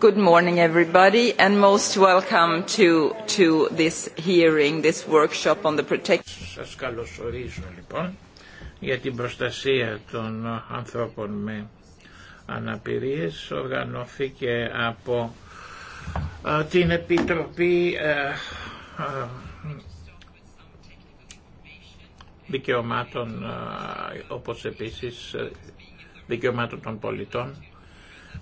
Good morning, everybody, and most welcome to, to this hearing, this workshop on the protection. Σας καλωσορίζω λοιπόν για την προστασία των ανθρώπων με αναπηρίες. Οργανώθηκε από την Επιτροπή Δικαιωμάτων, όπως επίσης Δικαιωμάτων των Πολιτών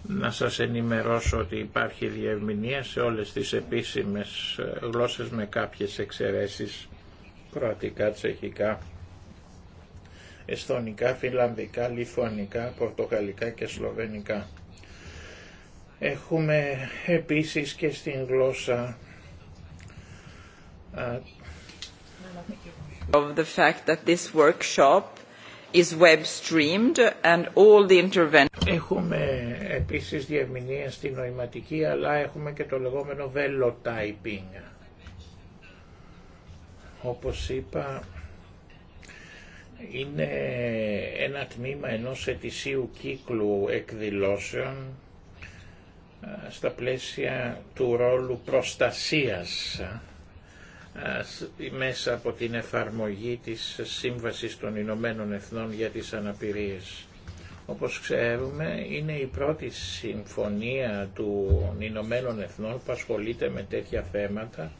να σας ενημερώσω ότι υπάρχει διευμηνία σε όλες τις επίσημες ε, γλώσσες με κάποιες εξαιρέσεις κροατικά, τσεχικά, εσθονικά, φιλανδικά, λιθουανικά, πορτογαλικά και σλοβενικά. Έχουμε επίσης και στην γλώσσα ε, of the fact that this workshop Έχουμε επίσης διαμηνία στη νοηματική αλλά έχουμε και το λεγόμενο velotyping. Όπως είπα είναι ένα τμήμα ενός ετησίου κύκλου εκδηλώσεων ε, στα πλαίσια του ρόλου προστασίας μέσα από την εφαρμογή της Σύμβασης των Ηνωμένων Εθνών για τις Αναπηρίες. Όπως ξέρουμε είναι η πρώτη συμφωνία των Ηνωμένων Εθνών που ασχολείται με τέτοια θέματα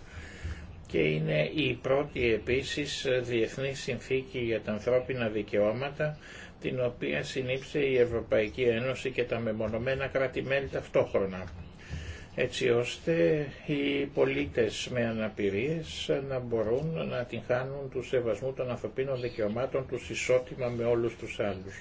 και είναι η πρώτη επίσης διεθνή συνθήκη για τα ανθρώπινα δικαιώματα την οποία συνήψε η Ευρωπαϊκή Ένωση και τα μεμονωμένα κράτη-μέλη ταυτόχρονα έτσι ώστε οι πολίτες με αναπηρίες να μπορούν να την χάνουν του σεβασμού των ανθρωπίνων δικαιωμάτων τους ισότιμα με όλους τους άλλους.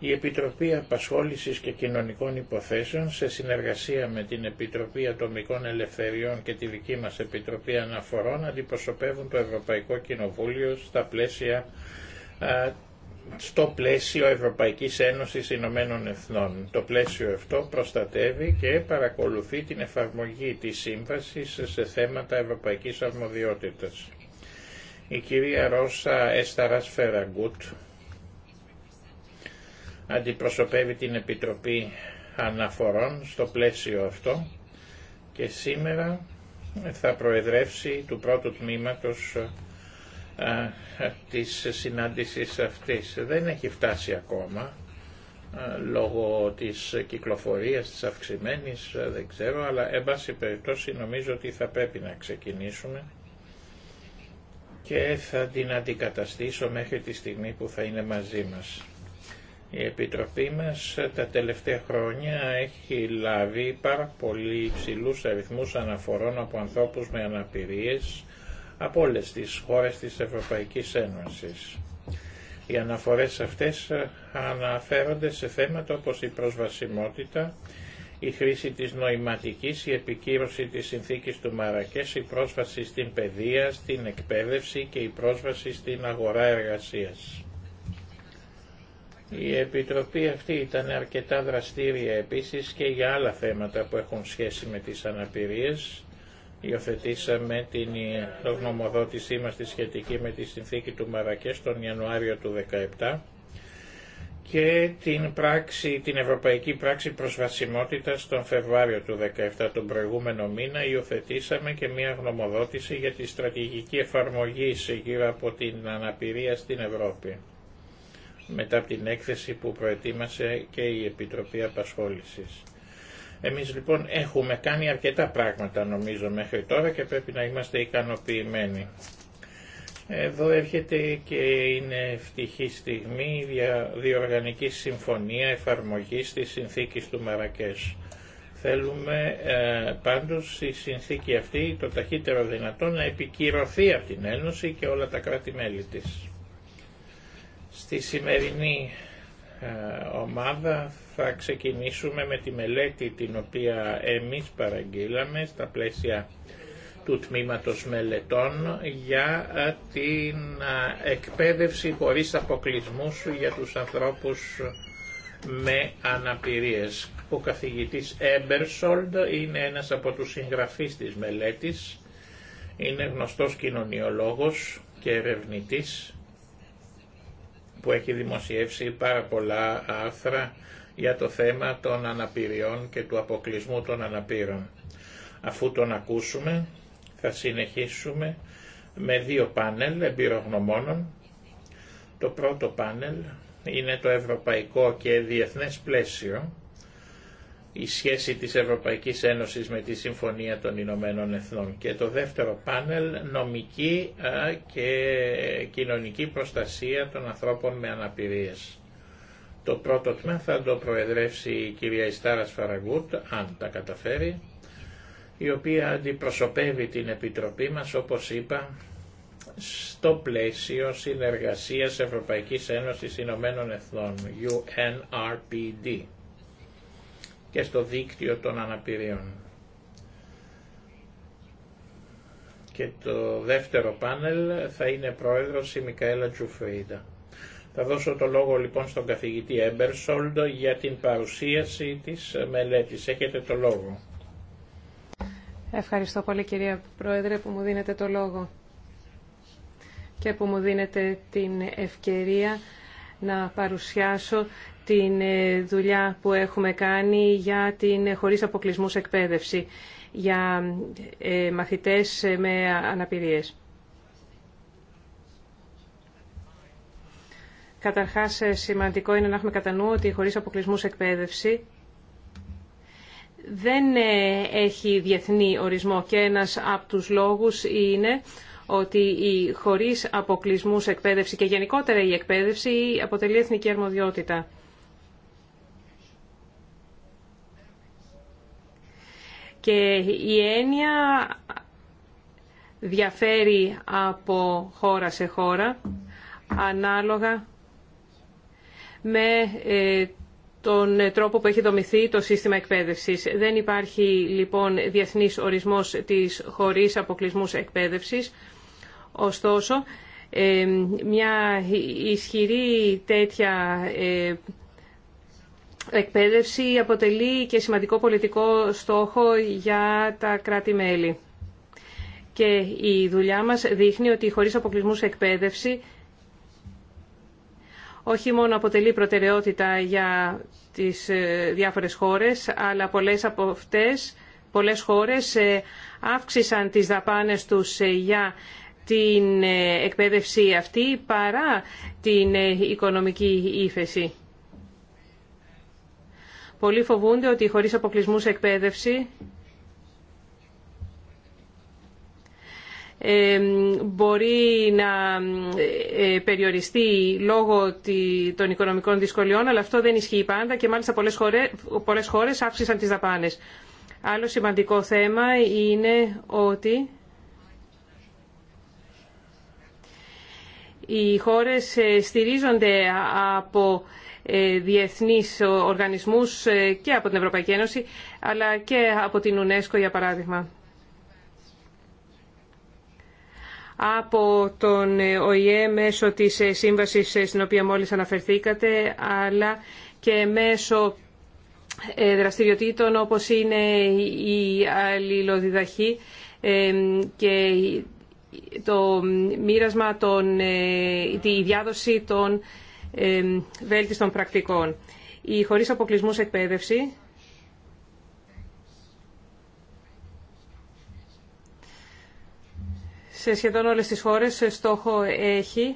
Η Επιτροπή Απασχόλησης και Κοινωνικών Υποθέσεων σε συνεργασία με την Επιτροπή Ατομικών Ελευθεριών και τη δική μας Επιτροπή Αναφορών αντιπροσωπεύουν το Ευρωπαϊκό Κοινοβούλιο στα πλαίσια στο πλαίσιο Ευρωπαϊκής Ένωσης Ηνωμένων Εθνών. Το πλαίσιο αυτό προστατεύει και παρακολουθεί την εφαρμογή της σύμβασης σε θέματα ευρωπαϊκής αρμοδιότητας. Η κυρία Ρώσα Έσταρας Φεραγκούτ αντιπροσωπεύει την Επιτροπή Αναφορών στο πλαίσιο αυτό και σήμερα θα προεδρεύσει του πρώτου τμήματος της συνάντησης αυτής. Δεν έχει φτάσει ακόμα λόγω της κυκλοφορίας της αυξημένης, δεν ξέρω, αλλά εν πάση περιπτώσει νομίζω ότι θα πρέπει να ξεκινήσουμε και θα την αντικαταστήσω μέχρι τη στιγμή που θα είναι μαζί μας. Η Επιτροπή μας τα τελευταία χρόνια έχει λάβει πάρα πολύ υψηλούς αριθμούς αναφορών από ανθρώπους με αναπηρίες από όλες τις χώρες της Ευρωπαϊκής Ένωσης. Οι αναφορές αυτές αναφέρονται σε θέματα όπως η προσβασιμότητα, η χρήση της νοηματικής, η επικύρωση της συνθήκης του Μαρακές, η πρόσβαση στην παιδεία, στην εκπαίδευση και η πρόσβαση στην αγορά εργασίας. Η Επιτροπή αυτή ήταν αρκετά δραστήρια επίσης και για άλλα θέματα που έχουν σχέση με τις αναπηρίες, Υιοθετήσαμε την γνωμοδότησή μας τη σχετική με τη συνθήκη του Μαρακές τον Ιανουάριο του 2017 και την, πράξη, την Ευρωπαϊκή Πράξη Προσβασιμότητας τον Φεβρουάριο του 2017 τον προηγούμενο μήνα υιοθετήσαμε και μια γνωμοδότηση για τη στρατηγική εφαρμογή γύρω από την αναπηρία στην Ευρώπη μετά από την έκθεση που προετοίμασε και η Επιτροπή Απασχόλησης. Εμείς λοιπόν έχουμε κάνει αρκετά πράγματα νομίζω μέχρι τώρα και πρέπει να είμαστε ικανοποιημένοι. Εδώ έρχεται και είναι ευτυχή στιγμή η διοργανική συμφωνία εφαρμογής της συνθήκης του Μαρακές. Θέλουμε ε, πάντως η συνθήκη αυτή το ταχύτερο δυνατόν να επικυρωθεί από την Ένωση και όλα τα κράτη-μέλη της. Στη σημερινή ε, ομάδα θα ξεκινήσουμε με τη μελέτη την οποία εμείς παραγγείλαμε στα πλαίσια του Τμήματος Μελετών για ε, την ε, εκπαίδευση χωρίς αποκλεισμού για τους ανθρώπους με αναπηρίες. Ο καθηγητής Έμπερσολντ είναι ένας από τους συγγραφείς της μελέτης, είναι γνωστός κοινωνιολόγος και ερευνητής που έχει δημοσιεύσει πάρα πολλά άρθρα για το θέμα των αναπηριών και του αποκλεισμού των αναπήρων. Αφού τον ακούσουμε θα συνεχίσουμε με δύο πάνελ εμπειρογνωμόνων. Το πρώτο πάνελ είναι το ευρωπαϊκό και διεθνές πλαίσιο, η σχέση της Ευρωπαϊκής Ένωσης με τη Συμφωνία των Ηνωμένων Εθνών και το δεύτερο πάνελ νομική ε, και κοινωνική προστασία των ανθρώπων με αναπηρίες. Το πρώτο τμήμα θα το προεδρεύσει η κυρία Ιστάρα Φαραγκούτ, αν τα καταφέρει, η οποία αντιπροσωπεύει την Επιτροπή μας, όπως είπα, στο πλαίσιο συνεργασίας Ευρωπαϊκής Ένωσης Ηνωμένων Εθνών, UNRPD, και στο δίκτυο των αναπηρίων. Και το δεύτερο πάνελ θα είναι πρόεδρος η Μικαέλα Τζουφρίδα. Θα δώσω το λόγο λοιπόν στον καθηγητή Έμπερσολντ για την παρουσίαση της μελέτης. Έχετε το λόγο. Ευχαριστώ πολύ κυρία Πρόεδρε που μου δίνετε το λόγο και που μου δίνετε την ευκαιρία να παρουσιάσω την ε, δουλειά που έχουμε κάνει για την ε, χωρίς αποκλεισμούς εκπαίδευση για ε, μαθητές με αναπηρίες. Καταρχάς, ε, σημαντικό είναι να έχουμε κατά νου ότι χωρίς αποκλεισμούς εκπαίδευση δεν ε, έχει διεθνή ορισμό και ένας από τους λόγους είναι ότι η χωρίς αποκλεισμούς εκπαίδευση και γενικότερα η εκπαίδευση αποτελεί εθνική αρμοδιότητα. Και η έννοια διαφέρει από χώρα σε χώρα ανάλογα με ε, τον ε, τρόπο που έχει δομηθεί το σύστημα εκπαίδευσης. Δεν υπάρχει λοιπόν διεθνής ορισμός της χωρίς αποκλεισμούς εκπαίδευσης. Ωστόσο, ε, μια ισχυρή τέτοια εκπαίδευση αποτελεί και σημαντικό πολιτικό στόχο για τα κράτη-μέλη. Και η δουλειά μας δείχνει ότι χωρίς αποκλεισμούς εκπαίδευση όχι μόνο αποτελεί προτεραιότητα για τις ε, διάφορες χώρες, αλλά πολλές από αυτές, πολλές χώρες ε, αύξησαν τις δαπάνες τους ε, για την εκπαίδευση αυτή παρά την οικονομική ύφεση. Πολλοί φοβούνται ότι χωρίς αποκλεισμούς εκπαίδευση μπορεί να ε, ε, περιοριστεί λόγω των οικονομικών δυσκολιών, αλλά αυτό δεν ισχύει πάντα και μάλιστα πολλές χώρες, πολλές αύξησαν τις δαπάνες. Άλλο σημαντικό θέμα είναι ότι οι χώρες ε, στηρίζονται από διεθνείς οργανισμούς και από την Ευρωπαϊκή Ένωση αλλά και από την UNESCO για παράδειγμα. από τον ΟΗΕ μέσω της σύμβασης στην οποία μόλις αναφερθήκατε, αλλά και μέσω ε, δραστηριοτήτων όπως είναι η αλληλοδιδαχή ε, και το μοίρασμα, των, ε, τη διάδοση των βέλτιστων πρακτικών. Η χωρίς αποκλεισμούς εκπαίδευση σε σχεδόν όλες τις χώρες ε, στόχο έχει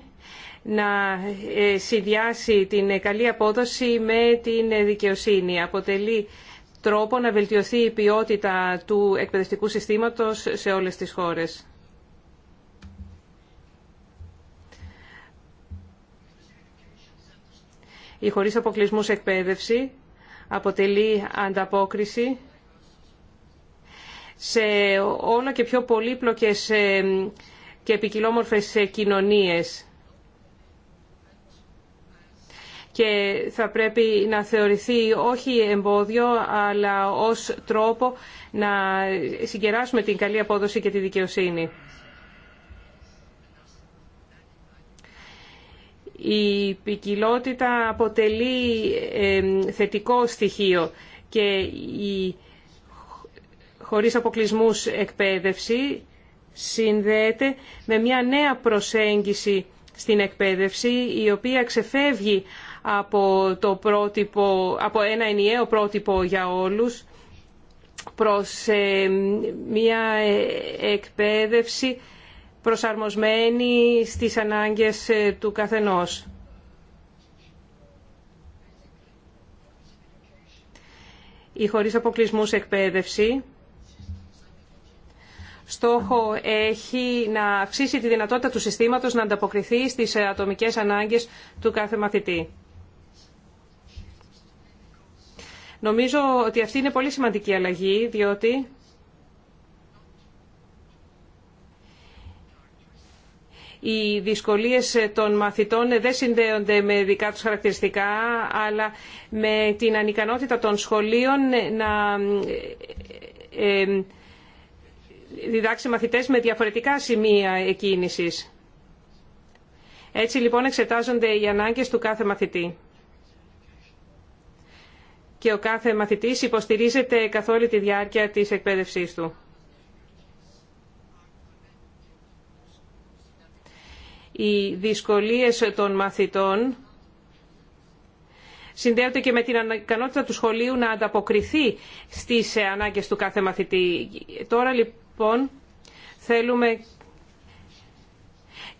να ε, συνδυάσει την ε, καλή απόδοση με την δικαιοσύνη. Αποτελεί τρόπο να βελτιωθεί η ποιότητα του εκπαιδευτικού συστήματος σε όλες τις χώρες. Η χωρίς αποκλεισμούς εκπαίδευση αποτελεί ανταπόκριση σε όλο και πιο πολύπλοκες ε, και επικοινόμορφες ε, κοινωνίες. Και θα πρέπει να θεωρηθεί όχι εμπόδιο, αλλά ως τρόπο να συγκεράσουμε την καλή απόδοση και τη δικαιοσύνη. Η ποικιλότητα αποτελεί ε, θετικό στοιχείο και η χωρίς αποκλεισμούς εκπαίδευση συνδέεται με μια νέα προσέγγιση στην εκπαίδευση η οποία ξεφεύγει από, το πρότυπο, από ένα ενιαίο πρότυπο για όλους προς ε, μια ε, εκπαίδευση προσαρμοσμένη στις ανάγκες ε, του καθενός. Η χωρίς αποκλεισμούς εκπαίδευση στόχο έχει να αυξήσει τη δυνατότητα του συστήματος να ανταποκριθεί στις ατομικές ανάγκες του κάθε μαθητή. Νομίζω ότι αυτή είναι πολύ σημαντική αλλαγή, διότι οι δυσκολίες των μαθητών δεν συνδέονται με δικά τους χαρακτηριστικά, αλλά με την ανικανότητα των σχολείων να ε, ε, διδάξει μαθητές με διαφορετικά σημεία εκκίνησης. Έτσι λοιπόν εξετάζονται οι ανάγκες του κάθε μαθητή. Και ο κάθε μαθητής υποστηρίζεται καθ' όλη τη διάρκεια της εκπαίδευσής του. Οι δυσκολίες των μαθητών συνδέονται και με την ικανότητα του σχολείου να ανταποκριθεί στις ανάγκες του κάθε μαθητή. Τώρα λοιπόν λοιπόν θέλουμε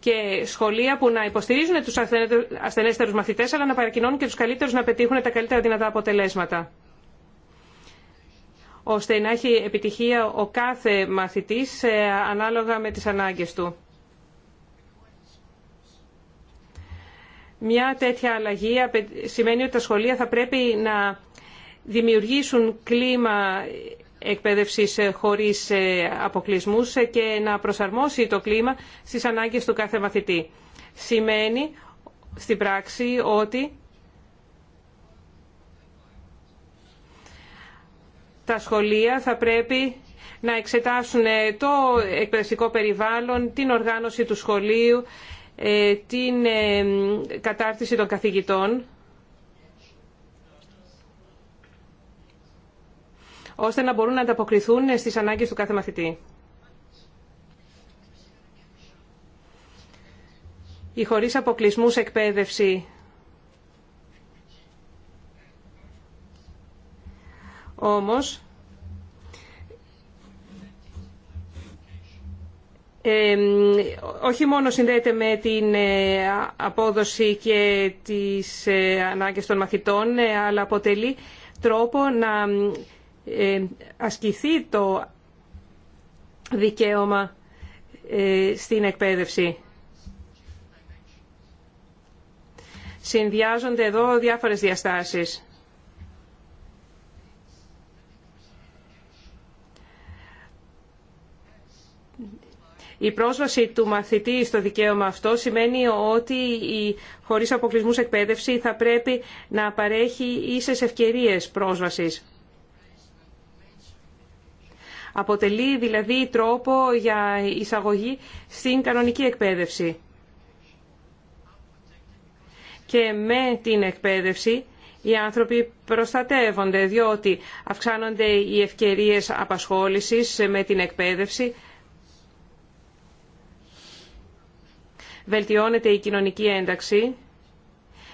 και σχολεία που να υποστηρίζουν τους ασθενέστερους μαθητές αλλά να παρακινώνουν και τους καλύτερους να πετύχουν τα καλύτερα δυνατά αποτελέσματα ώστε να έχει επιτυχία ο κάθε μαθητής ε, ανάλογα με τις ανάγκες του. Μια τέτοια αλλαγή σημαίνει ότι τα σχολεία θα πρέπει να δημιουργήσουν κλίμα εκπαίδευσης ε, χωρίς ε, αποκλεισμούς ε, και να προσαρμόσει το κλίμα στις ανάγκες του κάθε μαθητή. Σημαίνει στην πράξη ότι τα σχολεία θα πρέπει να εξετάσουν το εκπαιδευτικό περιβάλλον, την οργάνωση του σχολείου, την κατάρτιση των καθηγητών ώστε να μπορούν να ανταποκριθούν στις ανάγκες του κάθε μαθητή. Η χωρίς αποκλεισμούς εκπαίδευση όμως όχι μόνο συνδέεται με την ε, απόδοση και τις ε, ανάγκες των μαθητών ε, αλλά αποτελεί τρόπο να ε, ασκηθεί το δικαίωμα ε, στην εκπαίδευση. Συνδυάζονται εδώ διάφορες διαστάσεις. Η πρόσβαση του μαθητή στο δικαίωμα αυτό σημαίνει ότι η χωρίς αποκλεισμούς εκπαίδευση θα πρέπει να παρέχει ίσες ευκαιρίες πρόσβασης. Αποτελεί δηλαδή τρόπο για εισαγωγή στην κανονική εκπαίδευση. Και με την εκπαίδευση οι άνθρωποι προστατεύονται διότι αυξάνονται οι ευκαιρίες απασχόλησης με την εκπαίδευση, βελτιώνεται η κοινωνική ένταξη,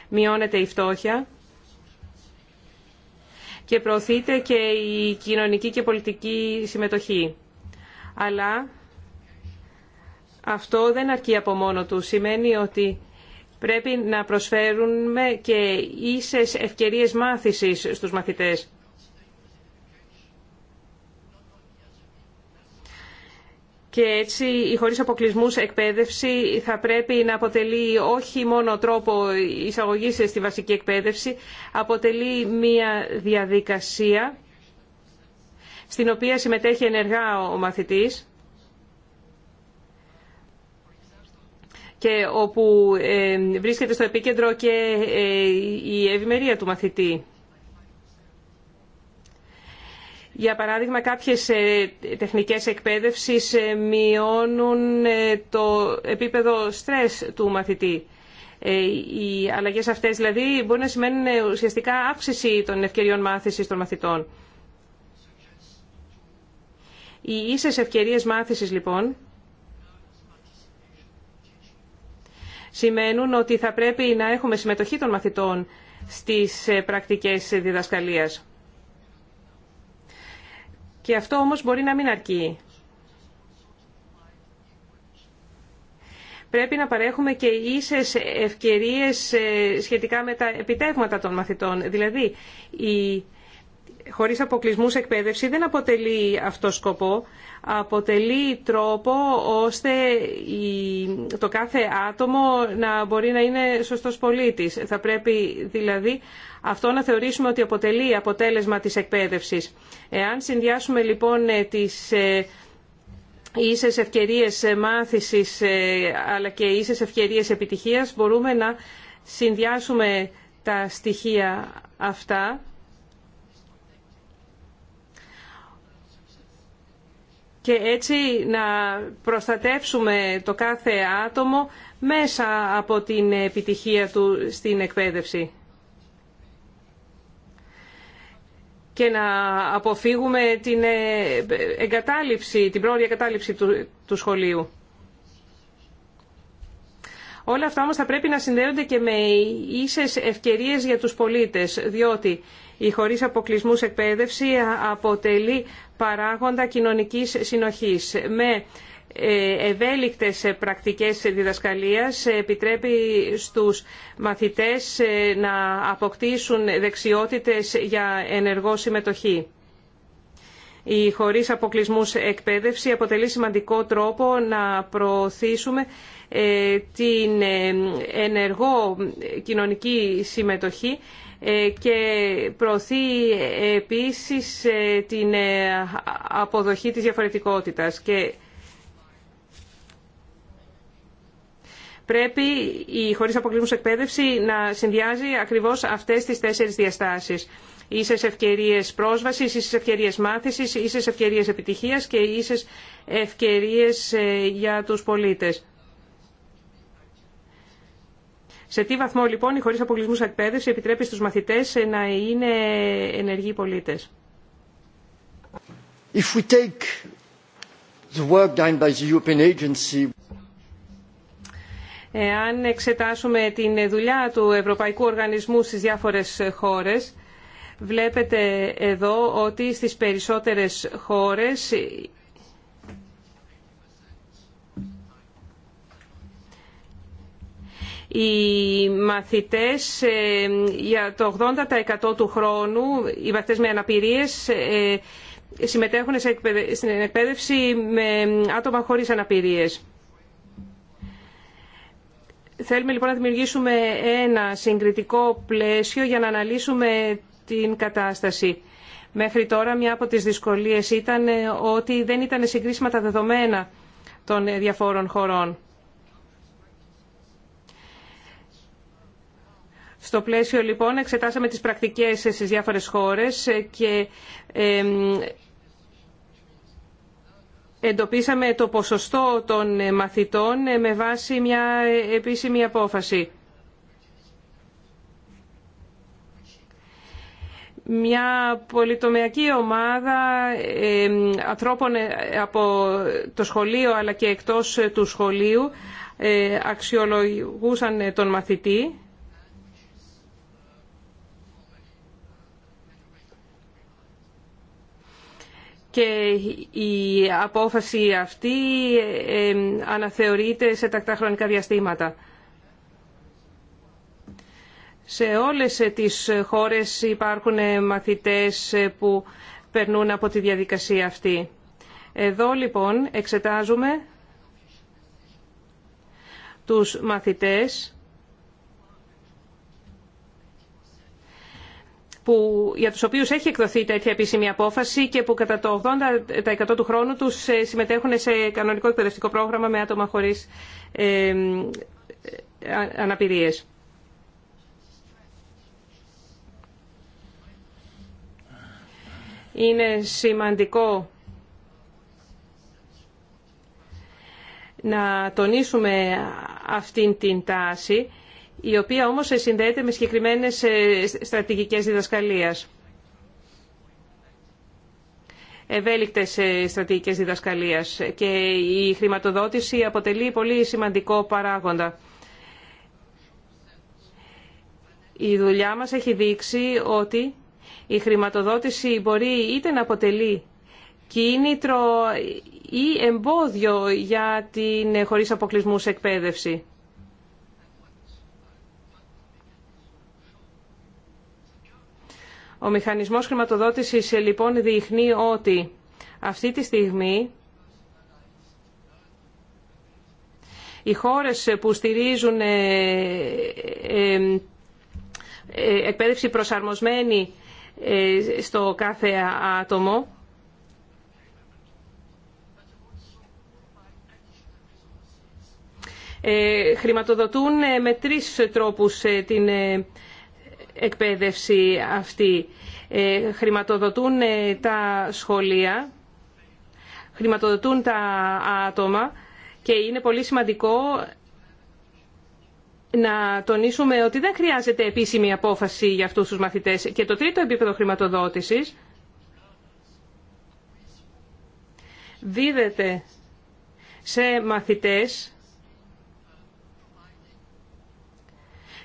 μειώνεται η φτώχεια και προωθείται και η κοινωνική και πολιτική συμμετοχή. Αλλά αυτό δεν αρκεί από μόνο του. Σημαίνει ότι πρέπει να προσφέρουμε και ίσες ευκαιρίες μάθησης στους μαθητές. και έτσι η χωρίς αποκλεισμούς εκπαίδευση θα πρέπει να αποτελεί όχι μόνο τρόπο εισαγωγής στη βασική εκπαίδευση, αποτελεί μια διαδικασία στην οποία συμμετέχει ενεργά ο μαθητής και όπου ε, βρίσκεται στο επίκεντρο και ε, η ευημερία του μαθητή. Για παράδειγμα, κάποιες ε, τεχνικές εκπαίδευσης ε, μειώνουν ε, το επίπεδο στρες του μαθητή. Οι αλλαγές αυτές δηλαδή μπορεί να σημαίνουν ουσιαστικά αύξηση των ευκαιριών μάθησης των μαθητών. Οι ίσες ευκαιρίες μάθησης λοιπόν σημαίνουν ότι θα πρέπει να έχουμε συμμετοχή των μαθητών στις πρακτικές διδασκαλίας. Και αυτό όμως μπορεί να μην αρκεί. Πρέπει να παρέχουμε και ίσες ευκαιρίες ε, σχετικά με τα επιτεύγματα των μαθητών. Δηλαδή, η χωρίς αποκλεισμούς εκπαίδευση δεν αποτελεί αυτό σκοπό. Αποτελεί τρόπο ώστε το κάθε άτομο να μπορεί να είναι σωστός πολίτης. Θα πρέπει δηλαδή αυτό να θεωρήσουμε ότι αποτελεί αποτέλεσμα της εκπαίδευσης. Εάν συνδυάσουμε λοιπόν ε, τις ε, ίσες ευκαιρίες ε, μάθησης αλλά και ίσες ευκαιρίες επιτυχίας μπορούμε να συνδυάσουμε τα στοιχεία αυτά και έτσι να προστατεύσουμε το κάθε άτομο μέσα από την επιτυχία του στην εκπαίδευση. και να αποφύγουμε την ε, εγκατάλειψη, την πρόορια εγκατάλειψη του, του σχολείου. Όλα αυτά όμως θα πρέπει να συνδέονται και με ίσες ευκαιρίες για τους πολίτες, διότι η χωρίς αποκλεισμούς εκπαίδευση αποτελεί παράγοντα κοινωνικής συνοχής. Ε, ευέλικτες πρακτικές διδασκαλίας επιτρέπει στους μαθητές ε, να αποκτήσουν δεξιότητες για ενεργό συμμετοχή. Η χωρίς αποκλεισμούς εκπαίδευση αποτελεί σημαντικό τρόπο να προωθήσουμε ε, την ενεργό κοινωνική συμμετοχή και προωθεί επίσης την αποδοχή της διαφορετικότητας. Και πρέπει η χωρίς αποκλεισμούς εκπαίδευση να συνδυάζει ακριβώς αυτές τις τέσσερις διαστάσεις. σε ευκαιρίες πρόσβασης, ίσες ευκαιρίες μάθησης, ίσες ευκαιρίες επιτυχίας και σε ευκαιρίες ε, για τους πολίτες. Σε τι βαθμό λοιπόν η χωρίς αποκλεισμούς εκπαίδευση επιτρέπει στους μαθητές ε, να είναι ενεργοί πολίτες. If we take the work done Εάν εξετάσουμε την δουλειά του Ευρωπαϊκού Οργανισμού στις διάφορες χώρες, βλέπετε εδώ ότι στις περισσότερες χώρες οι μαθητές ε, για το 80% του χρόνου, οι μαθητές με αναπηρίες, ε, συμμετέχουν στην εκπαίδευση με άτομα χωρίς αναπηρίες. Θέλουμε λοιπόν να δημιουργήσουμε ένα συγκριτικό πλαίσιο για να αναλύσουμε την κατάσταση. Μέχρι τώρα μια από τις δυσκολίες ήταν ε, ότι δεν ήταν συγκρίσιμα τα δεδομένα των ε, διαφόρων χωρών. Στο πλαίσιο λοιπόν εξετάσαμε τις πρακτικές ε, στις διάφορες χώρες και εντοπίσαμε το ποσοστό των μαθητών ε, με βάση μια ε, επίσημη απόφαση. Μια πολυτομιακή ομάδα ε, ανθρώπων από το σχολείο αλλά και εκτός του σχολείου αξιολογούσαν τον μαθητή και η απόφαση αυτή αναθεωρείται σε τακτά χρονικά διαστήματα. Σε όλες τις χώρες υπάρχουν μαθητές που περνούν από τη διαδικασία αυτή. Εδώ λοιπόν εξετάζουμε τους μαθητές που, για τους οποίους έχει εκδοθεί τέτοια επίσημη απόφαση και που κατά το 80% του χρόνου τους ε, συμμετέχουν σε κανονικό εκπαιδευτικό πρόγραμμα με άτομα χωρίς ε, ε αναπηρίες. Είναι σημαντικό να τονίσουμε αυτήν την τάση η οποία όμως συνδέεται με συγκεκριμένες ε, στρατηγικές διδασκαλίας. Ευέλικτες ε, στρατηγικές διδασκαλίας και η χρηματοδότηση αποτελεί πολύ σημαντικό παράγοντα. Η δουλειά μας έχει δείξει ότι η χρηματοδότηση μπορεί είτε να αποτελεί κίνητρο ή εμπόδιο για την ε, χωρίς αποκλεισμούς εκπαίδευση. Ο μηχανισμός χρηματοδότησης ε, λοιπόν δείχνει ότι αυτή τη στιγμή οι χώρες που στηρίζουν ε, ε, εκπαίδευση προσαρμοσμένη στο κάθε άτομο χρηματοδοτούν με τρεις τρόπους την εκπαίδευση αυτή. Ε, χρηματοδοτούν ε, τα σχολεία, χρηματοδοτούν τα άτομα και είναι πολύ σημαντικό να τονίσουμε ότι δεν χρειάζεται επίσημη απόφαση για αυτούς τους μαθητές. Και το τρίτο επίπεδο χρηματοδότησης δίδεται σε μαθητές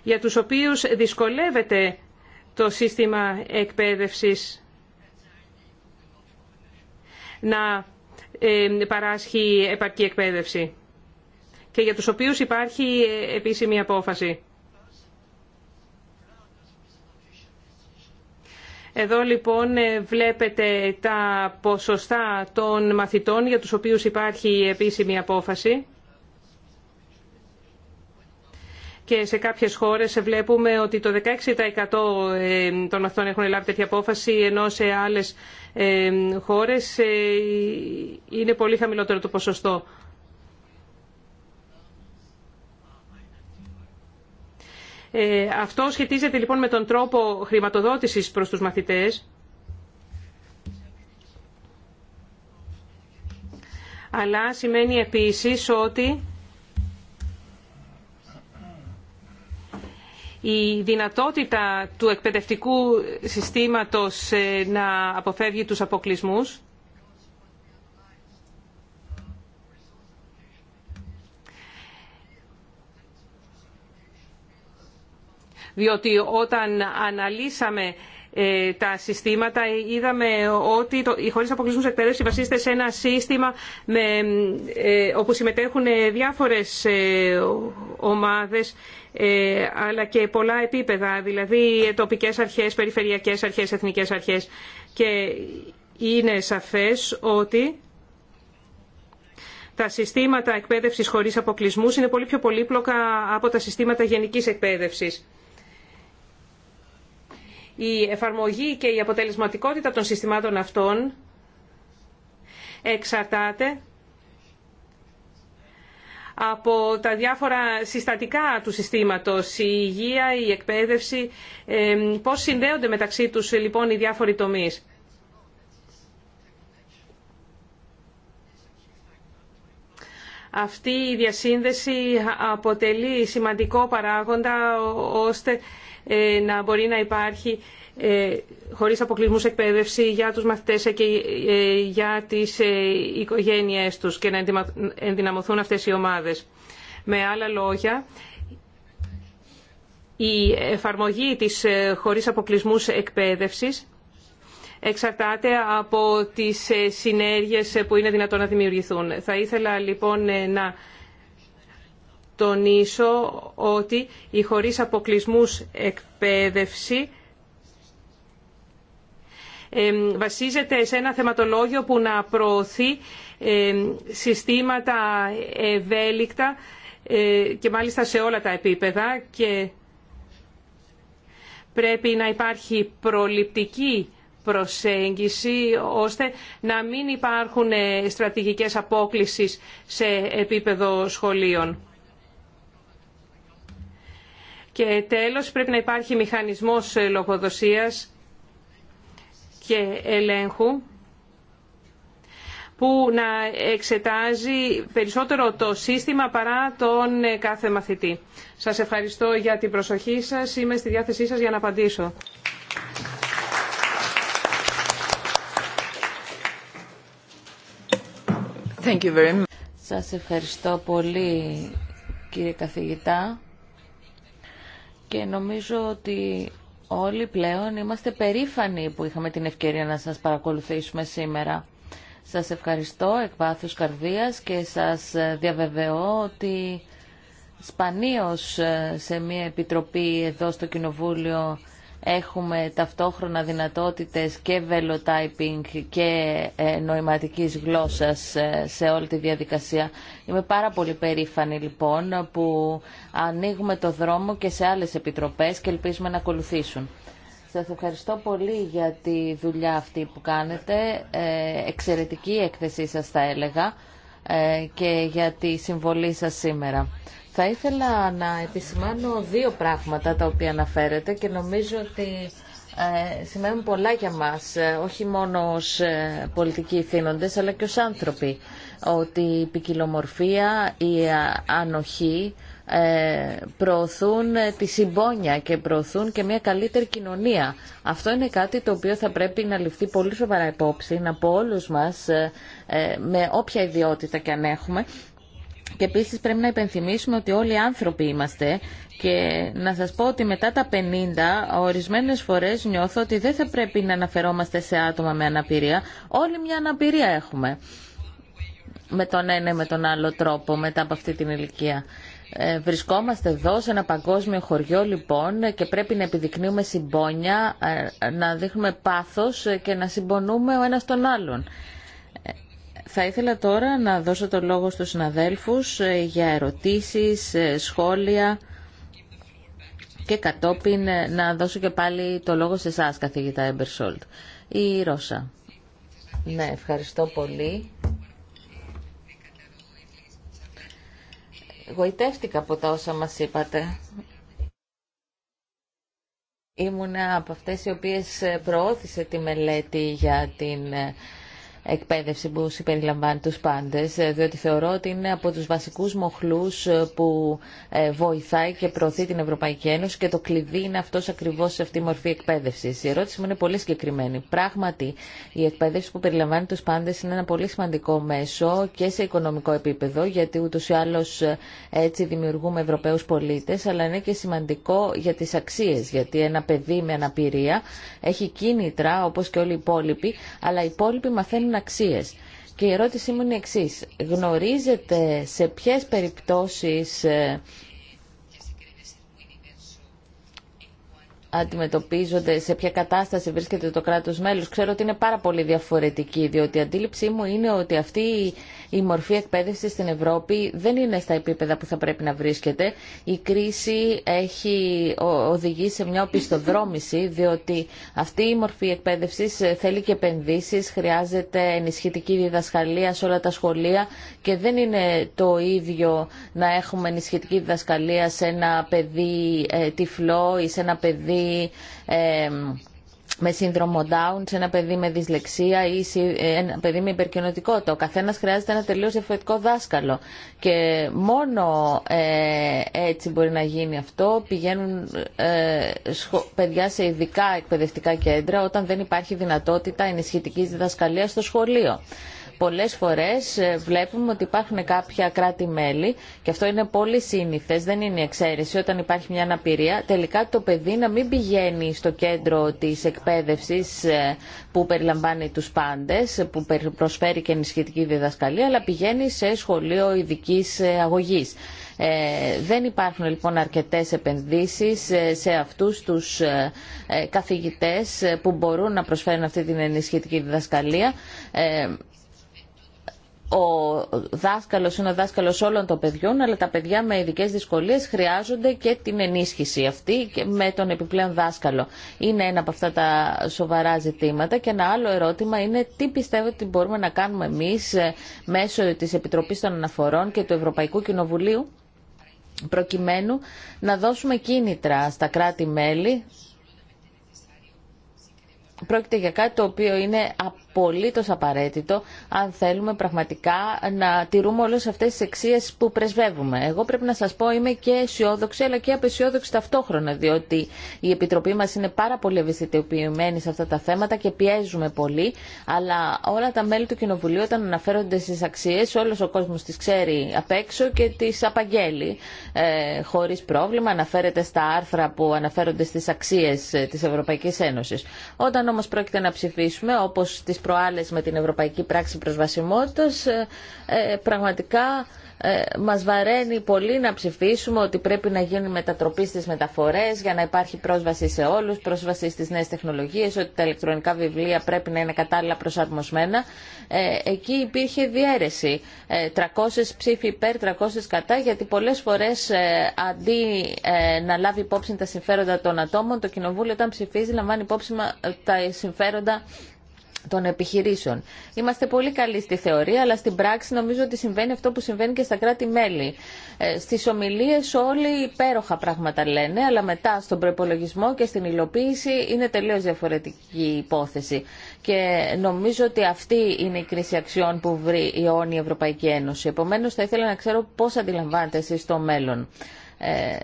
για τους οποίους δυσκολεύεται το σύστημα εκπαίδευσης να ε, παράσχει επαρκή εκπαίδευση και για τους οποίους υπάρχει ε, επίσημη απόφαση. Εδώ λοιπόν ε, βλέπετε τα ποσοστά των μαθητών για τους οποίους υπάρχει επίσημη απόφαση. και σε κάποιε χώρε βλέπουμε ότι το 16% ε, των αυτών έχουν λάβει τέτοια απόφαση ενώ σε άλλε χώρε ε, είναι πολύ χαμηλότερο το ποσοστό. Ε, αυτό σχετίζεται λοιπόν με τον τρόπο χρηματοδότησης προς τους μαθητές αλλά σημαίνει επίσης ότι η δυνατότητα του εκπαιδευτικού συστήματος ε, να αποφεύγει τους αποκλεισμούς διότι όταν αναλύσαμε ε, τα συστήματα. Ε, είδαμε ότι η χωρίς αποκλεισμούς εκπαίδευση βασίζεται σε ένα σύστημα με, ε, όπου συμμετέχουν διάφορες ομάδες αλλά και πολλά επίπεδα, δηλαδή τοπικές αρχές, περιφερειακές αρχές, εθνικές αρχές και είναι σαφές ότι τα συστήματα εκπαίδευσης χωρίς αποκλεισμούς είναι πολύ πιο πολύπλοκα από τα συστήματα γενικής εκπαίδευσης η εφαρμογή και η αποτελεσματικότητα των συστημάτων αυτών εξαρτάται από τα διάφορα συστατικά του συστήματος, η υγεία, η εκπαίδευση, πώς συνδέονται μεταξύ τους λοιπόν οι διάφοροι τομείς. Αυτή η διασύνδεση αποτελεί σημαντικό παράγοντα ώστε ε, να μπορεί να υπάρχει ε, χωρίς αποκλεισμούς εκπαίδευση για τους μαθητές και ε, για τις οικογένειές τους και να ενδυναμωθούν αυτές οι ομάδες. Με άλλα λόγια, η εφαρμογή της χωρίς αποκλεισμούς εκπαίδευσης εξαρτάται από τις συνέργειες που είναι δυνατόν να δημιουργηθούν. Θα ήθελα λοιπόν να τονίσω ότι η χωρίς αποκλεισμούς εκπαίδευση βασίζεται σε ένα θεματολόγιο που να προωθεί συστήματα ευέλικτα ε, και μάλιστα σε όλα τα επίπεδα και πρέπει να υπάρχει προληπτική προσέγγιση ώστε να μην υπάρχουν ε, στρατηγικές απόκλησης σε επίπεδο σχολείων. Και τέλος πρέπει να υπάρχει μηχανισμός ε, λογοδοσίας και ελέγχου που να εξετάζει περισσότερο το σύστημα παρά τον ε, κάθε μαθητή. Σας ευχαριστώ για την προσοχή σας. Είμαι στη διάθεσή σας για να απαντήσω. Thank Σας ευχαριστώ πολύ κύριε καθηγητά και νομίζω ότι όλοι πλέον είμαστε περήφανοι που είχαμε την ευκαιρία να σας παρακολουθήσουμε σήμερα. Σας ευχαριστώ εκ βάθους καρδίας και σας διαβεβαιώ ότι σπανίως ε, σε μια επιτροπή εδώ στο Κοινοβούλιο έχουμε ταυτόχρονα δυνατότητες και βελοτάιπινγκ και ε, νοηματικής γλώσσας ε, σε όλη τη διαδικασία. Είμαι πάρα πολύ περήφανη λοιπόν που ανοίγουμε το δρόμο και σε άλλες επιτροπές και ελπίζουμε να ακολουθήσουν. Σας ευχαριστώ πολύ για τη δουλειά αυτή που κάνετε. Ε, εξαιρετική έκθεσή σας θα έλεγα. Ε, και για τη συμβολή σας σήμερα. Θα ήθελα να επισημάνω δύο πράγματα τα οποία αναφέρετε και νομίζω ότι ε, σημαίνουν πολλά για μας, ε, όχι μόνο ως πολιτικοί ευθύνοντες αλλά και ως άνθρωποι, ότι η ποικιλομορφία, η ανοχή, ε, προωθούν ε, τη συμπόνια και προωθούν και μια καλύτερη κοινωνία. Αυτό είναι κάτι το οποίο θα πρέπει να ληφθεί πολύ σοβαρά υπόψη από όλους μας ε, με όποια ιδιότητα και αν έχουμε και επίσης πρέπει να υπενθυμίσουμε ότι όλοι οι άνθρωποι είμαστε και να σας πω ότι μετά τα 50 ορισμένες φορές νιώθω ότι δεν θα πρέπει να αναφερόμαστε σε άτομα με αναπηρία. Όλοι μια αναπηρία έχουμε με τον ένα ή με τον άλλο τρόπο μετά από αυτή την ηλικία. Ε, βρισκόμαστε εδώ σε ένα παγκόσμιο χωριό λοιπόν και πρέπει να επιδεικνύουμε συμπόνια, ε, να δείχνουμε πάθος και να συμπονούμε ο ένας τον άλλον. Ε, θα ήθελα τώρα να δώσω το λόγο στους συναδέλφους για ερωτήσεις, σχόλια και κατόπιν να δώσω και πάλι το λόγο σε εσά καθηγητά Εμπερσόλτ. Η Ρώσα. Ναι, ευχαριστώ πολύ. Γοητεύτηκα από τα όσα μας είπατε. Ήμουν από αυτές οι οποίες προώθησε τη μελέτη για την εκπαίδευση που συμπεριλαμβάνει τους πάντες, ε, διότι θεωρώ ότι είναι από τους βασικούς μοχλούς ε, που ε, βοηθάει και προωθεί την Ευρωπαϊκή Ένωση και το κλειδί είναι αυτός ακριβώς σε αυτή τη μορφή εκπαίδευσης. Η ερώτηση μου είναι πολύ συγκεκριμένη. Πράγματι, η εκπαίδευση που περιλαμβάνει τους πάντες είναι ένα πολύ σημαντικό μέσο και σε οικονομικό επίπεδο, γιατί ούτως ή άλλως έτσι δημιουργούμε Ευρωπαίους πολίτες, αλλά είναι και σημαντικό για τις αξίες, γιατί ένα παιδί με αναπηρία έχει κίνητρα, όπως και όλοι οι υπόλοιποι, αλλά οι υπόλοιποι μαθαίνουν αξίες. Και η ερώτησή μου είναι εξής. Γνωρίζετε σε ποιες περιπτώσεις ε, αντιμετωπίζονται, σε ποια κατάσταση βρίσκεται το κράτος μέλος. Ξέρω ότι είναι πάρα πολύ διαφορετική, διότι η αντίληψή μου είναι ότι αυτή η μορφή εκπαίδευση στην Ευρώπη δεν είναι στα επίπεδα που θα πρέπει να βρίσκεται. Η κρίση έχει οδηγεί σε μια οπισθοδρόμηση, διότι αυτή η μορφή εκπαίδευση θέλει και επενδύσει, χρειάζεται ενισχυτική διδασκαλία σε όλα τα σχολεία και δεν είναι το ίδιο να έχουμε ενισχυτική διδασκαλία σε ένα παιδί ε, τυφλό ή σε ένα παιδί ε, με σύνδρομο Down, σε ένα παιδί με δυσλεξία ή σε ε, ένα παιδί με υπερκοινωτικότητα. Ο καθένα χρειάζεται ένα τελείω διαφορετικό δάσκαλο. Και μόνο ε, έτσι μπορεί να γίνει αυτό. Πηγαίνουν παιδιά σε ειδικά εκπαιδευτικά κέντρα όταν δεν υπάρχει δυνατότητα ενισχυτική διδασκαλία στο σχολείο πολλές φορές ε, βλέπουμε ότι υπάρχουν κάποια κράτη-μέλη και αυτό είναι πολύ σύνηθες, δεν είναι η εξαίρεση όταν υπάρχει μια αναπηρία τελικά το παιδί να μην πηγαίνει στο κέντρο της εκπαίδευσης ε, που περιλαμβάνει τους πάντες που προσφέρει και ενισχυτική διδασκαλία αλλά πηγαίνει σε σχολείο ειδική ε, αγωγής. δεν υπάρχουν λοιπόν αρκετές επενδύσεις σε αυτούς τους καθηγητές που μπορούν να προσφέρουν αυτή την ενισχυτική διδασκαλία ο δάσκαλο, είναι ο δάσκαλο όλων των παιδιών, αλλά τα παιδιά με ειδικέ δυσκολίε χρειάζονται και την ενίσχυση αυτή με τον επιπλέον δάσκαλο. Είναι ένα από αυτά τα σοβαρά ζητήματα και ένα άλλο ερώτημα είναι τι πιστεύετε ότι μπορούμε να κάνουμε εμεί ε, μέσω τη Επιτροπής των Αναφορών και του Ευρωπαϊκού Κοινοβουλίου προκειμένου να δώσουμε κίνητρα στα κράτη-μέλη Πρόκειται για κάτι το οποίο είναι απολύτω απαραίτητο αν θέλουμε πραγματικά να τηρούμε όλε αυτέ τι αξίε που πρεσβεύουμε. Εγώ πρέπει να σα πω είμαι και αισιόδοξη αλλά και απεσιόδοξη ταυτόχρονα διότι η Επιτροπή μα είναι πάρα πολύ ευαισθητοποιημένη σε αυτά τα θέματα και πιέζουμε πολύ αλλά όλα τα μέλη του Κοινοβουλίου όταν αναφέρονται στι αξίε, όλο ο κόσμο τι ξέρει απ' έξω και τι απαγγέλει ε, χωρίς πρόβλημα αναφέρεται στα άρθρα που αναφέρονται στι αξίε ε, τη Ευρωπαϊκή Ένωση. Όταν όμω πρόκειται να ψηφίσουμε όπως προάλλες με την Ευρωπαϊκή Πράξη Προσβασιμότητας, ε, ε, πραγματικά ε, μας βαραίνει πολύ να ψηφίσουμε ότι πρέπει να γίνει μετατροπή στις μεταφορές για να υπάρχει πρόσβαση σε όλους, πρόσβαση στις νέες τεχνολογίες, ότι τα ηλεκτρονικά βιβλία πρέπει να είναι κατάλληλα προσαρμοσμένα. εκεί υπήρχε διαίρεση. 300 ψήφοι υπέρ, 300 κατά, γιατί πολλές φορές αντί να λάβει υπόψη τα συμφέροντα των ατόμων, το Κοινοβούλιο όταν ψηφίζει λαμβάνει υπόψη τα συμφέροντα των επιχειρήσεων. Είμαστε πολύ καλοί στη θεωρία, αλλά στην πράξη νομίζω ότι συμβαίνει αυτό που συμβαίνει και στα κράτη-μέλη. Ε, Στι ομιλίε όλοι υπέροχα πράγματα λένε, αλλά μετά στον προπολογισμό και στην υλοποίηση είναι τελείω διαφορετική υπόθεση. Και νομίζω ότι αυτή είναι η κρίση αξιών που βρει η Ευρωπαϊκή Ένωση. Επομένω, θα ήθελα να ξέρω πώ αντιλαμβάνετε εσεί το μέλλον. Ε,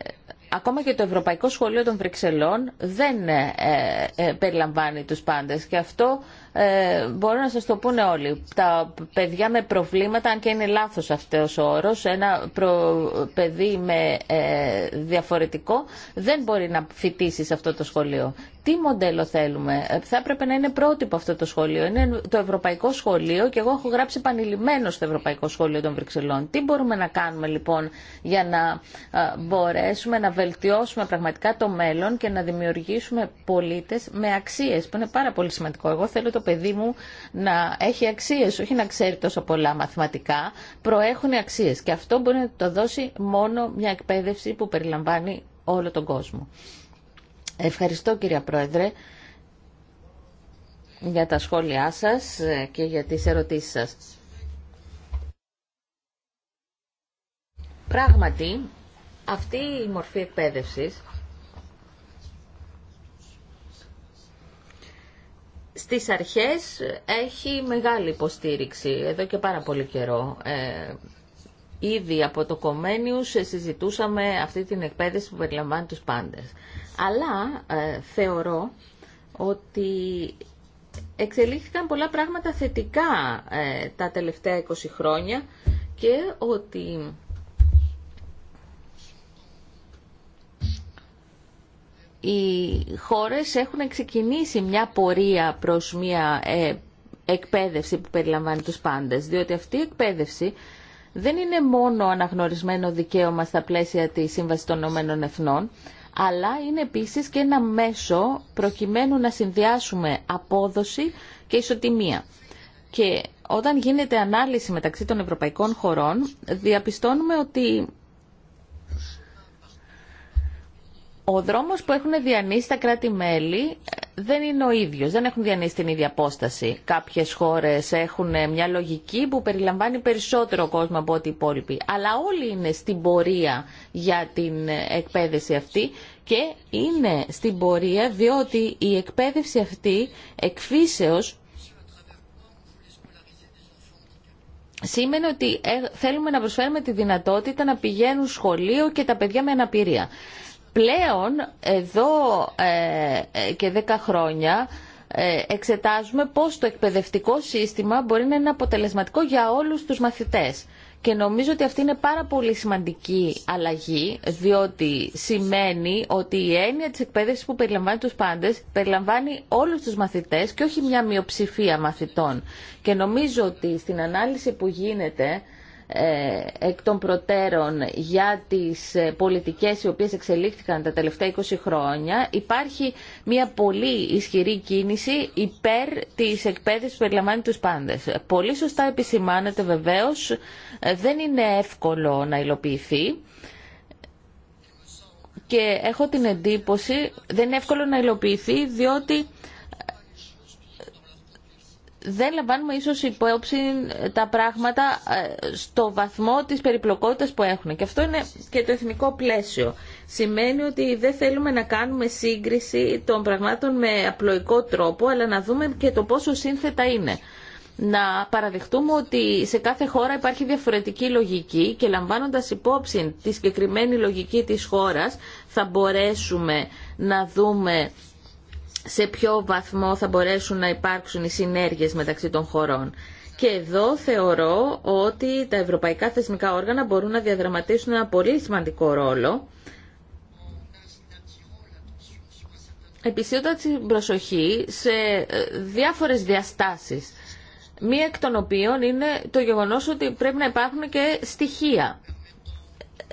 ακόμα και το Ευρωπαϊκό Σχολείο των Βρυξελών δεν ε, ε περιλαμβάνει τους πάντες και αυτό ε, μπορούν να σας το πούνε όλοι. Τα παιδιά με προβλήματα, αν και είναι λάθος αυτός ο όρος, ένα παιδί με ε, διαφορετικό δεν μπορεί να φοιτήσει σε αυτό το σχολείο τι μοντέλο θέλουμε. Θα έπρεπε να είναι πρότυπο αυτό το σχολείο. Είναι το Ευρωπαϊκό Σχολείο και εγώ έχω γράψει επανειλημμένο στο Ευρωπαϊκό Σχολείο των Βρυξελών. Τι μπορούμε να κάνουμε λοιπόν για να μπορέσουμε να βελτιώσουμε πραγματικά το μέλλον και να δημιουργήσουμε πολίτε με αξίε, που είναι πάρα πολύ σημαντικό. Εγώ θέλω το παιδί μου να έχει αξίε, όχι να ξέρει τόσο πολλά μαθηματικά. Προέχουν οι αξίε και αυτό μπορεί να το δώσει μόνο μια εκπαίδευση που περιλαμβάνει όλο τον κόσμο. Ευχαριστώ κύριε Πρόεδρε για τα σχόλιά σας και για τις ερωτήσεις σας. Πράγματι, αυτή η μορφή εκπαίδευσης στις αρχές έχει μεγάλη υποστήριξη εδώ και πάρα πολύ καιρό. Ε, Ήδη από το Κομένιους συζητούσαμε αυτή την εκπαίδευση που περιλαμβάνει τους πάντες. Αλλά ε, θεωρώ ότι εξελίχθηκαν πολλά πράγματα θετικά ε, τα τελευταία 20 χρόνια και ότι οι χώρες έχουν ξεκινήσει μια πορεία προς μια ε, εκπαίδευση που περιλαμβάνει τους πάντες, διότι αυτή η εκπαίδευση δεν είναι μόνο αναγνωρισμένο δικαίωμα στα πλαίσια της Σύμβασης των Ηνωμένων Εθνών, αλλά είναι επίσης και ένα μέσο προκειμένου να συνδυάσουμε απόδοση και ισοτιμία. Και όταν γίνεται ανάλυση μεταξύ των ευρωπαϊκών χωρών, διαπιστώνουμε ότι ο δρόμο που έχουν διανύσει τα κράτη-μέλη ε, δεν είναι ο ίδιο. δεν έχουν διανύσει την ίδια απόσταση. Κάποιες χώρες έχουν ε, μια λογική που περιλαμβάνει περισσότερο κόσμο από ό,τι οι υπόλοιποι. Αλλά όλοι είναι στην πορεία για την ε, εκπαίδευση αυτή και είναι στην πορεία διότι η εκπαίδευση αυτή εκφύσεως Σήμαινε ότι θέλουμε να προσφέρουμε τη δυνατότητα να πηγαίνουν σχολείο και τα παιδιά με αναπηρία πλέον εδώ ε, ε, και 10 χρόνια ε, εξετάζουμε πώς το εκπαιδευτικό σύστημα μπορεί να είναι αποτελεσματικό για όλους τους μαθητές. Και νομίζω ότι αυτή είναι πάρα πολύ σημαντική αλλαγή, διότι σημαίνει ότι η έννοια της εκπαίδευσης που περιλαμβάνει τους πάντες, περιλαμβάνει όλους τους μαθητές και όχι μια μειοψηφία μαθητών. Και νομίζω ότι στην ανάλυση που γίνεται ε, εκ των προτέρων για τις ε, πολιτικές οι οποίες εξελίχθηκαν τα τελευταία 20 χρόνια υπάρχει μια πολύ ισχυρή κίνηση υπέρ της εκπαίδευσης που περιλαμβάνει τους πάντες. Πολύ σωστά επισημάνεται βεβαίως, ε, δεν είναι εύκολο να υλοποιηθεί και έχω την εντύπωση δεν είναι εύκολο να υλοποιηθεί διότι δεν λαμβάνουμε ίσως υπόψη τα πράγματα ε, στο βαθμό της περιπλοκότητας που έχουν. Και αυτό είναι και το εθνικό πλαίσιο. Σημαίνει ότι δεν θέλουμε να κάνουμε σύγκριση των πραγμάτων με απλοϊκό τρόπο, αλλά να δούμε και το πόσο σύνθετα είναι. Να παραδεχτούμε ότι σε κάθε χώρα υπάρχει διαφορετική λογική και λαμβάνοντας υπόψη τη συγκεκριμένη λογική της χώρας θα μπορέσουμε να δούμε σε ποιο βαθμό θα μπορέσουν να υπάρξουν οι συνέργειες μεταξύ των χωρών. Και εδώ θεωρώ ότι τα ευρωπαϊκά θεσμικά όργανα μπορούν να διαδραματίσουν ένα πολύ σημαντικό ρόλο. Επισύοντα την προσοχή σε ε, διάφορες διαστάσεις. Μία εκ των οποίων είναι το γεγονός ότι πρέπει να υπάρχουν και στοιχεία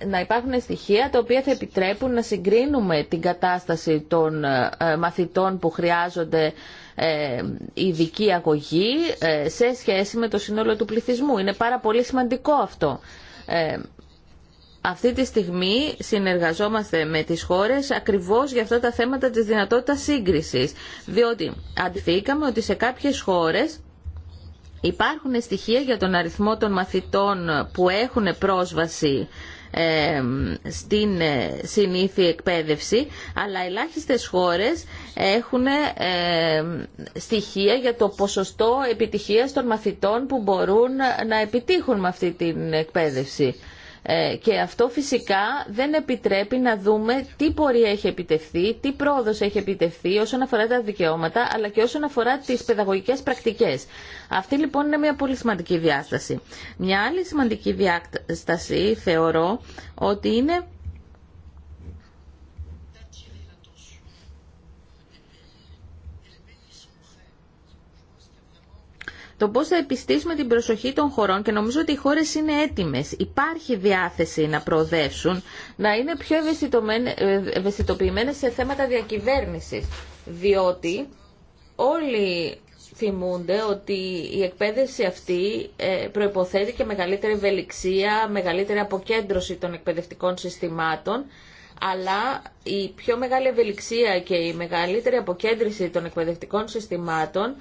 να υπάρχουν στοιχεία τα οποία θα επιτρέπουν να συγκρίνουμε την κατάσταση των ε, μαθητών που χρειάζονται ε, ειδική αγωγή ε, σε σχέση με το σύνολο του πληθυσμού. Είναι πάρα πολύ σημαντικό αυτό. Αυτή τη στιγμή συνεργαζόμαστε με τις χώρες ακριβώς για αυτά τα θέματα της δυνατότητας σύγκρισης. Διότι αντιθήκαμε ότι σε κάποιες χώρες υπάρχουν στοιχεία για τον αριθμό των μαθητών που έχουν πρόσβαση στην ε, συνήθη εκπαίδευση, αλλά ελάχιστες χώρες έχουν στοιχεία για το ποσοστό επιτυχίας των μαθητών που μπορούν να επιτύχουν με αυτή την εκπαίδευση. Ε, και αυτό φυσικά δεν επιτρέπει να δούμε τι πορεία έχει επιτευχθεί, τι πρόοδος έχει επιτευχθεί όσον αφορά τα δικαιώματα αλλά και όσον αφορά τις παιδαγωγικές πρακτικές. Αυτή λοιπόν είναι μια πολύ σημαντική διάσταση. Μια άλλη σημαντική διάσταση θεωρώ ότι είναι το πώς θα επιστήσουμε την προσοχή των χωρών και νομίζω ότι οι χώρες είναι έτοιμες. Υπάρχει διάθεση να προοδεύσουν, να είναι πιο ε, ευαισθητοποιημένες σε θέματα διακυβέρνησης. Διότι όλοι θυμούνται ότι η εκπαίδευση αυτή ε, προϋποθέτει και μεγαλύτερη ευελιξία, μεγαλύτερη αποκέντρωση των εκπαιδευτικών συστημάτων, αλλά η πιο μεγάλη ευελιξία και η μεγαλύτερη αποκέντρωση των εκπαιδευτικών συστημάτων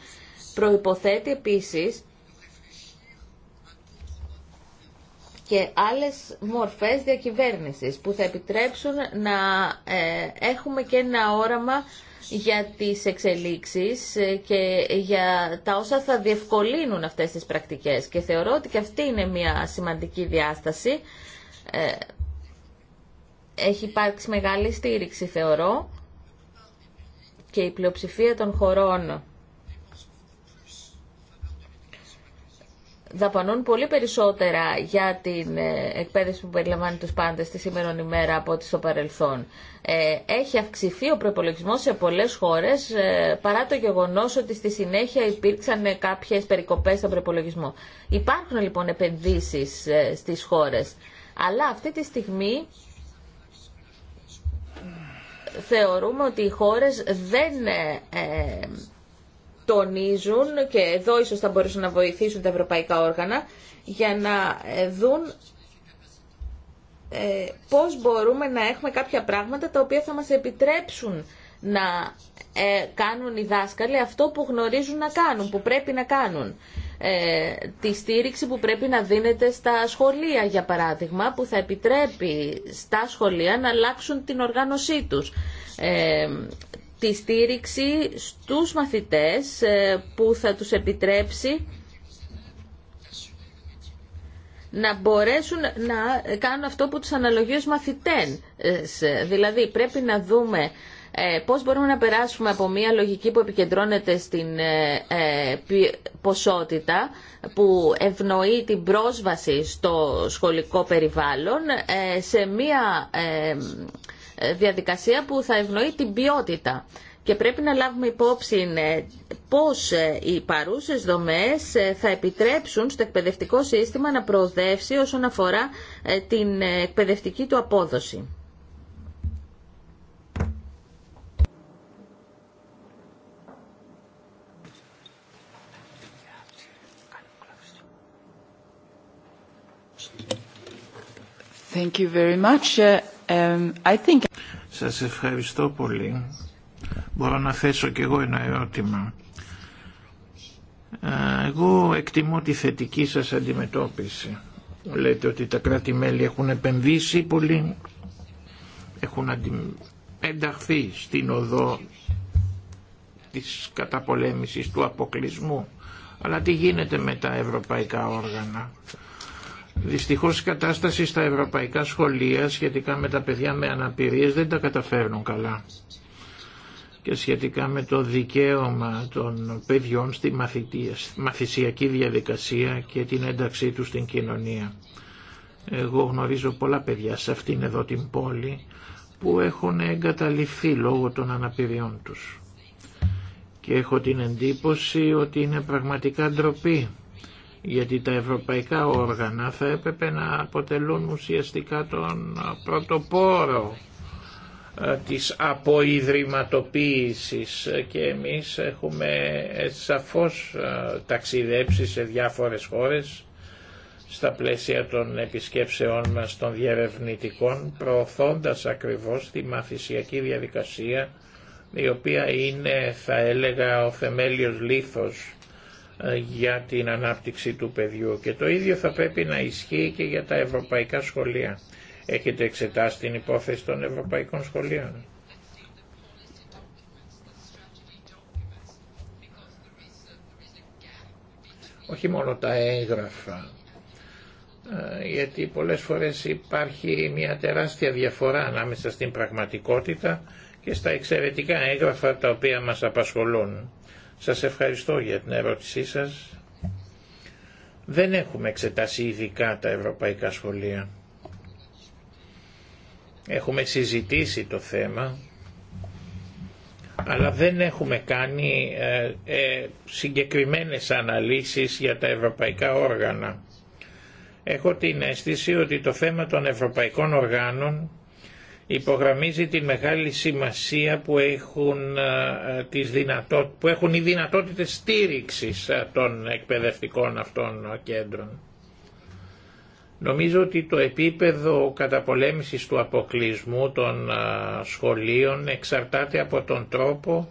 Προϋποθέτει επίσης και άλλες μορφές διακυβέρνησης που θα επιτρέψουν να ε, έχουμε και ένα όραμα για τις εξελίξεις ε, και για τα όσα θα διευκολύνουν αυτές τις πρακτικές. Και θεωρώ ότι και αυτή είναι μια σημαντική διάσταση. Ε, έχει υπάρξει μεγάλη στήριξη, θεωρώ, και η πλειοψηφία των χωρών δαπανούν πολύ περισσότερα για την ε, εκπαίδευση που περιλαμβάνει τους πάντες τη σήμερα ημέρα από ό,τι στο παρελθόν. Ε, έχει αυξηθεί ο προπολογισμό σε πολλές χώρες ε, παρά το γεγονός ότι στη συνέχεια υπήρξαν κάποιες περικοπές στον προπολογισμό. Υπάρχουν λοιπόν επενδύσεις στις χώρες, αλλά αυτή τη στιγμή θεωρούμε ότι οι χώρες δεν τονίζουν και εδώ ίσως θα μπορούσαν να βοηθήσουν τα ευρωπαϊκά όργανα για να ε, δουν ε, πώς μπορούμε να έχουμε κάποια πράγματα τα οποία θα μας επιτρέψουν να ε, κάνουν οι δάσκαλοι αυτό που γνωρίζουν να κάνουν, που πρέπει να κάνουν. Ε, τη στήριξη που πρέπει να δίνεται στα σχολεία, για παράδειγμα, που θα επιτρέπει στα σχολεία να αλλάξουν την οργάνωσή τους. Ε, τη στήριξη στους μαθητές ε, που θα τους επιτρέψει να μπορέσουν να κάνουν αυτό που τους αναλογεί ως μαθητές. Ε, δηλαδή πρέπει να δούμε ε, πώς μπορούμε να περάσουμε από μια λογική που επικεντρώνεται στην ποσότητα που ευνοεί την πρόσβαση στο σχολικό περιβάλλον σε μια ε, διαδικασία που θα ευνοεί την ποιότητα. Και πρέπει να λάβουμε υπόψη ε, πώς ε, οι παρούσες δομές θα επιτρέψουν στο εκπαιδευτικό σύστημα να προοδεύσει όσον αφορά την εκπαιδευτική του απόδοση. Thank you uh, Um, I Σας ευχαριστώ πολύ. Μπορώ να θέσω κι εγώ ένα ερώτημα. Εγώ εκτιμώ τη θετική σας αντιμετώπιση. Λέτε ότι τα κράτη-μέλη έχουν επενδύσει πολύ, έχουν ενταχθεί στην οδό της καταπολέμησης του αποκλεισμού. Αλλά τι γίνεται με τα ευρωπαϊκά όργανα Δυστυχώς η κατάσταση στα ευρωπαϊκά σχολεία σχετικά με τα παιδιά με αναπηρίες δεν τα καταφέρνουν καλά και σχετικά με το δικαίωμα των παιδιών στη μαθησιακή διαδικασία και την ένταξή τους στην κοινωνία. Εγώ γνωρίζω πολλά παιδιά σε αυτήν εδώ την πόλη που έχουν εγκαταληφθεί λόγω των αναπηριών τους. Και έχω την εντύπωση ότι είναι πραγματικά ντροπή γιατί τα ευρωπαϊκά όργανα θα έπρεπε να αποτελούν ουσιαστικά τον πρωτοπόρο ε, της αποϊδρυματοποίησης και εμείς έχουμε ε, σαφώς ε, ταξιδέψει σε διάφορες χώρες στα πλαίσια των επισκέψεών μας των διερευνητικών προωθώντας ακριβώς τη μαθησιακή διαδικασία η οποία είναι θα έλεγα ο θεμέλιος λήθος ε, για την ανάπτυξη του παιδιού και το ίδιο θα πρέπει να ισχύει και για τα ευρωπαϊκά σχολεία. Έχετε εξετάσει την υπόθεση των ευρωπαϊκών σχολείων. Όχι μόνο τα έγγραφα, ε, γιατί πολλές φορές υπάρχει μια τεράστια διαφορά ανάμεσα στην πραγματικότητα και στα εξαιρετικά έγγραφα τα οποία μας απασχολούν. Σας ευχαριστώ για την ερώτησή σας. Δεν έχουμε εξετάσει ειδικά τα ευρωπαϊκά σχολεία. Έχουμε συζητήσει το θέμα, αλλά δεν έχουμε κάνει ε, ε, συγκεκριμένες αναλύσεις για τα ευρωπαϊκά όργανα. Έχω την αίσθηση ότι το θέμα των ευρωπαϊκών οργάνων υπογραμμίζει τη μεγάλη σημασία που έχουν, τις που έχουν οι δυνατότητες στήριξης των εκπαιδευτικών αυτών κέντρων. Νομίζω ότι το επίπεδο καταπολέμησης του αποκλεισμού των σχολείων εξαρτάται από τον τρόπο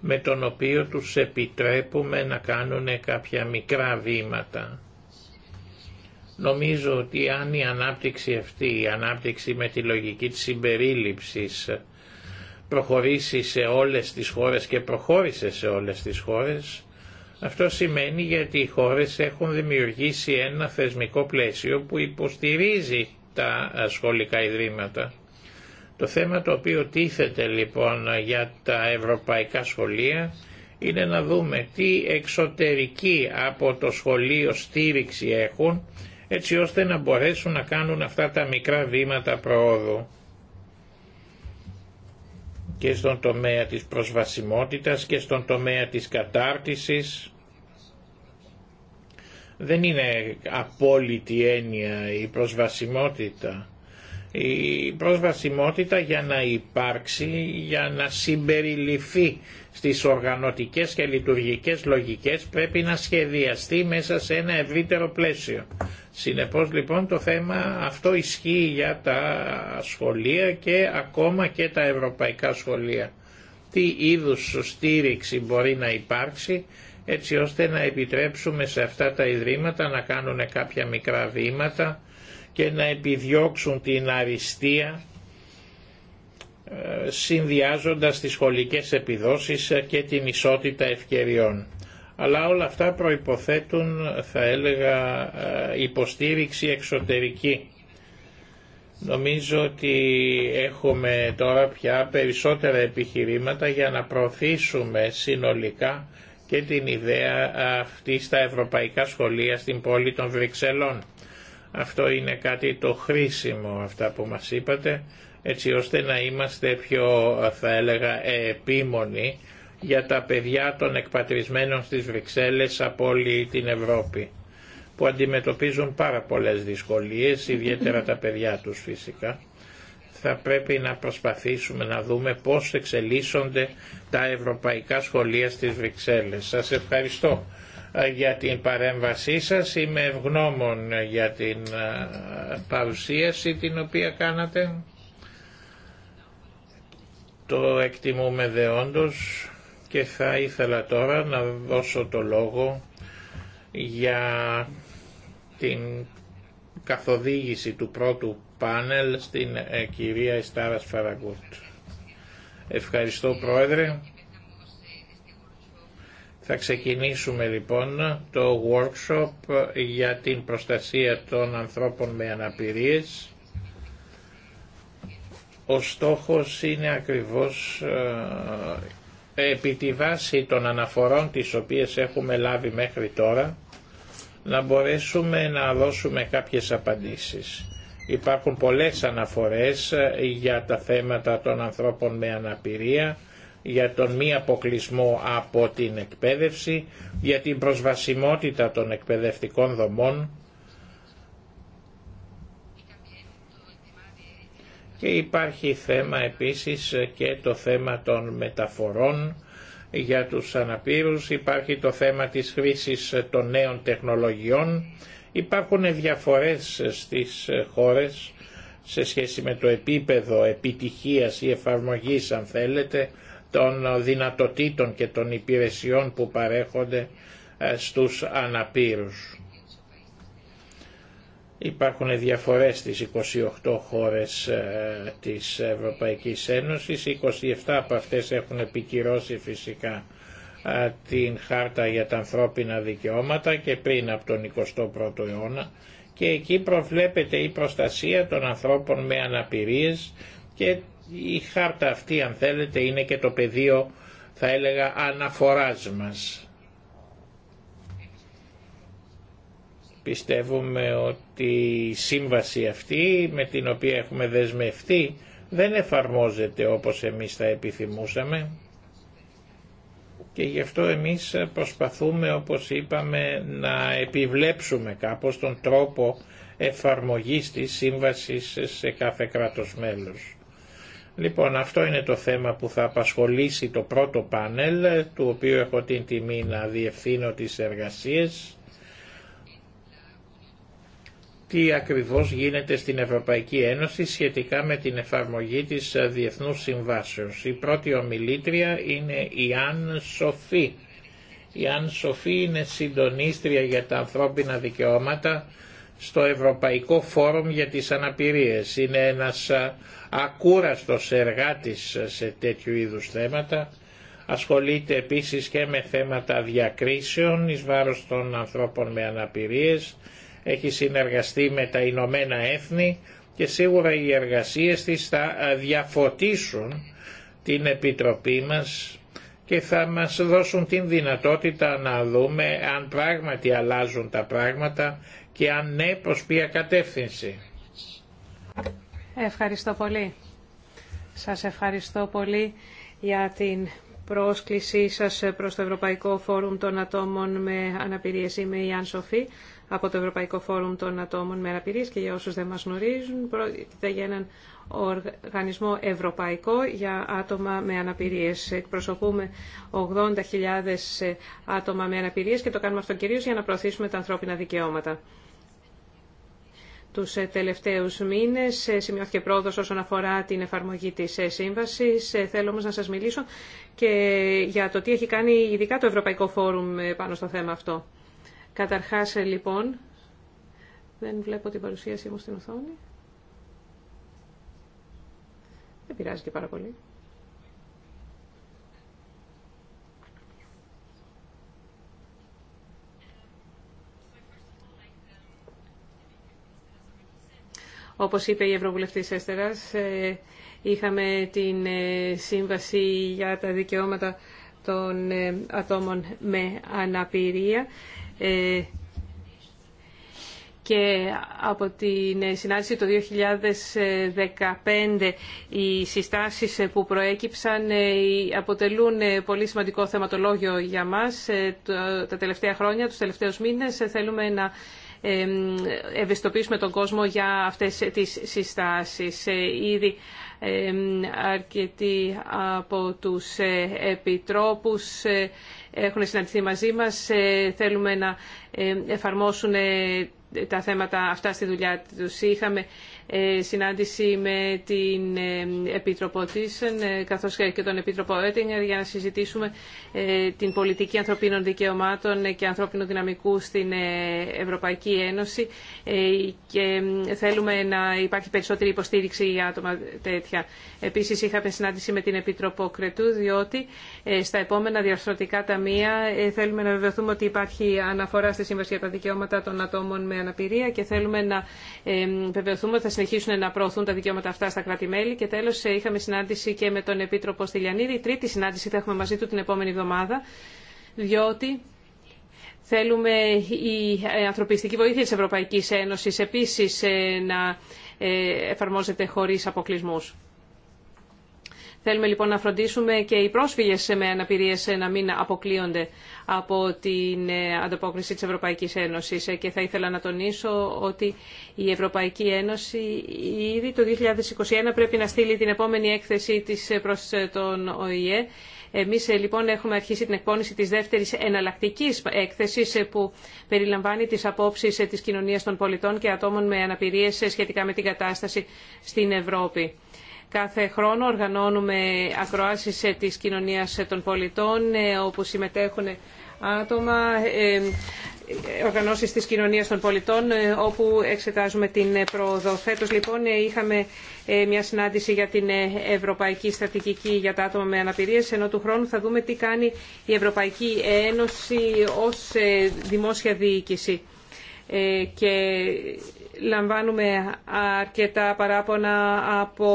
με τον οποίο τους επιτρέπουμε να κάνουν κάποια μικρά βήματα. Νομίζω ότι αν η ανάπτυξη αυτή, η ανάπτυξη με τη λογική της συμπερίληψης προχωρήσει σε όλες τις χώρες και προχώρησε σε όλες τις χώρες, αυτό σημαίνει γιατί οι χώρες έχουν δημιουργήσει ένα θεσμικό πλαίσιο που υποστηρίζει τα σχολικά ιδρύματα. Το θέμα το οποίο τίθεται λοιπόν για τα ευρωπαϊκά σχολεία είναι να δούμε τι εξωτερική από το σχολείο στήριξη έχουν έτσι ώστε να μπορέσουν να κάνουν αυτά τα μικρά βήματα προόδου και στον τομέα της προσβασιμότητας και στον τομέα της κατάρτισης. Δεν είναι απόλυτη έννοια η προσβασιμότητα. Η προσβασιμότητα για να υπάρξει, για να συμπεριληφθεί στις οργανωτικές και λειτουργικές λογικές πρέπει να σχεδιαστεί μέσα σε ένα ευρύτερο πλαίσιο. Συνεπώς λοιπόν το θέμα αυτό ισχύει για τα σχολεία και ακόμα και τα ευρωπαϊκά σχολεία. Τι είδους στήριξη μπορεί να υπάρξει έτσι ώστε να επιτρέψουμε σε αυτά τα ιδρύματα να κάνουν κάποια μικρά βήματα και να επιδιώξουν την αριστεία ε, συνδυάζοντας τις σχολικές επιδόσεις και την ισότητα ευκαιριών αλλά όλα αυτά προϋποθέτουν, θα έλεγα, ε, υποστήριξη εξωτερική. Νομίζω ότι έχουμε τώρα πια περισσότερα επιχειρήματα για να προωθήσουμε συνολικά και την ιδέα αυτή στα ευρωπαϊκά σχολεία στην πόλη των Βρυξελών. Αυτό είναι κάτι το χρήσιμο αυτά που μας είπατε, έτσι ώστε να είμαστε πιο, θα έλεγα, επίμονοι για τα παιδιά των εκπατρισμένων στις Βρυξέλλες από όλη την Ευρώπη που αντιμετωπίζουν πάρα πολλές δυσκολίες, ιδιαίτερα τα παιδιά τους φυσικά. Θα πρέπει να προσπαθήσουμε να δούμε πώς εξελίσσονται τα ευρωπαϊκά σχολεία στις Βρυξέλλες. Σας ευχαριστώ ε, για την παρέμβασή σας. Είμαι ευγνώμων ε, για την ε, παρουσίαση την οποία κάνατε. Το εκτιμούμε δεόντως και θα ήθελα τώρα να δώσω το λόγο για την καθοδήγηση του πρώτου πάνελ στην ε, κυρία ιστάρας Φαραγκούτ. Ευχαριστώ Πρόεδρε. Θα ξεκινήσουμε λοιπόν το workshop για την προστασία των ανθρώπων με αναπηρίες. Ο στόχος είναι ακριβώς ε, επί τη βάση των αναφορών τις οποίες έχουμε λάβει μέχρι τώρα να μπορέσουμε να δώσουμε κάποιες απαντήσεις. Υπάρχουν πολλές αναφορές ε, για τα θέματα των ανθρώπων με αναπηρία, για τον μη αποκλεισμό από την εκπαίδευση, για την προσβασιμότητα των εκπαιδευτικών δομών, και υπάρχει θέμα επίσης και το θέμα των μεταφορών για τους αναπήρους, υπάρχει το θέμα της χρήσης των νέων τεχνολογιών, υπάρχουν διαφορές στις χώρες σε σχέση με το επίπεδο επιτυχίας ή εφαρμογής αν θέλετε των δυνατοτήτων και των υπηρεσιών που παρέχονται ε, στους αναπήρους. Υπάρχουν διαφορές στις 28 χώρες ε, της Ευρωπαϊκής Ένωσης. 27 από αυτές έχουν επικυρώσει φυσικά ε, την χάρτα για τα ανθρώπινα δικαιώματα και πριν από τον 21ο αιώνα και εκεί προβλέπεται η προστασία των ανθρώπων με αναπηρίες και η χάρτα αυτή αν θέλετε είναι και το πεδίο θα έλεγα αναφοράς μας. Πιστεύουμε ότι η σύμβαση αυτή με την οποία έχουμε δεσμευτεί δεν εφαρμόζεται όπως εμείς θα επιθυμούσαμε και γι' αυτό εμείς προσπαθούμε όπως είπαμε να επιβλέψουμε κάπως τον τρόπο εφαρμογής της σύμβασης σε κάθε κράτος μέλος. Λοιπόν, αυτό είναι το θέμα που θα απασχολήσει το πρώτο πάνελ, του οποίου έχω την τιμή να διευθύνω τις εργασίες τι ακριβώς γίνεται στην Ευρωπαϊκή Ένωση σχετικά με την εφαρμογή της ε, Διεθνούς Συμβάσεως. Η πρώτη ομιλήτρια είναι η Αν Σοφή. Η Αν Σοφή είναι συντονίστρια για τα ανθρώπινα δικαιώματα στο Ευρωπαϊκό Φόρουμ για τις Αναπηρίες. Είναι ένας ε, ακούραστος εργάτης ε, σε τέτοιου είδους θέματα. Ασχολείται επίσης και με θέματα διακρίσεων εις βάρος των ανθρώπων με αναπηρίες έχει συνεργαστεί με τα Ηνωμένα Έθνη και σίγουρα οι εργασίες της θα διαφωτίσουν την Επιτροπή μας και θα μας δώσουν την δυνατότητα να δούμε αν πράγματι αλλάζουν τα πράγματα και αν ναι προς ποια κατεύθυνση. Ευχαριστώ πολύ. Σας ευχαριστώ πολύ για την πρόσκλησή σας προς το Ευρωπαϊκό Φόρουμ των Ατόμων με Αναπηρίες. Είμαι η Αν Σοφή από το Ευρωπαϊκό Φόρουμ των Ατόμων με Αναπηρίες και για όσους δεν μας γνωρίζουν, πρόκειται για έναν οργανισμό ευρωπαϊκό για άτομα με αναπηρίες. Εκπροσωπούμε 80.000 άτομα με αναπηρίες και το κάνουμε αυτό κυρίως για να προωθήσουμε τα ανθρώπινα δικαιώματα. Τους τελευταίους μήνες σημειώθηκε πρόοδος όσον αφορά την εφαρμογή της σύμβασης. Θέλω όμως να σας μιλήσω και για το τι έχει κάνει ειδικά το Ευρωπαϊκό Φόρουμ πάνω στο θέμα αυτό. Καταρχάς, ε, λοιπόν, δεν βλέπω την παρουσίασή μου στην οθόνη. Δεν πειράζει και πάρα πολύ. Όπως είπε η Ευρωβουλευτής Έστερας, ε, είχαμε την ε, Σύμβαση για τα Δικαιώματα των Ατόμων με Αναπηρία ε, και από την συνάντηση το 2015 οι συστάσεις που προέκυψαν ε, αποτελούν ε, πολύ σημαντικό θεματολόγιο για μας τα τελευταία χρόνια, τους τελευταίους μήνες. Θέλουμε να ευαισθητοποιήσουμε τον κόσμο για αυτές τις συστάσεις. Ήδη αρκετοί από τους επιτρόπους έχουν συναντηθεί μαζί μας. Ε, θέλουμε να ε, εφαρμόσουν ε, τα θέματα αυτά στη δουλειά τους. Είχαμε ε, συνάντηση με την ε, Επίτροπο Τίσεν καθώς και τον Επίτροπο Έτιγκερ για να συζητήσουμε ε, την πολιτική ανθρωπίνων δικαιωμάτων και ανθρώπινου δυναμικού στην Ευρωπαϊκή Ένωση και θέλουμε να υπάρχει περισσότερη υποστήριξη για άτομα τέτοια. Επίσης είχαμε συνάντηση με την Επίτροπο Κρετού διότι στα επόμενα διαρθρωτικά ταμεία θέλουμε να βεβαιωθούμε ότι υπάρχει αναφορά στη Σύμβαση για τα Δικαιώματα των Ατόμων με Αναπηρία και θέλουμε να βεβαιωθούμε συνεχίσουν να προωθούν τα δικαιώματα αυτά στα κράτη-μέλη. Και τέλο, ε, είχαμε συνάντηση και με τον Επίτροπο Στυλιανίδη. Η τρίτη συνάντηση θα έχουμε μαζί του την επόμενη εβδομάδα, διότι θέλουμε η ε, ανθρωπιστική βοήθεια τη Ευρωπαϊκή Ένωση επίση ε, να εφαρμόζεται χωρί αποκλεισμού. Θέλουμε λοιπόν να φροντίσουμε και οι πρόσφυγες με αναπηρίες να μην αποκλείονται από την ε, ανταπόκριση της Ευρωπαϊκής Ένωσης ε, και θα ήθελα να τονίσω ότι η Ευρωπαϊκή Ένωση ήδη το 2021 πρέπει να στείλει την επόμενη έκθεση της ε, προς τον ΟΗΕ. Εμείς λοιπόν έχουμε αρχίσει την εκπόνηση της δεύτερης εναλλακτικής έκθεσης που περιλαμβάνει τις απόψεις της κοινωνίας των πολιτών και ατόμων με αναπηρίες σχετικά με την κατάσταση στην Ευρώπη. Κάθε χρόνο οργανώνουμε ακροάσεις ε, της κοινωνίας ε, των πολιτών ε, όπου συμμετέχουν άτομα, οργανώσεις της κοινωνίας των πολιτών όπου εξετάζουμε την πρόοδο. λοιπόν είχαμε μια συνάντηση για την Ευρωπαϊκή Στρατηγική για τα άτομα με αναπηρίες ενώ του χρόνου θα δούμε τι κάνει η Ευρωπαϊκή Ένωση ως δημόσια διοίκηση. Ε, και λαμβάνουμε αρκετά παράπονα από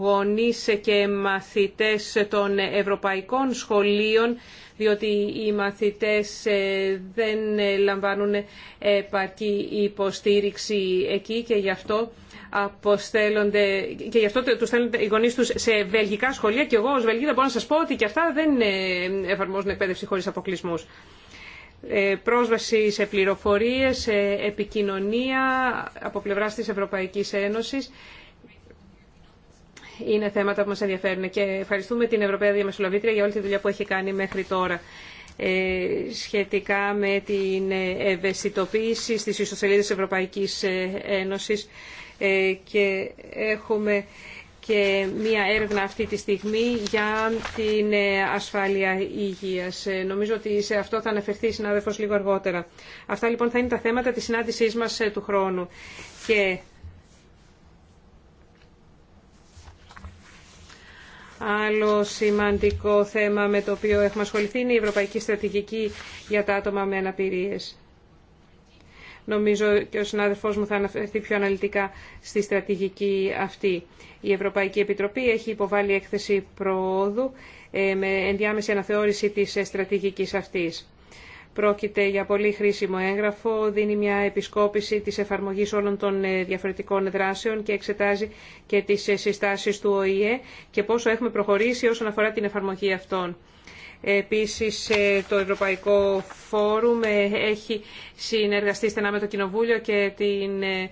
γονείς και μαθητές των ευρωπαϊκών σχολείων διότι οι μαθητές ε, δεν λαμβάνουν επαρκή υποστήριξη εκεί και γι' αυτό αποστέλλονται και γι' αυτό τους στέλνουν οι γονείς τους σε βελγικά σχολεία και εγώ ως Βελγίδα μπορώ να σας πω ότι και αυτά δεν ε, εφαρμόζουν εκπαίδευση χωρίς αποκλεισμούς. Ε, πρόσβαση σε πληροφορίες, σε επικοινωνία από πλευράς της Ευρωπαϊκής Ένωσης. Είναι θέματα που μας ενδιαφέρουν και ευχαριστούμε την Ευρωπαία Διαμεσολαβήτρια για όλη τη δουλειά που έχει κάνει μέχρι τώρα ε, σχετικά με την ευαισθητοποίηση στις ιστοσελίδες Ευρωπαϊκής ε, Ένωσης και έχουμε και μία έρευνα αυτή τη στιγμή για την ε, ασφάλεια υγείας. Ε, νομίζω ότι σε αυτό θα αναφερθεί η συνάδελφος λίγο αργότερα. Αυτά λοιπόν θα είναι τα θέματα της συνάντησής μας ε, του χρόνου. Και Άλλο σημαντικό θέμα με το οποίο έχουμε ασχοληθεί είναι η Ευρωπαϊκή Στρατηγική για τα άτομα με αναπηρίες. Νομίζω και ο συνάδελφός μου θα αναφερθεί πιο αναλυτικά στη στρατηγική αυτή. Η Ευρωπαϊκή Επιτροπή έχει υποβάλει έκθεση προόδου ε, με ενδιάμεση αναθεώρηση της στρατηγικής αυτής. Πρόκειται για πολύ χρήσιμο έγγραφο, δίνει μια επισκόπηση της εφαρμογής όλων των ε, διαφορετικών δράσεων και εξετάζει και τις ε, συστάσεις του ΟΗΕ και πόσο έχουμε προχωρήσει όσον αφορά την εφαρμογή αυτών. Επίσης ε, το Ευρωπαϊκό Φόρουμ ε, έχει συνεργαστεί στενά με το Κοινοβούλιο και την ε,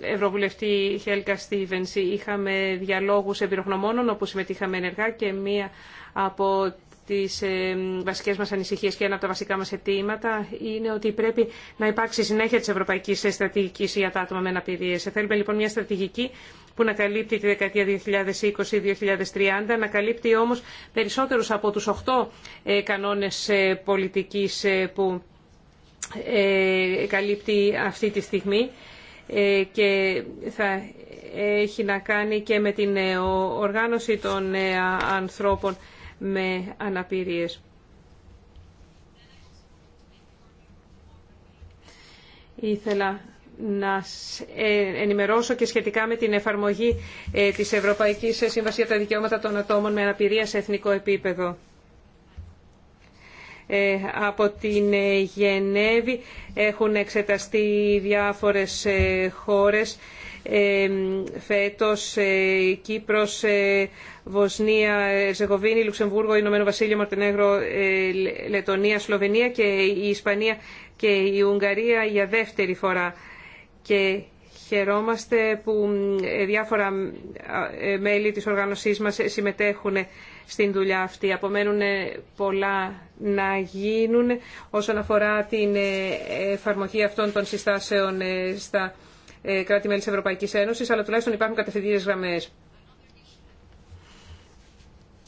Ευρωβουλευτή Χέλκα Στίβενς. Είχαμε διαλόγους εμπειρογνωμόνων όπου συμμετείχαμε ενεργά και μία από τις βασικές μας ανησυχίες και ένα από τα βασικά μας αιτήματα είναι ότι πρέπει να υπάρξει συνέχεια της ευρωπαϊκής στρατηγικής για τα άτομα με αναπηρίες. Θέλουμε λοιπόν μια στρατηγική που να καλύπτει τη δεκαετία 2020-2030, να καλύπτει όμως περισσότερους από τους 8 ε, κανόνες ε, πολιτικής ε, που καλύπτει αυτή τη στιγμή και θα έχει να κάνει και με την οργάνωση των ανθρώπων με αναπηρίες. Ήθελα να ε, ενημερώσω και σχετικά με την εφαρμογή ε, της Ευρωπαϊκής Σύμβασης για τα Δικαιώματα των Ατόμων με Αναπηρία σε εθνικό επίπεδο. Ε, από την Γενέβη έχουν εξεταστεί διάφορες χώρες φέτος Κύπρος, Βοσνία, Ζεγοβίνη, Λουξεμβούργο, Ηνωμένο Βασίλειο, Μαρτενέγρο, Λετωνία, Σλοβενία και η Ισπανία και η Ουγγαρία για δεύτερη φορά και χαιρόμαστε που ε, διάφορα ε, μέλη της οργάνωσής μας συμμετέχουν στην δουλειά αυτή. Απομένουν ε, πολλά να γίνουν όσον αφορά την εφαρμογή αυτών των συστάσεων στα κράτη-μέλη της Ευρωπαϊκής Ένωσης, αλλά τουλάχιστον υπάρχουν κατευθυντήρες γραμμές.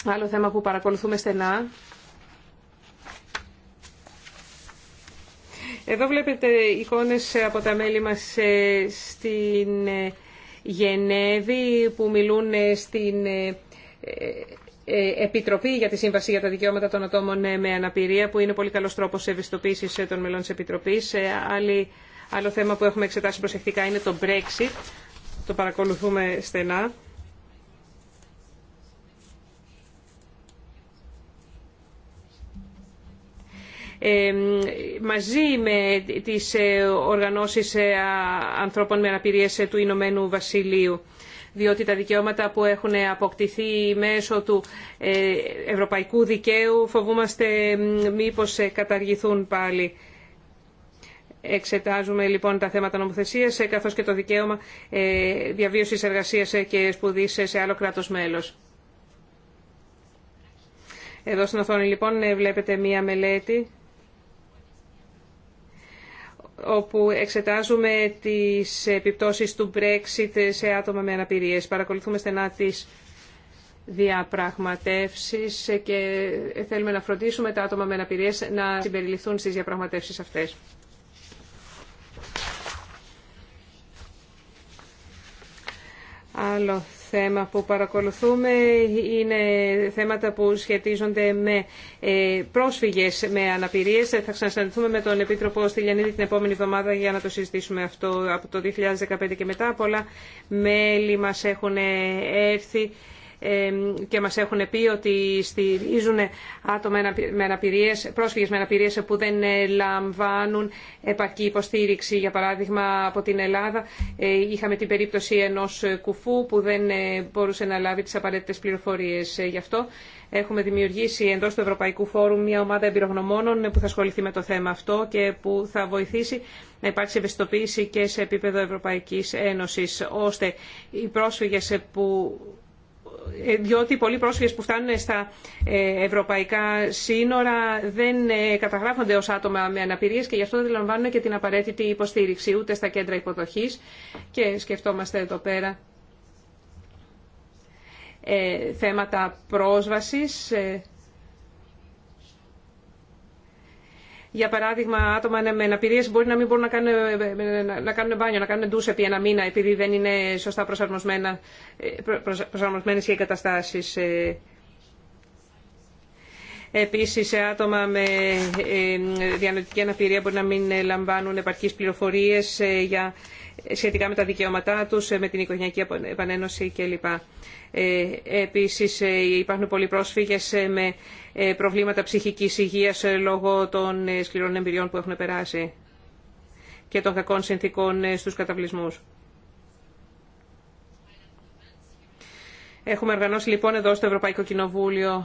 Άλλο θέμα που παρακολουθούμε στενά Εδώ βλέπετε εικόνες από τα μέλη μας ε, στην ε, Γενέβη που μιλούν ε, στην Επιτροπή για τη Σύμβαση για τα Δικαιώματα των Ατόμων με Αναπηρία που είναι πολύ καλός τρόπος ευαισθητοποίησης των μελών της Επιτροπής. άλλο θέμα που έχουμε εξετάσει προσεκτικά είναι το Brexit. Το παρακολουθούμε στενά. μαζί με τις ε, οργανώσεις ε, ανθρώπων με αναπηρίες ε, του Ηνωμένου Βασιλείου διότι τα δικαιώματα που έχουν αποκτηθεί μέσω του ευρωπαϊκού δικαίου φοβούμαστε μήπως καταργηθούν πάλι. Εξετάζουμε λοιπόν τα θέματα νομοθεσίας καθώς και το δικαίωμα διαβίωσης εργασίας και σπουδής σε άλλο κράτος μέλος. Εδώ στην οθόνη λοιπόν βλέπετε μία μελέτη όπου εξετάζουμε τις επιπτώσεις του Brexit σε άτομα με αναπηρίες. Παρακολουθούμε στενά τις διαπραγματεύσεις και θέλουμε να φροντίσουμε τα άτομα με αναπηρίες να συμπεριληφθούν στις διαπραγματεύσεις αυτές θέμα που παρακολουθούμε είναι θέματα που σχετίζονται με ε, πρόσφυγες με αναπηρίες. Θα ξανασυναντηθούμε με τον Επίτροπο Στυλιανίδη την επόμενη εβδομάδα για να το συζητήσουμε αυτό από το 2015 και μετά. Πολλά μέλη μας έχουν ε, έρθει και μας έχουν πει ότι στηρίζουν άτομα με αναπηρίες, πρόσφυγες με αναπηρίες που δεν ε, λαμβάνουν επαρκή υποστήριξη. Για παράδειγμα από την Ελλάδα ε, είχαμε την περίπτωση ενός κουφού που δεν ε, μπορούσε να λάβει τις απαραίτητες πληροφορίες γι' αυτό. Έχουμε δημιουργήσει εντός του Ευρωπαϊκού Φόρουμ μια ομάδα εμπειρογνωμόνων που θα ασχοληθεί με το θέμα αυτό και που θα βοηθήσει να υπάρξει ευαισθητοποίηση και σε επίπεδο Ευρωπαϊκής Ένωσης, ώστε οι πρόσφυγες που ε, διότι πολλοί πρόσφυγες που φτάνουν στα ε, ευρωπαϊκά σύνορα δεν ε, καταγράφονται ως άτομα με αναπηρίες και γι' αυτό δεν λαμβάνουν και την απαραίτητη υποστήριξη ούτε στα κέντρα υποδοχής και σκεφτόμαστε εδώ πέρα θέματα πρόσβασης για παράδειγμα, άτομα ναι, με αναπηρίε μπορεί να μην μπορούν να κάνουν, να μπάνιο, να κάνουν ντους επί ένα μήνα, επειδή δεν είναι σωστά ε, προσαρμοσμένε οι εγκαταστάσει. Ε, Επίσης, άτομα με ε, διανοητική αναπηρία μπορεί να μην λαμβάνουν επαρκείς πληροφορίες ε, για σχετικά με τα δικαιώματά τους, ε, με την οικογενειακή επανένωση κλπ. Επίσης υπάρχουν πολλοί πρόσφυγες με προβλήματα ψυχικής υγείας λόγω των σκληρών εμπειριών που έχουν περάσει και των κακών συνθήκων στους καταβλισμούς. Έχουμε οργανώσει λοιπόν εδώ στο Ευρωπαϊκό Κοινοβούλιο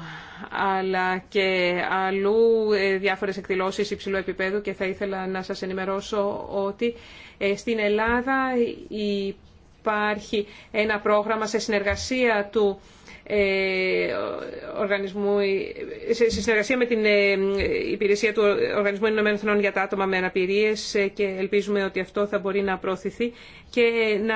αλλά και αλλού ε, διάφορες εκδηλώσεις υψηλού επίπεδου και θα ήθελα να σας ενημερώσω ότι ε, στην Ελλάδα υπάρχει ένα πρόγραμμα σε συνεργασία του ε, οργανισμού, σε συνεργασία με την ε, υπηρεσία του Οργανισμού Ηνωμένων για τα άτομα με αναπηρίες ε, και ελπίζουμε ότι αυτό θα μπορεί να προωθηθεί και να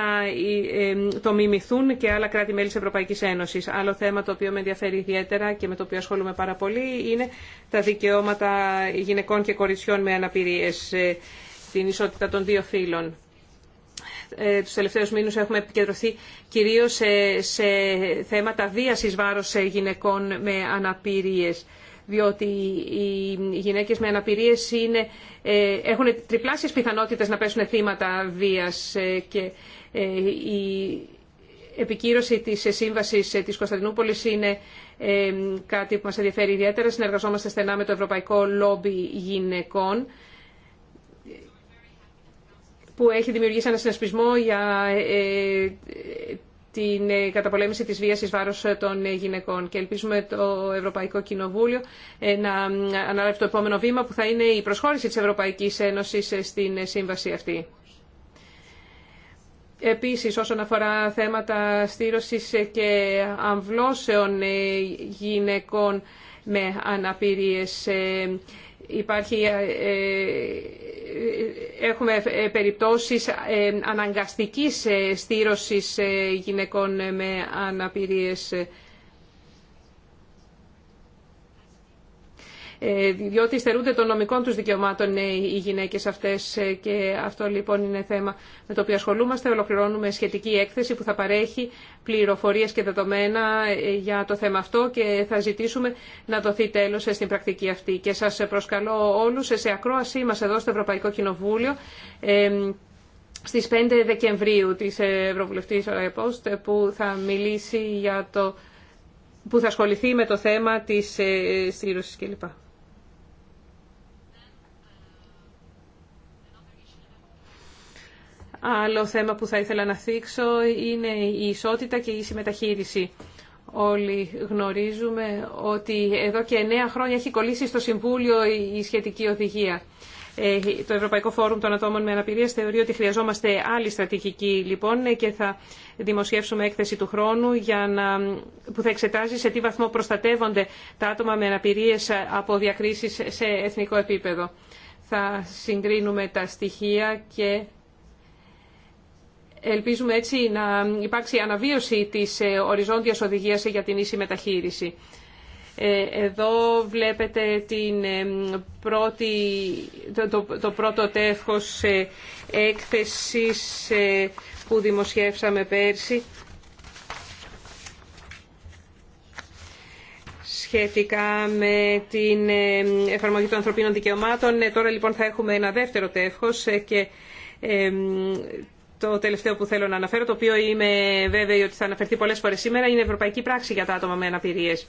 το μιμηθούν και άλλα κράτη-μέλη της Ευρωπαϊκής Ένωσης. Άλλο θέμα το οποίο με ενδιαφέρει ιδιαίτερα και με το οποίο ασχολούμαι πάρα πολύ είναι τα δικαιώματα γυναικών και κοριτσιών με αναπηρίες, την ισότητα των δύο φύλων. Ε, τους τελευταίους μήνους έχουμε επικεντρωθεί κυρίως σε, θέματα βίασης βάρος ε, γυναικών με αναπηρίες διότι οι γυναίκες με αναπηρίες ε, έχουν τριπλάσιες πιθανότητες να πέσουν θύματα βίας και η επικύρωση της σύμβασης της Κωνσταντινούπολης είναι κάτι που μας ενδιαφέρει ιδιαίτερα. Συνεργαζόμαστε στενά με το Ευρωπαϊκό Λόμπι Γυναικών που έχει δημιουργήσει ένα συνασπισμό για ε, ε, την ε, καταπολέμηση της βίας εις βάρος των γυναικών. Και ελπίζουμε το Ευρωπαϊκό Κοινοβούλιο να αναλάβει το επόμενο βήμα που θα είναι η προσχώρηση της Ευρωπαϊκής Ένωσης στην σύμβαση αυτή. Επίσης, όσον αφορά θέματα στήρωσης και αμβλώσεων γυναικών με αναπηρίες, υπάρχει έχουμε περιπτώσεις ε, αναγκαστικής ε, στήρωσης ε, γυναικών με αναπηρίες Ε, διότι στερούνται των νομικών τους δικαιωμάτων ναι, οι γυναίκες αυτές ε, και αυτό λοιπόν είναι θέμα με το οποίο ασχολούμαστε. Ολοκληρώνουμε σχετική έκθεση που θα παρέχει πληροφορίες και δεδομένα ε, για το θέμα αυτό και θα ζητήσουμε να δοθεί τέλος στην πρακτική αυτή. Και σας προσκαλώ όλους σε ακρόασή μας εδώ στο Ευρωπαϊκό Κοινοβούλιο στις 5 Δεκεμβρίου της Ευρωβουλευτής Ραϊπόστ που θα μιλήσει για το που θα ασχοληθεί με το θέμα της στήρωσης κλπ. Άλλο θέμα που θα ήθελα να θίξω είναι η ισότητα και η συμμεταχείριση. Όλοι γνωρίζουμε ότι εδώ και εννέα χρόνια έχει κολλήσει στο Συμβούλιο η σχετική οδηγία. Ε, το Ευρωπαϊκό Φόρουμ των Ατόμων με Αναπηρία θεωρεί ότι χρειαζόμαστε άλλη στρατηγική λοιπόν και θα δημοσιεύσουμε έκθεση του χρόνου για να, που θα εξετάζει σε τι βαθμό προστατεύονται τα άτομα με αναπηρίες από διακρίσεις σε εθνικό επίπεδο. Θα συγκρίνουμε τα στοιχεία και Ελπίζουμε έτσι να υπάρξει αναβίωση της ε, οριζόντιας οδηγίας για την ίση μεταχείριση. Ε, εδώ βλέπετε την ε, πρώτη, το, το, το πρώτο τεύχος έκθεσης που δημοσιεύσαμε πέρσι σχετικά με την εφαρμογή των ανθρωπίνων δικαιωμάτων. Τώρα λοιπόν θα έχουμε ένα δεύτερο τεύχος και το τελευταίο που θέλω να αναφέρω, το οποίο είμαι βέβαιη ότι θα αναφερθεί πολλές φορές σήμερα, είναι η ευρωπαϊκή πράξη για τα άτομα με αναπηρίες.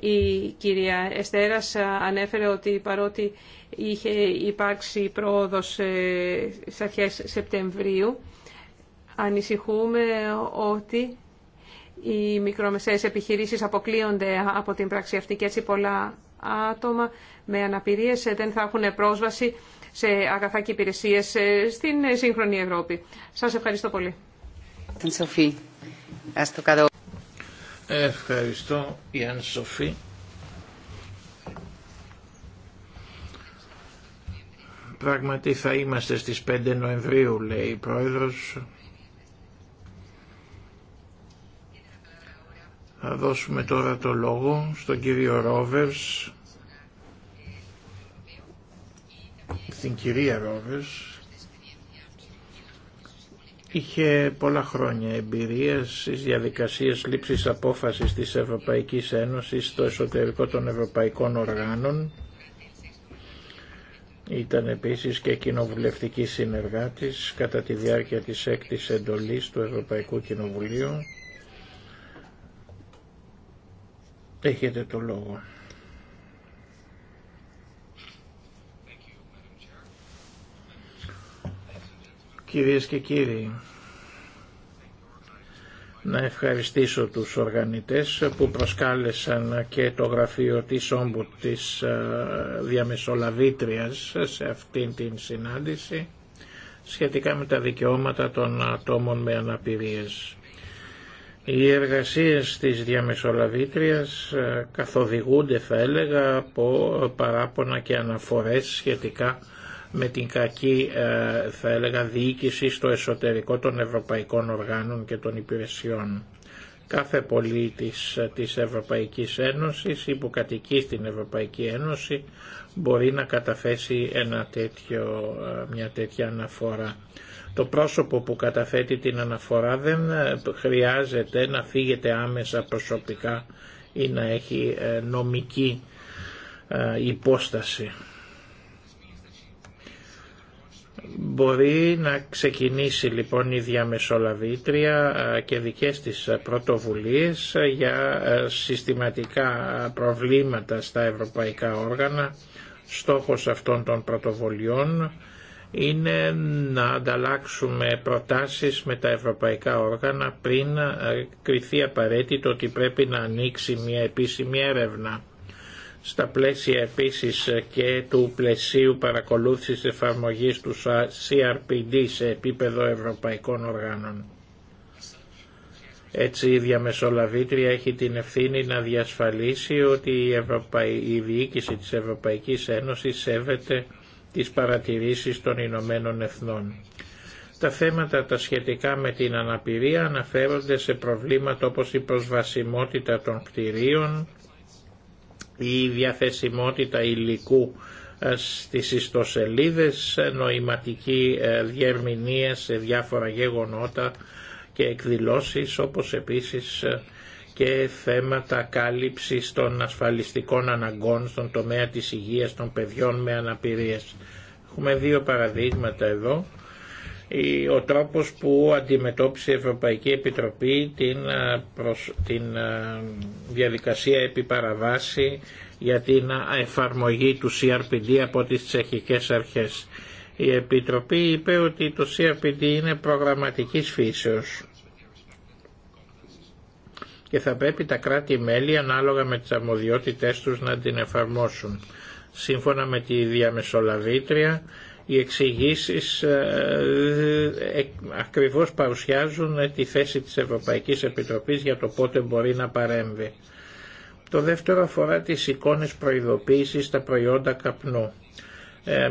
Η κυρία Εστέρας ανέφερε ότι παρότι είχε υπάρξει πρόοδος σε αρχές Σεπτεμβρίου, ανησυχούμε ότι οι μικρομεσαίες επιχειρήσεις αποκλείονται από την πράξη αυτή και έτσι πολλά άτομα με αναπηρίες δεν θα έχουν πρόσβαση σε αγαθά και υπηρεσίε ε, στην σύγχρονη Ευρώπη. Σα ευχαριστώ πολύ. Ευχαριστώ, Ιάννη Σοφή. Πράγματι θα είμαστε στις 5 Νοεμβρίου, λέει η Πρόεδρος. Θα δώσουμε τώρα το λόγο στον κύριο Ρόβερς στην κυρία Ρόβες είχε πολλά χρόνια εμπειρία στις διαδικασίες λήψης απόφασης της Ευρωπαϊκής Ένωσης στο εσωτερικό των ευρωπαϊκών οργάνων. Ήταν επίσης και κοινοβουλευτική συνεργάτης κατά τη διάρκεια της έκτης εντολής του Ευρωπαϊκού Κοινοβουλίου. Έχετε το λόγο. Κυρίες και κύριοι, να ευχαριστήσω τους οργανητές που προσκάλεσαν και το γραφείο της όμπου της ε, διαμεσολαβήτριας σε αυτήν την συνάντηση σχετικά με τα δικαιώματα των ατόμων με αναπηρίες. Οι εργασίες της διαμεσολαβήτριας ε, καθοδηγούνται θα έλεγα από παράπονα και αναφορές σχετικά με την κακή ε, θα έλεγα διοίκηση στο εσωτερικό των ευρωπαϊκών οργάνων και των υπηρεσιών. Κάθε πολίτης ε, της Ευρωπαϊκής Ένωσης ή που κατοικεί στην Ευρωπαϊκή Ένωση μπορεί να καταθέσει ένα τέτοιο, ε, μια τέτοια αναφορά. Το πρόσωπο που καταθέτει την αναφορά δεν χρειάζεται να φύγεται άμεσα προσωπικά ή να έχει νομική υπόσταση. Μπορεί να ξεκινήσει λοιπόν η διαμεσολαβήτρια ε, και δικές της πρωτοβουλίες για ε, συστηματικά προβλήματα στα ευρωπαϊκά όργανα. Στόχος αυτών των πρωτοβολιών είναι να ανταλλάξουμε προτάσεις με τα ευρωπαϊκά όργανα πριν ε, κριθεί απαραίτητο ότι πρέπει να ανοίξει μια επίσημη έρευνα στα πλαίσια επίσης και του πλαισίου παρακολούθησης εφαρμογής του CRPD σε επίπεδο ευρωπαϊκών οργάνων. Έτσι η διαμεσολαβήτρια έχει την ευθύνη να διασφαλίσει ότι η, η διοίκηση της Ευρωπαϊκής Ένωσης σέβεται τις παρατηρήσεις των Ηνωμένων Εθνών. Τα θέματα τα σχετικά με την αναπηρία αναφέρονται σε προβλήματα όπως η προσβασιμότητα των κτηρίων, η διαθεσιμότητα υλικού ε, στις ιστοσελίδες, ε, νοηματική ε, διερμηνία σε διάφορα γεγονότα και εκδηλώσεις, όπως επίσης και θέματα κάλυψης των ασφαλιστικών αναγκών στον τομέα της υγείας των παιδιών με αναπηρίες. Έχουμε δύο παραδείγματα εδώ ο τρόπος που αντιμετώπισε η Ευρωπαϊκή Επιτροπή την, ε, την ε, διαδικασία επιπαραβάση για την ε, εφαρμογή του CRPD από τις τσεχικές αρχές. Η Επιτροπή είπε ότι το CRPD είναι προγραμματικής φύσεως και θα πρέπει τα κράτη-μέλη ανάλογα με τις αρμοδιότητές τους να την εφαρμόσουν. Σύμφωνα με τη διαμεσολαβήτρια, οι εξηγήσει ε, ε, ακριβώ παρουσιάζουν ε, τη θέση της Ευρωπαϊκής Επιτροπής για το πότε μπορεί να παρέμβει. Το δεύτερο αφορά τις εικόνες προειδοποίησης στα προϊόντα καπνού.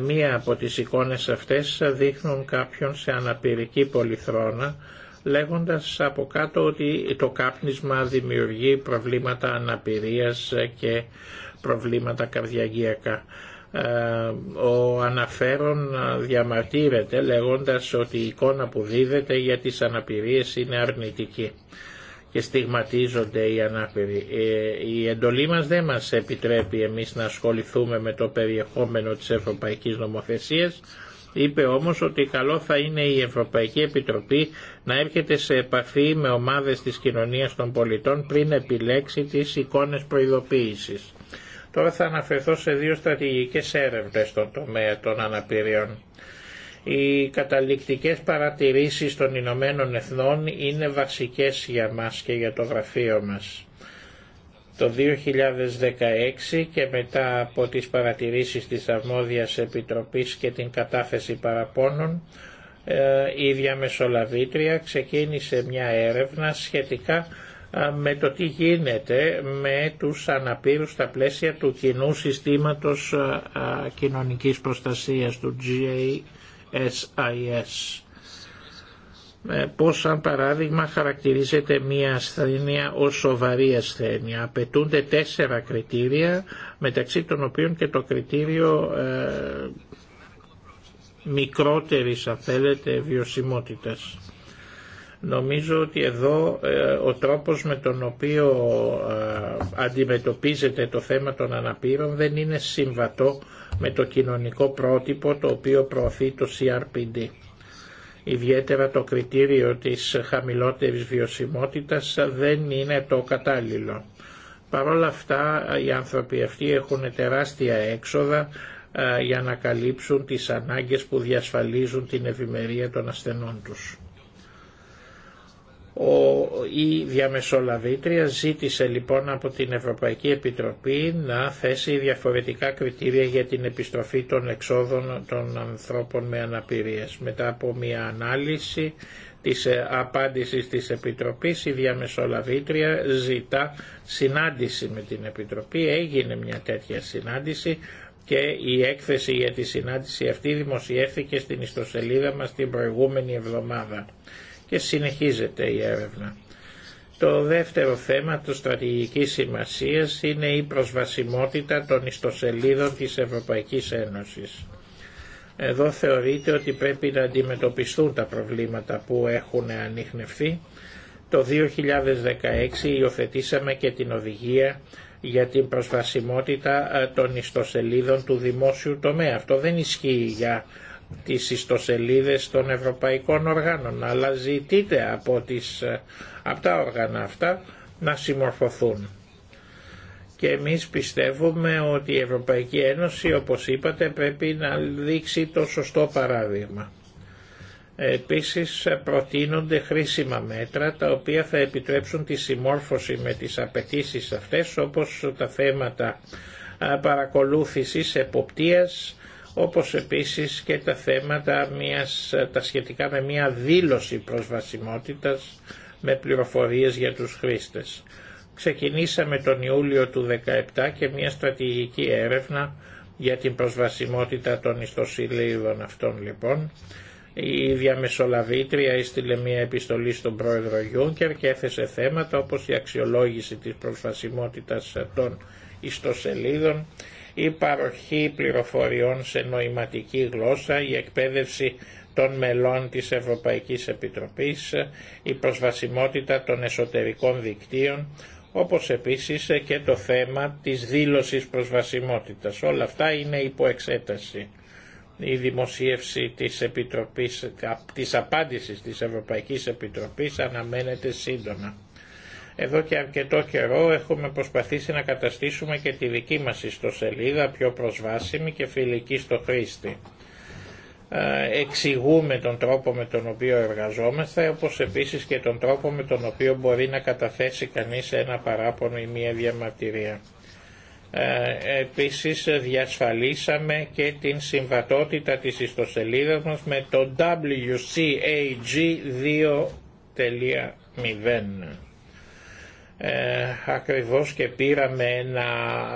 μία από τις εικόνες αυτές δείχνουν κάποιον σε αναπηρική πολυθρόνα, λέγοντας από κάτω ότι το κάπνισμα δημιουργεί προβλήματα αναπηρίας και προβλήματα καρδιαγιακά. Ε, ο αναφέρον διαμαρτύρεται λέγοντας ότι η εικόνα που δίδεται για τις αναπηρίες είναι αρνητική και στιγματίζονται οι ανάπηροι. Ε, η εντολή μας δεν μας επιτρέπει εμείς να ασχοληθούμε με το περιεχόμενο της Ευρωπαϊκής Νομοθεσίας, είπε όμως ότι καλό θα είναι η Ευρωπαϊκή Επιτροπή να έρχεται σε επαφή με ομάδες της κοινωνίας των πολιτών πριν επιλέξει τις εικόνες προειδοποίησης. Τώρα θα αναφερθώ σε δύο στρατηγικές έρευνες στον τομέα των αναπηριών. Οι καταληκτικές παρατηρήσεις των Ηνωμένων Εθνών είναι βασικές για μας και για το γραφείο μας. Το 2016 και μετά από τις παρατηρήσεις της Αρμόδιας Επιτροπής και την κατάθεση παραπώνων, ε, η διαμεσολαβήτρια ξεκίνησε μια έρευνα σχετικά με το τι γίνεται με τους αναπήρους στα πλαίσια του κοινού συστήματος κοινωνικής προστασίας του GASIS. Ε, πώς σαν παράδειγμα χαρακτηρίζεται μία ασθένεια ως σοβαρή ασθένεια. Απαιτούνται τέσσερα κριτήρια μεταξύ των οποίων και το κριτήριο ε, μικρότερης αν θέλετε βιωσιμότητας. Νομίζω ότι εδώ ε, ο τρόπος με τον οποίο ε, αντιμετωπίζεται το θέμα των αναπήρων δεν είναι συμβατό με το κοινωνικό πρότυπο το οποίο προωθεί το CRPD. Ιδιαίτερα το κριτήριο της χαμηλότερης βιωσιμότητας δεν είναι το κατάλληλο. Παρ' όλα αυτά ε, οι άνθρωποι αυτοί έχουν τεράστια έξοδα για να καλύψουν τις ανάγκες που διασφαλίζουν την ευημερία των ασθενών τους η διαμεσολαβήτρια ζήτησε λοιπόν από την Ευρωπαϊκή Επιτροπή να θέσει διαφορετικά κριτήρια για την επιστροφή των εξόδων των ανθρώπων με αναπηρίες. Μετά από μια ανάλυση της ε, απάντησης της Επιτροπής η διαμεσολαβήτρια ζητά συνάντηση με την Επιτροπή. Έγινε μια τέτοια συνάντηση και η έκθεση για τη συνάντηση αυτή δημοσιεύθηκε στην ιστοσελίδα μας την προηγούμενη εβδομάδα και συνεχίζεται η έρευνα. Το δεύτερο θέμα του στρατηγικής σημασίας είναι η προσβασιμότητα των ιστοσελίδων της Ευρωπαϊκής Ένωσης. Εδώ θεωρείται ότι πρέπει να αντιμετωπιστούν τα προβλήματα που έχουν ανοιχνευθεί. Το 2016 υιοθετήσαμε και την οδηγία για την προσβασιμότητα ε, των ιστοσελίδων του δημόσιου τομέα. Αυτό δεν ισχύει για τις ιστοσελίδες των ευρωπαϊκών οργάνων, αλλά ζητείτε από, τις, ε, από τα όργανα αυτά να συμμορφωθούν. Και εμείς πιστεύουμε ότι η Ευρωπαϊκή Ένωση, όπως είπατε, πρέπει να δείξει το σωστό παράδειγμα. Επίσης προτείνονται χρήσιμα μέτρα τα οποία θα επιτρέψουν τη συμμόρφωση με τις απαιτήσεις αυτές όπως τα θέματα παρακολούθησης, εποπτείας, όπως επίσης και τα θέματα μιας, τα σχετικά με μια δήλωση προσβασιμότητας με πληροφορίες για τους χρήστες. Ξεκινήσαμε τον Ιούλιο του 2017 και μια στρατηγική έρευνα για την προσβασιμότητα των ιστοσελίδων αυτών λοιπόν. Η διαμεσολαβήτρια έστειλε μια επιστολή στον πρόεδρο Γιούνκερ και έθεσε θέματα όπως η αξιολόγηση της προσβασιμότητας των ιστοσελίδων, η παροχή πληροφοριών σε νοηματική γλώσσα, η εκπαίδευση των μελών της Ευρωπαϊκής Επιτροπής, η προσβασιμότητα των εσωτερικών δικτύων, όπως επίσης και το θέμα της δήλωσης προσβασιμότητας. Όλα αυτά είναι υπό εξέταση. Η δημοσίευση της, Επιτροπής, της απάντησης της Ευρωπαϊκής Επιτροπής αναμένεται σύντομα. Εδώ και αρκετό καιρό έχουμε προσπαθήσει να καταστήσουμε και τη δική μας ιστοσελίδα πιο προσβάσιμη και φιλική στο χρήστη. Ε, εξηγούμε τον τρόπο με τον οποίο εργαζόμαστε, όπως επίσης και τον τρόπο με τον οποίο μπορεί να καταθέσει κανείς ένα παράπονο ή μία διαμαρτυρία. Ε, επίσης διασφαλίσαμε και την συμβατότητα της ιστοσελίδας μας με το WCAG 2.0 ε, ακριβώς και πήραμε ένα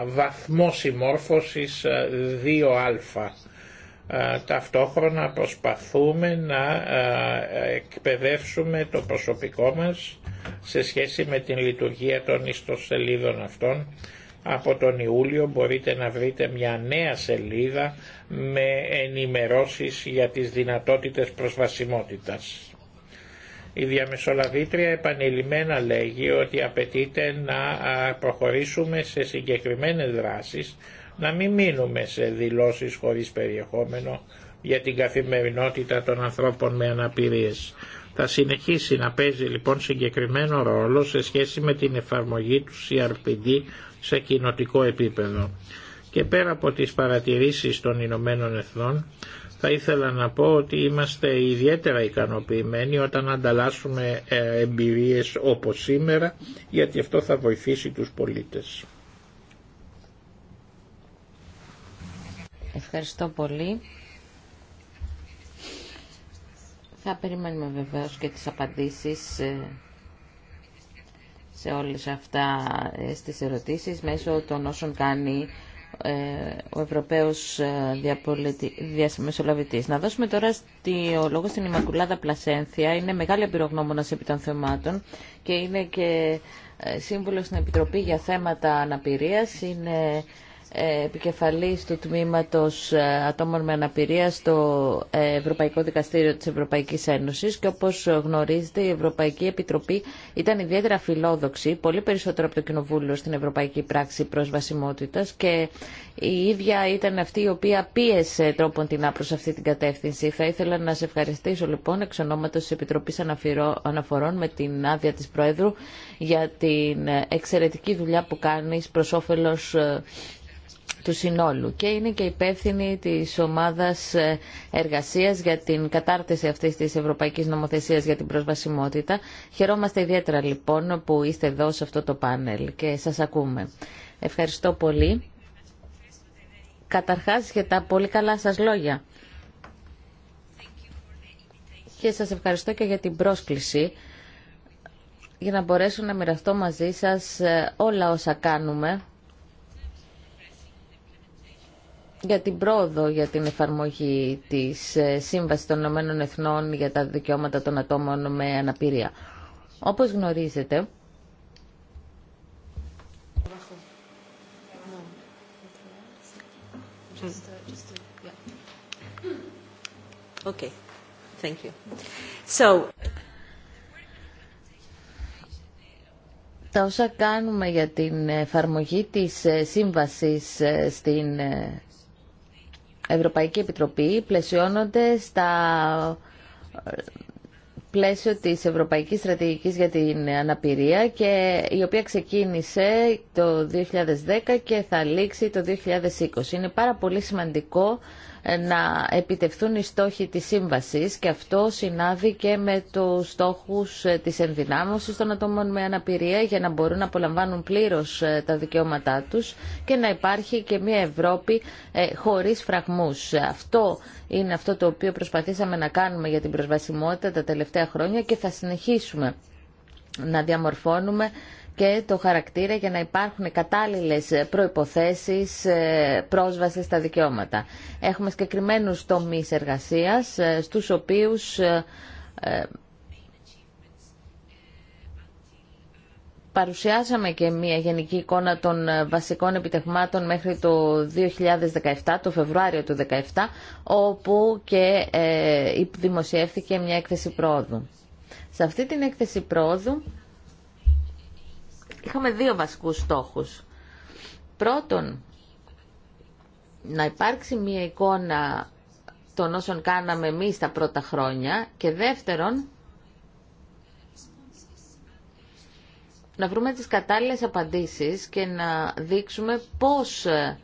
βαθμό συμμόρφωσης 2α. Ε, ε, ταυτόχρονα προσπαθούμε να ε, εκπαιδεύσουμε το προσωπικό μας σε σχέση με την λειτουργία των ιστοσελίδων αυτών. Από τον Ιούλιο μπορείτε να βρείτε μια νέα σελίδα με ενημερώσεις για τις δυνατότητες προσβασιμότητας. Η διαμεσολαβήτρια επανειλημμένα λέγει ότι απαιτείται να προχωρήσουμε σε συγκεκριμένες δράσεις, να μην μείνουμε σε δηλώσεις χωρίς περιεχόμενο για την καθημερινότητα των ανθρώπων με αναπηρίες. Θα συνεχίσει να παίζει λοιπόν συγκεκριμένο ρόλο σε σχέση με την εφαρμογή του CRPD σε κοινοτικό επίπεδο. Και πέρα από τις παρατηρήσεις των Ηνωμένων Εθνών, θα ήθελα να πω ότι είμαστε ιδιαίτερα ικανοποιημένοι όταν ανταλλάσσουμε ε, εμπειρίες όπως σήμερα γιατί αυτό θα βοηθήσει τους πολίτες. Ευχαριστώ πολύ. Θα περιμένουμε βεβαίως και τις απαντήσεις ε, σε όλες αυτά ε, στις ερωτήσεις μέσω των όσων κάνει ε, ο Ευρωπαίος ε, Διαμεσολαβητής. Να δώσουμε τώρα στη, ο λόγο στην Ημακουλάδα Πλασένθια. Είναι μεγάλη εμπειρογνώμονας επί των θεμάτων και είναι και ε, σύμβουλος στην Επιτροπή για θέματα αναπηρίας. Είναι ε, επικεφαλής του τμήματος ε, ατόμων με αναπηρία στο ε, Ευρωπαϊκό Δικαστήριο της Ευρωπαϊκής Ένωσης και όπως γνωρίζετε η Ευρωπαϊκή Επιτροπή ήταν ιδιαίτερα φιλόδοξη, πολύ περισσότερο από το Κοινοβούλιο στην Ευρωπαϊκή Πράξη Προσβασιμότητας και η ίδια ήταν αυτή η οποία πίεσε τρόπον την άπρος αυτή την κατεύθυνση. Θα ήθελα να σε ευχαριστήσω λοιπόν εξ ονόματος της Επιτροπής Αναφορών με την άδεια της Πρόεδρου για την εξαιρετική δουλειά που κάνεις προς όφελος του συνόλου και είναι και υπεύθυνη της ομάδας ε, εργασίας για την κατάρτιση αυτής της Ευρωπαϊκής Νομοθεσίας για την προσβασιμότητα. Χαιρόμαστε ιδιαίτερα λοιπόν που είστε εδώ σε αυτό το πάνελ και σας ακούμε. Ευχαριστώ πολύ. Καταρχάς για τα πολύ καλά σας λόγια. Και σας ευχαριστώ και για την πρόσκληση για να μπορέσω να μοιραστώ μαζί σας ε, όλα όσα κάνουμε για την πρόοδο για την εφαρμογή της ε, Σύμβασης των Ηνωμένων Εθνών για τα δικαιώματα των ατόμων με αναπηρία. Όπως γνωρίζετε, Τα όσα κάνουμε για την εφαρμογή της ε, σύμβασης ε, στην Ευρωπαϊκή Επιτροπή πλαισιώνονται στα ε, πλαίσιο της Ευρωπαϊκής Στρατηγικής για την Αναπηρία και η οποία ξεκίνησε το 2010 και θα λήξει το 2020. Είναι πάρα πολύ σημαντικό να επιτευθούν οι στόχοι της σύμβασης και αυτό συνάδει και με τους στόχους ε, της ενδυνάμωσης των ατόμων με αναπηρία για να μπορούν να απολαμβάνουν πλήρως ε, τα δικαιώματά τους και να υπάρχει και μια Ευρώπη ε, χωρίς φραγμούς. Αυτό είναι αυτό το οποίο προσπαθήσαμε να κάνουμε για την προσβασιμότητα τα τελευταία χρόνια και θα συνεχίσουμε να διαμορφώνουμε και το χαρακτήρα για να υπάρχουν κατάλληλες προϋποθέσεις ε, πρόσβασης στα δικαιώματα. Έχουμε συγκεκριμένου τομείς εργασίας, ε, στους οποίους ε, παρουσιάσαμε και μια γενική εικόνα των βασικών επιτευγμάτων μέχρι το 2017, το Φεβρουάριο του 2017, όπου και δημοσιεύθηκε μια έκθεση πρόοδου. Σε αυτή την έκθεση πρόοδου είχαμε δύο βασικούς στόχους. Πρώτον, να υπάρξει μια εικόνα των όσων κάναμε εμείς τα πρώτα χρόνια και δεύτερον, να βρούμε τις κατάλληλες απαντήσεις και να δείξουμε πώς ε,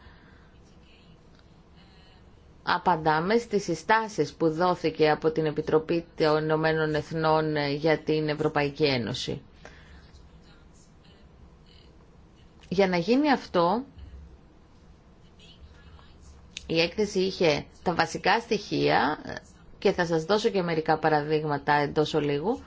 απαντάμε στις συστάσεις που δόθηκε από την Επιτροπή των Ηνωμένων Εθνών ε, για την Ευρωπαϊκή Ένωση. Για να γίνει αυτό, η έκθεση είχε τα βασικά στοιχεία και θα σας δώσω και μερικά παραδείγματα εντός ολίγου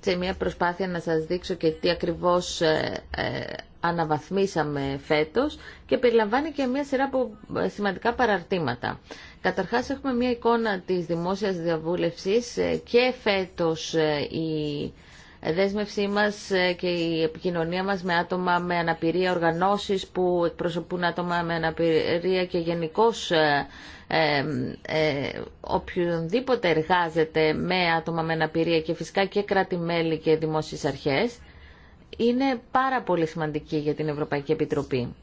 σε μια προσπάθεια να σας δείξω και τι ακριβώς ε, ε, αναβαθμίσαμε φέτος και περιλαμβάνει και μια σειρά από ε, σημαντικά παραρτήματα. Καταρχάς έχουμε μια εικόνα της δημόσιας διαβούλευσης και φέτος η δέσμευσή μας ε, και η επικοινωνία μας με άτομα με αναπηρία, οργανώσεις που εκπροσωπούν άτομα με αναπηρία και γενικώ ε, ε, ε, οποιονδήποτε εργάζεται με άτομα με αναπηρία και φυσικά και κράτη-μέλη και δημόσιες αρχές είναι πάρα πολύ σημαντική για την Ευρωπαϊκή Επιτροπή.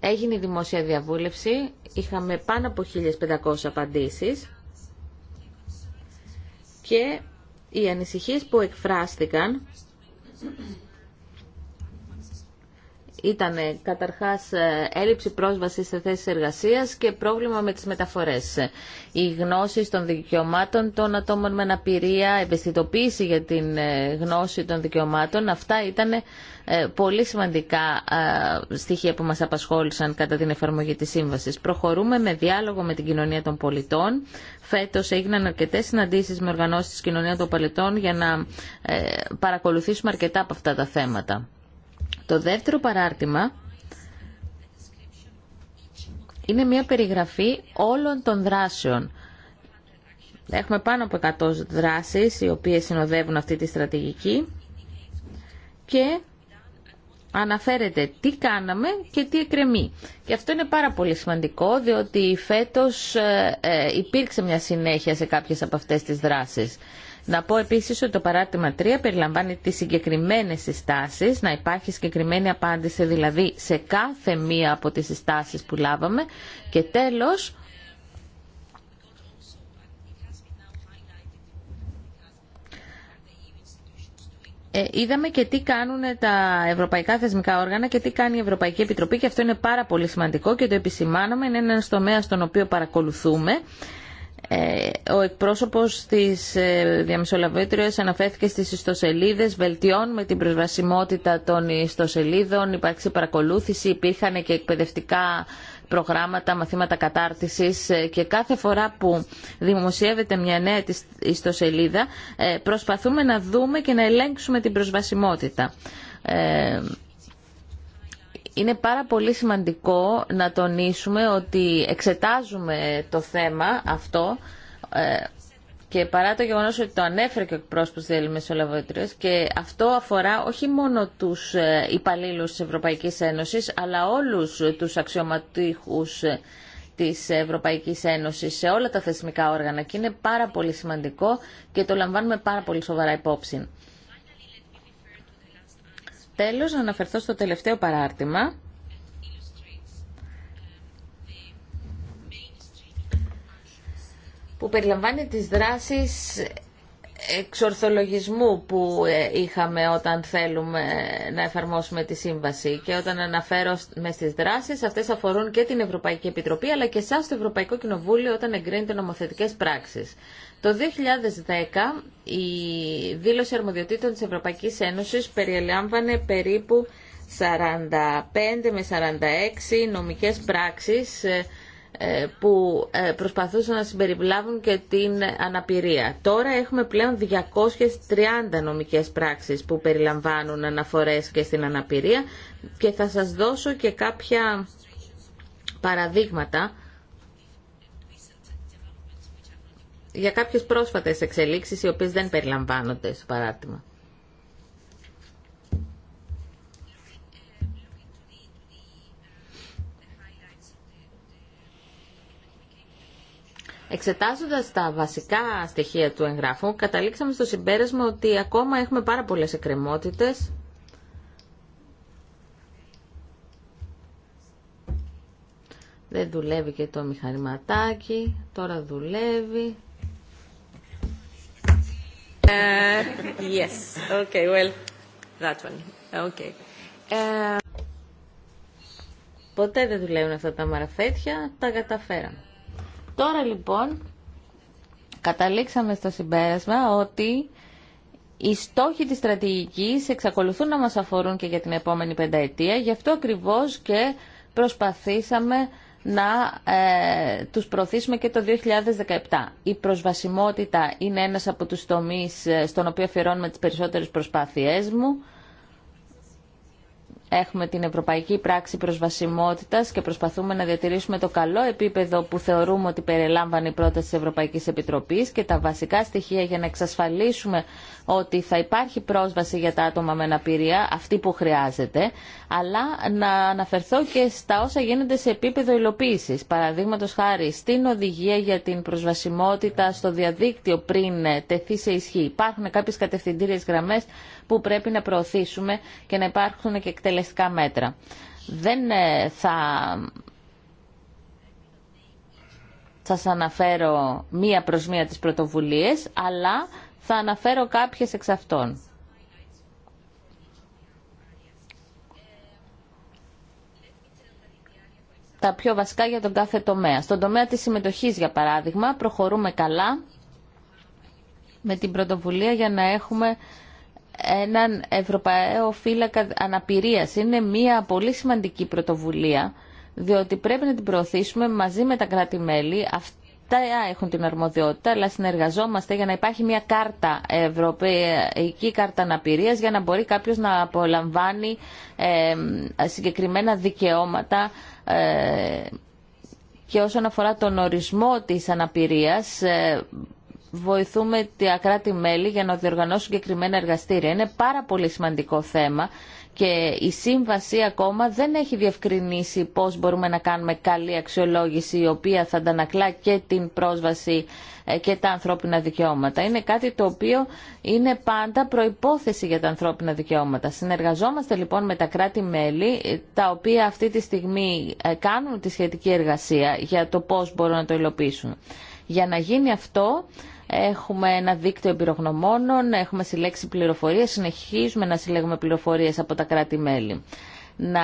Έγινε η δημόσια διαβούλευση, είχαμε πάνω από 1.500 απαντήσεις και οι ανησυχίες που εκφράστηκαν ήταν καταρχάς ε, έλλειψη πρόσβασης σε θέσεις εργασίας και πρόβλημα με τις μεταφορές. Οι γνώση των δικαιωμάτων των ατόμων με αναπηρία, ευαισθητοποίηση για την ε, γνώση των δικαιωμάτων, αυτά ήταν ε, πολύ σημαντικά στοιχεία που μας απασχόλησαν κατά την εφαρμογή της σύμβασης. Προχωρούμε με διάλογο με την κοινωνία των πολιτών. Φέτος έγιναν αρκετές συναντήσεις με οργανώσεις της κοινωνία των πολιτών για να παρακολουθήσουμε αρκετά από αυτά τα θέματα. Το δεύτερο παράρτημα είναι μια περιγραφή όλων των δράσεων. Έχουμε πάνω από 100 δράσεις οι οποίες συνοδεύουν αυτή τη στρατηγική και αναφέρεται τι κάναμε και τι εκκρεμεί. Και αυτό είναι πάρα πολύ σημαντικό διότι φέτος ε, ε, υπήρξε μια συνέχεια σε κάποιες από αυτές τις δράσεις. Να πω επίσης ότι το παράρτημα 3 περιλαμβάνει τις συγκεκριμένες συστάσεις, να υπάρχει συγκεκριμένη απάντηση δηλαδή σε κάθε μία από τις συστάσεις που λάβαμε και τέλος ε, είδαμε και τι κάνουν τα ευρωπαϊκά θεσμικά όργανα και τι κάνει η Ευρωπαϊκή Επιτροπή και αυτό είναι πάρα πολύ σημαντικό και το επισημάνομαι, είναι ένα τομέας στον οποίο παρακολουθούμε ε, ο εκπρόσωπος της ε, διαμεσολαβήτριας αναφέρθηκε στις ιστοσελίδες, με την προσβασιμότητα των ιστοσελίδων, υπάρξει παρακολούθηση, υπήρχαν και εκπαιδευτικά προγράμματα, μαθήματα κατάρτισης ε, και κάθε φορά που δημοσιεύεται μια νέα ιστοσελίδα προσπαθούμε να δούμε και να ελέγξουμε την προσβασιμότητα. Είναι πάρα πολύ σημαντικό να τονίσουμε ότι εξετάζουμε το θέμα αυτό ε, και παρά το γεγονός ότι το ανέφερε και ο εκπρόσωπος της και αυτό αφορά όχι μόνο τους ε, υπαλλήλους της Ευρωπαϊκής Ένωσης αλλά όλους τους αξιωματούχους ε, της Ευρωπαϊκής Ένωσης σε όλα τα θεσμικά όργανα και είναι πάρα πολύ σημαντικό και το λαμβάνουμε πάρα πολύ σοβαρά υπόψη. Τέλος, να αναφερθώ στο τελευταίο παράρτημα, που περιλαμβάνει τις δράσεις εξορθολογισμού που ε, είχαμε όταν θέλουμε να εφαρμόσουμε τη σύμβαση και όταν αναφέρω με στις δράσεις αυτές αφορούν και την Ευρωπαϊκή Επιτροπή αλλά και εσά στο Ευρωπαϊκό Κοινοβούλιο όταν εγκρίνετε νομοθετικές πράξεις. Το 2010 η δήλωση αρμοδιοτήτων της Ευρωπαϊκής Ένωσης περιελάμβανε περίπου 45 με 46 νομικές πράξεις ε, ε, που ε, προσπαθούσαν να συμπεριβλάβουν και την αναπηρία. Τώρα έχουμε πλέον 230 νομικές πράξεις που περιλαμβάνουν αναφορές και στην αναπηρία και θα σας δώσω και κάποια παραδείγματα για κάποιες πρόσφατες εξελίξεις οι οποίες δεν περιλαμβάνονται στο παράρτημα. Εξετάζοντας τα βασικά στοιχεία του εγγράφου, καταλήξαμε στο συμπέρασμα ότι ακόμα έχουμε πάρα πολλές εκκρεμότητες Δεν δουλεύει και το μηχανηματάκι, τώρα δουλεύει. Uh, yes. Okay. Well, that one. Okay. Uh, ποτέ δεν δουλεύουν αυτά τα μαραφέτια, τα καταφέραν. Τώρα λοιπόν καταλήξαμε στο συμπέρασμα ότι οι στόχοι της στρατηγικής εξακολουθούν να μας αφορούν και για την επόμενη πενταετία, γι' αυτό ακριβώς και προσπαθήσαμε να ε, τους προωθήσουμε και το 2017. Η προσβασιμότητα είναι ένας από τους τομείς ε, στον οποίο αφιερώνουμε τις περισσότερες προσπάθειές μου. Έχουμε την Ευρωπαϊκή Πράξη προσβασιμότητα και προσπαθούμε να διατηρήσουμε το καλό επίπεδο που θεωρούμε ότι περιλάμβανε η πρόταση τη Ευρωπαϊκή Επιτροπή και τα βασικά στοιχεία για να εξασφαλίσουμε ότι θα υπάρχει πρόσβαση για τα άτομα με αναπηρία, αυτή που χρειάζεται, αλλά να αναφερθώ και στα όσα γίνονται σε επίπεδο υλοποίηση. Παραδείγματο χάρη στην οδηγία για την προσβασιμότητα στο διαδίκτυο πριν τεθεί σε ισχύ. Υπάρχουν κάποιε κατευθυντήριε γραμμέ που πρέπει να προωθήσουμε και να υπάρχουν και εκτελεστικά μέτρα. Δεν ε, θα σα αναφέρω μία προς μία τις πρωτοβουλίες, αλλά θα αναφέρω κάποιες εξ αυτών. τα πιο βασικά για τον κάθε τομέα. Στον τομέα της συμμετοχής, για παράδειγμα, προχωρούμε καλά με την πρωτοβουλία για να έχουμε έναν Ευρωπαίο φύλακα αναπηρίας. Είναι μια πολύ σημαντική πρωτοβουλία, διότι πρέπει να την προωθήσουμε μαζί με τα κράτη-μέλη. Αυτά έχουν την αρμοδιότητα, αλλά συνεργαζόμαστε για να υπάρχει μια κάρτα, ευρωπαϊκή κάρτα αναπηρίας, για να μπορεί κάποιο να απολαμβάνει συγκεκριμένα δικαιώματα ε, και όσον αφορά τον ορισμό της αναπηρίας ε, βοηθούμε τα κράτη-μέλη για να διοργανώσουν συγκεκριμένα εργαστήρια. Είναι πάρα πολύ σημαντικό θέμα και η σύμβαση ακόμα δεν έχει διευκρινίσει πώς μπορούμε να κάνουμε καλή αξιολόγηση η οποία θα αντανακλά και την πρόσβαση ε, και τα ανθρώπινα δικαιώματα. Είναι κάτι το οποίο είναι πάντα προϋπόθεση για τα ανθρώπινα δικαιώματα. Συνεργαζόμαστε λοιπόν με τα κράτη-μέλη ε, τα οποία αυτή τη στιγμή ε, κάνουν τη σχετική εργασία για το πώς μπορούν να το υλοποιήσουν. Για να γίνει αυτό Έχουμε ένα δίκτυο εμπειρογνωμόνων, έχουμε συλλέξει πληροφορίες, συνεχίζουμε να συλλέγουμε πληροφορίες από τα κράτη-μέλη. Να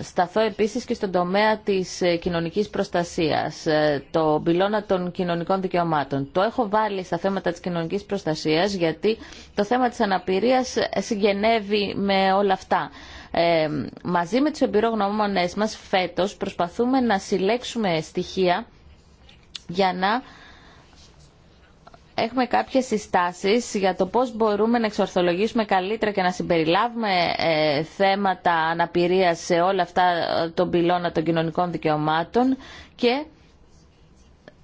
σταθώ επίσης και στον τομέα της ε, κοινωνικής προστασίας, ε, το πυλώνα των κοινωνικών δικαιωμάτων. Το έχω βάλει στα θέματα της κοινωνικής προστασίας γιατί το θέμα της αναπηρίας ε, συγγενεύει με όλα αυτά. Ε, μαζί με τους εμπειρογνώμονες μας φέτος προσπαθούμε να συλλέξουμε στοιχεία για να έχουμε κάποιες συστάσεις για το πώς μπορούμε να εξορθολογήσουμε καλύτερα και να συμπεριλάβουμε ε, θέματα αναπηρίας σε όλα αυτά ε, των πυλώνα των κοινωνικών δικαιωμάτων και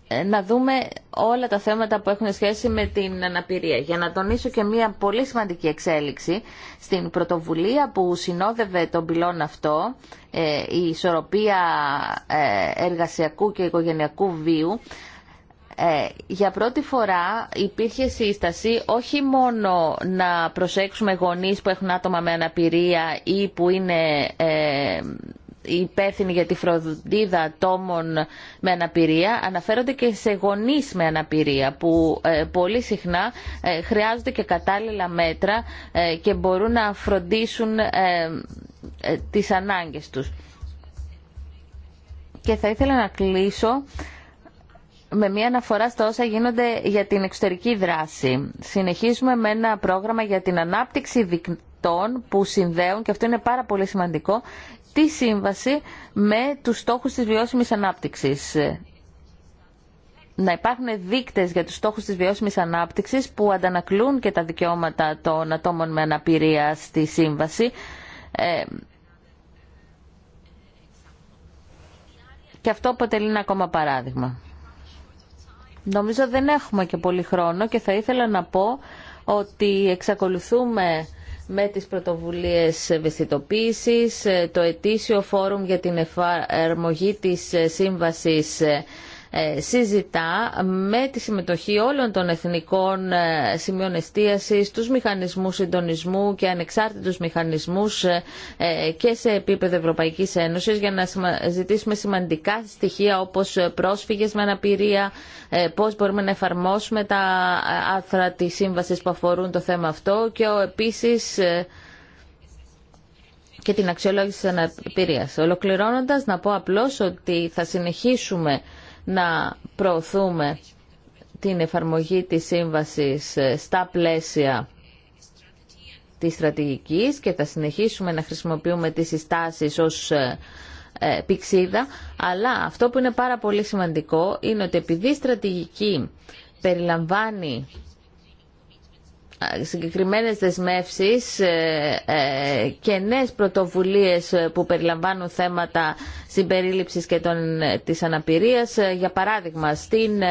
ε, να δούμε όλα τα θέματα που έχουν σχέση με την αναπηρία. Για να τονίσω και μία πολύ σημαντική εξέλιξη στην πρωτοβουλία που συνόδευε τον πυλόν αυτό, η ισορροπία εργασιακού και οικογενειακού βίου, ε, για πρώτη φορά υπήρχε σύσταση όχι μόνο να προσέξουμε γονείς που έχουν άτομα με αναπηρία ή που είναι ε, υπεύθυνοι για τη φροντίδα ατόμων με αναπηρία αναφέρονται και σε γονείς με αναπηρία που ε, πολύ συχνά ε, χρειάζονται και κατάλληλα μέτρα και μπορούν να φροντίσουν τις ανάγκες τους. Και θα ήθελα να κλείσω με μια αναφορά στα όσα γίνονται για την εξωτερική δράση. Συνεχίζουμε με ένα πρόγραμμα για την ανάπτυξη δικτών που συνδέουν, και αυτό είναι πάρα πολύ σημαντικό, τη σύμβαση με τους στόχους της βιώσιμης ανάπτυξης. Να υπάρχουν δείκτες για τους στόχους της βιώσιμης ανάπτυξης που αντανακλούν και τα δικαιώματα των ατόμων με αναπηρία στη σύμβαση. Ε, και αυτό αποτελεί ένα ακόμα παράδειγμα. Νομίζω δεν έχουμε και πολύ χρόνο και θα ήθελα να πω ότι εξακολουθούμε με τις πρωτοβουλίες ευαισθητοποίησης, το ετήσιο φόρουμ για την ερμογή της σύμβασης ε, συζητά με τη συμμετοχή όλων των εθνικών ε, σημείων εστίασης, τους μηχανισμούς συντονισμού και ανεξάρτητους μηχανισμούς ε, και σε επίπεδο Ευρωπαϊκής Ένωσης για να ζητήσουμε σημαντικά στοιχεία όπως πρόσφυγες με αναπηρία, πώς μπορούμε να εφαρμόσουμε τα άρθρα της σύμβασης που αφορούν το θέμα αυτό και επίσης και την αξιολόγηση της αναπηρίας. Ολοκληρώνοντας να πω απλώς ότι θα συνεχίσουμε να προωθούμε την εφαρμογή της σύμβασης ε, στα πλαίσια της στρατηγικής και θα συνεχίσουμε να χρησιμοποιούμε τις συστάσεις ως ε, ε, πηξίδα, αλλά αυτό που είναι πάρα πολύ σημαντικό είναι ότι επειδή η στρατηγική περιλαμβάνει συγκεκριμένες δεσμεύσεις ε, ε, και νέες πρωτοβουλίες που περιλαμβάνουν θέματα συμπερίληψης και των, ε, της αναπηρίας. Για παράδειγμα, στην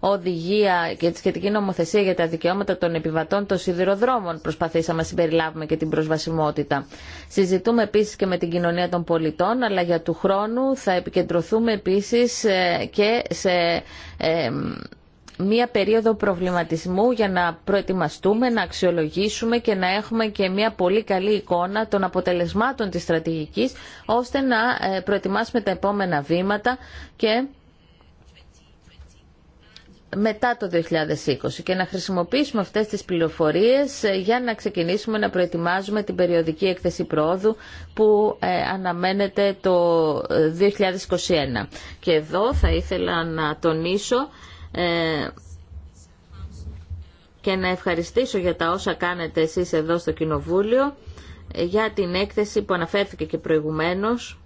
οδηγία και τη σχετική νομοθεσία για τα δικαιώματα των επιβατών των σιδηροδρόμων προσπαθήσαμε να συμπεριλάβουμε και την προσβασιμότητα. Συζητούμε επίσης και με την κοινωνία των πολιτών, αλλά για του χρόνου θα επικεντρωθούμε επίσης και σε μία περίοδο προβληματισμού για να προετοιμαστούμε, να αξιολογήσουμε και να έχουμε και μία πολύ καλή εικόνα των αποτελεσμάτων της στρατηγικής ώστε να ε, προετοιμάσουμε τα επόμενα βήματα και μετά το 2020 και να χρησιμοποιήσουμε αυτές τις πληροφορίες ε, για να ξεκινήσουμε να προετοιμάζουμε την περιοδική έκθεση πρόοδου που ε, αναμένεται το 2021. Και εδώ θα ήθελα να τονίσω ε, και να ευχαριστήσω για τα όσα κάνετε εσείς εδώ στο Κοινοβούλιο ε, για την έκθεση που αναφέρθηκε και προηγουμένως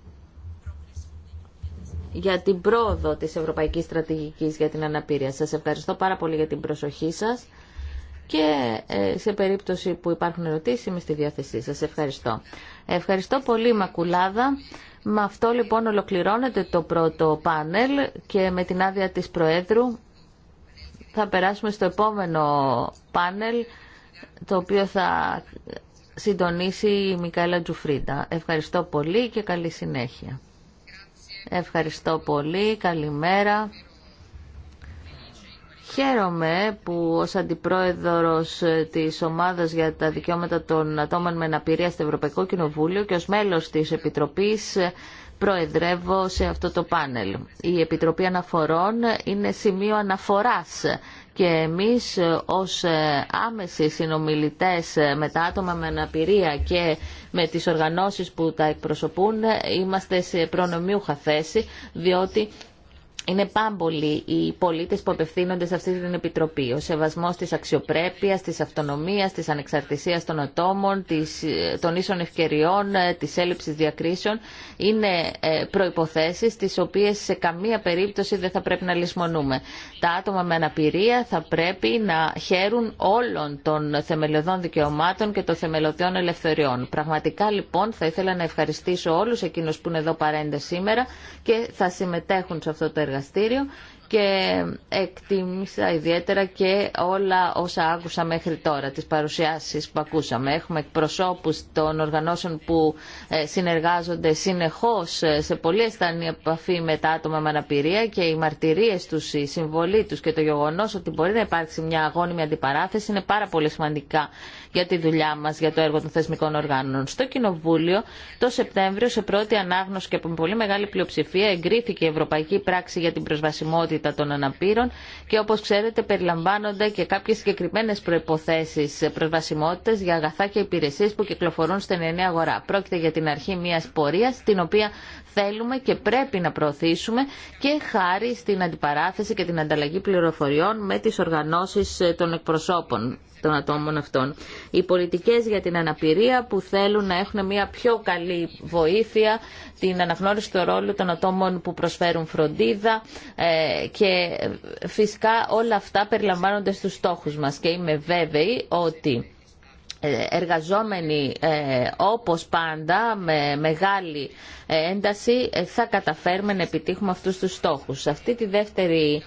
για την πρόοδο της Ευρωπαϊκής Στρατηγικής για την Αναπήρεια. Σας ευχαριστώ πάρα πολύ για την προσοχή σας και ε, σε περίπτωση που υπάρχουν ερωτήσεις είμαι στη διάθεσή σας. Ευχαριστώ. Ευχαριστώ πολύ Μακουλάδα. Με αυτό λοιπόν ολοκληρώνεται το πρώτο πάνελ και με την άδεια της Προέδρου θα περάσουμε στο επόμενο πάνελ, το οποίο θα συντονίσει η Μικαέλα Τζουφρίντα. Ευχαριστώ πολύ και καλή συνέχεια. Ευχαριστώ πολύ, καλημέρα. Χαίρομαι που ως αντιπρόεδρος της Ομάδας για τα Δικαιώματα των Ατόμων με Αναπηρία στο Ευρωπαϊκό Κοινοβούλιο και ως μέλος της Επιτροπής προεδρεύω σε αυτό το πάνελ. Η Επιτροπή Αναφορών είναι σημείο αναφοράς και εμείς ως άμεσοι συνομιλητές με τα άτομα με αναπηρία και με τις οργανώσεις που τα εκπροσωπούν είμαστε σε προνομιούχα θέση διότι είναι πάμπολοι οι πολίτες που απευθύνονται σε αυτή την Επιτροπή. Ο σεβασμός της αξιοπρέπειας, της αυτονομίας, της ανεξαρτησίας των ατόμων, των ίσων ευκαιριών, ε, της έλλειψης διακρίσεων είναι ε, προϋποθέσεις τις οποίες σε καμία περίπτωση δεν θα πρέπει να λησμονούμε. Τα άτομα με αναπηρία θα πρέπει να χαίρουν όλων των θεμελιωδών δικαιωμάτων και των θεμελιωδών ελευθεριών. Πραγματικά λοιπόν θα ήθελα να ευχαριστήσω όλους εκείνους που είναι εδώ παρέντε σήμερα και θα συμμετέχουν σε αυτό το και εκτίμησα ιδιαίτερα και όλα όσα άκουσα μέχρι τώρα, τις παρουσιάσεις που ακούσαμε. Έχουμε εκπροσώπους των οργανώσεων που ε, συνεργάζονται συνεχώς ε, σε πολύ αισθανή επαφή με τα άτομα με αναπηρία και οι μαρτυρίες τους, η συμβολή τους και το γεγονός ότι μπορεί να υπάρξει μια αγώνιμη αντιπαράθεση είναι πάρα πολύ σημαντικά για τη δουλειά μα για το έργο των θεσμικών οργάνων. Στο Κοινοβούλιο το Σεπτέμβριο σε πρώτη ανάγνωση και από πολύ μεγάλη πλειοψηφία εγκρίθηκε η Ευρωπαϊκή Πράξη για την Προσβασιμότητα των Αναπήρων και όπω ξέρετε περιλαμβάνονται και κάποιε συγκεκριμένε προποθέσει προσβασιμότητα για αγαθά και υπηρεσίε που κυκλοφορούν στην ενιαία αγορά. Πρόκειται για την αρχή μια πορεία την οποία θέλουμε και πρέπει να προωθήσουμε και χάρη στην αντιπαράθεση και την ανταλλαγή πληροφοριών με τις οργανώσεις των εκπροσώπων των ατόμων αυτών. Οι πολιτικέ για την αναπηρία που θέλουν να έχουν μια πιο καλή βοήθεια, την αναγνώριση του ρόλου των ατόμων που προσφέρουν φροντίδα ε, και φυσικά όλα αυτά περιλαμβάνονται στου στόχου μα και είμαι βέβαιη ότι ε, εργαζόμενοι ε, όπως πάντα με μεγάλη ε, ένταση θα καταφέρουμε να επιτύχουμε αυτούς τους στόχους. Σε αυτή τη δεύτερη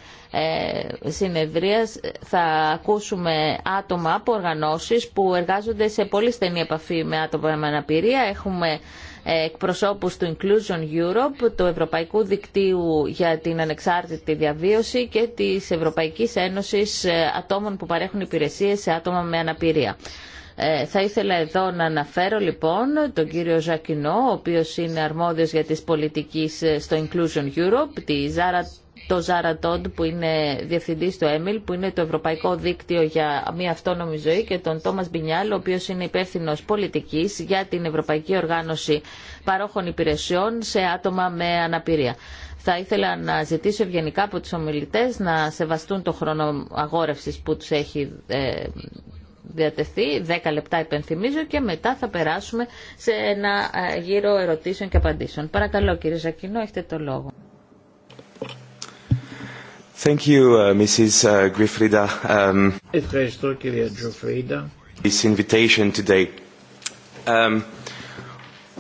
συνεδρία θα ακούσουμε άτομα από οργανώσεις που εργάζονται σε πολύ στενή επαφή με άτομα με αναπηρία. Έχουμε εκπροσώπους του Inclusion Europe, του Ευρωπαϊκού Δικτύου για την Ανεξάρτητη Διαβίωση και της Ευρωπαϊκής Ένωσης Ατόμων που παρέχουν υπηρεσίες σε άτομα με αναπηρία. Ε, θα ήθελα εδώ να αναφέρω λοιπόν τον κύριο Ζακινό, ο οποίος είναι αρμόδιος για τις πολιτικές ε, στο Inclusion Europe, τη Ζάρα το Ζάρα Τόντ που είναι διευθυντής του ΕΜΙΛ που είναι το Ευρωπαϊκό Δίκτυο για μια αυτόνομη ζωή και τον Τόμας Μπινιάλ ο οποίος είναι υπεύθυνο πολιτικής για την Ευρωπαϊκή Οργάνωση Παρόχων Υπηρεσιών σε άτομα με αναπηρία. Θα ήθελα να ζητήσω ευγενικά από τους ομιλητές να σεβαστούν το χρόνο αγόρευσης που τους έχει ε, διατεθεί, 10 λεπτά υπενθυμίζω και μετά θα περάσουμε σε ένα ε, γύρο ερωτήσεων και απαντήσεων. Παρακαλώ κύριε Ζακινό, έχετε το λόγο. Thank you, uh, Mrs. Uh, Griffrida. Um, Ευχαριστώ κυρία Τζοφρίδα. This invitation today. Um,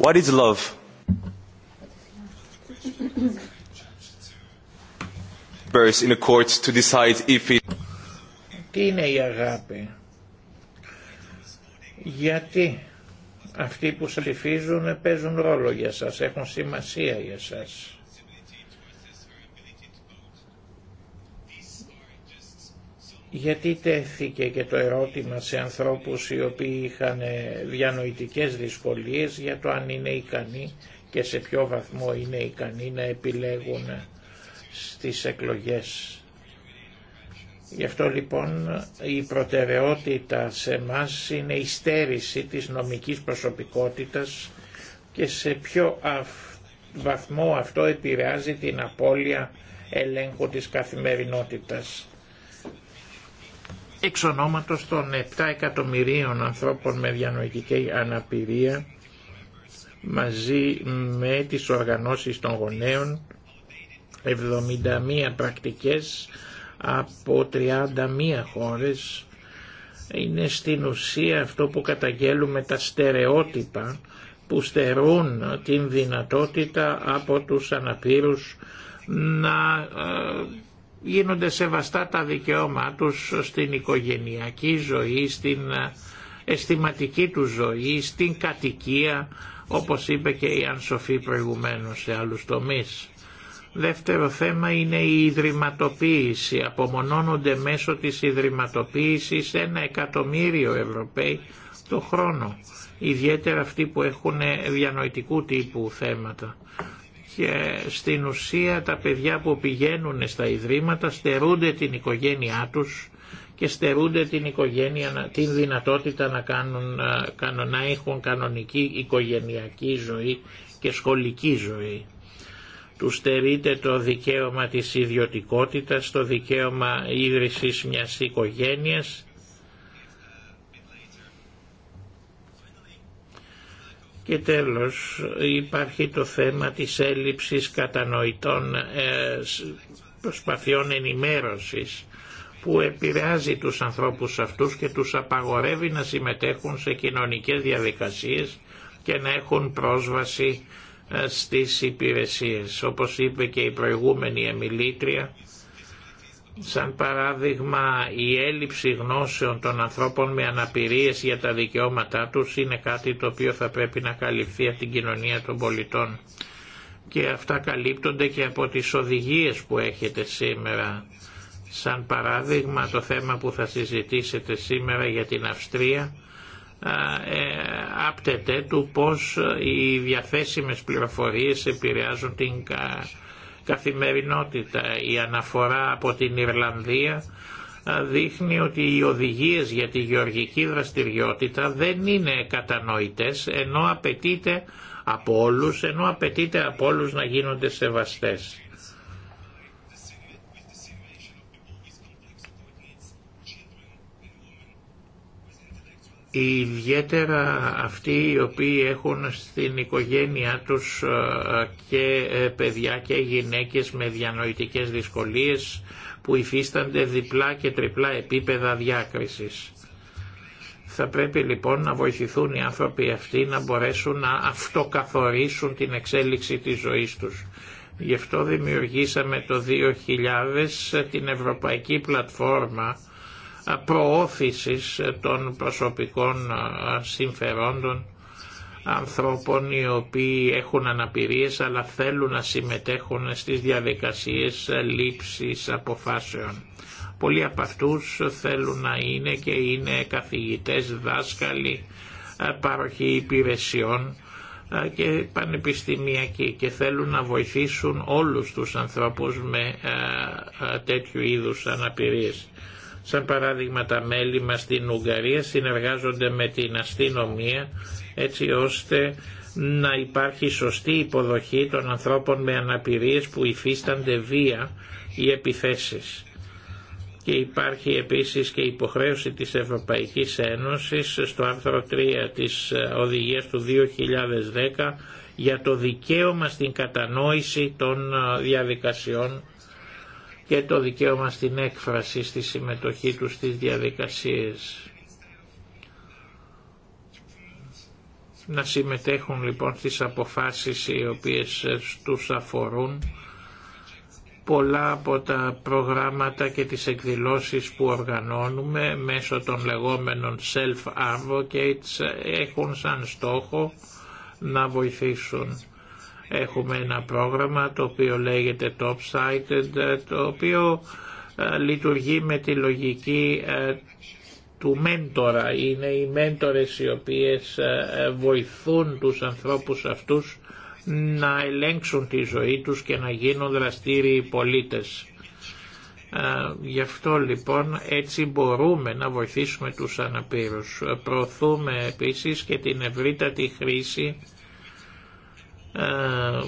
what is love? in a court to decide if it... Τι είναι η αγάπη γιατί αυτοί που ψηφίζουν παίζουν ρόλο για σας, έχουν σημασία για σας. Γιατί τέθηκε και το ερώτημα σε ανθρώπους οι οποίοι είχαν διανοητικές δυσκολίες για το αν είναι ικανοί και σε ποιο βαθμό είναι ικανοί να επιλέγουν στις εκλογές. Γι' αυτό λοιπόν η προτεραιότητα σε εμά είναι η στέρηση της νομικής προσωπικότητας και σε ποιο βαθμό αυτό επηρεάζει την απώλεια ελέγχου της καθημερινότητας. Εξ ονόματος των 7 εκατομμυρίων ανθρώπων με διανοητική αναπηρία μαζί με τις οργανώσεις των γονέων 71 πρακτικές από 31 χώρες είναι στην ουσία αυτό που καταγγέλουμε τα στερεότυπα που στερούν την δυνατότητα από τους αναπήρους να ε, γίνονται σεβαστά τα δικαιώματά τους στην οικογενειακή ζωή, στην ε, αισθηματική του ζωή, στην κατοικία, όπως είπε και η Ανσοφή προηγουμένως σε άλλους τομείς. Δεύτερο θέμα είναι η ιδρυματοποίηση. Απομονώνονται μέσω της ιδρυματοποίησης ένα εκατομμύριο Ευρωπαίοι το χρόνο. Ιδιαίτερα αυτοί που έχουν διανοητικού τύπου θέματα. Και στην ουσία τα παιδιά που πηγαίνουν στα ιδρύματα στερούνται την οικογένειά τους και στερούνται την οικογένεια, την δυνατότητα να, κάνουν, να έχουν κανονική οικογενειακή ζωή και σχολική ζωή του στερείται το δικαίωμα της ιδιωτικότητας, το δικαίωμα ίδρυσης μιας οικογένειας και τέλος υπάρχει το θέμα της έλλειψης κατανοητών ε, προσπαθειών ενημέρωσης που επηρεάζει τους ανθρώπους αυτούς και τους απαγορεύει να συμμετέχουν σε κοινωνικές διαδικασίες και να έχουν πρόσβαση στις υπηρεσίες. Όπως είπε και η προηγούμενη εμιλήτρια, σαν παράδειγμα η έλλειψη γνώσεων των ανθρώπων με αναπηρίες για τα δικαιώματά τους είναι κάτι το οποίο θα πρέπει να καλυφθεί από την κοινωνία των πολιτών. Και αυτά καλύπτονται και από τις οδηγίες που έχετε σήμερα. Σαν παράδειγμα το θέμα που θα συζητήσετε σήμερα για την Αυστρία ε, άπτεται του πώς οι διαθέσιμες πληροφορίες επηρεάζουν την καθημερινότητα. Η αναφορά από την Ιρλανδία δείχνει ότι οι οδηγίες για τη γεωργική δραστηριότητα δεν είναι κατανοητές ενώ απαιτείται από όλους, ενώ απαιτείται από όλους να γίνονται σεβαστές. ιδιαίτερα αυτοί οι οποίοι έχουν στην οικογένειά τους ε, και ε, παιδιά και γυναίκες με διανοητικές δυσκολίες που υφίστανται διπλά και τριπλά επίπεδα διάκρισης. Θα πρέπει λοιπόν να βοηθηθούν οι άνθρωποι αυτοί να μπορέσουν να αυτοκαθορίσουν την εξέλιξη της ζωής τους. Γι' αυτό δημιουργήσαμε το 2000 την Ευρωπαϊκή Πλατφόρμα προώθησης των προσωπικών συμφερόντων ανθρώπων οι οποίοι έχουν αναπηρίες αλλά θέλουν να συμμετέχουν στις διαδικασίες λήψης αποφάσεων. Πολλοί από αυτούς θέλουν να είναι και είναι καθηγητές, δάσκαλοι, παροχή υπηρεσιών και πανεπιστημιακοί και θέλουν να βοηθήσουν όλους τους ανθρώπους με τέτοιου είδους αναπηρίες. Σαν παράδειγμα τα μέλη μας στην Ουγγαρία συνεργάζονται με την αστυνομία έτσι ώστε να υπάρχει σωστή υποδοχή των ανθρώπων με αναπηρίες που υφίστανται βία ή επιθέσεις. Και υπάρχει επίσης και υποχρέωση της Ευρωπαϊκής Ένωσης στο άρθρο 3 της οδηγίας του 2010 για το δικαίωμα στην κατανόηση των διαδικασιών και το δικαίωμα στην έκφραση στη συμμετοχή τους στις διαδικασίες. Να συμμετέχουν λοιπόν στις αποφάσεις οι οποίες τους αφορούν πολλά από τα προγράμματα και τις εκδηλώσεις που οργανώνουμε μέσω των λεγόμενων self-advocates έχουν σαν στόχο να βοηθήσουν Έχουμε ένα πρόγραμμα το οποίο λέγεται Top-Sighted, το οποίο ε, λειτουργεί με τη λογική ε, του μέντορα. Είναι οι μέντορες οι οποίες ε, βοηθούν τους ανθρώπους αυτούς να ελέγξουν τη ζωή τους και να γίνουν δραστήριοι πολίτες. Γι' αυτό λοιπόν έτσι μπορούμε να βοηθήσουμε τους αναπήρους. Προωθούμε επίσης και την ευρύτατη χρήση ε,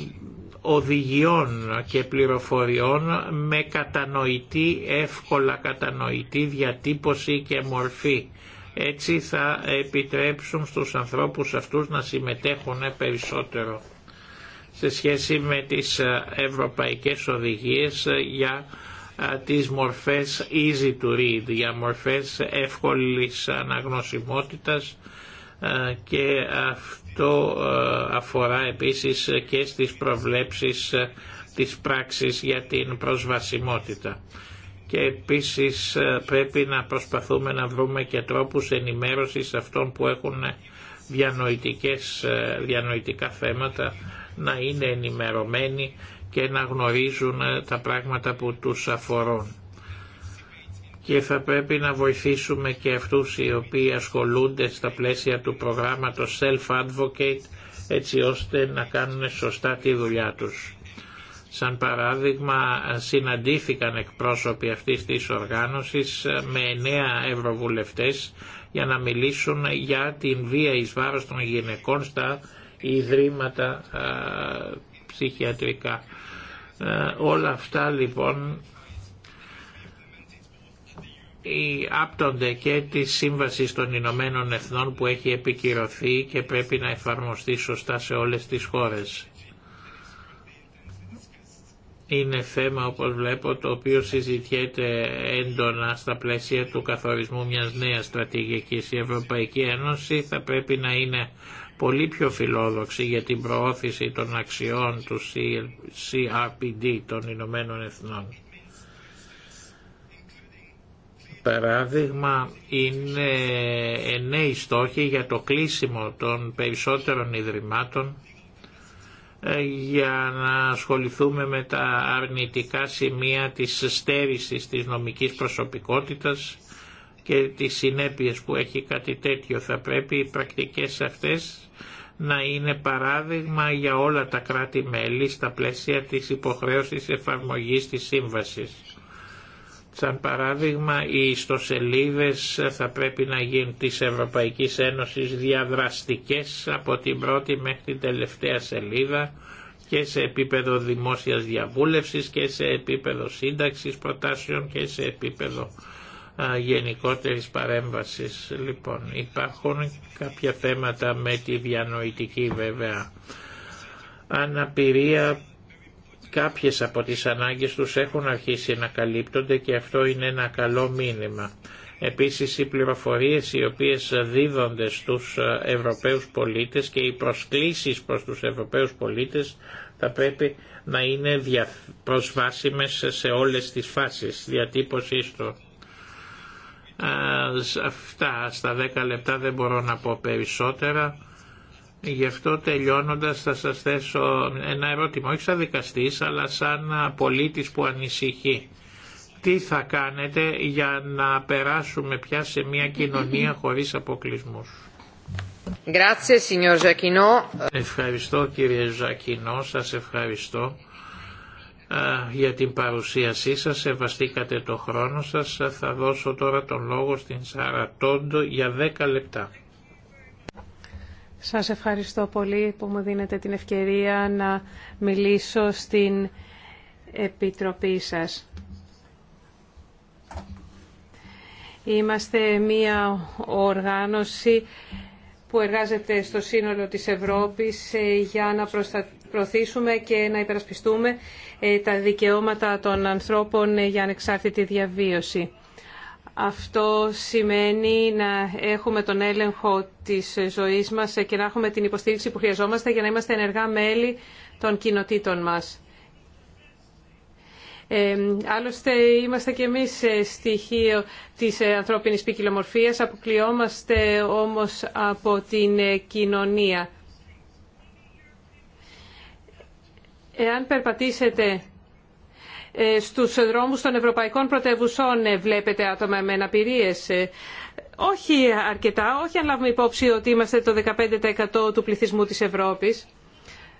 οδηγιών και πληροφοριών με κατανοητή, εύκολα κατανοητή διατύπωση και μορφή. Έτσι θα επιτρέψουν στους ανθρώπους αυτούς να συμμετέχουν περισσότερο σε σχέση με τις ευρωπαϊκές οδηγίες για ε, τις μορφές easy to read, για μορφές εύκολης αναγνωσιμότητας ε, και αυτό ε, αφορά επίσης και στις προβλέψεις ε, της πράξης για την προσβασιμότητα. Και επίσης ε, πρέπει να προσπαθούμε να βρούμε και τρόπους ενημέρωσης αυτών που έχουν διανοητικές, διανοητικά θέματα να είναι ενημερωμένοι και να γνωρίζουν τα πράγματα που τους αφορούν και θα πρέπει να βοηθήσουμε και αυτούς οι οποίοι ασχολούνται στα πλαίσια του προγράμματος Self-Advocate έτσι ώστε να κάνουν σωστά τη δουλειά τους. Σαν παράδειγμα συναντήθηκαν εκπρόσωποι αυτής της οργάνωσης με εννέα ευρωβουλευτές για να μιλήσουν για την βία εις βάρος των γυναικών στα ιδρύματα ψυχιατρικά. Ε, όλα αυτά λοιπόν οι άπτονται και τη σύμβαση των Ηνωμένων Εθνών που έχει επικυρωθεί και πρέπει να εφαρμοστεί σωστά σε όλες τις χώρες. Είναι θέμα όπως βλέπω το οποίο συζητιέται έντονα στα πλαίσια του καθορισμού μιας νέας στρατηγικής. Η Ευρωπαϊκή Ένωση θα πρέπει να είναι πολύ πιο φιλόδοξη για την προώθηση των αξιών του CRPD των Ηνωμένων Εθνών παράδειγμα είναι νέοι στόχοι για το κλείσιμο των περισσότερων ιδρυμάτων ε, για να ασχοληθούμε με τα αρνητικά σημεία της στέρησης της νομικής προσωπικότητας και τις συνέπειες που έχει κάτι τέτοιο. Θα πρέπει οι πρακτικές αυτές να είναι παράδειγμα για όλα τα κράτη-μέλη στα πλαίσια της υποχρέωσης εφαρμογής της σύμβασης. Σαν παράδειγμα, οι ιστοσελίδες θα πρέπει να γίνουν της Ευρωπαϊκής Ένωσης διαδραστικές από την πρώτη μέχρι την τελευταία σελίδα και σε επίπεδο δημόσιας διαβούλευσης και σε επίπεδο σύνταξης προτάσεων και σε επίπεδο γενικότερης παρέμβασης. Λοιπόν, υπάρχουν κάποια θέματα με τη διανοητική βέβαια αναπηρία Κάποιες από τις ανάγκες τους έχουν αρχίσει να καλύπτονται και αυτό είναι ένα καλό μήνυμα. Επίσης οι πληροφορίες οι οποίες δίδονται στους Ευρωπαίους πολίτες και οι προσκλήσεις προς τους Ευρωπαίους πολίτες θα πρέπει να είναι προσβάσιμες σε όλες τις φάσεις διατύπωσής του. Αυτά στα 10 λεπτά δεν μπορώ να πω περισσότερα. Γι' αυτό τελειώνοντας θα σας θέσω ένα ερώτημα, όχι σαν δικαστής αλλά σαν πολίτης που ανησυχεί. Τι θα κάνετε για να περάσουμε πια σε μια κοινωνία χωρίς αποκλεισμούς. Ευχαριστώ κύριε Ζακινό, σας ευχαριστώ ε, για την παρουσίασή σας, σεβαστήκατε το χρόνο σας. Θα δώσω τώρα τον λόγο στην Σαρατόντο για 10 λεπτά. Σας ευχαριστώ πολύ που μου δίνετε την ευκαιρία να μιλήσω στην Επιτροπή σας. Είμαστε μία οργάνωση που εργάζεται στο σύνολο της Ευρώπης ε, για να προωθήσουμε και να υπερασπιστούμε ε, τα δικαιώματα των ανθρώπων ε, για ανεξάρτητη διαβίωση. Αυτό σημαίνει να έχουμε τον έλεγχο της ζωής μας και να έχουμε την υποστήριξη που χρειαζόμαστε για να είμαστε ενεργά μέλη των κοινοτήτων μας. Ε, άλλωστε είμαστε και εμείς στοιχείο της ε, ανθρώπινης ποικιλομορφίας, αποκλειόμαστε όμως από την ε, κοινωνία. Εάν περπατήσετε ε, στους δρόμους των ευρωπαϊκών πρωτεύουσών ε, βλέπετε άτομα με αναπηρίες. Ε, όχι αρκετά, όχι αν λάβουμε υπόψη ότι είμαστε το 15% του πληθυσμού της Ευρώπης.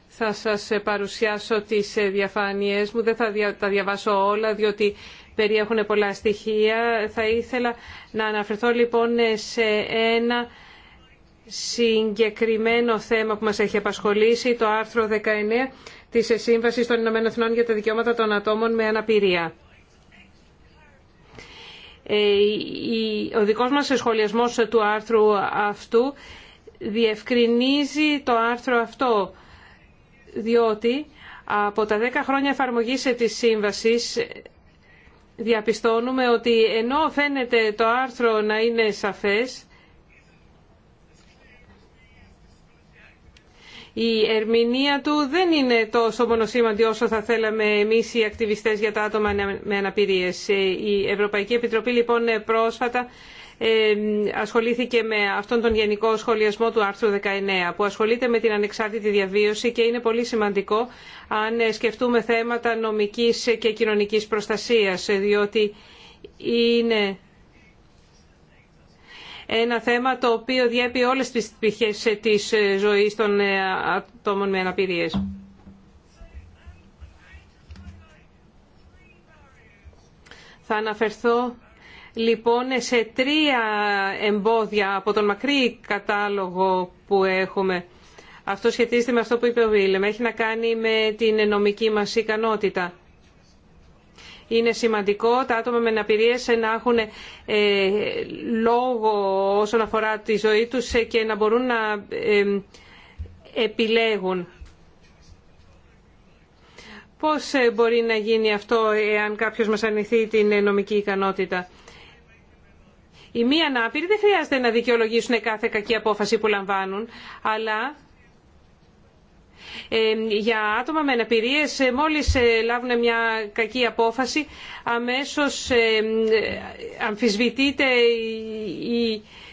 Θα σας παρουσιάσω τις διαφάνειές μου, δεν θα τα διαβάσω όλα διότι περιέχουν πολλά στοιχεία. Θα ήθελα να αναφερθώ λοιπόν σε ένα συγκεκριμένο θέμα που μας έχει απασχολήσει, το άρθρο 19 Τη σύμβαση των Ηνωμένων Εθνών για τα Δικαιώματα των Ατόμων με Αναπηρία. Ε, ο δικός μας σχολιασμός του άρθρου αυτού διευκρινίζει το άρθρο αυτό, διότι από τα 10 χρόνια εφαρμογής της Σύμβασης διαπιστώνουμε ότι ενώ φαίνεται το άρθρο να είναι σαφές, Η ερμηνεία του δεν είναι τόσο μονοσήμαντη όσο θα θέλαμε εμείς οι ακτιβιστέ για τα άτομα με αναπηρίε. Ε, η Ευρωπαϊκή Επιτροπή λοιπόν ε, πρόσφατα ε, ασχολήθηκε με αυτόν τον γενικό σχολιασμό του άρθρου 19 που ασχολείται με την ανεξάρτητη διαβίωση και είναι πολύ σημαντικό αν σκεφτούμε θέματα νομικής και κοινωνικής προστασίας διότι είναι ένα θέμα το οποίο διέπει όλες τις πτυχές ε, της ε, ζωής των ε, ατόμων με αναπηρίες. Θα αναφερθώ λοιπόν σε τρία εμπόδια από τον μακρύ κατάλογο που έχουμε. Αυτό σχετίζεται με αυτό που είπε ο Βίλεμ. Έχει να κάνει με την νομική μας ικανότητα. Είναι σημαντικό τα άτομα με αναπηρίες να έχουν ε, λόγο όσον αφορά τη ζωή τους ε, και να μπορούν να ε, επιλέγουν. Πώς μπορεί να γίνει αυτό εάν κάποιος μας αρνηθεί την νομική ικανότητα. Οι μη ανάπηροι δεν χρειάζεται να δικαιολογήσουν κάθε κακή απόφαση που λαμβάνουν, αλλά για άτομα με αναπηρίες ε, μόλις ε, λάβουν μια κακή απόφαση αμέσως αμφισβητείται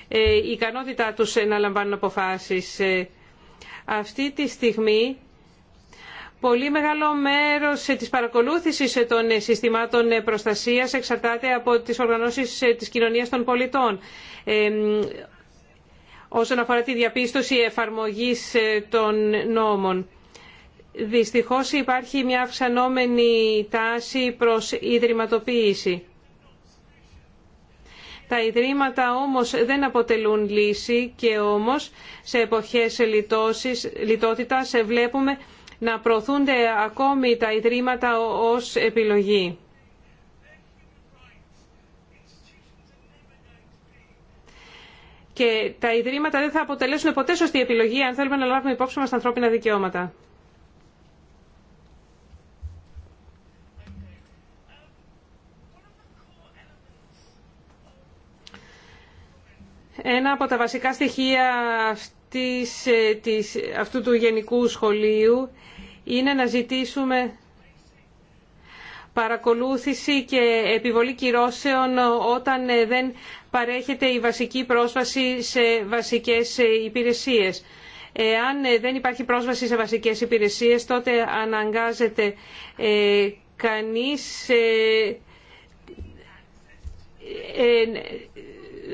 ε, η ικανότητά τους να λαμβάνουν αποφάσεις. Αυτή τη στιγμή πολύ μεγάλο μέρος της παρακολούθησης των συστημάτων προστασίας εξαρτάται από τις οργανώσεις της κοινωνίας των πολιτών όσον αφορά τη διαπίστωση εφαρμογής ε, των νόμων. Δυστυχώς υπάρχει μια αυξανόμενη τάση προς ιδρυματοποίηση. Τα ιδρύματα όμως δεν αποτελούν λύση και όμως σε εποχές λιτώσεις, λιτότητας ε, βλέπουμε να προωθούνται ακόμη τα ιδρύματα ως επιλογή. Και τα ιδρύματα δεν θα αποτελέσουν ποτέ σωστή επιλογή αν θέλουμε να λάβουμε υπόψη μας τα ανθρώπινα δικαιώματα. Ένα από τα βασικά στοιχεία ε, της, ε, αυτού του γενικού σχολείου είναι να ζητήσουμε παρακολούθηση και επιβολή κυρώσεων όταν ε, δεν παρέχεται η βασική πρόσβαση σε βασικές ε, υπηρεσίες. Εάν ε, δεν υπάρχει πρόσβαση σε βασικές υπηρεσίες, τότε αναγκάζεται κανείς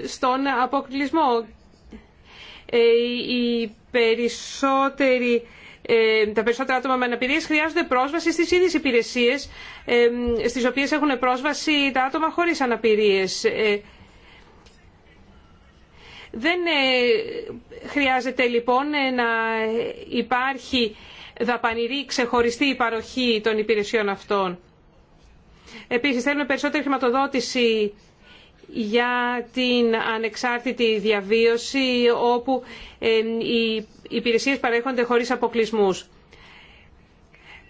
στον αποκλεισμό. Οι περισσότεροι ε, τα περισσότερα άτομα με αναπηρίες χρειάζονται πρόσβαση στις ίδιες υπηρεσίες ε, στις οποίες έχουν πρόσβαση τα άτομα χωρίς αναπηρίες. Ε, δεν χρειάζεται λοιπόν να υπάρχει δαπανηρή ξεχωριστή παροχή των υπηρεσιών αυτών. Επίσης θέλουμε περισσότερη χρηματοδότηση για την ανεξάρτητη διαβίωση όπου ε, οι υπηρεσίες παρέχονται χωρίς αποκλεισμούς.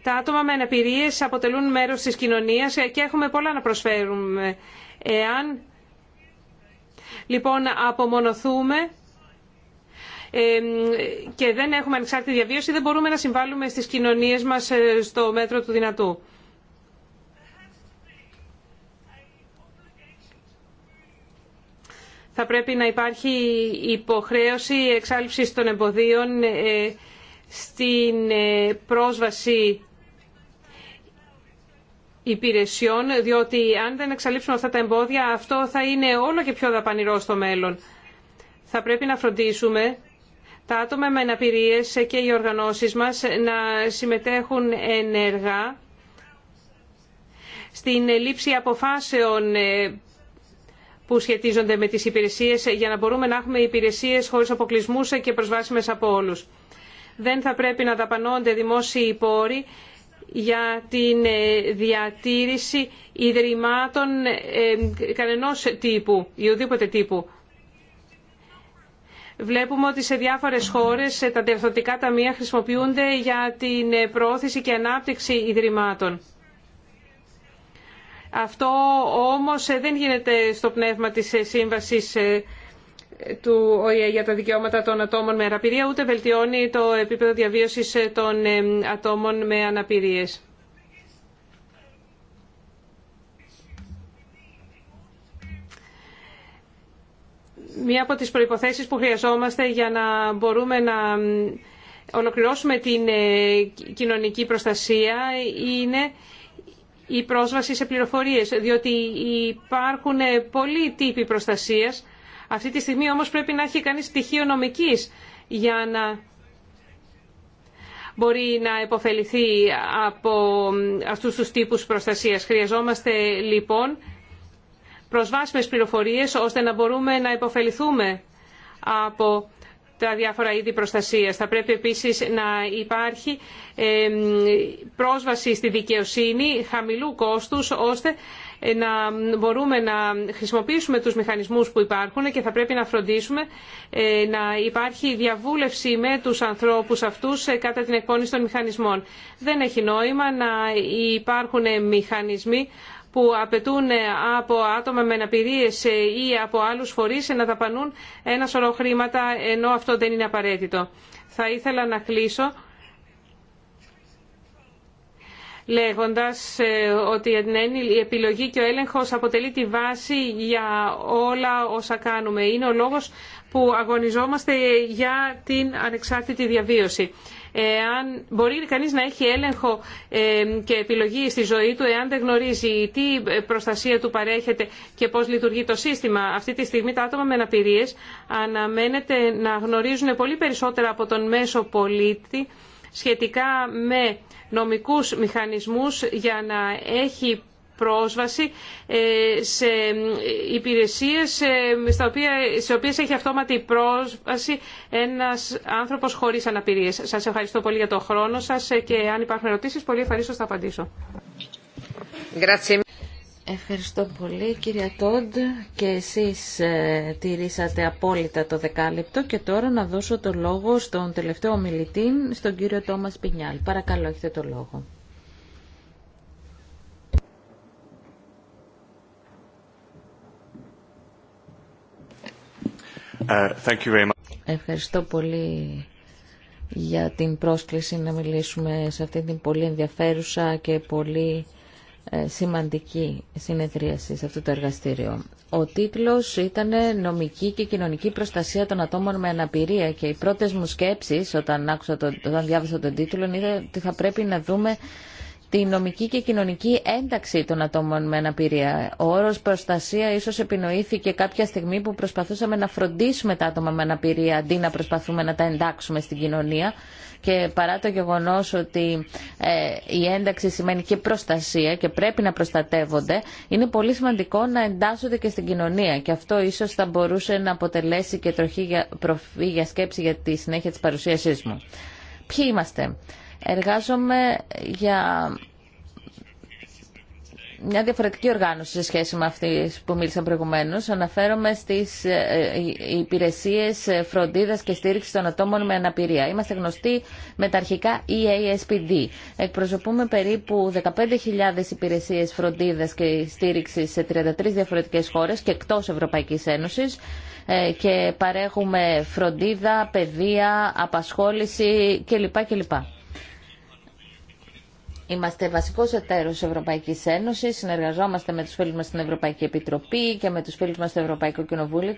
Τα άτομα με αναπηρίε αποτελούν μέρος της κοινωνίας και έχουμε πολλά να προσφέρουμε. Εάν λοιπόν απομονωθούμε ε, και δεν έχουμε ανεξάρτητη διαβίωση δεν μπορούμε να συμβάλλουμε στις κοινωνίες μας ε, στο μέτρο του δυνατού. θα πρέπει να υπάρχει υποχρέωση εξάλληψης των εμποδίων ε, στην ε, πρόσβαση υπηρεσιών, διότι αν δεν εξαλείψουμε αυτά τα εμπόδια, αυτό θα είναι όλο και πιο δαπανηρό στο μέλλον. Θα πρέπει να φροντίσουμε τα άτομα με αναπηρίες και οι οργανώσεις μας να συμμετέχουν ενεργά στην λήψη αποφάσεων ε, που σχετίζονται με τις υπηρεσίες για να μπορούμε να έχουμε υπηρεσίες χωρίς αποκλεισμούς και προσβάσιμες από όλους. Δεν θα πρέπει να δαπανώνται δημόσιοι πόροι για την ε, διατήρηση ιδρυμάτων ε, κανενός τύπου ή οδήποτε τύπου. Βλέπουμε ότι σε διάφορες χώρες ε, τα διευθυντικά ταμεία χρησιμοποιούνται για την πρόθεση και ανάπτυξη ιδρυμάτων. Αυτό όμως ε, δεν γίνεται στο πνεύμα της ε, σύμβασης ε, του ΟΗΕ για τα δικαιώματα των ατόμων με αναπηρία, ούτε βελτιώνει το επίπεδο διαβίωσης των ατόμων με αναπηρίες. Μία από τις προϋποθέσεις που χρειαζόμαστε για να μπορούμε να ολοκληρώσουμε την κοινωνική προστασία είναι η πρόσβαση σε πληροφορίες, διότι υπάρχουν πολλοί τύποι προστασίας. Αυτή τη στιγμή όμως πρέπει να έχει κανείς στοιχείο νομικής για να μπορεί να επωφεληθεί από αυτούς τους τύπους προστασίας. Χρειαζόμαστε λοιπόν προσβάσιμες πληροφορίες ώστε να μπορούμε να επωφεληθούμε από τα διάφορα είδη προστασίας. Θα πρέπει επίσης να υπάρχει πρόσβαση στη δικαιοσύνη χαμηλού κόστους ώστε ε, να μπορούμε να χρησιμοποιήσουμε τους μηχανισμούς που υπάρχουν και θα πρέπει να φροντίσουμε ε, να υπάρχει διαβούλευση με τους ανθρώπους αυτούς ε, κατά την εκπόνηση των μηχανισμών. Δεν έχει νόημα να υπάρχουν μηχανισμοί που απαιτούν από άτομα με αναπηρίε ή από άλλου φορεί να ταπανούν ένα σωρό χρήματα, ενώ αυτό δεν είναι απαραίτητο. Θα ήθελα να κλείσω λέγοντας ε, ότι η επιλογή και ο έλεγχος αποτελεί τη βάση για όλα όσα κάνουμε. Είναι ο λόγος που αγωνιζόμαστε για την ανεξάρτητη διαβίωση εάν μπορεί κανείς να έχει έλεγχο και επιλογή στη ζωή του εάν δεν γνωρίζει τι ε, προστασία του παρέχεται και πώς λειτουργεί το σύστημα. Αυτή τη στιγμή τα άτομα με αναπηρίε αναμένεται να γνωρίζουν πολύ περισσότερα από τον μέσο πολίτη σχετικά με νομικούς μηχανισμούς για να έχει πρόσβαση ε, σε υπηρεσίες ε, οποία, σε οποίες έχει αυτόματη πρόσβαση ένας άνθρωπος χωρίς αναπηρίες. Σας ευχαριστώ πολύ για το χρόνο σας ε, και αν υπάρχουν ερωτήσεις πολύ ευχαριστώ θα απαντήσω. Ευχαριστώ πολύ κυρία Τόντ και εσείς ε, τηρήσατε απόλυτα το δεκάλεπτο και τώρα να δώσω το λόγο στον τελευταίο ομιλητή, στον κύριο Τόμας Πινιάλ. Παρακαλώ έχετε το λόγο. Uh, Ευχαριστώ πολύ για την πρόσκληση να μιλήσουμε σε αυτή την πολύ ενδιαφέρουσα και πολύ ε, σημαντική συνεδρίαση σε αυτό το εργαστήριο. Ο τίτλος ήταν «Νομική και κοινωνική προστασία των ατόμων με αναπηρία» και οι πρώτες μου σκέψεις όταν, άκουσα το, όταν διάβασα τον τίτλο είναι ότι θα πρέπει να δούμε τη νομική και κοινωνική ένταξη των ατόμων με αναπηρία. Ο όρο προστασία ίσω επινοήθηκε κάποια στιγμή που προσπαθούσαμε να φροντίσουμε τα άτομα με αναπηρία αντί να προσπαθούμε να τα εντάξουμε στην κοινωνία και παρά το γεγονό ότι ε, η ένταξη σημαίνει και προστασία και πρέπει να προστατεύονται, είναι πολύ σημαντικό να εντάσσονται και στην κοινωνία και αυτό ίσω θα μπορούσε να αποτελέσει και τροχή για, προφή σκέψη για τη συνέχεια τη παρουσίασή μου. Ποιοι είμαστε. Εργάζομαι για μια διαφορετική οργάνωση σε σχέση με αυτή που μίλησαν προηγουμένω. Αναφέρομαι στι ε, ε, υπηρεσίε φροντίδα και στήριξη των ατόμων με αναπηρία. Είμαστε γνωστοί με τα αρχικά EASPD. Εκπροσωπούμε περίπου 15.000 υπηρεσίε φροντίδα και στήριξη σε 33 διαφορετικέ χώρε και εκτό Ευρωπαϊκή Ένωση ε, και παρέχουμε φροντίδα, παιδεία, απασχόληση κλπ. Είμαστε βασικό βασικός τη Ευρωπαϊκή Ένωση, συνεργαζόμαστε με του φίλου μα στην Ευρωπαϊκή Επιτροπή και με του φίλου μα στο Ευρωπαϊκό Κοινοβούλιο,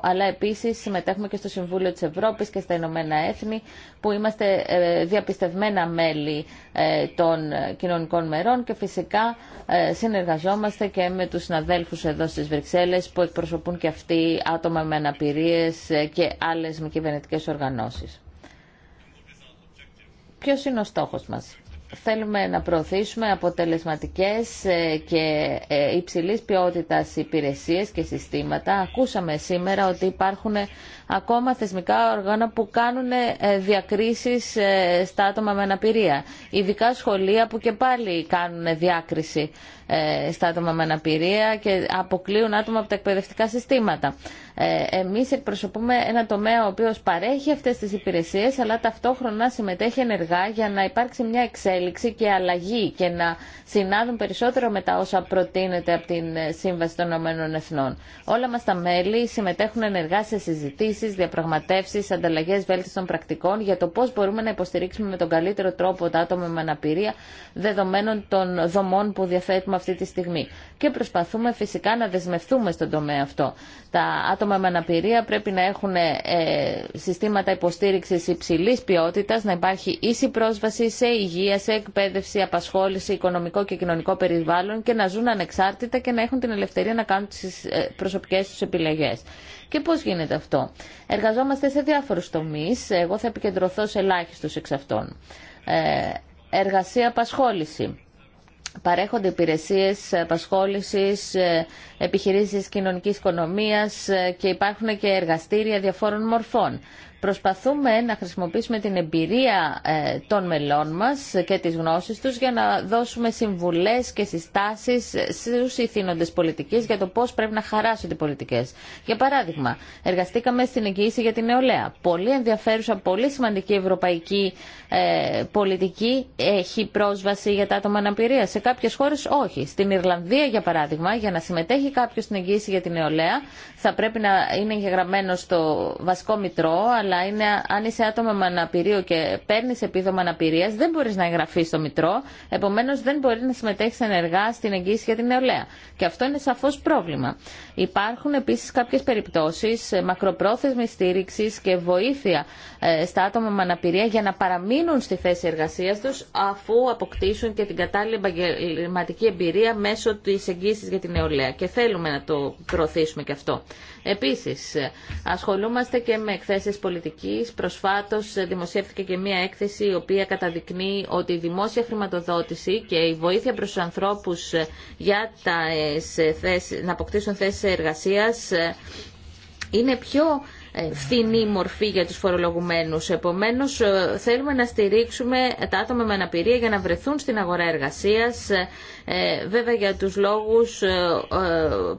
αλλά επίση συμμετέχουμε και στο Συμβούλιο τη Ευρώπη και στα Ηνωμένα Έθνη, που είμαστε ε, διαπιστευμένα μέλη ε, των κοινωνικών μερών και φυσικά ε, συνεργαζόμαστε και με του συναδέλφου εδώ στι Βρυξέλλες που εκπροσωπούν και αυτοί άτομα με αναπηρίε και άλλε μη κυβερνητικέ οργανώσει. Ποιο είναι ο στόχο μα, θέλουμε να προωθήσουμε αποτελεσματικές ε, και ε, υψηλής ποιότητας υπηρεσίες και συστήματα. Ακούσαμε σήμερα ότι υπάρχουν ακόμα θεσμικά όργανα που κάνουν ε, διακρίσεις ε, στα άτομα με αναπηρία. Ειδικά σχολεία που και πάλι κάνουν διάκριση ε, στα άτομα με αναπηρία και αποκλείουν άτομα από τα εκπαιδευτικά συστήματα. Εμείς εκπροσωπούμε ένα τομέα ο οποίος παρέχει αυτές τις υπηρεσίες αλλά ταυτόχρονα συμμετέχει ενεργά για να υπάρξει μια εξέλιξη και αλλαγή και να συνάδουν περισσότερο με τα όσα προτείνεται από την Σύμβαση των Ηνωμένων Εθνών. Όλα μας τα μέλη συμμετέχουν ενεργά σε συζητήσει συζητήσεις, διαπραγματεύσει, ανταλλαγές βέλτιστων πρακτικών για το πώ μπορούμε να υποστηρίξουμε με τον καλύτερο τρόπο τα άτομα με αναπηρία δεδομένων των δομών που διαθέτουμε αυτή τη στιγμή. Και προσπαθούμε φυσικά να δεσμευτούμε στον τομέα αυτό. Τα άτομα με αναπηρία πρέπει να έχουν ε, συστήματα υποστήριξη υψηλή ποιότητα, να υπάρχει ίση πρόσβαση σε υγεία, σε εκπαίδευση, απασχόληση, οικονομικό και κοινωνικό περιβάλλον και να ζουν ανεξάρτητα και να έχουν την ελευθερία να κάνουν τι ε, προσωπικέ του επιλογέ. Και πώς γίνεται αυτό. Εργαζόμαστε σε διάφορους τομείς. Εγώ θα επικεντρωθώ σε ελάχιστους εξ αυτών. Ε, εργασία απασχόληση. Παρέχονται υπηρεσίες απασχόλησης, ε, επιχειρήσεις κοινωνικής οικονομίας ε, και υπάρχουν και εργαστήρια διαφόρων μορφών. Προσπαθούμε να χρησιμοποιήσουμε την εμπειρία ε, των μελών μας και τις γνώσεις τους για να δώσουμε συμβουλές και συστάσεις στους ηθήνοντες πολιτικής... για το πώς πρέπει να χαράσουν οι πολιτικές. Για παράδειγμα, εργαστήκαμε στην εγγύηση για την νεολαία. Πολύ ενδιαφέρουσα, πολύ σημαντική ευρωπαϊκή ε, πολιτική έχει πρόσβαση για τα άτομα αναπηρία. Σε κάποιες χώρες όχι. Στην Ιρλανδία, για παράδειγμα, για να συμμετέχει κάποιο στην εγγύηση για την νεολαία θα πρέπει να είναι εγγεγραμμένο στο βασικό μητρό, αλλά είναι αν είσαι άτομο με αναπηρίο και παίρνει επίδομα αναπηρία, δεν μπορεί να εγγραφεί στο Μητρό, επομένω δεν μπορεί να συμμετέχει ενεργά στην εγγύηση για την νεολαία. Και αυτό είναι σαφώ πρόβλημα. Υπάρχουν επίση κάποιε περιπτώσει ε, μακροπρόθεσμη στήριξη και βοήθεια ε, στα άτομα με αναπηρία για να παραμείνουν στη θέση εργασία του αφού αποκτήσουν και την κατάλληλη επαγγελματική εμπειρία μέσω τη εγγύηση για την νεολαία. Και θέλουμε να το προωθήσουμε και αυτό. Επίσης, ασχολούμαστε και με εκθέσεις πολιτικής. Προσφάτως δημοσιεύτηκε και μία έκθεση η οποία καταδεικνύει ότι η δημόσια χρηματοδότηση και η βοήθεια προς τους ανθρώπους για τα, ε, σε να αποκτήσουν θέσεις εργασίας ε, είναι πιο φθηνή μορφή για τους φορολογουμένους. Επομένως, ε, θέλουμε να στηρίξουμε τα άτομα με αναπηρία για να βρεθούν στην αγορά εργασίας, ε, βέβαια για τους λόγους ε,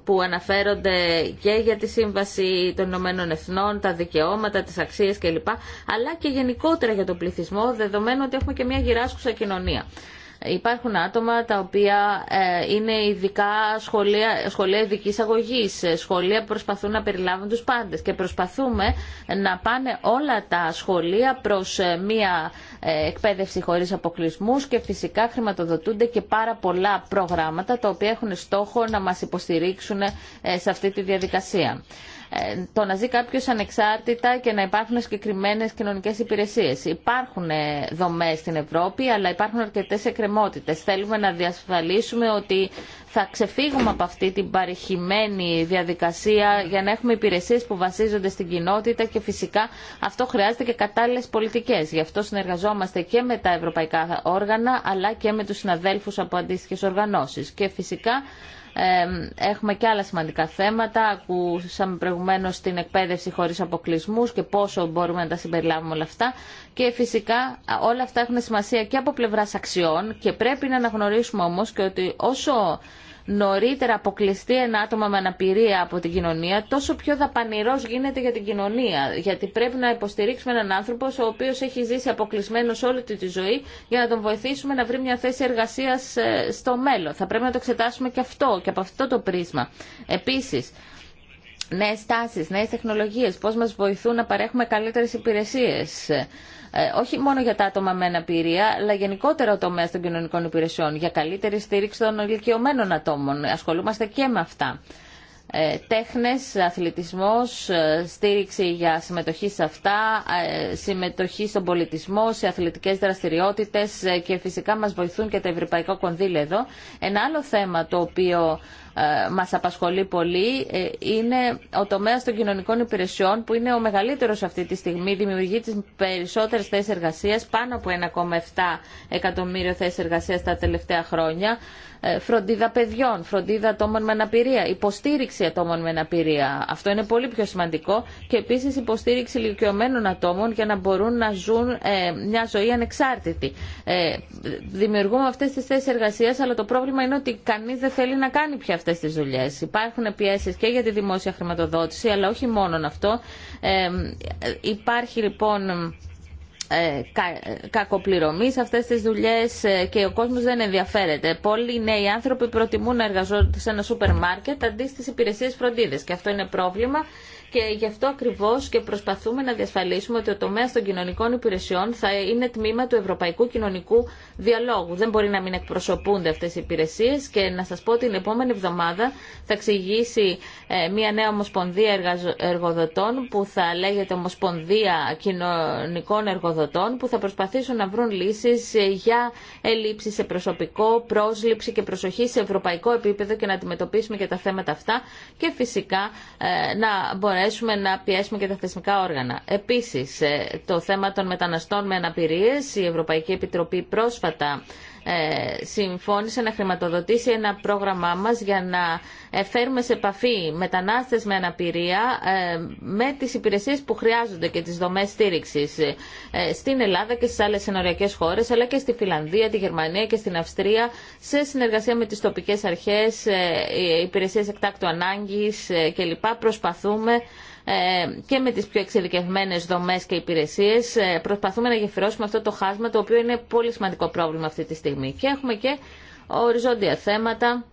που αναφέρονται και για τη Σύμβαση των Ηνωμένων Εθνών, τα δικαιώματα, τις αξίες κλπ. Αλλά και γενικότερα για τον πληθυσμό, δεδομένου ότι έχουμε και μια γυράσκουσα κοινωνία. Υπάρχουν άτομα τα οποία ε, είναι ειδικά σχολεία, σχολεία ειδική αγωγή, ε, σχολεία που προσπαθούν να περιλάβουν του πάντε και προσπαθούμε να πάνε όλα τα σχολεία προ ε, μία εκπαίδευση χωρί αποκλεισμού και φυσικά χρηματοδοτούνται και πάρα πολλά προγράμματα τα οποία έχουν στόχο να μα υποστηρίξουν σε αυτή τη διαδικασία. Ε, το να ζει κάποιο ανεξάρτητα και να υπάρχουν συγκεκριμένε κοινωνικέ υπηρεσίε. Υπάρχουν ε, δομέ στην Ευρώπη, αλλά υπάρχουν αρκετέ εκκρεμότητε. Θέλουμε να διασφαλίσουμε ότι θα ξεφύγουμε από αυτή την παρεχημένη διαδικασία για να έχουμε υπηρεσίε που βασίζονται στην κοινότητα και φυσικά αυτό χρειάζεται και κατάλληλε πολιτικέ. Γι' αυτό συνεργαζόμαστε και με τα ευρωπαϊκά όργανα, αλλά και με του συναδέλφου από αντίστοιχε οργανώσει. Και φυσικά έχουμε και άλλα σημαντικά θέματα. Ακούσαμε προηγουμένω την εκπαίδευση χωρί αποκλεισμού και πόσο μπορούμε να τα συμπεριλάβουμε όλα αυτά. Και φυσικά όλα αυτά έχουν σημασία και από πλευρά αξιών και πρέπει να αναγνωρίσουμε όμω και ότι όσο νωρίτερα αποκλειστεί ένα άτομο με αναπηρία από την κοινωνία, τόσο πιο δαπανηρό γίνεται για την κοινωνία. Γιατί πρέπει να υποστηρίξουμε έναν άνθρωπο ο οποίο έχει ζήσει αποκλεισμένο όλη του τη ζωή για να τον βοηθήσουμε να βρει μια θέση εργασία ε, στο μέλλον. Θα πρέπει να το εξετάσουμε και αυτό και από αυτό το πρίσμα. Επίση, νέε τάσει, νέε τεχνολογίε, πώ μα βοηθούν να παρέχουμε καλύτερε υπηρεσίε. Ε, όχι μόνο για τα άτομα με αναπηρία, αλλά γενικότερα ο τομέα των κοινωνικών υπηρεσιών για καλύτερη στήριξη των ηλικιωμένων ατόμων. Ασχολούμαστε και με αυτά. Ε, τέχνες, αθλητισμός, ε, στήριξη για συμμετοχή σε αυτά, συμμετοχή στον πολιτισμό, σε αθλητικές δραστηριότητες και φυσικά μας βοηθούν και τα ευρωπαϊκά κονδύλια εδώ. Ένα άλλο θέμα το οποίο μας απασχολεί πολύ ε, είναι ο τομέας των κοινωνικών υπηρεσιών που είναι ο μεγαλύτερος αυτή τη στιγμή, δημιουργεί τις περισσότερες θέσεις εργασίας, πάνω από 1,7 εκατομμύριο θέσεις εργασίας τα τελευταία χρόνια ε, φροντίδα παιδιών, φροντίδα ατόμων με αναπηρία, υποστήριξη ατόμων με αναπηρία. Αυτό είναι πολύ πιο σημαντικό και επίση υποστήριξη ηλικιωμένων ατόμων για να μπορούν να ζουν ε, μια ζωή ανεξάρτητη. Ε, δημιουργούμε αυτέ τι θέσει εργασία, αλλά το πρόβλημα είναι ότι κανεί δεν θέλει να κάνει πια αυτές τις Υπάρχουν πιέσει και για τη δημόσια χρηματοδότηση, αλλά όχι μόνο αυτό. Ε, υπάρχει λοιπόν ε, κακοπληρωμή σε αυτές τις δουλειές ε, και ο κόσμος δεν ενδιαφέρεται. Πολλοί νέοι άνθρωποι προτιμούν να εργαζόνται σε ένα σούπερ μάρκετ αντί στι υπηρεσίε φροντίδε. και αυτό είναι πρόβλημα και γι' αυτό ακριβώ και προσπαθούμε να διασφαλίσουμε ότι ο τομέα των κοινωνικών υπηρεσιών θα είναι τμήμα του Ευρωπαϊκού Κοινωνικού Διαλόγου. Δεν μπορεί να μην εκπροσωπούνται αυτέ οι υπηρεσίε και να σα πω ότι την επόμενη εβδομάδα θα εξηγήσει ε, μια νέα ομοσπονδία εργοδοτών που θα λέγεται Ομοσπονδία Κοινωνικών Εργοδοτών που θα προσπαθήσουν να βρουν λύσει για ελλείψει σε προσωπικό, πρόσληψη και προσοχή σε ευρωπαϊκό επίπεδο και να αντιμετωπίσουμε και τα θέματα αυτά και φυσικά ε, να μπορέσουμε να πιέσουμε και τα θεσμικά όργανα. Επίσης, ε, το θέμα των μεταναστών με αναπηρίες, η Ευρωπαϊκή Επιτροπή πρόσφατα ε, συμφώνησε να χρηματοδοτήσει ένα πρόγραμμά μας για να ε, φέρουμε σε επαφή μετανάστες με αναπηρία ε, με τις υπηρεσίες που χρειάζονται και τις δομές στήριξης στην Ελλάδα και στις άλλες ενοριακές χώρες αλλά και στη Φιλανδία, τη Γερμανία και στην Αυστρία σε συνεργασία με τις τοπικές αρχές, υπηρεσίες εκτάκτου ανάγκης κλπ. Προσπαθούμε ε, και με τις πιο εξειδικευμένες δομές και υπηρεσίες ε, προσπαθούμε να γεφυρώσουμε αυτό το χάσμα το οποίο είναι πολύ σημαντικό πρόβλημα αυτή τη στιγμή. Και έχουμε και οριζόντια θέματα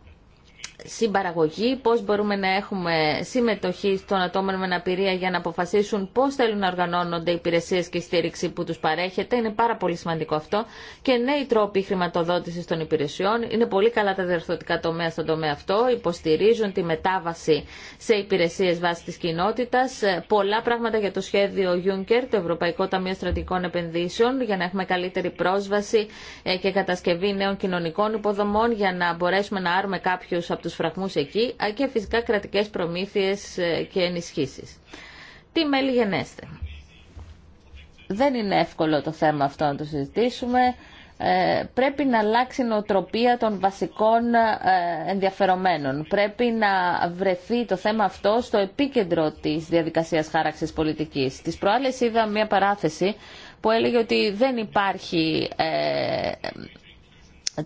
συμπαραγωγή, πώς μπορούμε να έχουμε συμμετοχή των ατόμων με αναπηρία για να αποφασίσουν πώς θέλουν να οργανώνονται οι υπηρεσίες και η στήριξη που τους παρέχεται. Είναι πάρα πολύ σημαντικό αυτό. Και νέοι τρόποι χρηματοδότησης των υπηρεσιών. Είναι πολύ καλά τα διορθωτικά τομέα στον τομέα αυτό. Υποστηρίζουν τη μετάβαση σε υπηρεσίες βάσει της κοινότητας. Ε, πολλά πράγματα για το σχέδιο Juncker, το Ευρωπαϊκό Ταμείο Στρατηγικών Επενδύσεων, για να έχουμε καλύτερη πρόσβαση ε, και κατασκευή νέων κοινωνικών υποδομών, για να μπορέσουμε να άρουμε κάποιους από τους φραγμούς εκεί και φυσικά κρατικές προμήθειες ε, και ενισχύσεις. Τι μέλη γενέστε. Δεν είναι εύκολο το θέμα αυτό να το συζητήσουμε. Ε, πρέπει να αλλάξει η νοοτροπία των βασικών ε, ενδιαφερομένων. Πρέπει να βρεθεί το θέμα αυτό στο επίκεντρο της διαδικασίας χάραξης πολιτικής. Τις προάλλες είδα μια παράθεση που έλεγε ότι δεν υπάρχει ε,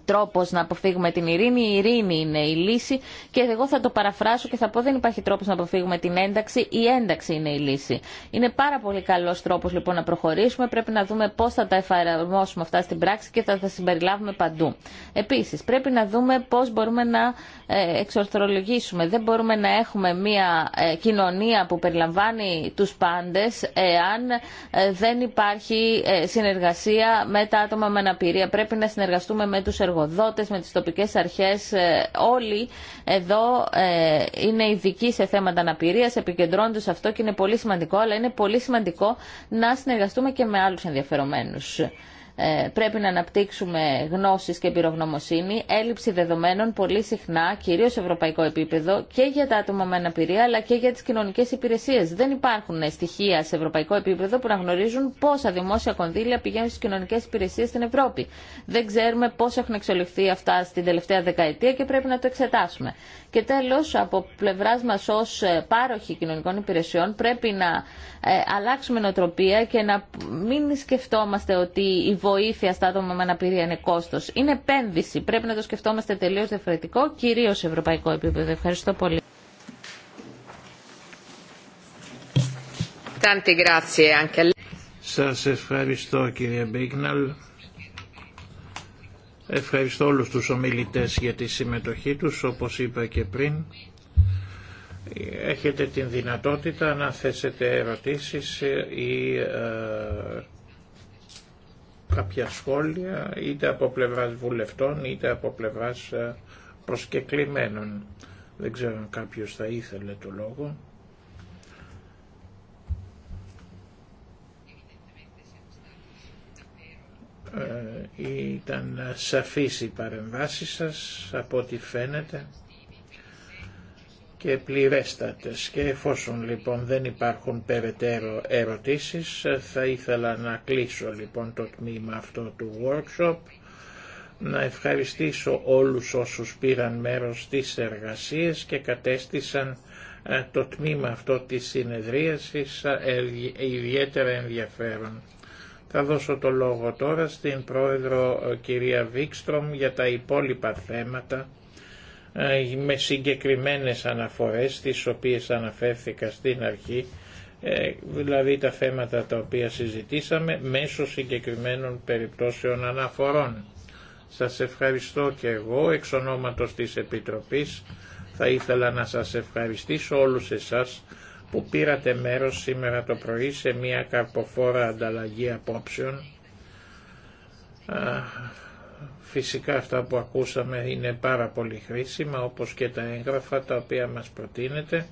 Τρόπο να αποφύγουμε την ειρήνη, η ειρήνη είναι η λύση και εγώ θα το παραφράσω και θα πω δεν υπάρχει τρόπος να αποφύγουμε την ένταξη, η ένταξη είναι η λύση. Είναι πάρα πολύ καλός τρόπος λοιπόν να προχωρήσουμε, πρέπει να δούμε πώς θα τα εφαρμόσουμε αυτά στην πράξη και θα τα συμπεριλάβουμε παντού. Επίσης πρέπει να δούμε πώς μπορούμε να ε, εξορθρολογήσουμε, δεν μπορούμε να έχουμε μια ε, κοινωνία που περιλαμβάνει τους πάντες εάν ε, δεν υπάρχει συνεργασία με τα άτομα με αναπηρία. Πρέπει να συνεργαστούμε με του τους εργοδότες, με τις τοπικές αρχές. Ε, όλοι εδώ ε, είναι ειδικοί σε θέματα αναπηρίας, επικεντρώνονται σε αυτό και είναι πολύ σημαντικό, αλλά είναι πολύ σημαντικό να συνεργαστούμε και με άλλους ενδιαφερομένους. Ε, πρέπει να αναπτύξουμε γνώσεις και πυρογνωμοσύνη, έλλειψη δεδομένων πολύ συχνά, κυρίως σε ευρωπαϊκό επίπεδο, και για τα άτομα με αναπηρία, αλλά και για τις κοινωνικές υπηρεσίες. Δεν υπάρχουν στοιχεία σε ευρωπαϊκό επίπεδο που να γνωρίζουν πόσα δημόσια κονδύλια πηγαίνουν στις κοινωνικές υπηρεσίες στην Ευρώπη. Δεν ξέρουμε πώ έχουν εξελιχθεί αυτά στην τελευταία δεκαετία και πρέπει να το εξετάσουμε. Και τέλος, από πλευράς μας ως ε, πάροχοι κοινωνικών υπηρεσιών πρέπει να ε, αλλάξουμε νοοτροπία και να μην σκεφτόμαστε ότι η βοήθεια στα άτομα με αναπηρία είναι κόστος. Είναι επένδυση. Πρέπει να το σκεφτόμαστε τελείως διαφορετικό, κυρίως σε ευρωπαϊκό επίπεδο. Ευχαριστώ πολύ. Σας ευχαριστώ κύριε Μπίγναλ. Ευχαριστώ όλους τους ομιλητές για τη συμμετοχή τους, όπως είπα και πριν. Έχετε την δυνατότητα να θέσετε ερωτήσεις ή ε, κάποια σχόλια, είτε από πλευράς βουλευτών, είτε από πλευράς ε, προσκεκλημένων. Δεν ξέρω αν κάποιος θα ήθελε το λόγο. Ε, ήταν σαφής οι παρεμβάσεις σας από ό,τι φαίνεται και πληρέστατες και εφόσον λοιπόν δεν υπάρχουν περαιτέρω ερωτήσεις θα ήθελα να κλείσω λοιπόν το τμήμα αυτό του workshop να ευχαριστήσω όλους όσους πήραν μέρος στις εργασίες και κατέστησαν ε, το τμήμα αυτό της συνεδρίασης ε, ιδιαίτερα ενδιαφέρον. Θα δώσω το λόγο τώρα στην πρόεδρο κυρία Βίκστρομ για τα υπόλοιπα θέματα ε, με συγκεκριμένες αναφορές τις οποίες αναφέρθηκα στην αρχή ε, δηλαδή τα θέματα τα οποία συζητήσαμε μέσω συγκεκριμένων περιπτώσεων αναφορών. Σας ευχαριστώ και εγώ εξ ονόματος της Επιτροπής θα ήθελα να σας ευχαριστήσω όλους εσάς που πήρατε μέρος σήμερα το πρωί σε μια καρποφόρα ανταλλαγή απόψεων. Φυσικά αυτά που ακούσαμε είναι πάρα πολύ χρήσιμα όπως και τα έγγραφα τα οποία μας προτείνεται.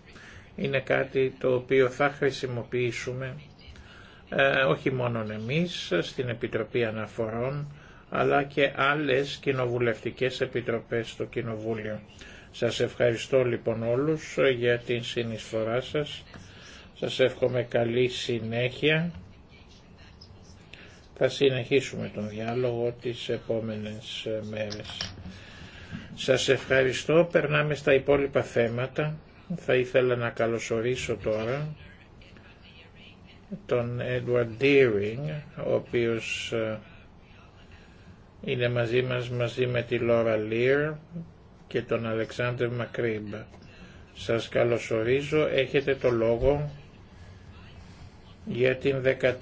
Είναι κάτι το οποίο θα χρησιμοποιήσουμε ε, όχι μόνο εμείς στην Επιτροπή Αναφορών αλλά και άλλες κοινοβουλευτικές επιτροπές στο Κοινοβούλιο. Σας ευχαριστώ λοιπόν όλους για την συνεισφορά σας. Σας εύχομαι καλή συνέχεια. Θα συνεχίσουμε τον διάλογο τις επόμενες μέρες. Σας ευχαριστώ. Περνάμε στα υπόλοιπα θέματα. Θα ήθελα να καλωσορίσω τώρα τον Edward Deering, ο οποίος ε, είναι μαζί μας μαζί με τη Laura Lear, και τον Αλεξάνδρ Μακρύμπ. Σας καλωσορίζω, έχετε το λόγο για την 1305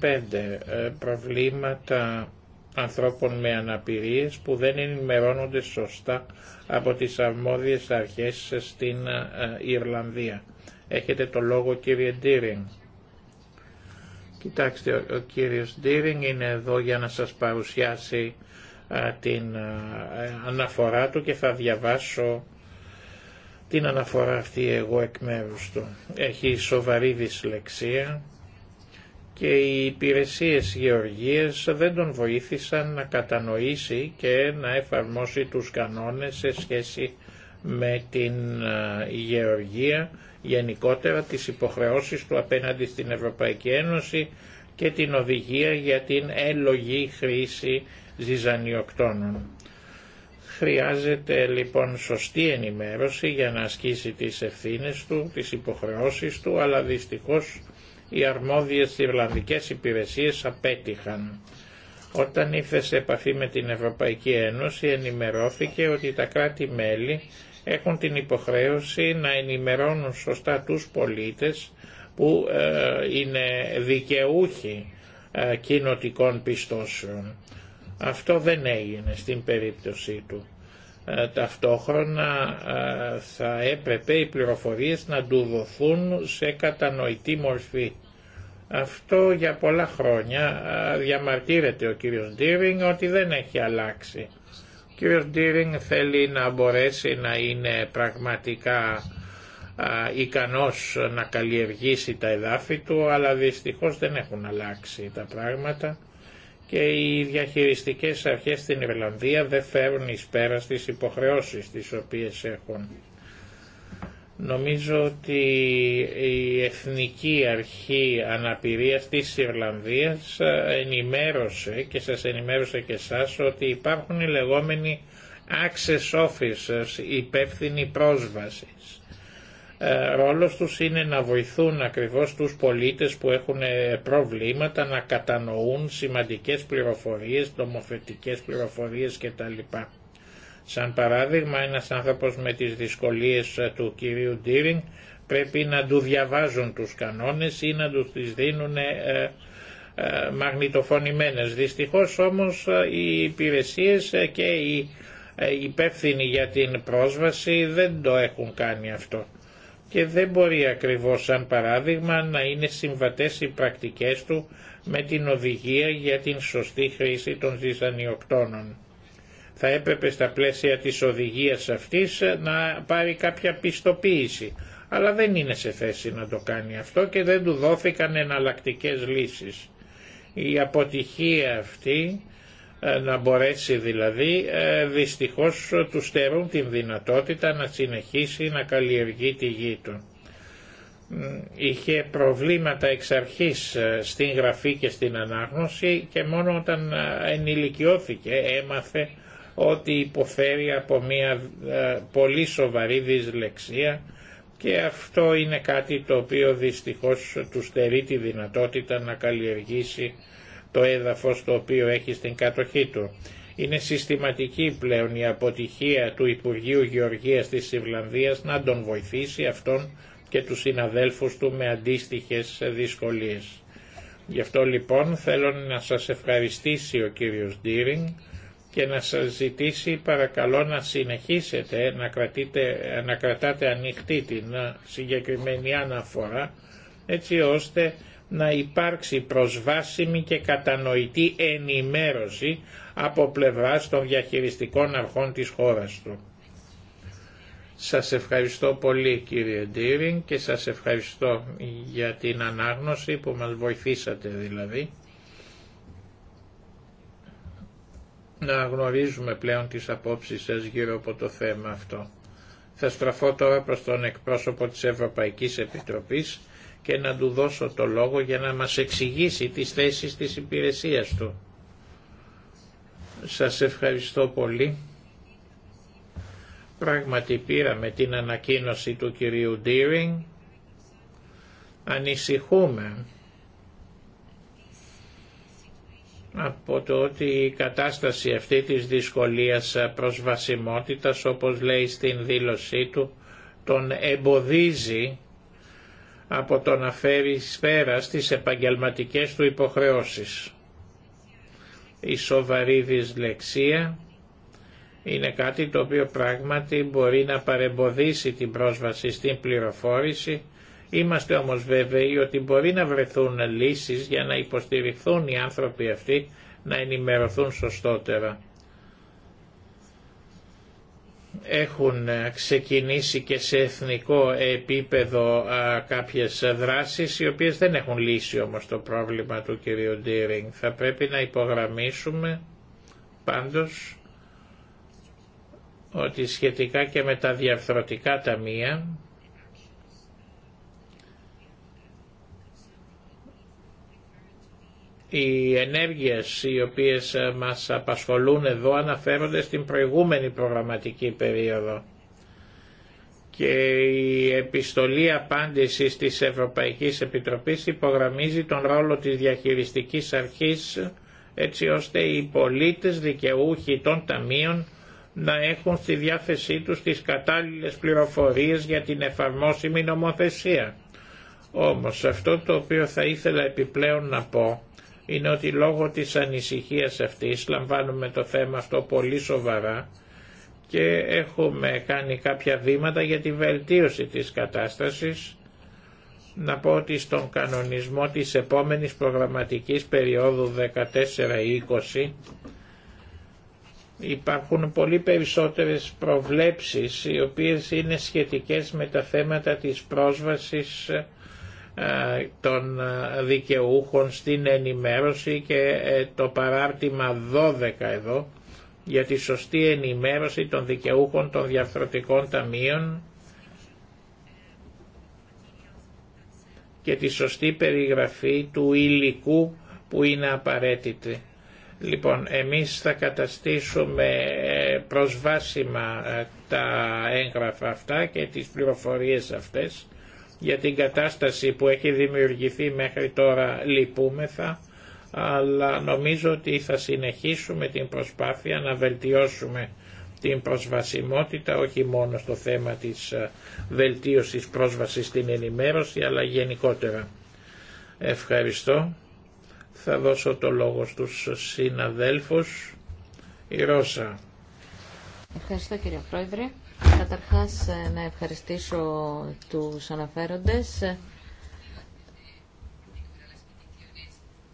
ε, προβλήματα ανθρώπων με αναπηρίες που δεν ενημερώνονται σωστά από τις αρμόδιες αρχές στην ε, Ιρλανδία. Έχετε το λόγο κύριε Ντίρινγκ. Κοιτάξτε, ο κύριος Ντίρινγκ είναι εδώ για να σας παρουσιάσει την αναφορά του και θα διαβάσω την αναφορά αυτή εγώ εκ μέρους του. Έχει σοβαρή δυσλεξία και οι υπηρεσίες γεωργίες δεν τον βοήθησαν να κατανοήσει και να εφαρμόσει τους κανόνες σε σχέση με την γεωργία γενικότερα τις υποχρεώσεις του απέναντι στην Ευρωπαϊκή Ένωση και την οδηγία για την έλογη χρήση ζυζανιοκτώνων. Χρειάζεται λοιπόν σωστή ενημέρωση για να ασκήσει τις ευθύνες του, τις υποχρεώσεις του, αλλά δυστυχώς οι αρμόδιες Ιρλανδικές υπηρεσίες απέτυχαν. Όταν ήρθε σε επαφή με την Ευρωπαϊκή Ένωση ενημερώθηκε ότι τα κράτη-μέλη έχουν την υποχρέωση να ενημερώνουν σωστά τους πολίτες που ε, είναι δικαιούχοι ε, κοινοτικών πιστώσεων. Αυτό δεν έγινε στην περίπτωση του. Ε, ταυτόχρονα ε, θα έπρεπε οι πληροφορίες να του δοθούν σε κατανοητή μορφή. Αυτό για πολλά χρόνια ε, διαμαρτύρεται ο κύριος Ντίρινγκ ότι δεν έχει αλλάξει. Ο κύριος Ντίρινγκ θέλει να μπορέσει να είναι πραγματικά ικανός να καλλιεργήσει τα εδάφη του, αλλά δυστυχώς δεν έχουν αλλάξει τα πράγματα και οι διαχειριστικές αρχές στην Ιρλανδία δεν φέρουν εις πέρα στις υποχρεώσεις τις οποίες έχουν. Νομίζω ότι η Εθνική Αρχή Αναπηρίας της Ιρλανδίας ενημέρωσε και σας ενημέρωσε και εσάς ότι υπάρχουν οι λεγόμενοι access officers, υπεύθυνοι πρόσβασης ε, ρόλος τους είναι να βοηθούν ακριβώς τους πολίτες που έχουν ε, προβλήματα να κατανοούν σημαντικές πληροφορίες, νομοθετικές πληροφορίες κτλ. Σαν παράδειγμα ένας άνθρωπος με τις δυσκολίες ε, του κυρίου Ντίρινγκ πρέπει να του διαβάζουν τους κανόνες ή να τους τις δίνουν μαγνητοφωνημένες. Δυστυχώς όμως οι υπηρεσίες και οι υπεύθυνοι για την πρόσβαση δεν το έχουν κάνει αυτό και δεν μπορεί ακριβώς σαν παράδειγμα να είναι συμβατές οι πρακτικές του με την οδηγία για την σωστή χρήση των ζυζανιοκτώνων. Θα έπρεπε στα πλαίσια της οδηγίας αυτής να πάρει κάποια πιστοποίηση, αλλά δεν είναι σε θέση να το κάνει αυτό και δεν του δόθηκαν εναλλακτικές λύσεις. Η αποτυχία αυτή ε, να μπορέσει δηλαδή ε, δυστυχώς του στερούν την δυνατότητα να συνεχίσει να καλλιεργεί τη γη του. Είχε προβλήματα εξ αρχής ε, στην γραφή και στην ανάγνωση και μόνο όταν ενηλικιώθηκε έμαθε ότι υποφέρει από μια πολύ σοβαρή δυσλεξία και αυτό είναι κάτι το οποίο δυστυχώς του στερεί τη δυνατότητα να καλλιεργήσει το έδαφος το οποίο έχει στην κατοχή του. Είναι συστηματική πλέον η αποτυχία του Υπουργείου Γεωργίας της Ιβλανδίας να τον βοηθήσει αυτόν και τους συναδέλφους του με αντίστοιχες δυσκολίες. Γι' αυτό λοιπόν θέλω να σας ευχαριστήσει ο κύριος Ντίρινγκ και να σας ζητήσει παρακαλώ να συνεχίσετε να, να κρατάτε ανοιχτή την συγκεκριμένη αναφορά έτσι ώστε να υπάρξει προσβάσιμη και κατανοητή ενημέρωση από πλευράς των διαχειριστικών αρχών της χώρας του. Σας ευχαριστώ πολύ κύριε Ντίριν και σας ευχαριστώ για την ανάγνωση που μας βοηθήσατε δηλαδή. Να γνωρίζουμε πλέον τις απόψεις σας γύρω από το θέμα αυτό. Θα στραφώ τώρα προς τον εκπρόσωπο της Ευρωπαϊκής Επιτροπής, και να του δώσω το λόγο για να μας εξηγήσει τις θέσεις της υπηρεσίας του. Σας ευχαριστώ πολύ. Πράγματι πήραμε την ανακοίνωση του κυρίου Ντίρινγκ. Ανησυχούμε από το ότι η κατάσταση αυτή της δυσκολίας προσβασιμότητας, όπως λέει στην δήλωσή του, τον εμποδίζει από το να φέρει σφαίρα στις επαγγελματικές του υποχρεώσεις. Η σοβαρή δυσλεξία είναι κάτι το οποίο πράγματι μπορεί να παρεμποδίσει την πρόσβαση στην πληροφόρηση. Είμαστε όμως βέβαιοι ότι μπορεί να βρεθούν λύσεις για να υποστηριχθούν οι άνθρωποι αυτοί να ενημερωθούν σωστότερα έχουν ε, ξεκινήσει και σε εθνικό επίπεδο κάποιες δράσεις οι οποίες δεν έχουν λύσει όμως το πρόβλημα του κ. Ντίρινγκ. Θα πρέπει να υπογραμμίσουμε πάντως ότι σχετικά και με τα διαφθρωτικά ταμεία Οι ενέργειες οι οποίες ε, μας απασχολούν εδώ αναφέρονται στην προηγούμενη προγραμματική περίοδο και η επιστολή απάντηση της Ευρωπαϊκής Επιτροπής υπογραμμίζει τον ρόλο της διαχειριστικής αρχής έτσι ώστε οι πολίτες δικαιούχοι των ταμείων να έχουν στη διάθεσή τους τις κατάλληλες πληροφορίες για την εφαρμόσιμη νομοθεσία. Όμως αυτό το οποίο θα ήθελα επιπλέον να πω είναι ότι λόγω της ανησυχίας αυτής λαμβάνουμε το θέμα αυτό πολύ σοβαρά και έχουμε κάνει κάποια βήματα για τη βελτίωση της κατάστασης. Να πω ότι στον κανονισμό της επόμενης προγραμματικής περίοδου 14-20 υπάρχουν πολύ περισσότερες προβλέψεις οι οποίες είναι σχετικές με τα θέματα της πρόσβασης ε, των ε, δικαιούχων στην ενημέρωση και ε, το παράρτημα 12 εδώ για τη σωστή ενημέρωση των δικαιούχων των διαφθορτικών ταμείων και τη σωστή περιγραφή του υλικού που είναι απαραίτητη. Λοιπόν, εμείς θα καταστήσουμε προσβάσιμα τα έγγραφα αυτά και τις πληροφορίες αυτές για την κατάσταση που έχει δημιουργηθεί μέχρι τώρα λυπούμεθα, αλλά νομίζω ότι θα συνεχίσουμε την προσπάθεια να βελτιώσουμε την προσβασιμότητα όχι μόνο στο θέμα της ε, βελτίωσης πρόσβασης στην ενημέρωση αλλά γενικότερα. Ευχαριστώ. Θα δώσω το λόγο στους συναδέλφους. Η Ρώσα. Ευχαριστώ κύριε Πρόεδρε. Καταρχάς ε, να ευχαριστήσω τους αναφέροντες.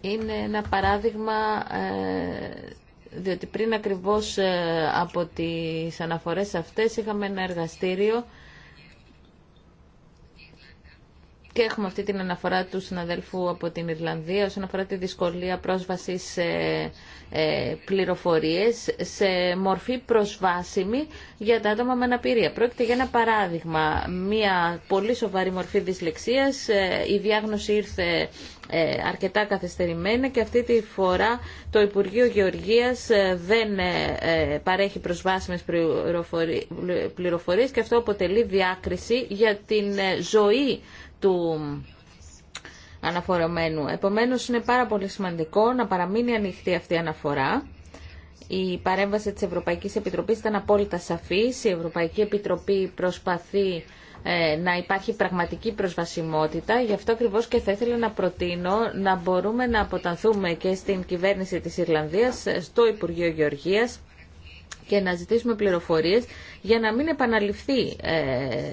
Είναι ένα παράδειγμα ε, διότι πριν ακριβώς ε, από τις αναφορές αυτές είχαμε ένα εργαστήριο και έχουμε αυτή την αναφορά του συναδέλφου από την Ιρλανδία όσον αφορά τη δυσκολία πρόσβασης σε ε, πληροφορίες σε μορφή προσβάσιμη για τα άτομα με αναπηρία. Πρόκειται για ένα παράδειγμα, μια πολύ σοβαρή μορφή δυσλεξίας, ε, η διάγνωση ήρθε ε, αρκετά καθυστερημένα και αυτή τη φορά το Υπουργείο Γεωργίας δεν παρέχει προσβάσιμες πληροφορίες και αυτό αποτελεί διάκριση για την ζωή του αναφορεμένου. Επομένως είναι πάρα πολύ σημαντικό να παραμείνει ανοιχτή αυτή η αναφορά. Η παρέμβαση της Ευρωπαϊκής Επιτροπής ήταν απόλυτα σαφής. Η Ευρωπαϊκή Επιτροπή προσπαθεί ε, να υπάρχει πραγματική προσβασιμότητα. Γι' αυτό ακριβώ και θα ήθελα να προτείνω να μπορούμε να αποτανθούμε και στην κυβέρνηση της Ιρλανδίας, στο Υπουργείο Γεωργίας, και να ζητήσουμε πληροφορίες για να μην επαναληφθεί ε,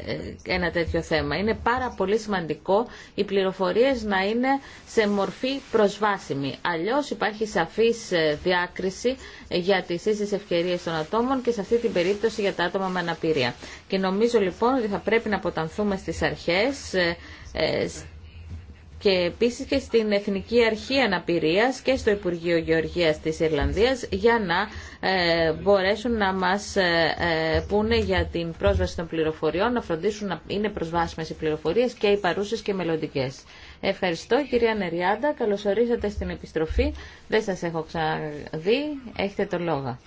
ε, ένα τέτοιο θέμα. Είναι πάρα πολύ σημαντικό οι πληροφορίες να είναι σε μορφή προσβάσιμη. Αλλιώς υπάρχει σαφής ε, διάκριση για τις ίσες ευκαιρίες των ατόμων και σε αυτή την περίπτωση για τα άτομα με αναπηρία. Και νομίζω λοιπόν ότι θα πρέπει να αποτανθούμε στις αρχές, και επίση και στην Εθνική Αρχή αναπηρία και στο Υπουργείο Γεωργία τη Ιρλανδίας για να ε, μπορέσουν να μας ε, ε, πούνε για την πρόσβαση των πληροφοριών, να φροντίσουν να είναι προσβάσιμες οι πληροφορίε και οι παρούσε και οι Ευχαριστώ κυρία Νεριάντα, καλωσορίσατε στην επιστροφή, δεν σα έχω ξαναδεί, έχετε το λόγο.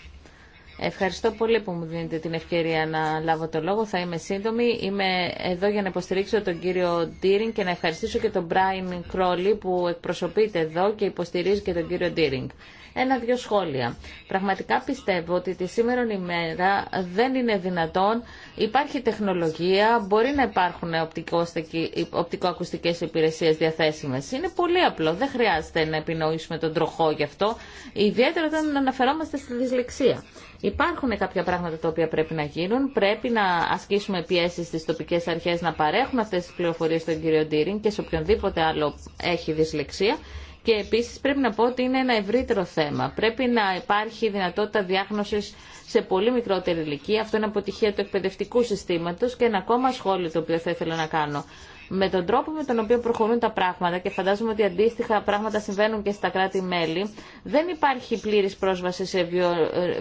Ευχαριστώ πολύ που μου δίνετε την ευκαιρία να λάβω το λόγο. Θα είμαι σύντομη. Είμαι εδώ για να υποστηρίξω τον κύριο Ντίρινγκ και να ευχαριστήσω και τον Μπράιν Κρόλι που εκπροσωπείται εδώ και υποστηρίζει και τον κύριο Ντίρινγκ ένα-δυο σχόλια. Πραγματικά πιστεύω ότι τη σήμερα ημέρα δεν είναι δυνατόν. Υπάρχει τεχνολογία, μπορεί να υπάρχουν οπτικοακουστικές υπηρεσίες διαθέσιμες. Είναι πολύ απλό, δεν χρειάζεται να επινοήσουμε τον τροχό γι' αυτό, ιδιαίτερα όταν αναφερόμαστε στη δυσλεξία. Υπάρχουν κάποια πράγματα τα οποία πρέπει να γίνουν. Πρέπει να ασκήσουμε πιέσει στι τοπικέ αρχέ να παρέχουν αυτέ τι πληροφορίε στον κύριο Ντύριν και σε οποιονδήποτε άλλο έχει δυσλεξία. Και επίση πρέπει να πω ότι είναι ένα ευρύτερο θέμα. Πρέπει να υπάρχει δυνατότητα διάγνωση σε πολύ μικρότερη ηλικία. Αυτό είναι αποτυχία του εκπαιδευτικού συστήματο και ένα ακόμα σχόλιο το οποίο θα ήθελα να κάνω. Με τον τρόπο με τον οποίο προχωρούν τα πράγματα και φαντάζομαι ότι αντίστοιχα πράγματα συμβαίνουν και στα κράτη-μέλη, δεν υπάρχει πλήρη πρόσβαση σε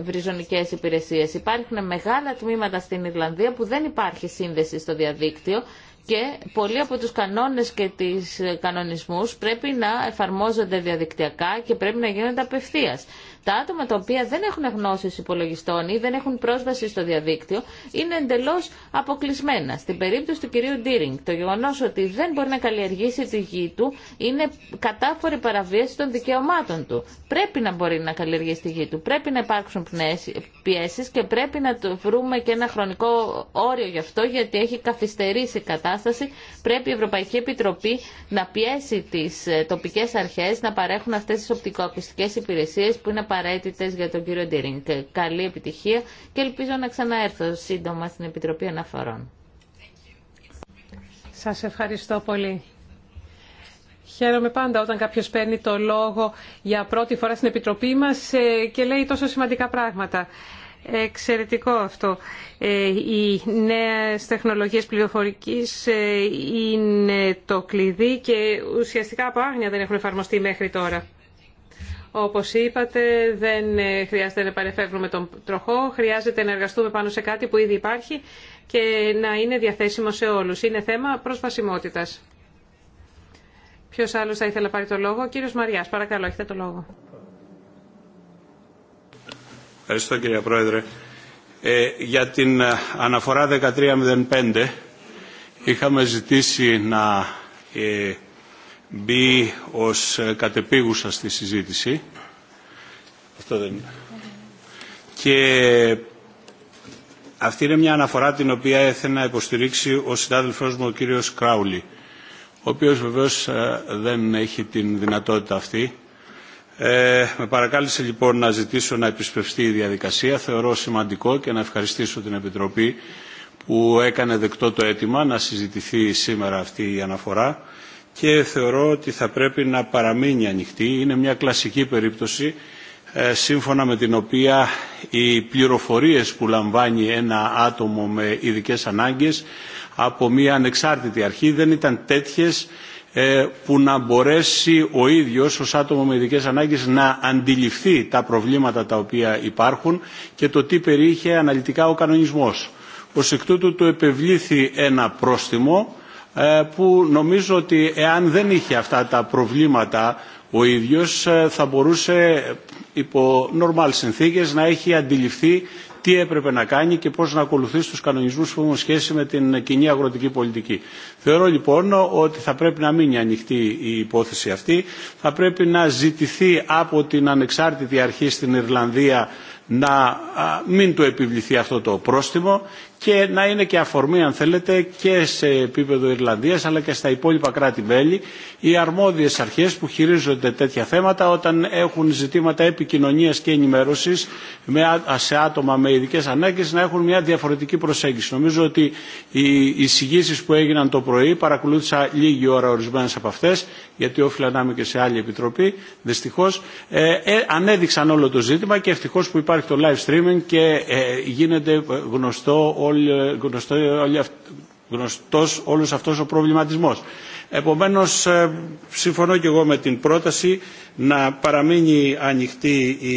βριζονικέ υπηρεσίε. Υπάρχουν μεγάλα τμήματα στην Ιρλανδία που δεν υπάρχει σύνδεση στο διαδίκτυο και πολλοί από τους κανόνες και τις κανονισμούς πρέπει να εφαρμόζονται διαδικτυακά και πρέπει να γίνονται απευθείας τα άτομα τα οποία δεν έχουν γνώσει υπολογιστών ή δεν έχουν πρόσβαση στο διαδίκτυο είναι εντελώ αποκλεισμένα. Στην περίπτωση του κυρίου Ντίρινγκ, το γεγονό ότι δεν μπορεί να καλλιεργήσει τη γη του είναι κατάφορη παραβίαση των δικαιωμάτων του. Πρέπει να μπορεί να καλλιεργήσει τη γη του, πρέπει να υπάρξουν πιέσει και πρέπει να το βρούμε και ένα χρονικό όριο γι' αυτό γιατί έχει καθυστερήσει η κατάσταση. Πρέπει η Ευρωπαϊκή Επιτροπή να πιέσει τι ε, τοπικέ αρχέ, να παρέχουν αυτέ τι οπτικοακουστικές υπηρεσίε που είναι απαραίτητε για τον κύριο Ντίρινγκ. Καλή επιτυχία και ελπίζω να ξαναέρθω σύντομα στην Επιτροπή Αναφορών. Σας ευχαριστώ πολύ. Χαίρομαι πάντα όταν κάποιο παίρνει το λόγο για πρώτη φορά στην Επιτροπή μα ε, και λέει τόσο σημαντικά πράγματα. Εξαιρετικό αυτό. Ε, οι νέε τεχνολογίε πληροφορική ε, είναι το κλειδί και ουσιαστικά από άγνοια δεν έχουν εφαρμοστεί μέχρι τώρα. Όπως είπατε, δεν ε, χρειάζεται να παρεφεύγουμε τον τροχό, χρειάζεται να εργαστούμε πάνω σε κάτι που ήδη υπάρχει και να είναι διαθέσιμο σε όλους. Είναι θέμα προσβασιμότητας. Ποιος άλλος θα ήθελε να πάρει το λόγο. Ο κύριος Μαριάς, παρακαλώ, έχετε το λόγο. Ευχαριστώ κύριε Πρόεδρε. Ε, για την ε, αναφορά 1305 είχαμε ζητήσει να ε, μπει ως ε, κατεπίγουσα στη συζήτηση. Αυτό δεν είναι. Και αυτή είναι μια αναφορά την οποία έθελε να υποστηρίξει ο συνάδελφός μου ο κύριος Κράουλη, ο οποίος βεβαίως ε, δεν έχει την δυνατότητα αυτή. Ε, με παρακάλεσε λοιπόν να ζητήσω να επισπευστεί η διαδικασία. Θεωρώ σημαντικό και να ευχαριστήσω την Επιτροπή που έκανε δεκτό το αίτημα να συζητηθεί σήμερα αυτή η αναφορά και θεωρώ ότι θα πρέπει να παραμείνει ανοιχτή. Είναι μια κλασική περίπτωση ε, σύμφωνα με την οποία οι πληροφορίες που λαμβάνει ένα άτομο με ειδικές ανάγκες από μια ανεξάρτητη αρχή δεν ήταν τέτοιες ε, που να μπορέσει ο ίδιος ως άτομο με ειδικέ ανάγκες να αντιληφθεί τα προβλήματα τα οποία υπάρχουν και το τι περιείχε αναλυτικά ο κανονισμός. Ως εκ τούτου του επευλήθη ένα πρόστιμο ε, που νομίζω ότι εάν δεν είχε αυτά τα προβλήματα ο ίδιος ε, θα μπορούσε υπό normal συνθήκες να έχει αντιληφθεί τι έπρεπε να κάνει και πώς να ακολουθήσει τους κανονισμούς που έχουν σχέση με την κοινή αγροτική πολιτική. Θεωρώ λοιπόν ότι θα πρέπει να μείνει ανοιχτή η υπόθεση αυτή. Θα πρέπει να ζητηθεί από την ανεξάρτητη αρχή στην Ιρλανδία να μην του επιβληθεί αυτό το πρόστιμο και να είναι και αφορμή αν θέλετε και σε επίπεδο Ιρλανδίας αλλά και στα υπόλοιπα κράτη-μέλη οι αρμόδιες αρχές που χειρίζονται τέτοια θέματα όταν έχουν ζητήματα επικοινωνίας και ενημέρωσης σε άτομα με ειδικέ ανάγκες να έχουν μια διαφορετική προσέγγιση. Νομίζω ότι οι εισηγήσει που έγιναν το πρωί παρακολούθησα λίγη ώρα ορισμένες από αυτές γιατί όφυλα να είμαι και σε άλλη επιτροπή δυστυχώς ε, ε, ανέδειξαν όλο το ζήτημα και ευτυχώς που υπάρχει το live streaming και ε, γίνεται γνωστό όλο ε, γνωστό, ε, όλο γνωστός όλος αυτός ο προβληματισμός. Επομένως, ε, συμφωνώ και εγώ με την πρόταση να παραμείνει ανοιχτή η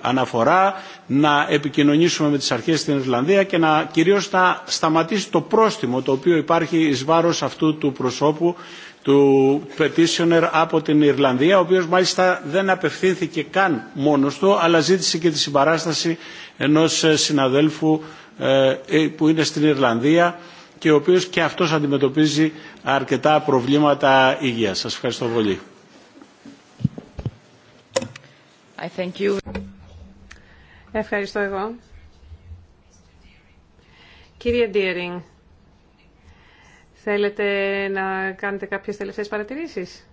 αναφορά, να επικοινωνήσουμε με τις αρχές στην Ιρλανδία και να κυρίως να σταματήσει το πρόστιμο το οποίο υπάρχει εις βάρος αυτού του προσώπου του petitioner από την Ιρλανδία, ο οποίος μάλιστα δεν απευθύνθηκε καν μόνος του, αλλά ζήτησε και τη συμπαράσταση ενός συναδέλφου ε, ε, που είναι στην Ιρλανδία και ο οποίος και αυτός αντιμετωπίζει αρκετά προβλήματα υγείας. Σας ευχαριστώ πολύ. I thank you. Ευχαριστώ εγώ. Κύριε Ντίερινγκ, θέλετε να κάνετε κάποιες τελευταίες παρατηρήσεις.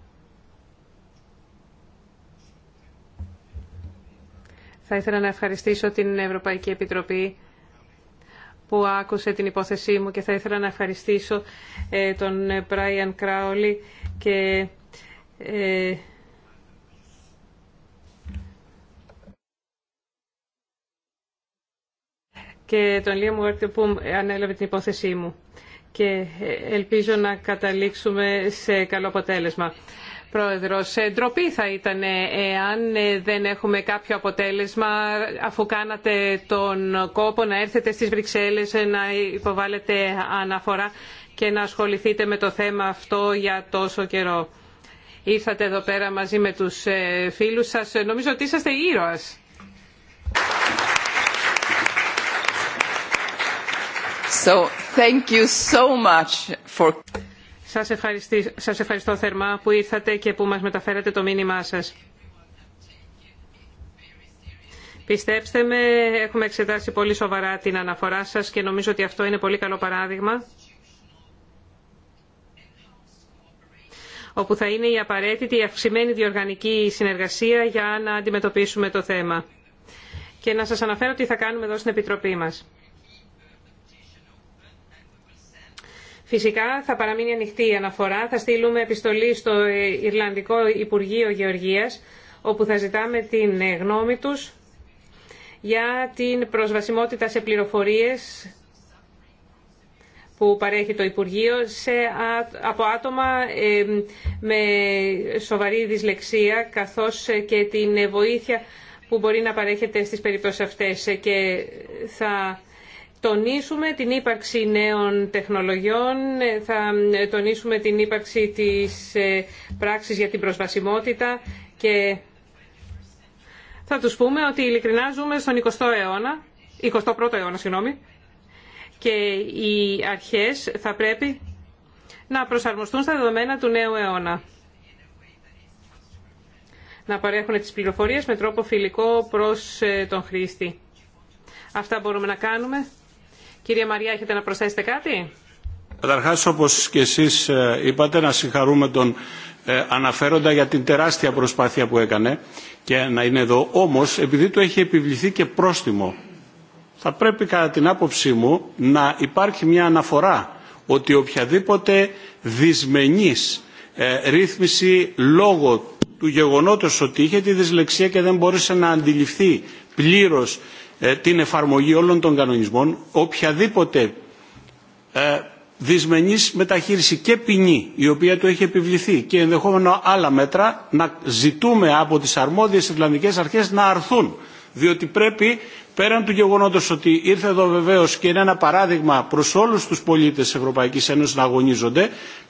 Θα ήθελα να ευχαριστήσω την Ευρωπαϊκή Επιτροπή που άκουσε την υπόθεσή μου και θα ήθελα να ευχαριστήσω ε, τον Brian Crowley και ε, και τον Liam Μουέρτε που ανέλαβε την υπόθεσή μου και ε, ελπίζω να καταλήξουμε σε καλό αποτέλεσμα. Πρόεδρος. Ε, ντροπή θα ήταν ε, εάν ε, δεν έχουμε κάποιο αποτέλεσμα αφού κάνατε τον κόπο να έρθετε στις Βρυξέλλες να υποβάλλετε αναφορά και να ασχοληθείτε με το θέμα αυτό για τόσο καιρό. Ήρθατε εδώ πέρα μαζί με τους φίλους σας. Νομίζω ότι είσαστε ήρωας. So, thank you σας, ευχαριστώ θερμά που ήρθατε και που μας μεταφέρατε το μήνυμά σας. Πιστέψτε με, έχουμε εξετάσει πολύ σοβαρά την αναφορά σας και νομίζω ότι αυτό είναι πολύ καλό παράδειγμα όπου θα είναι η απαραίτητη η αυξημένη διοργανική συνεργασία για να αντιμετωπίσουμε το θέμα. Και να σας αναφέρω τι θα κάνουμε εδώ στην Επιτροπή μας. Φυσικά θα παραμείνει ανοιχτή η αναφορά. Θα στείλουμε επιστολή στο ε, Ιρλανδικό Υπουργείο Γεωργίας όπου θα ζητάμε την ε, γνώμη τους για την προσβασιμότητα σε πληροφορίες που παρέχει το Υπουργείο σε, από άτομα ε, με σοβαρή δυσλεξία καθώς και την βοήθεια που μπορεί να παρέχεται στις περιπτώσεις αυτές και τονίσουμε την ύπαρξη νέων τεχνολογιών, θα τονίσουμε την ύπαρξη της ε, πράξης για την προσβασιμότητα και θα τους πούμε ότι ειλικρινά ζούμε στον 20ο αιώνα, 21ο αιώνα, συγγνώμη, και οι αρχές θα πρέπει να προσαρμοστούν στα δεδομένα του νέου αιώνα. Να παρέχουν τις πληροφορίες με τρόπο φιλικό προς ε, τον χρήστη. Αυτά μπορούμε να κάνουμε Κύριε Μαριά, έχετε να προσθέσετε κάτι. Καταρχά, όπω και εσείς ε, είπατε, να συγχαρούμε τον ε, αναφέροντα για την τεράστια προσπάθεια που έκανε και να είναι εδώ. Όμως, επειδή του έχει επιβληθεί και πρόστιμο, θα πρέπει κατά την άποψή μου να υπάρχει μια αναφορά ότι οποιαδήποτε δυσμενής ε, ρύθμιση λόγω του γεγονότος ότι είχε τη δυσλεξία και δεν μπορούσε να αντιληφθεί πλήρως ε, την εφαρμογή όλων των κανονισμών οποιαδήποτε ε, δυσμενής μεταχείριση και ποινή η οποία του έχει επιβληθεί και ενδεχόμενα άλλα μέτρα να ζητούμε από τις αρμόδιες Ιρλανδικές αρχές να αρθούν διότι πρέπει πέραν του γεγονότος ότι ήρθε εδώ βεβαίως και είναι ένα παράδειγμα προς όλους τους πολίτες της Ευρωπαϊκής Ένωσης να αγωνίζονται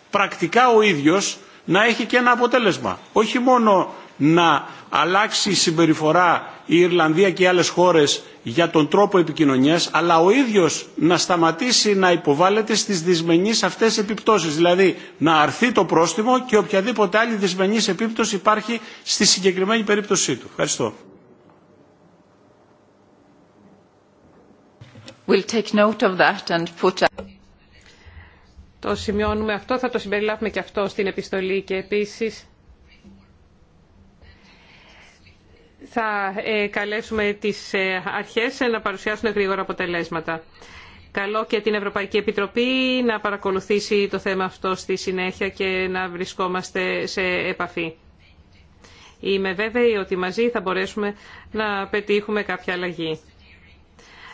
πρακτικά ο ίδιος να έχει και ένα αποτέλεσμα όχι μόνο να αλλάξει η συμπεριφορά η Ιρλανδία και οι άλλες χώρες για τον τρόπο επικοινωνίας, αλλά ο ίδιος να σταματήσει να υποβάλλεται στις δυσμενείς αυτές επιπτώσεις. Δηλαδή να αρθεί το πρόστιμο και οποιαδήποτε άλλη δυσμενής επίπτωση υπάρχει στη συγκεκριμένη περίπτωσή του. Ευχαριστώ. We'll take note of that and put... Το σημειώνουμε αυτό, θα το συμπεριλάβουμε και αυτό στην επιστολή και επίσης θα ε, καλέσουμε τις ε, αρχές να παρουσιάσουν γρήγορα αποτελέσματα. Καλό και την Ευρωπαϊκή Επιτροπή να παρακολουθήσει το θέμα αυτό στη συνέχεια και να βρισκόμαστε σε επαφή. Είμαι βέβαιη ότι μαζί θα μπορέσουμε να πετύχουμε κάποια αλλαγή.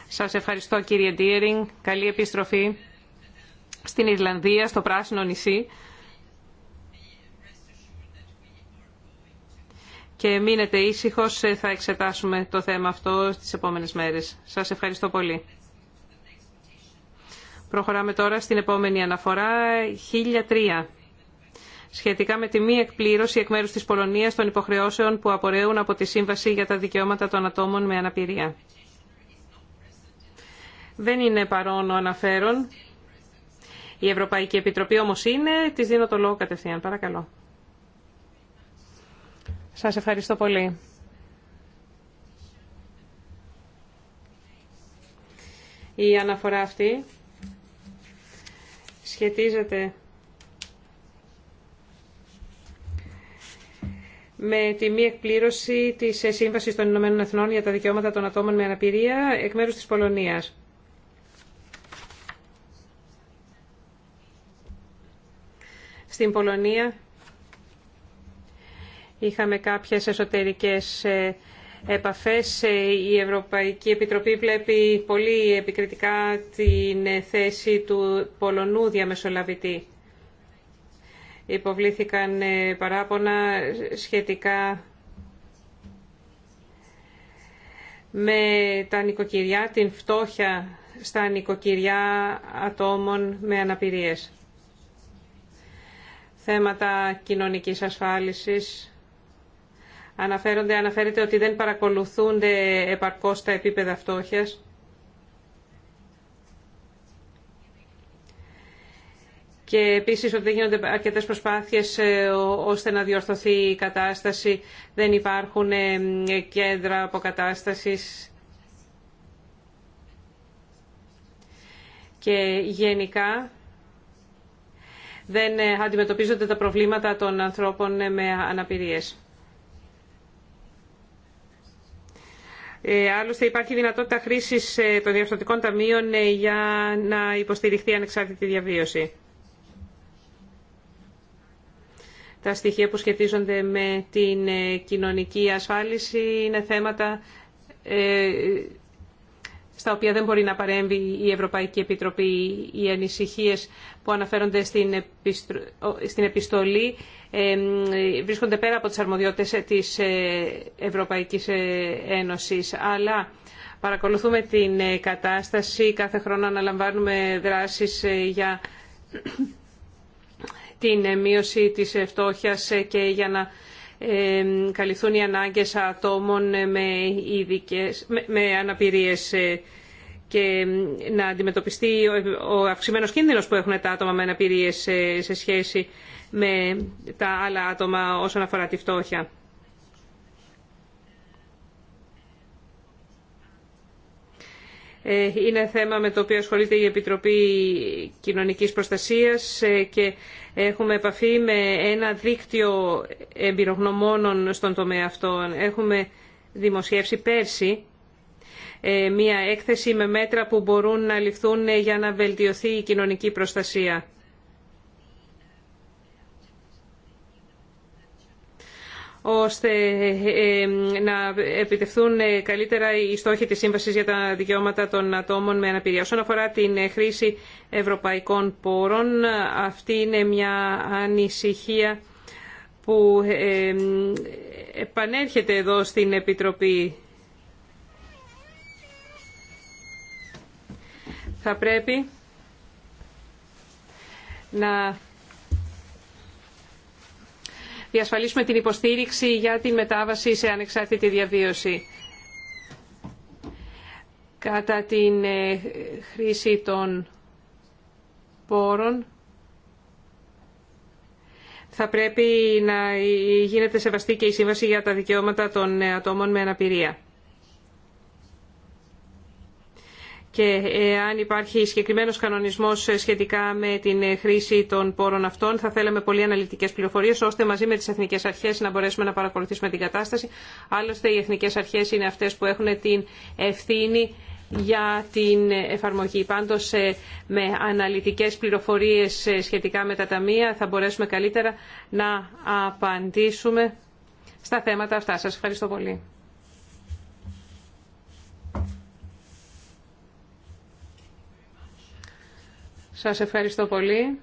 Σας ευχαριστώ κύριε Ντίερινγκ. Καλή επιστροφή στην Ιρλανδία, στο Πράσινο νησί. και μείνετε ήσυχος, ε, θα εξετάσουμε το θέμα αυτό στις επόμενες μέρες. Σας ευχαριστώ πολύ. Προχωράμε τώρα στην επόμενη αναφορά, 1003 σχετικά με τη μη εκπλήρωση εκ μέρου τη Πολωνία των υποχρεώσεων που απορρέουν από τη Σύμβαση για τα Δικαιώματα των Ατόμων με Αναπηρία. Δεν είναι παρόν ο αναφέρον. Η Ευρωπαϊκή Επιτροπή όμως είναι. Της δίνω το λόγο κατευθείαν. Παρακαλώ. Σας ευχαριστώ πολύ. Η αναφορά αυτή σχετίζεται με τη μη εκπλήρωση της Σύμβασης των Ηνωμένων Εθνών για τα δικαιώματα των ατόμων με αναπηρία εκ μέρους της Πολωνίας. Στην Πολωνία Είχαμε κάποιες εσωτερικές ε, επαφές. Ε, η Ευρωπαϊκή Επιτροπή βλέπει πολύ επικριτικά την ε, θέση του Πολωνού διαμεσολαβητή. Υποβλήθηκαν παράπονα σχετικά με τα νοικοκυριά, την φτώχεια στα νοικοκυριά ατόμων με αναπηρίες. Θέματα κοινωνικής ασφάλισης, αναφέρονται, αναφέρεται ότι δεν παρακολουθούνται επαρκώς τα επίπεδα φτώχειας. Και επίσης ότι δεν γίνονται αρκετές προσπάθειες ε, ώστε να διορθωθεί η κατάσταση. Δεν υπάρχουν ε, κέντρα αποκατάστασης. Και γενικά δεν ε, αντιμετωπίζονται τα προβλήματα των ανθρώπων με αναπηρίες. Ε, άλλωστε υπάρχει δυνατότητα χρήσης ε, των διορθωτικών ταμείων ε, για να υποστηριχθεί ανεξάρτητη διαβίωση. Τα στοιχεία που σχετίζονται με την κοινωνική ασφάλιση είναι θέματα στα οποία δεν μπορεί να παρέμβει η Ευρωπαϊκή Επιτροπή. Οι ανησυχίες που αναφέρονται στην επιστολή βρίσκονται πέρα από τις αρμοδιότητες ε, της ε, Ευρωπαϊκής ε, Ένωσης. Αλλά παρακολουθούμε την κατάσταση, κάθε χρόνο αναλαμβάνουμε δράσεις για την μείωση της φτώχειας και για να καλυφθούν οι ανάγκες ατόμων με, ειδικές, με αναπηρίες και να αντιμετωπιστεί ο αυξημένος κίνδυνος που έχουν τα άτομα με αναπηρίες σε σχέση με τα άλλα άτομα όσον αφορά τη φτώχεια. Ε, είναι θέμα με το οποίο ασχολείται η Επιτροπή Κοινωνικής Προστασίας ε, και έχουμε επαφή με ένα δίκτυο εμπειρογνωμόνων στον τομέα αυτό. Έχουμε δημοσιεύσει πέρσι ε, μία έκθεση με μέτρα που μπορούν να ληφθούν για να βελτιωθεί η κοινωνική προστασία. ώστε ε, να επιτευθούν ε, καλύτερα οι στόχοι της Σύμβασης για τα Δικαιώματα των Ατόμων με Αναπηρία. Όσον αφορά την ε, χρήση ευρωπαϊκών πόρων, αυτή είναι μια ανησυχία που επανέρχεται εδώ στην Επιτροπή. Θα πρέπει να διασφαλίσουμε την υποστήριξη για την μετάβαση σε ανεξάρτητη διαβίωση. Κατά την ε, χρήση των πόρων θα πρέπει να ε, γίνεται σεβαστή και η Σύμβαση για τα Δικαιώματα των Ατόμων με Αναπηρία. και ε, αν υπάρχει συγκεκριμένος κανονισμός ε, σχετικά με την ε, χρήση των πόρων αυτών θα θέλαμε πολύ αναλυτικές πληροφορίες ώστε μαζί με τις εθνικές αρχές να μπορέσουμε να παρακολουθήσουμε την κατάσταση. Άλλωστε οι εθνικές αρχές είναι αυτές που έχουν την ευθύνη για την εφαρμογή. Πάντως με αναλυτικές πληροφορίες σχετικά με τα ταμεία θα μπορέσουμε καλύτερα να απαντήσουμε στα θέματα αυτά. Σας ευχαριστώ πολύ. Σας ευχαριστώ πολύ.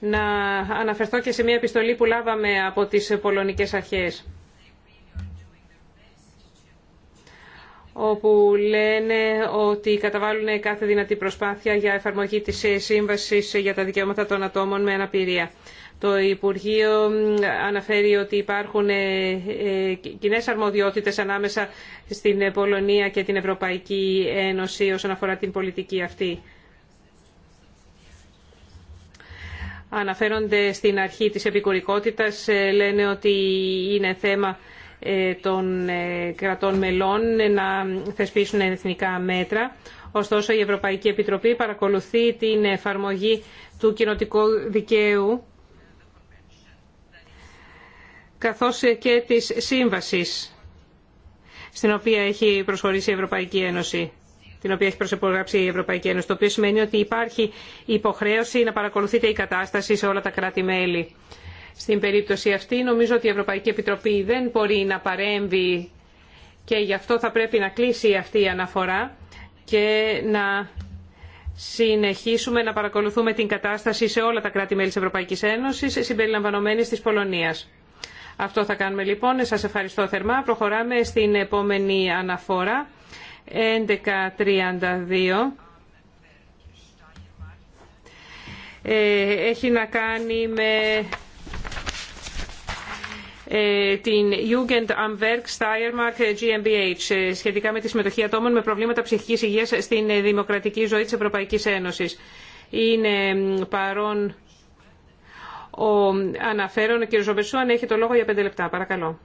Να αναφερθώ και σε μια επιστολή που λάβαμε από τις πολωνικές αρχές. όπου λένε ότι καταβάλουν κάθε δυνατή προσπάθεια για εφαρμογή της σύμβασης για τα δικαιώματα των ατόμων με αναπηρία. Το Υπουργείο αναφέρει ότι υπάρχουν ε, ε, κοινέ αρμοδιότητες ανάμεσα στην Πολωνία και την Ευρωπαϊκή Ένωση όσον αφορά την πολιτική αυτή. Αναφέρονται στην αρχή της επικουρικότητας, ε, λένε ότι είναι θέμα των κρατών μελών να θεσπίσουν εθνικά μέτρα. Ωστόσο, η Ευρωπαϊκή Επιτροπή παρακολουθεί την εφαρμογή του κοινοτικού δικαίου καθώς και της σύμβασης στην οποία έχει προσχωρήσει η Ευρωπαϊκή Ένωση την οποία έχει προσεπογράψει η Ευρωπαϊκή Ένωση, το οποίο σημαίνει ότι υπάρχει υποχρέωση να παρακολουθείται η κατάσταση σε όλα τα κράτη-μέλη. Στην περίπτωση αυτή νομίζω ότι η Ευρωπαϊκή Επιτροπή δεν μπορεί να παρέμβει και γι' αυτό θα πρέπει να κλείσει αυτή η αναφορά και να συνεχίσουμε να παρακολουθούμε την κατάσταση σε όλα τα κράτη-μέλη της Ευρωπαϊκής Ένωσης συμπεριλαμβανομένης της Πολωνίας. Αυτό θα κάνουμε λοιπόν. Σας ευχαριστώ θερμά. Προχωράμε στην επόμενη αναφορά. 11.32. Ε, έχει να κάνει με ε, την Jugend am Werk Steiermark GmbH ε, σχετικά με τη συμμετοχή ατόμων με προβλήματα ψυχικής υγείας στην δημοκρατική ζωή της Ευρωπαϊκής Ένωσης. Είναι παρόν ο αναφέρον, ο κ. αν έχει το λόγο για πέντε λεπτά. Παρακαλώ.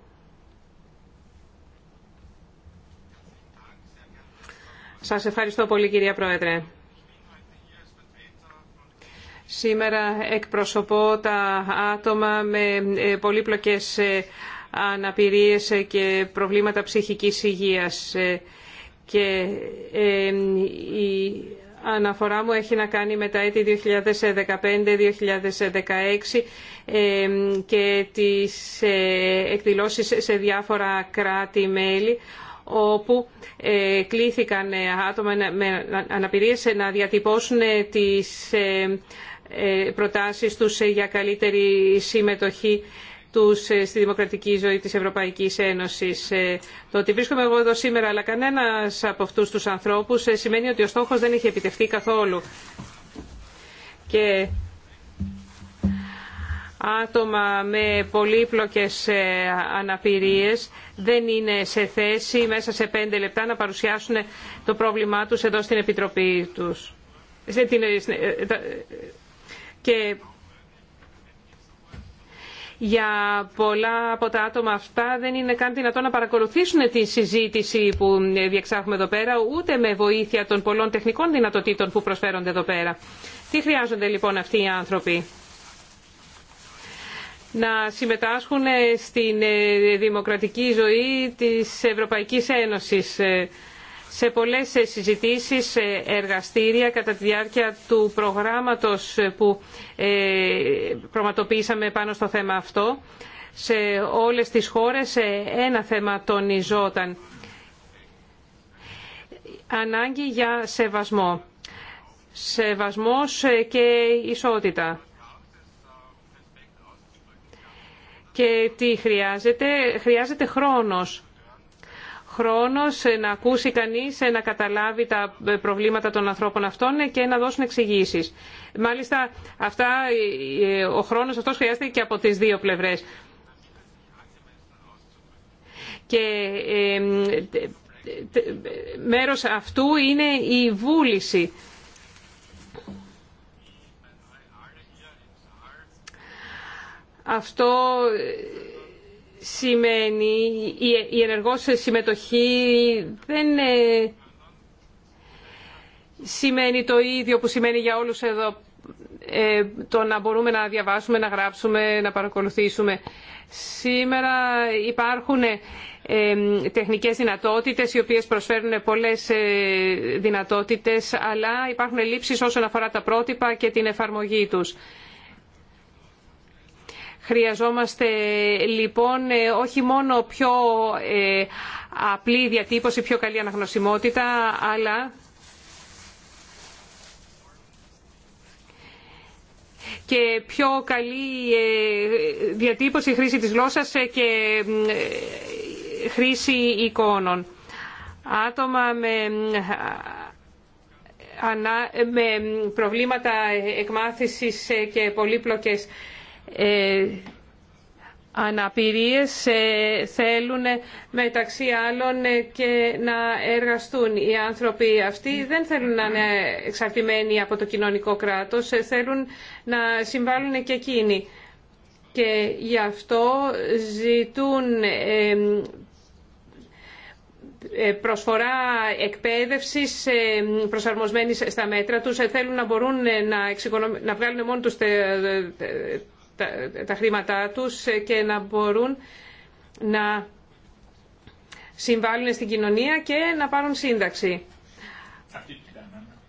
Σας ευχαριστώ πολύ κυρία Πρόεδρε. Σήμερα εκπροσωπώ τα άτομα με ε, πολύπλοκες ε, αναπηρίες ε, και προβλήματα ψυχικής υγείας και αναφορά μου έχει να κάνει με τα έτη 2015-2016 και τις ε, εκδηλώσεις σε διάφορα κράτη-μέλη όπου ε, κλήθηκαν ε, άτομα με αναπηρίες να διατυπώσουν τις προτάσεις τους για καλύτερη συμμετοχή τους ε, στη δημοκρατική ζωή της Ευρωπαϊκής Ένωσης. Ε, το ότι βρίσκομαι εγώ εδώ σήμερα, αλλά κανένας από αυτούς τους ανθρώπους, ε, σημαίνει ότι ο στόχος δεν είχε επιτευχθεί καθόλου. Και άτομα με πολύπλοκες αναπηρίες δεν είναι σε θέση μέσα σε πέντε λεπτά να παρουσιάσουν το πρόβλημά τους εδώ στην Επιτροπή τους. Και για πολλά από τα άτομα αυτά δεν είναι καν δυνατόν να παρακολουθήσουν τη συζήτηση που διεξάγουμε εδώ πέρα, ούτε με βοήθεια των πολλών τεχνικών δυνατοτήτων που προσφέρονται εδώ πέρα. Τι χρειάζονται λοιπόν αυτοί οι άνθρωποι να συμμετάσχουν στην ε, δημοκρατική ζωή της Ευρωπαϊκής Ένωσης ε, σε πολλές ε, συζητήσεις, ε, εργαστήρια κατά τη διάρκεια του προγράμματος ε, που πραγματοποιήσαμε πάνω στο θέμα αυτό. Σε όλες τις χώρες ένα θέμα τονιζόταν. Ανάγκη για σεβασμό. Σεβασμός και ισότητα. Και τι χρειάζεται. Χρειάζεται χρόνος να ακούσει κανείς, να καταλάβει τα προβλήματα των ανθρώπων αυτών και να δώσουν εξηγήσει. Μάλιστα, αυτά, ε, ο χρόνος αυτός χρειάζεται και από τις δύο πλευρές. Και μέρος αυτού είναι η βούληση. Αυτό ε, σημαίνει η ενεργός συμμετοχή δεν ε, σημαίνει το ίδιο που σημαίνει για όλους εδώ ε, το να μπορούμε να διαβάσουμε, να γράψουμε, να παρακολουθήσουμε. Σήμερα υπάρχουν ε, τεχνικές δυνατότητες οι οποίες προσφέρουν πολλές δυνατότητες αλλά υπάρχουν λήψεις όσον αφορά τα πρότυπα και την εφαρμογή τους. Χρειαζόμαστε λοιπόν ε, όχι μόνο πιο ε, απλή διατύπωση, πιο καλή αναγνωσιμότητα, αλλά και πιο καλή ε, διατύπωση, χρήση της γλώσσας και χρήση εικόνων. Άτομα με με προβλήματα εκμάθησης και πολύπλοκες ε, αναπηρίες ε, θέλουν μεταξύ άλλων ε, και να εργαστούν. Οι άνθρωποι αυτοί δεν θέλουν να είναι εξαρτημένοι από το κοινωνικό κράτος, θέλουν να συμβάλλουν και εκείνοι. Και γι' αυτό ζητούν προσφορά εκπαίδευσης προσαρμοσμένης στα μέτρα τους. Θέλουν να μπορούν να, να βγάλουν μόνο τους τα χρήματά τους ε, και να μπορούν να συμβάλλουν στην κοινωνία και να πάρουν σύνταξη.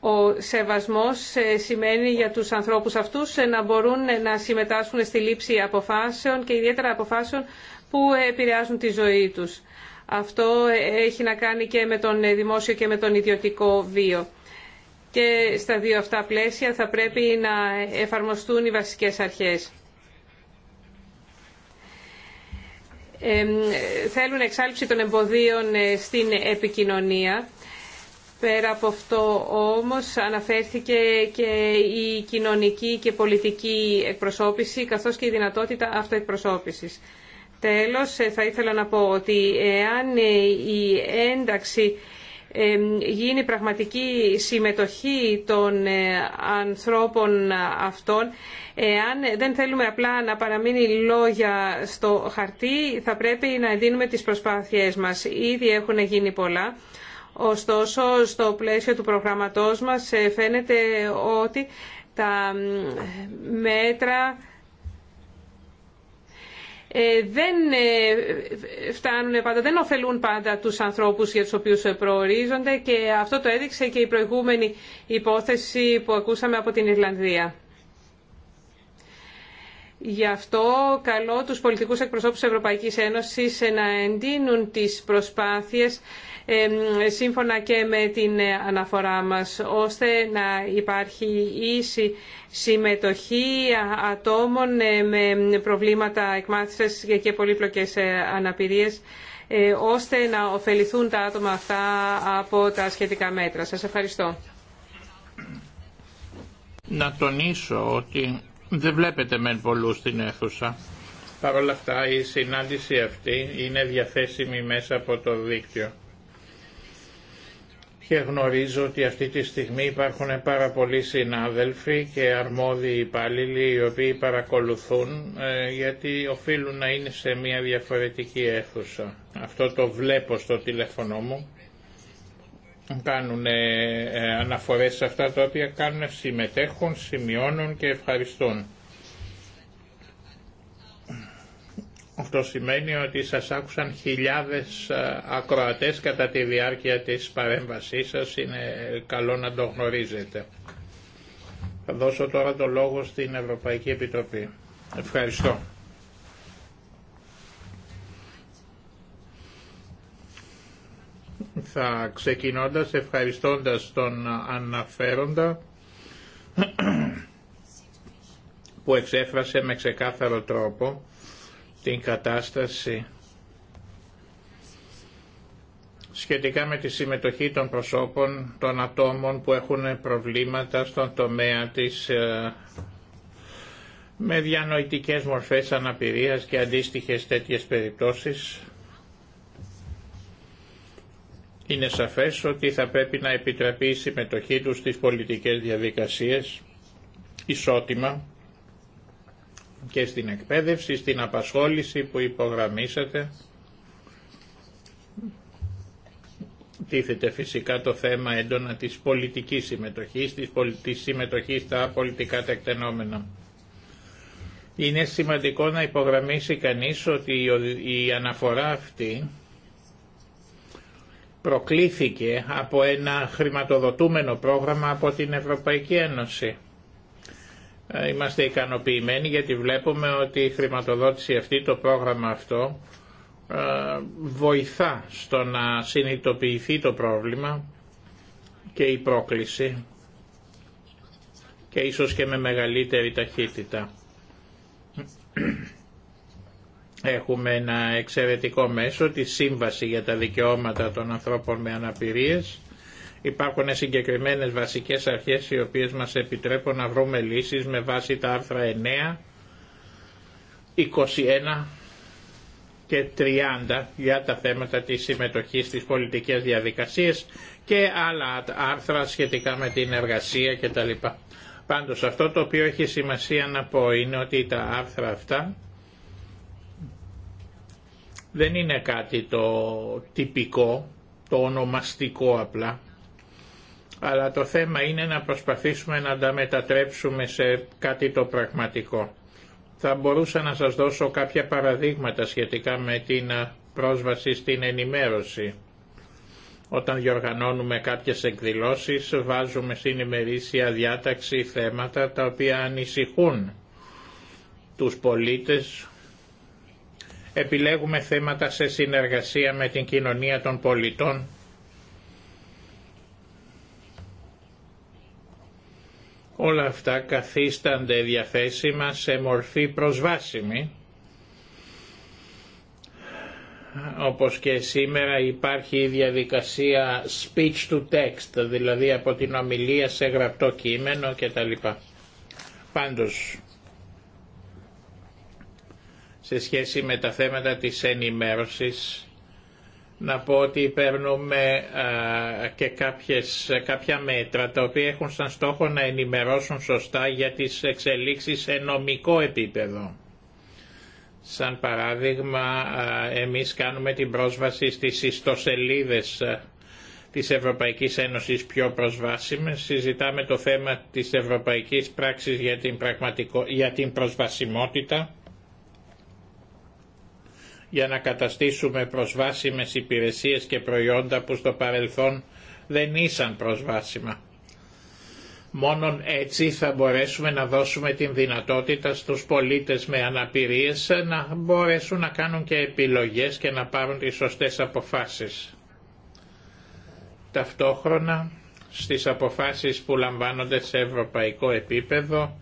Ο σεβασμός ε, σημαίνει για τους ανθρώπους αυτούς ε, να μπορούν να συμμετάσχουν στη λήψη αποφάσεων και ιδιαίτερα αποφάσεων που επηρεάζουν τη ζωή τους. Αυτό έχει να κάνει και με τον δημόσιο και με τον ιδιωτικό βίο. Και στα δύο αυτά πλαίσια θα πρέπει να εφαρμοστούν οι βασικές αρχές. θέλουν εξάλληψη των εμποδίων ε, στην επικοινωνία. Πέρα από αυτό όμως αναφέρθηκε και η κοινωνική και πολιτική εκπροσώπηση καθώς και η δυνατότητα αυτοεκπροσώπησης. Τέλος, ε, θα ήθελα να πω ότι εάν ε, η ένταξη γίνει πραγματική συμμετοχή των ε, ανθρώπων αυτών. Εάν δεν θέλουμε απλά να παραμείνει λόγια στο χαρτί, θα πρέπει να δίνουμε τις προσπάθειές μας. Ήδη έχουν γίνει πολλά. Ωστόσο, στο πλαίσιο του προγραμματός μας ε, φαίνεται ότι τα μέτρα ε, δεν ε, φτάνουν πάντα, δεν ωφελούν πάντα τους ανθρώπους για τους οποίους ε, προορίζονται και αυτό το έδειξε και η προηγούμενη υπόθεση που ακούσαμε από την Ιρλανδία. Γι' αυτό καλώ τους πολιτικούς εκπροσώπους της Ευρωπαϊκής Ένωσης να εντείνουν τις προσπάθειες σύμφωνα και με την αναφορά μας, ώστε να υπάρχει ίση συμμετοχή ατόμων ε, με προβλήματα εκμάθησης και πολύπλοκες ε, αναπηρίες, ε, ώστε να ωφεληθούν τα άτομα αυτά από τα σχετικά μέτρα. Σας ευχαριστώ. Να τονίσω ότι δεν βλέπετε μεν πολλούς στην αίθουσα. Παρ' όλα αυτά η συνάντηση αυτή είναι διαθέσιμη μέσα από το δίκτυο και γνωρίζω ότι αυτή τη στιγμή υπάρχουν πάρα πολλοί συνάδελφοι και αρμόδιοι υπάλληλοι οι οποίοι παρακολουθούν ε, γιατί οφείλουν να είναι σε μια διαφορετική αίθουσα. Αυτό το βλέπω στο τηλέφωνο μου. Κάνουν ε, αναφορές σε αυτά τα οποία κάνουν, συμμετέχουν, σημειώνουν και ευχαριστούν. Αυτό σημαίνει ότι σας άκουσαν χιλιάδες ε, ακροατές κατά τη διάρκεια της παρέμβασής σας. Είναι καλό να το γνωρίζετε. Θα δώσω τώρα το λόγο στην Ευρωπαϊκή Επιτροπή. Ευχαριστώ. Θα ξεκινώντας ευχαριστώντας τον αναφέροντα που εξέφρασε με ξεκάθαρο τρόπο την κατάσταση σχετικά με τη συμμετοχή των προσώπων των ατόμων που έχουν προβλήματα στον τομέα της ε, με διανοητικές μορφές αναπηρίας και αντίστοιχες τέτοιες περιπτώσεις. Είναι σαφές ότι θα πρέπει να επιτραπεί η συμμετοχή τους στις πολιτικές διαδικασίες ισότιμα και στην εκπαίδευση, στην απασχόληση που υπογραμμίσατε. Τίθεται φυσικά το θέμα έντονα της πολιτικής συμμετοχής, της, της συμμετοχής στα πολιτικά τεκτενόμενα. Είναι σημαντικό να υπογραμμίσει κανείς ότι η αναφορά αυτή προκλήθηκε από ένα χρηματοδοτούμενο πρόγραμμα από την Ευρωπαϊκή Ένωση. Ε, είμαστε ικανοποιημένοι γιατί βλέπουμε ότι η χρηματοδότηση αυτή, το πρόγραμμα αυτό, ε, βοηθά στο να συνειδητοποιηθεί το πρόβλημα και η πρόκληση και ίσως και με μεγαλύτερη ταχύτητα. Έχουμε ένα εξαιρετικό μέσο, τη Σύμβαση για τα Δικαιώματα των Ανθρώπων με Αναπηρίες, Υπάρχουν συγκεκριμένες βασικές αρχές οι οποίες μας επιτρέπουν να βρούμε λύσεις με βάση τα άρθρα 9, 21 και 30 για τα θέματα της συμμετοχής στις πολιτικές διαδικασίες και άλλα άρθρα σχετικά με την εργασία κτλ. Πάντως αυτό το οποίο έχει σημασία να πω είναι ότι τα άρθρα αυτά δεν είναι κάτι το τυπικό, το ονομαστικό απλά αλλά το θέμα είναι να προσπαθήσουμε να τα μετατρέψουμε σε κάτι το πραγματικό. Θα μπορούσα να σας δώσω κάποια παραδείγματα σχετικά με την πρόσβαση στην ενημέρωση. Όταν διοργανώνουμε κάποιες εκδηλώσεις βάζουμε στην ημερήσια διάταξη θέματα τα οποία ανησυχούν τους πολίτες. Επιλέγουμε θέματα σε συνεργασία με την κοινωνία των πολιτών Όλα αυτά καθίστανται διαθέσιμα σε μορφή προσβάσιμη. Όπως και σήμερα υπάρχει η διαδικασία speech to text, δηλαδή από την ομιλία σε γραπτό κείμενο κτλ. Πάντως, σε σχέση με τα θέματα της ενημέρωσης, να πω ότι παίρνουμε και κάποιες, κάποια μέτρα τα οποία έχουν σαν στόχο να ενημερώσουν σωστά για τις εξελίξεις σε νομικό επίπεδο. Σαν παράδειγμα, εμείς κάνουμε την πρόσβαση στις ιστοσελίδες της Ευρωπαϊκής Ένωσης πιο προσβάσιμες. Συζητάμε το θέμα της Ευρωπαϊκής Πράξης για την, για την προσβασιμότητα για να καταστήσουμε προσβάσιμες υπηρεσίες και προϊόντα που στο παρελθόν δεν ήσαν προσβάσιμα. Μόνον έτσι θα μπορέσουμε να δώσουμε την δυνατότητα στους πολίτες με αναπηρίες να μπορέσουν να κάνουν και επιλογές και να πάρουν τις σωστές αποφάσεις. Ταυτόχρονα στις αποφάσεις που λαμβάνονται σε ευρωπαϊκό επίπεδο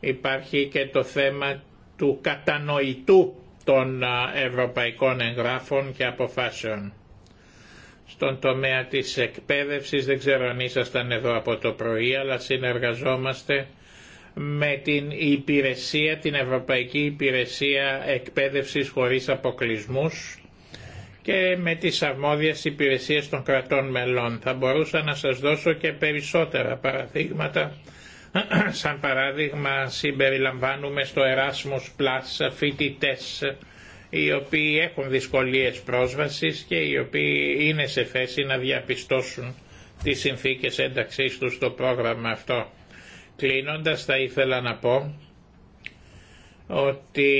υπάρχει και το θέμα του κατανοητού των ευρωπαϊκών εγγράφων και αποφάσεων. Στον τομέα της εκπαίδευσης δεν ξέρω αν ήσασταν εδώ από το πρωί αλλά συνεργαζόμαστε με την υπηρεσία, την Ευρωπαϊκή Υπηρεσία Εκπαίδευσης χωρίς αποκλισμούς και με τις αρμόδιες υπηρεσίες των κρατών μελών. Θα μπορούσα να σας δώσω και περισσότερα παραδείγματα Σαν παράδειγμα συμπεριλαμβάνουμε στο Erasmus Plus φοιτητέ οι οποίοι έχουν δυσκολίες πρόσβασης και οι οποίοι είναι σε θέση να διαπιστώσουν τις συνθήκες ένταξής τους στο πρόγραμμα αυτό. Κλείνοντας θα ήθελα να πω ότι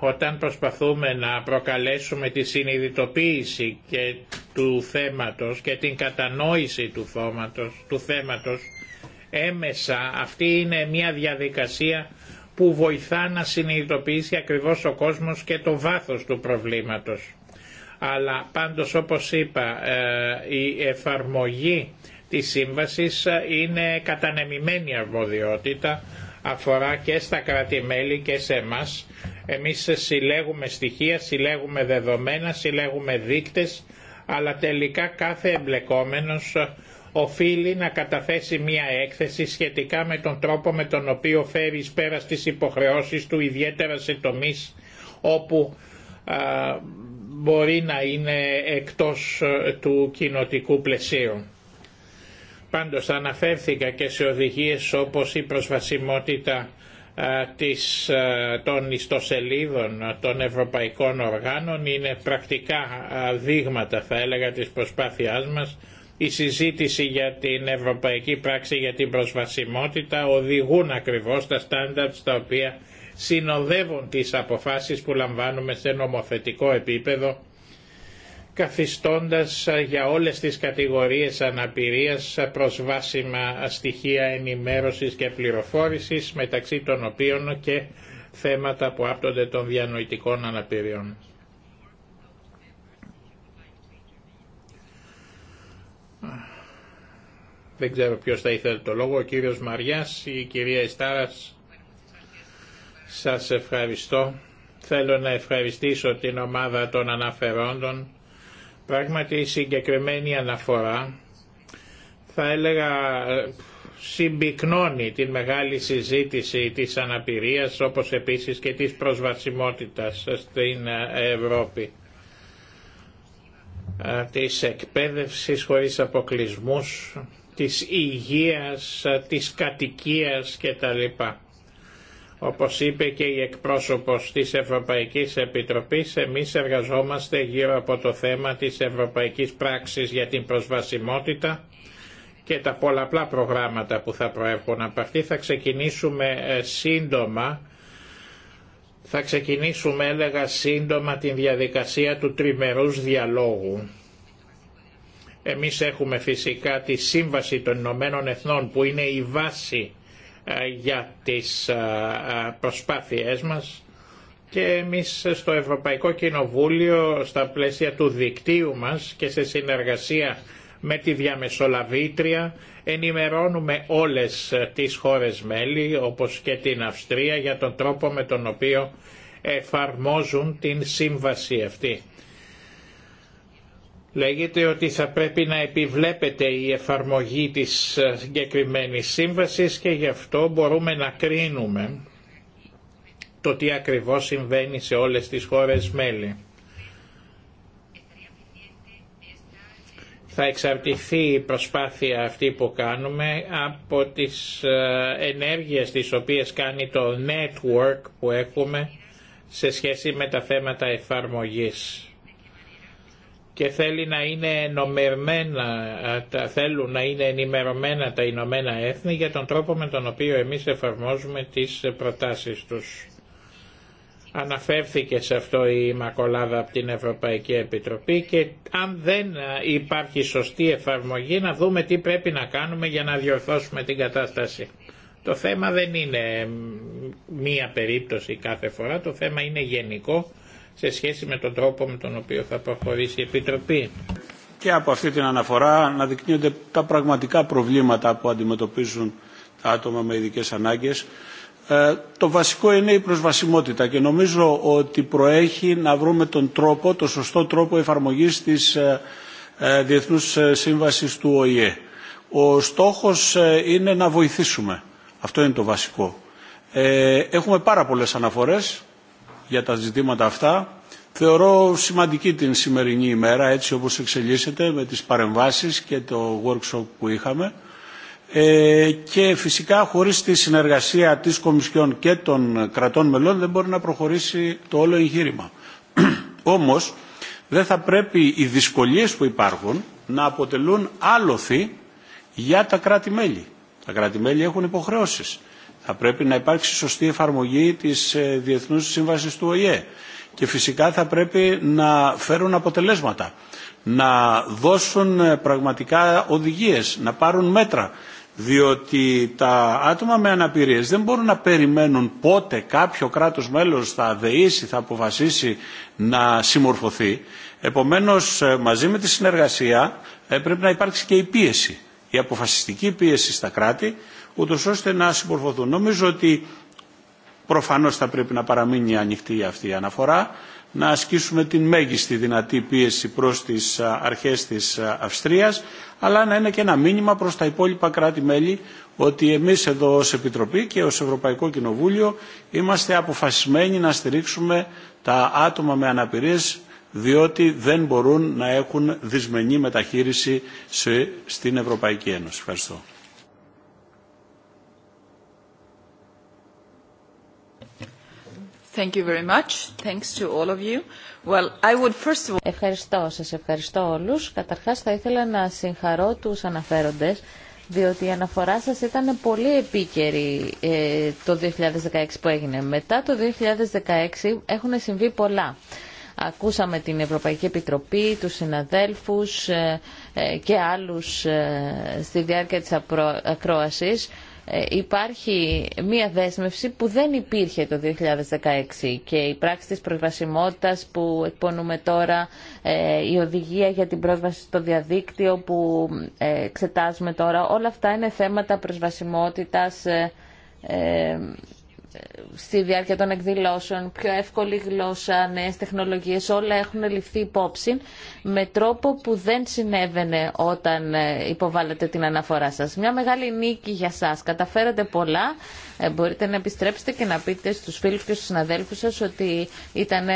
όταν προσπαθούμε να προκαλέσουμε τη συνειδητοποίηση και του θέματος και την κατανόηση του, θέματος, του θέματος έμεσα. Αυτή είναι μια διαδικασία που βοηθά να συνειδητοποιήσει ακριβώς ο κόσμος και το βάθος του προβλήματος. Αλλά πάντως όπως είπα ε, η εφαρμογή της σύμβασης ε, είναι κατανεμημένη αρμοδιότητα αφορά και στα κράτη-μέλη και σε εμάς. Εμείς συλλέγουμε στοιχεία, συλλέγουμε δεδομένα, συλλέγουμε δείκτες, αλλά τελικά κάθε εμπλεκόμενος οφείλει να καταθέσει μια έκθεση σχετικά με τον τρόπο με τον οποίο φέρει πέρα στις υποχρεώσεις του ιδιαίτερα σε τομείς όπου μπορεί να είναι εκτός ε, του κοινοτικού πλαισίου. Πάντως αναφέρθηκα και σε οδηγίες όπως η προσβασιμότητα της, των ιστοσελίδων των ευρωπαϊκών οργάνων είναι πρακτικά δείγματα θα έλεγα της προσπάθειάς μας η συζήτηση για την Ευρωπαϊκή Πράξη για την Προσβασιμότητα οδηγούν ακριβώς τα στάνταρτ τα οποία συνοδεύουν τις αποφάσεις που λαμβάνουμε σε νομοθετικό επίπεδο καθιστώντας για όλες τις κατηγορίες αναπηρίας προσβάσιμα στοιχεία ενημέρωσης και πληροφόρησης μεταξύ των οποίων και θέματα που άπτονται των διανοητικών αναπηριών. Δεν ξέρω ποιος θα ήθελε το λόγο, ο κύριος Μαριάς ή η κυρία Ιστάρας. Σας ευχαριστώ. Θέλω να ευχαριστήσω την ομάδα των αναφερόντων. Πράγματι η συγκεκριμένη αναφορά θα έλεγα συμπυκνώνει την μεγάλη συζήτηση της αναπηρίας όπως επίσης και της προσβασιμότητας στην Ευρώπη της εκπαίδευσης χωρίς αποκλεισμούς της υγείας, της κατοικίας κτλ. Όπως είπε και η εκπρόσωπος της Ευρωπαϊκής Επιτροπής, εμείς εργαζόμαστε γύρω από το θέμα της Ευρωπαϊκής Πράξης για την Προσβασιμότητα και τα πολλαπλά προγράμματα που θα προέρχουν από αυτή. Θα ξεκινήσουμε ε, σύντομα, θα ξεκινήσουμε έλεγα σύντομα την διαδικασία του τριμερούς διαλόγου εμείς έχουμε φυσικά τη Σύμβαση των Ηνωμένων Εθνών που είναι η βάση ε, για τις ε, ε, προσπάθειές μας και εμείς στο Ευρωπαϊκό Κοινοβούλιο στα πλαίσια του δικτύου μας και σε συνεργασία με τη διαμεσολαβήτρια ενημερώνουμε όλες τις χώρες μέλη όπως και την Αυστρία για τον τρόπο με τον οποίο εφαρμόζουν την σύμβαση αυτή. Λέγεται ότι θα πρέπει να επιβλέπεται η εφαρμογή της ε, συγκεκριμένη σύμβασης και γι' αυτό μπορούμε να κρίνουμε το τι ακριβώς συμβαίνει σε όλες τις χώρες μέλη. θα εξαρτηθεί η προσπάθεια αυτή που κάνουμε από τις ε, ενέργειες τις οποίες κάνει το network που έχουμε σε σχέση με τα θέματα εφαρμογής και θέλει να είναι θέλουν να είναι ενημερωμένα τα Ηνωμένα Έθνη για τον τρόπο με τον οποίο εμείς εφαρμόζουμε τις προτάσεις τους. Αναφέρθηκε σε αυτό η Μακολάδα από την Ευρωπαϊκή Επιτροπή και αν δεν υπάρχει σωστή εφαρμογή να δούμε τι πρέπει να κάνουμε για να διορθώσουμε την κατάσταση. Το θέμα δεν είναι μία περίπτωση κάθε φορά, το θέμα είναι γενικό σε σχέση με τον τρόπο με τον οποίο θα προχωρήσει η Επιτροπή. Και από αυτή την αναφορά να αναδεικνύονται τα πραγματικά προβλήματα που αντιμετωπίζουν τα άτομα με ειδικέ ανάγκες. Ε, το βασικό είναι η προσβασιμότητα και νομίζω ότι προέχει να βρούμε τον τρόπο, το σωστό τρόπο εφαρμογής της ε, ε, Διεθνούς ε, Σύμβασης του ΟΗΕ. Ο στόχος ε, είναι να βοηθήσουμε. Αυτό είναι το βασικό. Έχουμε πάρα πολλές αναφορές για τα ζητήματα αυτά. Θεωρώ σημαντική την σημερινή ημέρα έτσι όπως εξελίσσεται με τις παρεμβάσεις και το workshop που είχαμε ε, και φυσικά χωρίς τη συνεργασία της Κομισιόν και των κρατών μελών δεν μπορεί να προχωρήσει το όλο εγχείρημα. Όμως δεν θα πρέπει οι δυσκολίες που υπάρχουν να αποτελούν άλοθη για τα κράτη-μέλη. Τα κράτη-μέλη έχουν υποχρεώσεις. Θα πρέπει να υπάρξει σωστή εφαρμογή της ε, Διεθνούς Σύμβασης του ΟΗΕ. Και φυσικά θα πρέπει να φέρουν αποτελέσματα, να δώσουν ε, πραγματικά οδηγίες, να πάρουν μέτρα. Διότι τα άτομα με αναπηρίες δεν μπορούν να περιμένουν πότε κάποιο κράτος μέλος θα δεήσει, θα αποφασίσει να συμμορφωθεί. Επομένως, ε, μαζί με τη συνεργασία πρέπει να υπάρξει και η πίεση, η αποφασιστική πίεση στα κράτη ούτως ώστε να συμπορφωθούν. Νομίζω ότι προφανώς θα πρέπει να παραμείνει ανοιχτή αυτή η αναφορά, να ασκήσουμε την μέγιστη δυνατή πίεση προς τις αρχές της Αυστρίας, αλλά να είναι και ένα μήνυμα προς τα υπόλοιπα κράτη-μέλη ότι εμείς εδώ ως Επιτροπή και ως Ευρωπαϊκό Κοινοβούλιο είμαστε αποφασισμένοι να στηρίξουμε τα άτομα με αναπηρίες διότι δεν μπορούν να έχουν δυσμενή μεταχείριση στην Ευρωπαϊκή Ένωση. Ευχαριστώ. Ευχαριστώ, σας ευχαριστώ όλους. Καταρχάς θα ήθελα να συγχαρώ τους αναφέροντες, διότι η αναφορά σας ήταν πολύ επίκαιρη ε, το 2016 που έγινε. Μετά το 2016 έχουν συμβεί πολλά. Ακούσαμε την Ευρωπαϊκή Επιτροπή, τους συναδέλφους ε, ε, και άλλους στη διάρκεια της ακρόασης. Ε, υπάρχει μία δέσμευση που δεν υπήρχε το 2016 και η πράξη της προσβασιμότητας που εκπονούμε τώρα, ε, η οδηγία για την πρόσβαση στο διαδίκτυο που ε, εξετάζουμε τώρα, όλα αυτά είναι θέματα προσβασιμότητας στη διάρκεια των εκδηλώσεων, πιο εύκολη γλώσσα, νέε τεχνολογίε, όλα έχουν ληφθεί υπόψη με τρόπο που δεν συνέβαινε όταν ε, υποβάλλετε την αναφορά σας. Μια μεγάλη νίκη για σας. Καταφέρατε πολλά. Ε, μπορείτε να επιστρέψετε και να πείτε στους φίλους και στου συναδέλφους σα ότι ήταν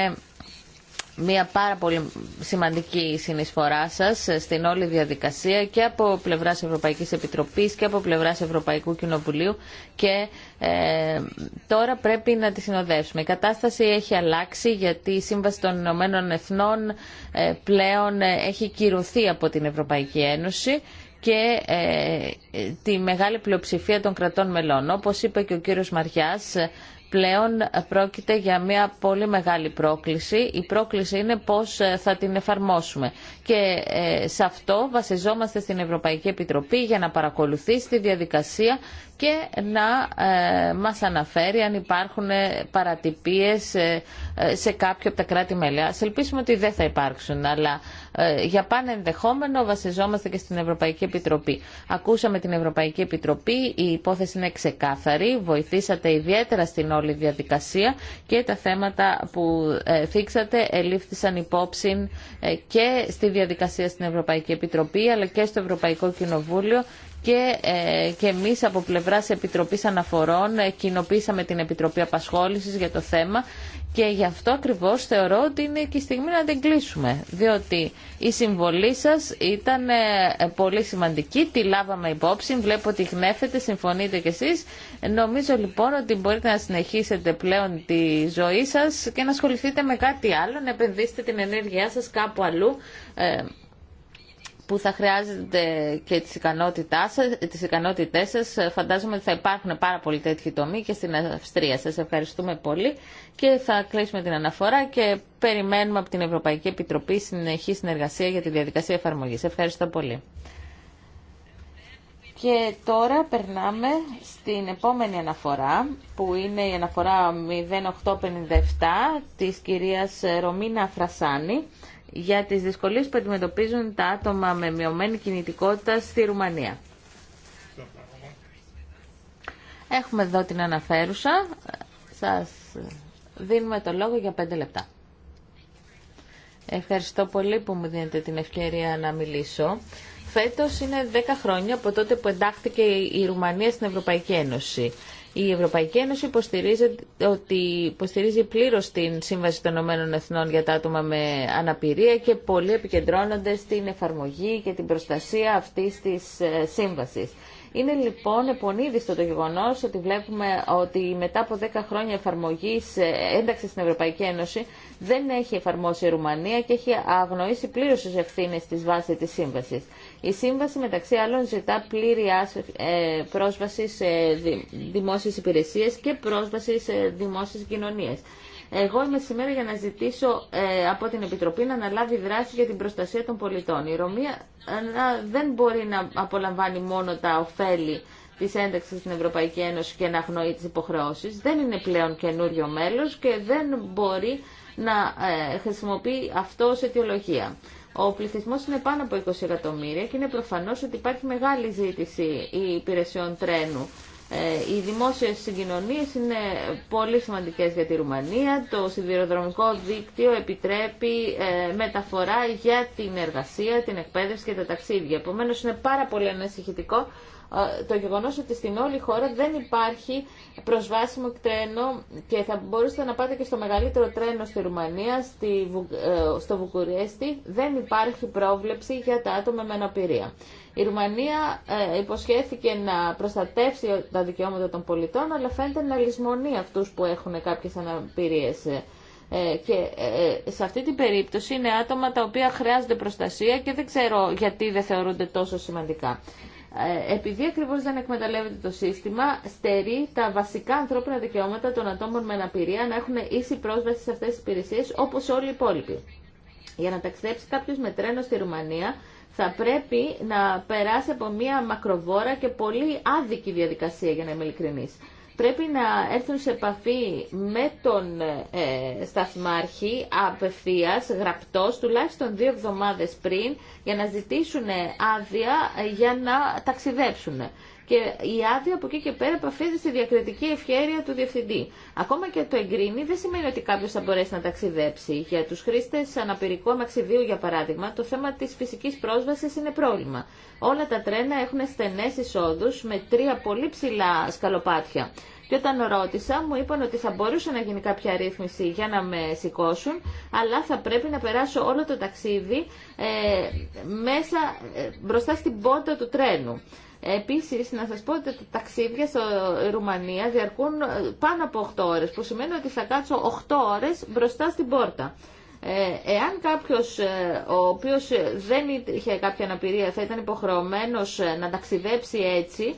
μια πάρα πολύ σημαντική συνεισφορά σας στην όλη διαδικασία και από πλευράς Ευρωπαϊκής Επιτροπής και από πλευράς Ευρωπαϊκού Κοινοβουλίου και ε, τώρα πρέπει να τη συνοδεύσουμε. Η κατάσταση έχει αλλάξει γιατί η Σύμβαση των Ηνωμένων Εθνών ε, πλέον ε, έχει κυρωθεί από την Ευρωπαϊκή Ένωση και τη μεγάλη πλειοψηφία των κρατών μελών. Όπως είπε και ο κύριος Μαριάς, πλέον πρόκειται για μια πολύ μεγάλη πρόκληση. Η πρόκληση είναι πώς ε, θα την εφαρμόσουμε. Και ε, σε αυτό βασιζόμαστε στην Ευρωπαϊκή Επιτροπή για να παρακολουθήσει τη διαδικασία και να ε, μας αναφέρει αν υπάρχουν ε, παρατυπίες ε, ε, σε κάποιο από τα κράτη-μέλη. Ας ελπίσουμε ότι δεν θα υπάρξουν, αλλά για πάνε ενδεχόμενο βασιζόμαστε και στην Ευρωπαϊκή Επιτροπή. Ακούσαμε την Ευρωπαϊκή Επιτροπή, η υπόθεση είναι ξεκάθαρη, βοηθήσατε ιδιαίτερα στην όλη διαδικασία και τα θέματα που θίξατε ελήφθησαν υπόψη και στη διαδικασία στην Ευρωπαϊκή Επιτροπή αλλά και στο Ευρωπαϊκό Κοινοβούλιο και, ε, και εμείς από πλευράς Επιτροπής Αναφορών ε, κοινοποίησαμε την Επιτροπή Απασχόλησης για το θέμα και γι' αυτό ακριβώς θεωρώ ότι είναι και η στιγμή να την κλείσουμε. Διότι η συμβολή σας ήταν ε, πολύ σημαντική, τη λάβαμε υπόψη, βλέπω ότι γνέφετε, συμφωνείτε κι εσείς. Νομίζω λοιπόν ότι μπορείτε να συνεχίσετε πλέον τη ζωή σας και να ασχοληθείτε με κάτι άλλο, να επενδύσετε την ενέργειά σας κάπου αλλού. Ε, που θα χρειάζεται και τις, ικανότητες, σας, τις ικανότητές σας. Φαντάζομαι ότι θα υπάρχουν πάρα πολλοί τέτοιοι τομεί και στην Αυστρία. Σας ευχαριστούμε πολύ και θα κλείσουμε την αναφορά και περιμένουμε από την Ευρωπαϊκή Επιτροπή συνεχή συνεργασία για τη διαδικασία εφαρμογής. Ευχαριστώ πολύ. Και τώρα περνάμε στην επόμενη αναφορά, που είναι η αναφορά 0857 της κυρίας Ρωμίνα Φρασάνη για τις δυσκολίες που αντιμετωπίζουν τα άτομα με μειωμένη κινητικότητα στη Ρουμανία. Έχουμε εδώ την αναφέρουσα. Σας δίνουμε το λόγο για πέντε λεπτά. Ευχαριστώ πολύ που μου δίνετε την ευκαιρία να μιλήσω. Φέτος είναι 10 χρόνια από τότε που εντάχθηκε η Ρουμανία στην Ευρωπαϊκή Ένωση. Η Ευρωπαϊκή Ένωση υποστηρίζει, ότι υποστηρίζει πλήρως την Σύμβαση των Ηνωμένων Εθνών για τα άτομα με αναπηρία και πολλοί επικεντρώνονται στην εφαρμογή και την προστασία αυτής της ε, σύμβασης. Είναι λοιπόν επονίδιστο το γεγονό ότι βλέπουμε ότι μετά από 10 χρόνια εφαρμογή ε, ένταξη στην Ευρωπαϊκή Ένωση δεν έχει εφαρμόσει η Ρουμανία και έχει αγνοήσει πλήρω τι ευθύνε τη βάση τη σύμβαση. Η σύμβαση μεταξύ άλλων ζητά πλήρη ε, πρόσβαση σε δημόσιες υπηρεσίες και πρόσβαση σε δημόσιες κοινωνίες. Εγώ είμαι σήμερα για να ζητήσω ε, από την Επιτροπή να αναλάβει δράση για την προστασία των πολιτών. Η Ρωμία ε, δεν μπορεί να απολαμβάνει μόνο τα ωφέλη τη ένταξη στην Ευρωπαϊκή Ένωση και να αγνοεί τι υποχρεώσει. Δεν είναι πλέον καινούριο μέλο και δεν μπορεί να χρησιμοποιεί αυτό ω αιτιολογία. Ο πληθυσμό είναι πάνω από 20 εκατομμύρια και είναι προφανώ ότι υπάρχει μεγάλη ζήτηση υπηρεσιών τρένου. Ε, οι δημόσιες συγκοινωνίες είναι πολύ σημαντικές για τη Ρουμανία. Το σιδηροδρομικό δίκτυο επιτρέπει ε, μεταφορά για την εργασία, την εκπαίδευση και τα ταξίδια. Επομένως είναι πάρα πολύ ανησυχητικό το γεγονός ότι στην όλη χώρα δεν υπάρχει προσβάσιμο τρένο και θα μπορούσατε να πάτε και στο μεγαλύτερο τρένο στη Ρουμανία, στη, ε, στο Βουκουρέστι, δεν υπάρχει πρόβλεψη για τα άτομα με αναπηρία. Η Ρουμανία ε, υποσχέθηκε να προστατεύσει τα δικαιώματα των πολιτών, αλλά φαίνεται να λησμονεί αυτούς που έχουν κάποιες αναπηρίες. Ε, και σε αυτή την περίπτωση είναι άτομα τα οποία χρειάζονται προστασία και δεν ξέρω γιατί δεν θεωρούνται τόσο σημαντικά. Ε, επειδή ακριβώ δεν εκμεταλλεύεται το σύστημα, στερεί τα βασικά ανθρώπινα δικαιώματα των ατόμων με αναπηρία να έχουν ίση πρόσβαση σε αυτέ τι υπηρεσίε όπω όλοι οι υπόλοιποι. Για να ταξιδέψει κάποιο με τρένο στη Ρουμανία, θα πρέπει να περάσει από μια μακροβόρα και πολύ άδικη διαδικασία, για να είμαι ειλικρινής πρέπει να έρθουν σε επαφή με τον ε, σταθμάρχη απευθείας, γραπτός, τουλάχιστον δύο εβδομάδες πριν, για να ζητήσουν άδεια για να ταξιδέψουν και η άδεια από εκεί και πέρα επαφίζει στη διακριτική ευχαίρεια του διευθυντή. Ακόμα και το εγκρίνει δεν σημαίνει ότι κάποιο θα μπορέσει να ταξιδέψει. Για του χρήστε αναπηρικού αμαξιδίου, για παράδειγμα, το θέμα τη φυσική πρόσβαση είναι πρόβλημα. Όλα τα τρένα έχουν στενέ εισόδου με τρία πολύ ψηλά σκαλοπάτια. Και όταν ρώτησα, μου είπαν ότι θα μπορούσε να γίνει κάποια ρύθμιση για να με σηκώσουν, αλλά θα πρέπει να περάσω όλο το ταξίδι ε, μέσα ε, μπροστά στην πόρτα του τρένου. Επίση, να σα πω ότι τα ταξίδια στο Ρουμανία διαρκούν ε, πάνω από 8 ώρε που σημαίνει ότι θα κάτσω 8 ώρε μπροστά στην πόρτα. Ε, εάν κάποιο ε, ο οποίο δεν είχε κάποια αναπηρία θα ήταν υποχρεωμένο να ταξιδέψει έτσι,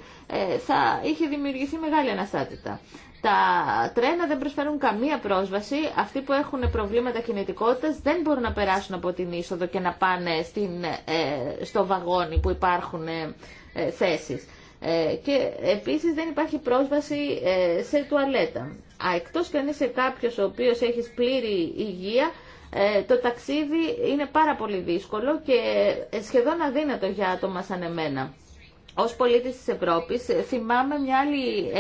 θα είχε δημιουργηθεί μεγάλη αναστάτητα. Τα τρένα δεν προσφέρουν καμία πρόσβαση. Αυτοί που έχουν προβλήματα κινητικότητα δεν μπορούν να περάσουν από την είσοδο και να πάνε στην, στο βαγόνι που υπάρχουν ε, θέσεις. Ε, και επίσης δεν υπάρχει πρόσβαση ε, σε τουαλέτα. Εκτός και αν είσαι κάποιος ο οποίος έχει πλήρη υγεία, το ταξίδι είναι πάρα πολύ δύσκολο και σχεδόν αδύνατο για άτομα σαν εμένα. Ως πολίτης της Ευρώπης θυμάμαι μια άλλη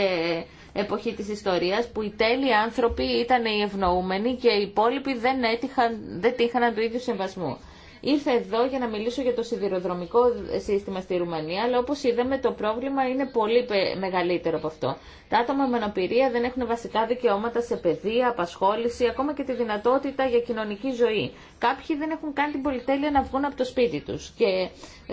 εποχή της ιστορίας που οι τέλειοι άνθρωποι ήταν οι ευνοούμενοι και οι υπόλοιποι δεν, έτυχαν, δεν τύχαναν του ίδιου συμβασμού. Ήρθα εδώ για να μιλήσω για το σιδηροδρομικό σύστημα στη Ρουμανία, αλλά όπω είδαμε το πρόβλημα είναι πολύ μεγαλύτερο από αυτό. Τα άτομα με αναπηρία δεν έχουν βασικά δικαιώματα σε παιδεία, απασχόληση, ακόμα και τη δυνατότητα για κοινωνική ζωή. Κάποιοι δεν έχουν καν την πολυτέλεια να βγουν από το σπίτι του. Και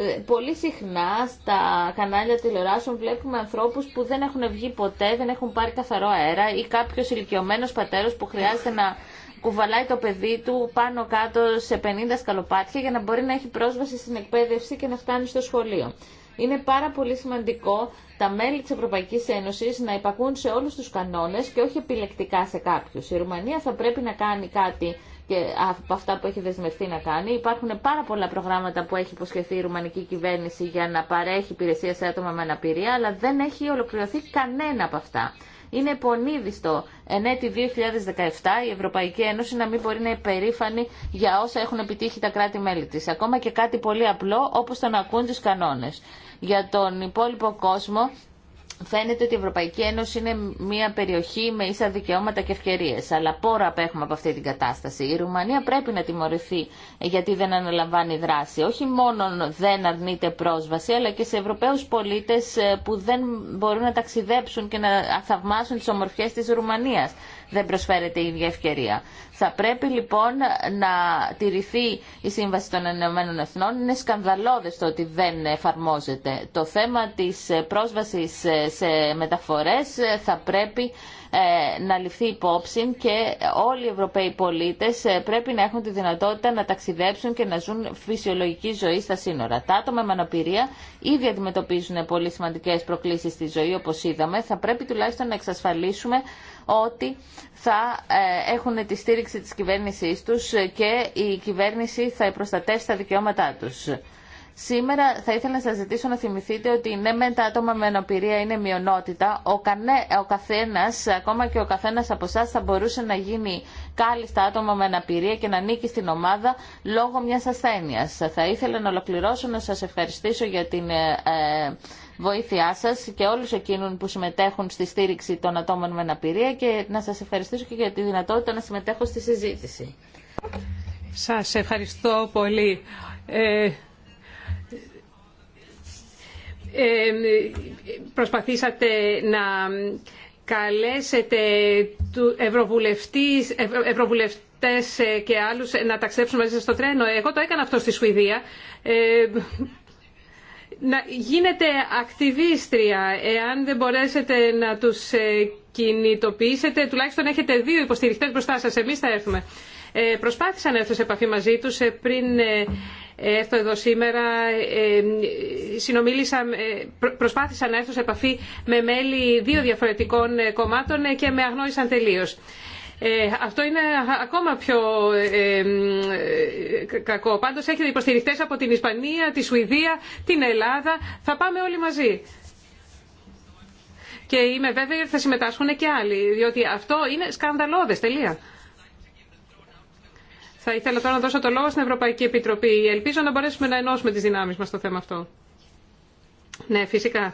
ε, πολύ συχνά στα κανάλια τηλεοράσεων βλέπουμε ανθρώπου που δεν έχουν βγει ποτέ, δεν έχουν πάρει καθαρό αέρα ή κάποιο ηλικιωμένο πατέρα που χρειάζεται να κουβαλάει το παιδί του πάνω κάτω σε 50 σκαλοπάτια για να μπορεί να έχει πρόσβαση στην εκπαίδευση και να φτάνει στο σχολείο. Είναι πάρα πολύ σημαντικό τα μέλη της Ευρωπαϊκής Ένωσης να υπακούν σε όλους τους κανόνες και όχι επιλεκτικά σε κάποιους. Η Ρουμανία θα πρέπει να κάνει κάτι και από αυτά που έχει δεσμευτεί να κάνει. Υπάρχουν πάρα πολλά προγράμματα που έχει υποσχεθεί η ρουμανική κυβέρνηση για να παρέχει υπηρεσία σε άτομα με αναπηρία, αλλά δεν έχει ολοκληρωθεί κανένα από αυτά. Είναι πονίδιστο εν έτη 2017 η Ευρωπαϊκή Ένωση να μην μπορεί να είναι περήφανη για όσα έχουν επιτύχει τα κράτη-μέλη της. Ακόμα και κάτι πολύ απλό όπως το να ακούν τους κανόνες. Για τον υπόλοιπο κόσμο φαίνεται ότι η Ευρωπαϊκή Ένωση είναι μια περιοχή με ίσα δικαιώματα και ευκαιρίε. Αλλά πόρα απέχουμε από αυτή την κατάσταση. Η Ρουμανία πρέπει να τιμωρηθεί ε, γιατί δεν αναλαμβάνει δράση. Όχι μόνο δεν αρνείται πρόσβαση, αλλά και σε Ευρωπαίου πολίτε ε, που δεν μπορούν να ταξιδέψουν και να θαυμάσουν τι ομορφιέ τη Ρουμανία δεν προσφέρεται η ίδια ευκαιρία. Θα πρέπει λοιπόν να τηρηθεί η Σύμβαση των Ηνωμένων Εθνών. Είναι σκανδαλώδες το ότι δεν εφαρμόζεται. Το θέμα της πρόσβασης σε μεταφορές θα πρέπει ε, να ληφθεί υπόψη και όλοι οι Ευρωπαίοι πολίτες ε, πρέπει να έχουν τη δυνατότητα να ταξιδέψουν και να ζουν φυσιολογική ζωή στα σύνορα. Τα άτομα με αναπηρία ήδη αντιμετωπίζουν πολύ σημαντικές προκλήσεις στη ζωή όπως είδαμε. Θα πρέπει τουλάχιστον να εξασφαλίσουμε ότι θα ε, έχουν τη στήριξη της κυβέρνησής τους και η κυβέρνηση θα προστατεύσει τα δικαιώματά τους. Σήμερα θα ήθελα να σας ζητήσω να θυμηθείτε ότι ναι μεν τα άτομα με αναπηρία είναι μειονότητα, ο, κανέ, ο καθένας, ακόμα και ο καθένας από εσά θα μπορούσε να γίνει κάλλιστα άτομα με αναπηρία και να νίκει στην ομάδα λόγω μιας ασθένειας. Θα ήθελα να ολοκληρώσω να σας ευχαριστήσω για την ε, βοήθειά σα και όλους εκείνους που συμμετέχουν στη στήριξη των ατόμων με αναπηρία και να σας ευχαριστήσω και για τη δυνατότητα να συμμετέχω στη συζήτηση. Σας ευχαριστώ πολύ. Ε, ε, προσπαθήσατε να καλέσετε του ευρωβουλευτής, ευρωβουλευτές και άλλους να ταξιδέψουν μαζί σας στο τρένο. Εγώ το έκανα αυτό στη Σουηδία. Ε, να γίνετε ακτιβίστρια εάν δεν μπορέσετε να τους ε, κινητοποιήσετε. Τουλάχιστον έχετε δύο υποστηριχτές μπροστά σας. Εμείς θα έρθουμε. Ε, προσπάθησα να έρθω σε επαφή μαζί τους ε, πριν ε, έρθω εδώ σήμερα. Ε, ε προσπάθησα να έρθω σε επαφή με μέλη δύο διαφορετικών κομμάτων και με αγνώρισαν τελείως. Ε, αυτό είναι ακόμα πιο ε, ε, κακό. Πάντως έχετε υποστηριχτές από την Ισπανία, τη Σουηδία, την Ελλάδα. Θα πάμε όλοι μαζί. Και είμαι βέβαιη ότι θα συμμετάσχουν και άλλοι, διότι αυτό είναι σκανδαλώδες, τελεία. Θα ήθελα τώρα να δώσω το λόγο στην Ευρωπαϊκή Επιτροπή. Ελπίζω να μπορέσουμε να ενώσουμε τις δυνάμεις μας στο θέμα αυτό. Ναι, φυσικά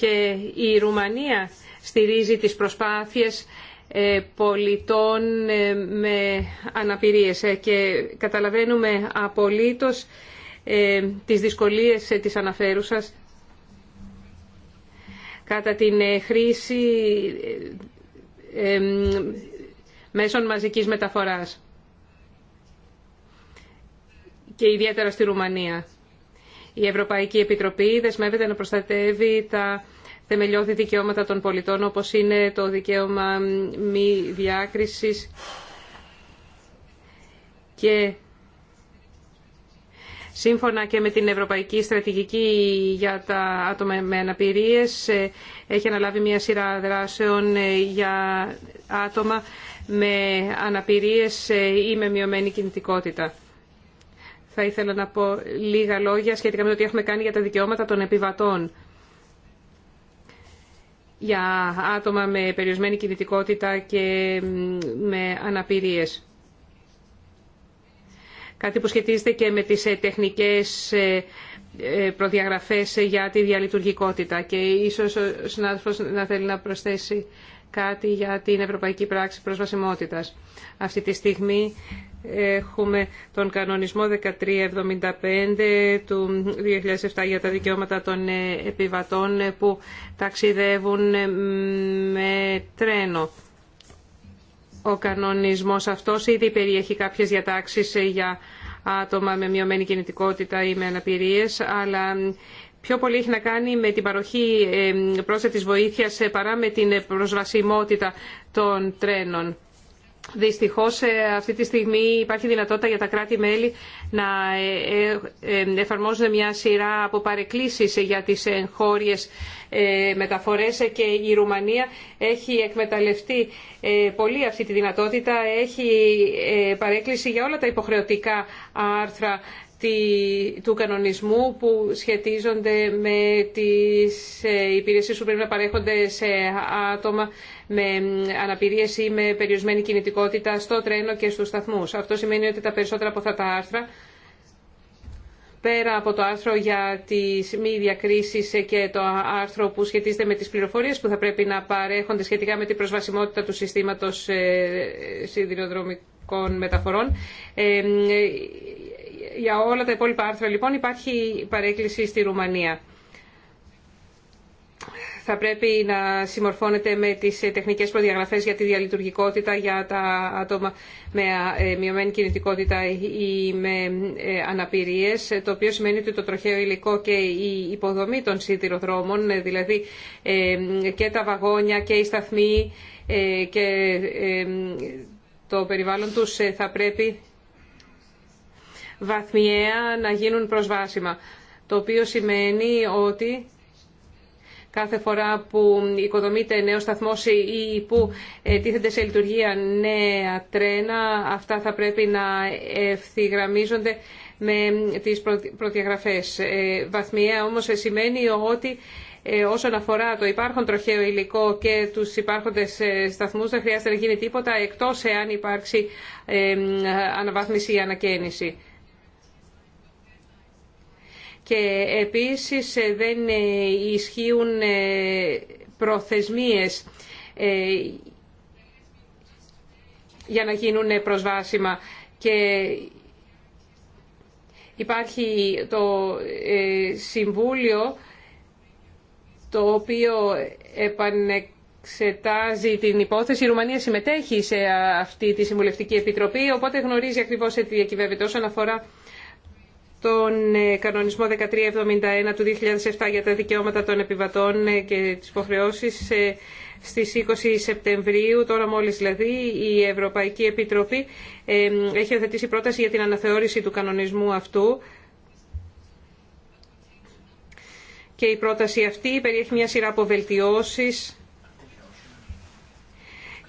και η Ρουμανία στηρίζει τις προσπάθειες ε, πολιτών ε, με αναπηρίες ε, και καταλαβαίνουμε απολύτως τις δυσκολίες της αναφέρουσας κατά την χρήση μέσων μαζικής μεταφοράς και ιδιαίτερα στη Ρουμανία. Η Ευρωπαϊκή Επιτροπή δεσμεύεται να προστατεύει τα θεμελιώδη δικαιώματα των πολιτών, όπως είναι το δικαίωμα μη διάκρισης και Σύμφωνα και με την Ευρωπαϊκή Στρατηγική για τα άτομα με αναπηρίες, ε, έχει αναλάβει μια σειρά δράσεων ε, για άτομα με αναπηρίες ε, ή με μειωμένη κινητικότητα θα ήθελα να πω λίγα λόγια σχετικά με το τι έχουμε κάνει για τα δικαιώματα των επιβατών. Για άτομα με περιορισμένη κινητικότητα και με αναπηρίες. Κάτι που σχετίζεται και με τις ε, τεχνικές ε, ε, προδιαγραφές για τη διαλειτουργικότητα. Και ίσως ο συνάδελφος να θέλει να προσθέσει κάτι για την Ευρωπαϊκή Πράξη Προσβασιμότητας. Αυτή τη στιγμή έχουμε τον κανονισμό 1375 του 2007 για τα δικαιώματα των επιβατών που ταξιδεύουν με τρένο. Ο κανονισμός αυτός ήδη περιέχει κάποιες διατάξεις για άτομα με μειωμένη κινητικότητα ή με αναπηρίες, αλλά πιο πολύ έχει να κάνει με την παροχή πρόσθετης βοήθειας ε, παρά με την ε, προσβασιμότητα των τρένων. Δυστυχώς ε, αυτή τη στιγμή υπάρχει δυνατότητα για τα κράτη-μέλη να εφαρμόζουν μια σειρά από παρεκκλήσεις για τις εγχώριες μεταφορές και η Ρουμανία έχει εκμεταλλευτεί πολύ αυτή τη δυνατότητα. Έχει παρέκκληση για όλα τα υποχρεωτικά άρθρα του κανονισμού που σχετίζονται με τις ε, υπηρεσίες που πρέπει να παρέχονται σε άτομα με αναπηρίες ή με περιορισμένη κινητικότητα στο τρένο και στους σταθμούς. Αυτό σημαίνει ότι τα περισσότερα από αυτά τα άρθρα πέρα από το άρθρο για τις μη διακρίσεις και το άρθρο που σχετίζεται με τις πληροφορίες που θα πρέπει να παρέχονται σχετικά με την προσβασιμότητα του συστήματος ε, σιδηροδρομικών μεταφορών ε, για όλα τα υπόλοιπα άρθρα λοιπόν υπάρχει παρέκκληση στη Ρουμανία. Θα πρέπει να συμμορφώνεται με τις ε, τεχνικές προδιαγραφές για τη διαλειτουργικότητα για τα άτομα με ε, μειωμένη κινητικότητα ή με ε, αναπηρίες, το οποίο σημαίνει ότι το τροχαίο υλικό και η υποδομή των σιδηροδρόμων, δηλαδή και τα βαγόνια και οι σταθμοί και το περιβάλλον τους θα πρέπει βαθμιαία να γίνουν προσβάσιμα. Το οποίο σημαίνει ότι κάθε φορά που οικοδομείται νέο σταθμό ή που ε, τίθενται σε λειτουργία νέα τρένα, αυτά θα πρέπει να ευθυγραμμίζονται με τις προδιαγραφές. Ε, βαθμιαία όμως σημαίνει ότι ε, όσον αφορά το υπάρχον τροχαίο υλικό και τους υπάρχοντες σταθμούς δεν χρειάζεται να γίνει τίποτα εκτός εάν υπάρξει αναβάθμιση ή ανακαίνιση και επίσης ε, δεν ε, ισχύουν ε, προθεσμίες για να γίνουν προσβάσιμα και υπάρχει το Συμβούλιο το οποίο επανεξετάζει την υπόθεση. Η Ρουμανία συμμετέχει σε αυτή τη Συμβουλευτική Επιτροπή, οπότε γνωρίζει ακριβώς τι διακυβεύεται όσον αφορά τον ε, κανονισμό 1371 του 2007 για τα δικαιώματα των επιβατών ε, και τις υποχρεώσεις ε, στις 20 Σεπτεμβρίου, τώρα μόλις δηλαδή, η Ευρωπαϊκή Επιτροπή έχει οθετήσει πρόταση για την αναθεώρηση του κανονισμού αυτού. Και η πρόταση αυτή περιέχει μια σειρά από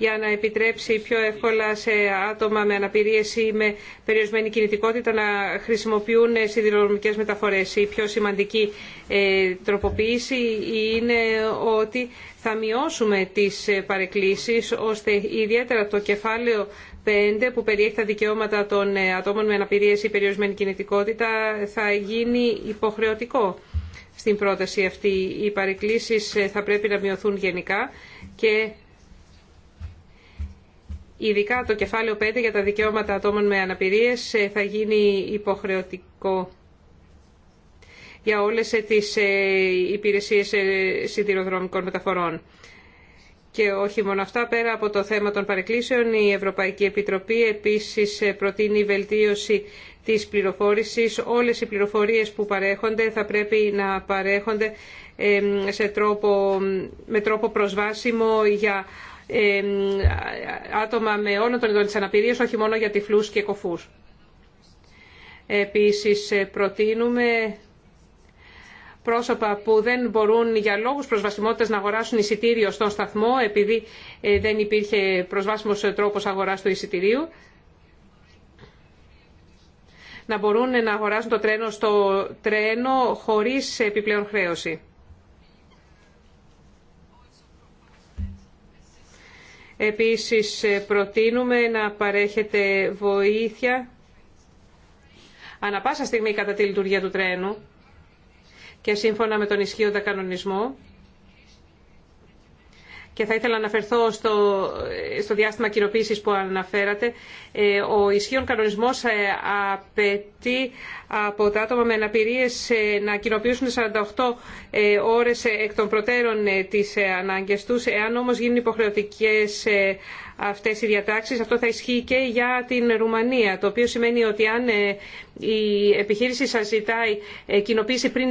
για να επιτρέψει πιο εύκολα σε άτομα με αναπηρίες ή με περιορισμένη κινητικότητα να χρησιμοποιούν σιδηροδρομικές μεταφορές. Η πιο σημαντική ε, τροποποίηση είναι ότι θα μειώσουμε τις ε, παρεκκλήσεις ώστε ιδιαίτερα το κεφάλαιο 5 που περιέχει τα δικαιώματα των ε, ατόμων με αναπηρίες ή περιορισμένη κινητικότητα θα γίνει υποχρεωτικό στην πρόταση αυτή. Οι παρεκκλήσεις θα πρέπει να μειωθούν γενικά και Ειδικά το κεφάλαιο 5 για τα δικαιώματα ατόμων με αναπηρίες ε, θα γίνει υποχρεωτικό για όλες ε, τις ε, υπηρεσίες σιδηροδρομικών μεταφορών. Και όχι μόνο αυτά, πέρα από το θέμα των παρεκκλήσεων, η Ευρωπαϊκή Επιτροπή επίσης προτείνει βελτίωση της πληροφόρησης. Όλες οι πληροφορίες που παρέχονται θα πρέπει να παρέχονται σε τρόπο, με τρόπο προσβάσιμο για άτομα με όλων των ειδών της αναπηρίας, όχι μόνο για τυφλούς και κοφούς. Επίσης, ε, προτείνουμε πρόσωπα που δεν μπορούν για λόγους προσβασιμότητας να αγοράσουν εισιτήριο στον σταθμό, επειδή ε, δεν υπήρχε προσβάσιμος τρόπος αγοράς του εισιτηρίου, να μπορούν να αγοράσουν το τρένο στο τρένο χωρίς επιπλέον χρέωση. Επίσης ε, προτείνουμε να παρέχετε βοήθεια ανα πάσα στιγμή κατά τη λειτουργία του τρένου και σύμφωνα με τον ισχύοντα κανονισμό και θα ήθελα να αναφερθώ στο, στο διάστημα κοινοποίησης που αναφέρατε. Ε, ο ισχύων κανονισμός ε, απαιτεί από τα άτομα με αναπηρίες ε, να κοινοποιήσουν 48 ώρες εκ των προτέρων τις ανάγκες τους. Εάν όμως γίνουν υποχρεωτικές αυτές οι διατάξεις. Αυτό θα ισχύει και για την Ρουμανία, το οποίο σημαίνει ότι αν ε, η επιχείρηση σας ζητάει ε, κοινοποίηση πριν,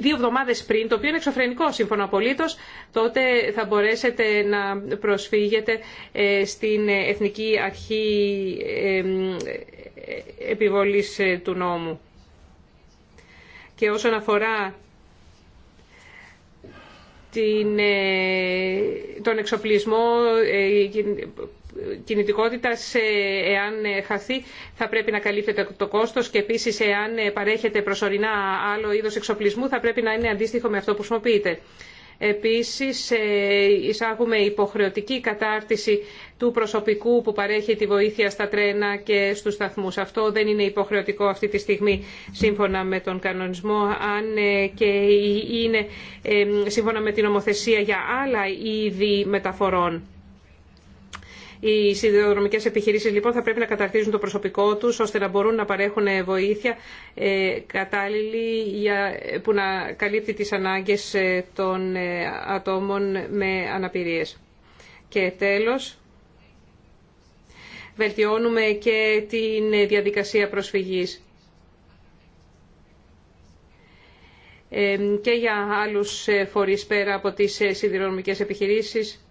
δύο εβδομάδες πριν, το οποίο είναι εξωφρενικό σύμφωνα απολύτως, τότε θα μπορέσετε να προσφύγετε ε, στην Εθνική Αρχή Επιβολής του Νόμου. Και όσον αφορά την, ε, τον εξοπλισμό ε, κινητικότητας εάν χαθεί θα πρέπει να καλύπτεται το κόστος και επίσης εάν παρέχεται προσωρινά άλλο είδος εξοπλισμού θα πρέπει να είναι αντίστοιχο με αυτό που χρησιμοποιείται. Επίσης, ε, εισάγουμε υποχρεωτική κατάρτιση του προσωπικού που παρέχει τη βοήθεια στα τρένα και στους σταθμούς. Αυτό δεν είναι υποχρεωτικό αυτή τη στιγμή σύμφωνα με τον κανονισμό, αν ε, και είναι ε, σύμφωνα με την ομοθεσία για άλλα είδη μεταφορών. Οι σιδηροδρομικές επιχειρήσεις λοιπόν θα πρέπει να καταρτίζουν το προσωπικό τους ώστε να μπορούν να παρέχουν βοήθεια ε, κατάλληλη για, που να καλύπτει τις ανάγκες ε, των ε, ατόμων με αναπηρίες. Και τέλος, βελτιώνουμε και την διαδικασία προσφυγής. και για άλλους φορείς πέρα από τις σιδηροδρομικές επιχειρήσεις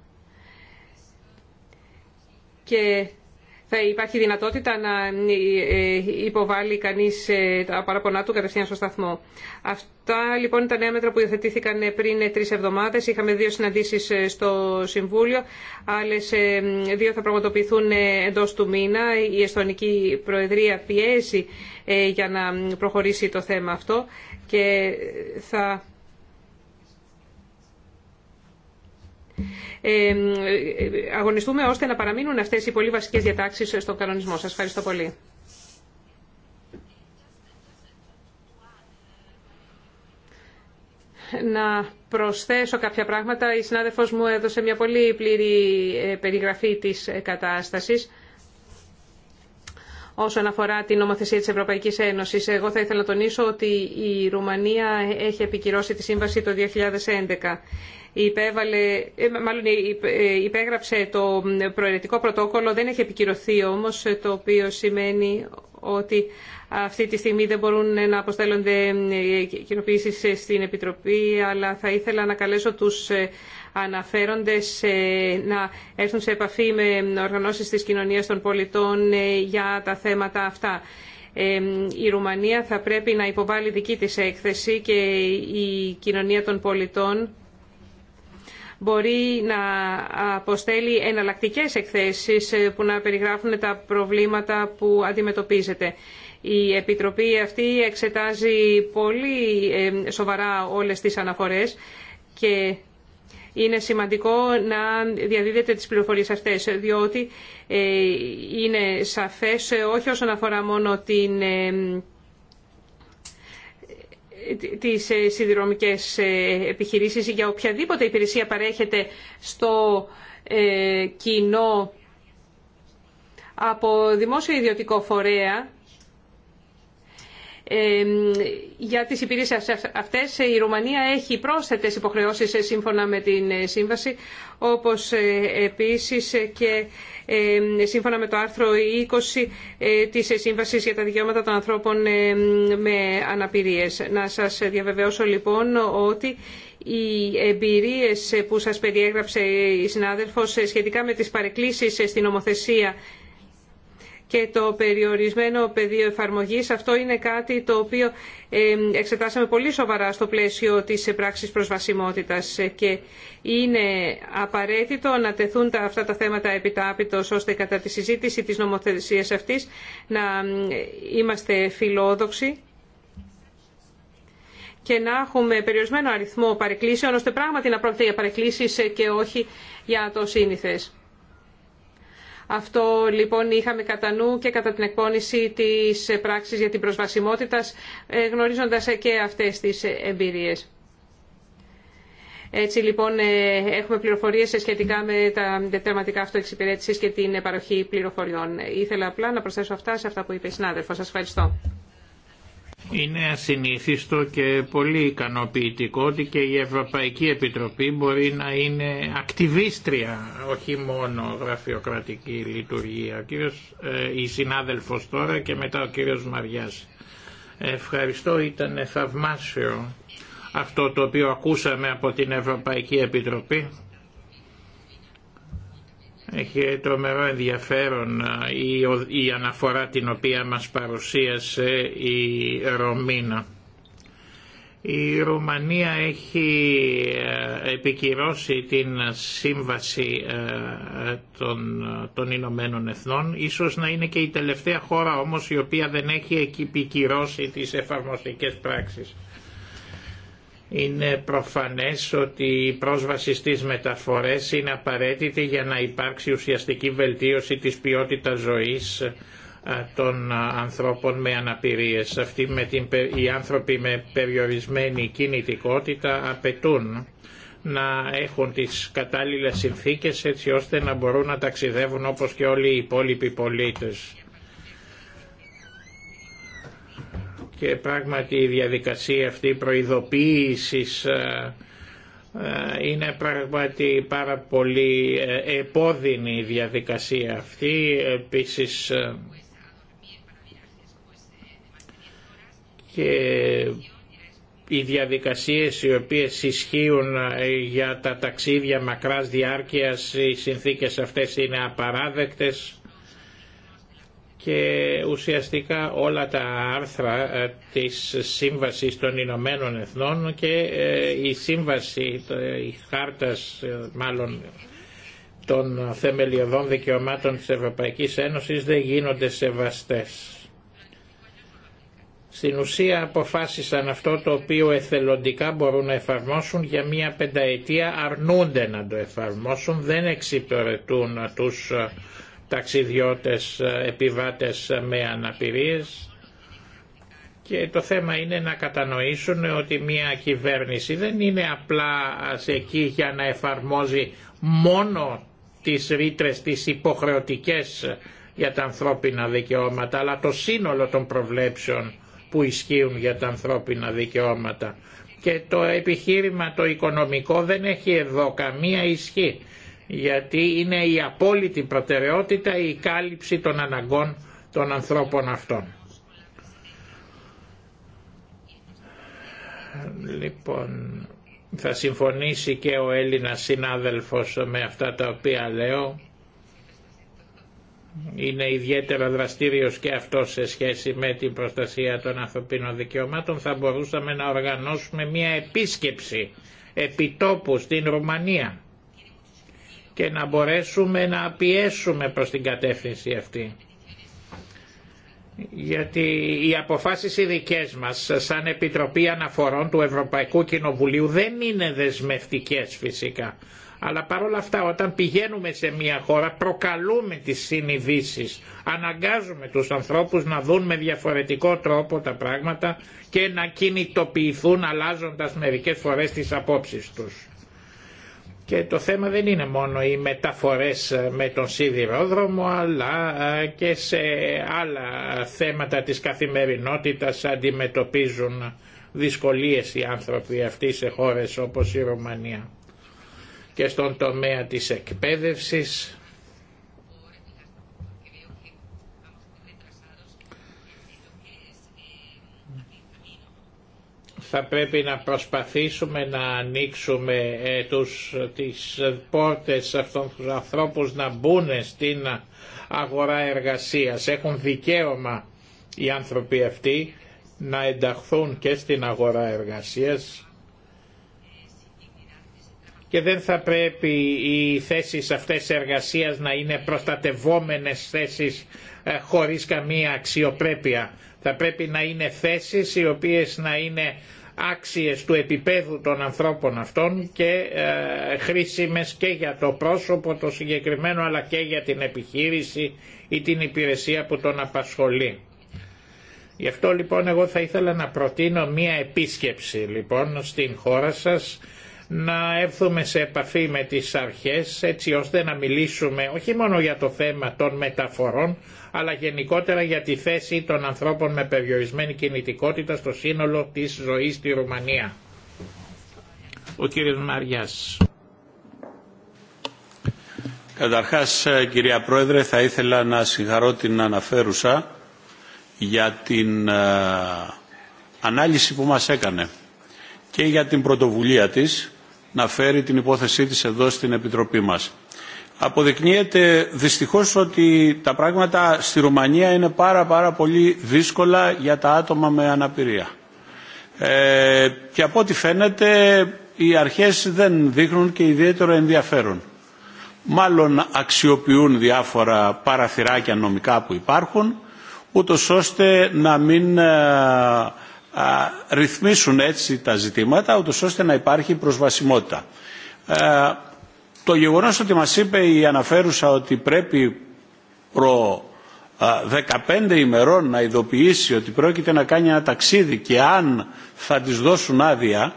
και θα υπάρχει δυνατότητα να ε, ε, υποβάλει κανείς ε, τα παραπονά του κατευθείαν στο σταθμό. Αυτά λοιπόν τα νέα μέτρα που υιοθετήθηκαν πριν τρεις εβδομάδες. Είχαμε δύο συναντήσεις στο Συμβούλιο, άλλες δύο θα πραγματοποιηθούν εντός του μήνα. Η Εστονική Προεδρία πιέζει για να προχωρήσει το θέμα αυτό και θα αγωνιστούμε ώστε να παραμείνουν αυτές οι πολύ βασικές διατάξεις στον κανονισμό. Σας ευχαριστώ πολύ. να προσθέσω κάποια πράγματα. Η συνάδελφος μου έδωσε μια πολύ πλήρη ε, περιγραφή της ε, κατάστασης όσον αφορά την νομοθεσία της Ευρωπαϊκής Ένωσης. Εγώ θα ήθελα να τονίσω ότι η Ρουμανία έχει επικυρώσει τη σύμβαση το 2011. Ε, ε, υπέγραψε το προαιρετικό πρωτόκολλο, δεν έχει επικυρωθεί όμως, το οποίο σημαίνει ότι αυτή τη στιγμή δεν μπορούν να αποστέλλονται ε, κοινοποιήσεις στην Επιτροπή, αλλά θα ήθελα να καλέσω τους αναφέροντες να έρθουν σε επαφή με οργανώσεις της κοινωνίας των πολιτών για τα θέματα αυτά. Η Ρουμανία θα πρέπει να υποβάλει δική της έκθεση και η κοινωνία των πολιτών μπορεί να αποστέλει εναλλακτικές εκθέσεις ε, που να περιγράφουν τα προβλήματα που αντιμετωπίζεται. Η Επιτροπή αυτή εξετάζει πολύ ε, σοβαρά όλες τις αναφορές και είναι σημαντικό να διαδίδεται τις πληροφορίες αυτές, διότι ε, είναι σαφές όχι όσον αφορά μόνο την τις ε, σιδηρομικές ε, επιχειρήσεις για οποιαδήποτε υπηρεσία παρέχεται στο ε, κοινό από δημόσιο ιδιωτικό φορέα για τις υπηρεσίε αυτές η Ρουμανία έχει πρόσθετες υποχρεώσεις ε, σύμφωνα με την ε, σύμβαση όπως ε, επίσης και σύμφωνα με το άρθρο 20 της Σύμβασης για τα Δικαιώματα των Ανθρώπων με Αναπηρίες. Να σας διαβεβαιώσω λοιπόν ότι οι εμπειρίες που σας περιέγραψε η συνάδελφος σχετικά με τις παρεκκλήσεις στην νομοθεσία και το περιορισμένο πεδίο εφαρμογής. Αυτό είναι κάτι το οποίο εξετάσαμε πολύ σοβαρά στο πλαίσιο της πράξης προσβασιμότητας και είναι απαραίτητο να τεθούν τα, αυτά τα θέματα επιτάπητος ώστε κατά τη συζήτηση της νομοθεσία αυτής να είμαστε φιλόδοξοι και να έχουμε περιορισμένο αριθμό παρεκκλήσεων ώστε πράγματι να πρόκειται για παρεκκλήσεις και όχι για το σύνηθες. Αυτό λοιπόν είχαμε κατά νου και κατά την εκπόνηση της πράξης για την προσβασιμότητα, ε, γνωρίζοντας και αυτές τις εμπειρίες. Έτσι λοιπόν ε, έχουμε πληροφορίες σχετικά με τα τερματικά αυτοεξυπηρέτησης και την παροχή πληροφοριών. Ήθελα απλά να προσθέσω αυτά σε αυτά που είπε η συνάδελφο. Σας ευχαριστώ. Είναι ασυνήθιστο και πολύ ικανοποιητικό ότι και η Ευρωπαϊκή Επιτροπή μπορεί να είναι ακτιβίστρια, όχι μόνο γραφειοκρατική λειτουργία. Ο κύριος, ε, η συνάδελφος τώρα και μετά ο κύριος Μαριάς. Ευχαριστώ, ήταν θαυμάσιο αυτό το οποίο ακούσαμε από την Ευρωπαϊκή Επιτροπή έχει τρομερό ενδιαφέρον η αναφορά την οποία μας παρουσίασε η Ρωμίνα. Η Ρουμανία έχει επικυρώσει την σύμβαση των, των Ηνωμένων Εθνών, ίσως να είναι και η τελευταία χώρα όμως η οποία δεν έχει επικυρώσει τις εφαρμοστικές πράξεις. Είναι προφανές ότι η πρόσβαση στις μεταφορές είναι απαραίτητη για να υπάρξει ουσιαστική βελτίωση της ποιότητας ζωής των ανθρώπων με αναπηρίες. Αυτοί με την, οι άνθρωποι με περιορισμένη κινητικότητα απαιτούν να έχουν τις κατάλληλες συνθήκες έτσι ώστε να μπορούν να ταξιδεύουν όπως και όλοι οι υπόλοιποι πολίτες. και πράγματι η διαδικασία αυτή προειδοποίησης ε, ε, είναι πράγματι πάρα πολύ ε, επώδυνη η διαδικασία αυτή. Επίσης και οι διαδικασίες οι οποίες ισχύουν για τα ταξίδια μακράς διάρκειας, οι συνθήκες αυτές είναι απαράδεκτες και ουσιαστικά όλα τα άρθρα ε, της Σύμβασης των Ηνωμένων Εθνών και ε, η Σύμβαση, η χάρτας ε, μάλλον των θεμελιωδών δικαιωμάτων της Ευρωπαϊκής Ένωσης δεν γίνονται σεβαστές. Στην ουσία αποφάσισαν αυτό το οποίο εθελοντικά μπορούν να εφαρμόσουν για μία πενταετία αρνούνται να το εφαρμόσουν, δεν εξυπηρετούν τους ταξιδιώτες, ε, επιβάτες ε, με αναπηρίες και το θέμα είναι να κατανοήσουν ότι μια κυβέρνηση δεν είναι απλά εκεί για να εφαρμόζει μόνο τις ρήτρες τις υποχρεωτικές για τα ανθρώπινα δικαιώματα αλλά το σύνολο των προβλέψεων που ισχύουν για τα ανθρώπινα δικαιώματα. Και το επιχείρημα το οικονομικό δεν έχει εδώ καμία ισχύ γιατί είναι η απόλυτη προτεραιότητα η κάλυψη των αναγκών των ανθρώπων αυτών. Λοιπόν, θα συμφωνήσει και ο Έλληνας συνάδελφος με αυτά τα οποία λέω. Είναι ιδιαίτερα δραστήριος και αυτό σε σχέση με την προστασία των ανθρωπίνων δικαιωμάτων. Θα μπορούσαμε να οργανώσουμε μια επίσκεψη επιτόπου στην Ρουμανία και να μπορέσουμε να πιέσουμε προς την κατεύθυνση αυτή. Γιατί οι αποφάσεις οι δικές μας σαν Επιτροπή Αναφορών του Ευρωπαϊκού Κοινοβουλίου δεν είναι δεσμευτικές φυσικά. Αλλά παρόλα αυτά όταν πηγαίνουμε σε μια χώρα προκαλούμε τις συνειδήσεις, αναγκάζουμε τους ανθρώπους να δουν με διαφορετικό τρόπο τα πράγματα και να κινητοποιηθούν αλλάζοντας μερικές φορές τις απόψεις τους. Και το θέμα δεν είναι μόνο οι μεταφορές ε, με τον σιδηρόδρομο αλλά ε, και σε άλλα θέματα της καθημερινότητας αντιμετωπίζουν δυσκολίες οι άνθρωποι αυτοί σε χώρες όπως η Ρωμανία. Και στον τομέα της εκπαίδευσης θα πρέπει να προσπαθήσουμε να ανοίξουμε ε, τους, τις πόρτες αυτών τους ανθρώπους να μπουν στην αγορά εργασίας. Έχουν δικαίωμα οι άνθρωποι αυτοί να ενταχθούν και στην αγορά εργασίας και δεν θα πρέπει οι θέσεις αυτές εργασίας να είναι προστατευόμενες θέσεις ε, χωρίς καμία αξιοπρέπεια. Θα πρέπει να είναι θέσεις οι οποίες να είναι άξιες του επίπεδου των ανθρώπων αυτών και ε, χρήσιμες και για το πρόσωπο το συγκεκριμένο αλλά και για την επιχείρηση ή την υπηρεσία που τον απασχολεί. Γι' αυτό λοιπόν εγώ θα ήθελα να προτείνω μία επίσκεψη λοιπόν στην χώρα σας να έρθουμε σε επαφή με τις αρχές έτσι ώστε να μιλήσουμε όχι μόνο για το θέμα των μεταφορών αλλά γενικότερα για τη θέση των ανθρώπων με περιορισμένη κινητικότητα στο σύνολο της ζωής στη Ρουμανία. Ο κύριος Μαριάς. Καταρχάς, ε, κυρία Πρόεδρε, θα ήθελα να συγχαρώ την αναφέρουσα για την ε, ανάλυση που μας έκανε και για την πρωτοβουλία της να φέρει την υπόθεσή της εδώ στην Επιτροπή μας αποδεικνύεται δυστυχώς ότι τα πράγματα στη Ρουμανία είναι πάρα πάρα πολύ δύσκολα για τα άτομα με αναπηρία. Ε, και από ό,τι φαίνεται οι αρχές δεν δείχνουν και ιδιαίτερο ενδιαφέρον. Μάλλον αξιοποιούν διάφορα παραθυράκια νομικά που υπάρχουν, ούτω ώστε να μην ε, ρυθμίσουν έτσι τα ζητήματα, ούτω ώστε να υπάρχει προσβασιμότητα. Ε, το γεγονός ότι μας είπε η αναφέρουσα ότι πρέπει προ 15 ημερών να ειδοποιήσει ότι πρόκειται να κάνει ένα ταξίδι και αν θα της δώσουν άδεια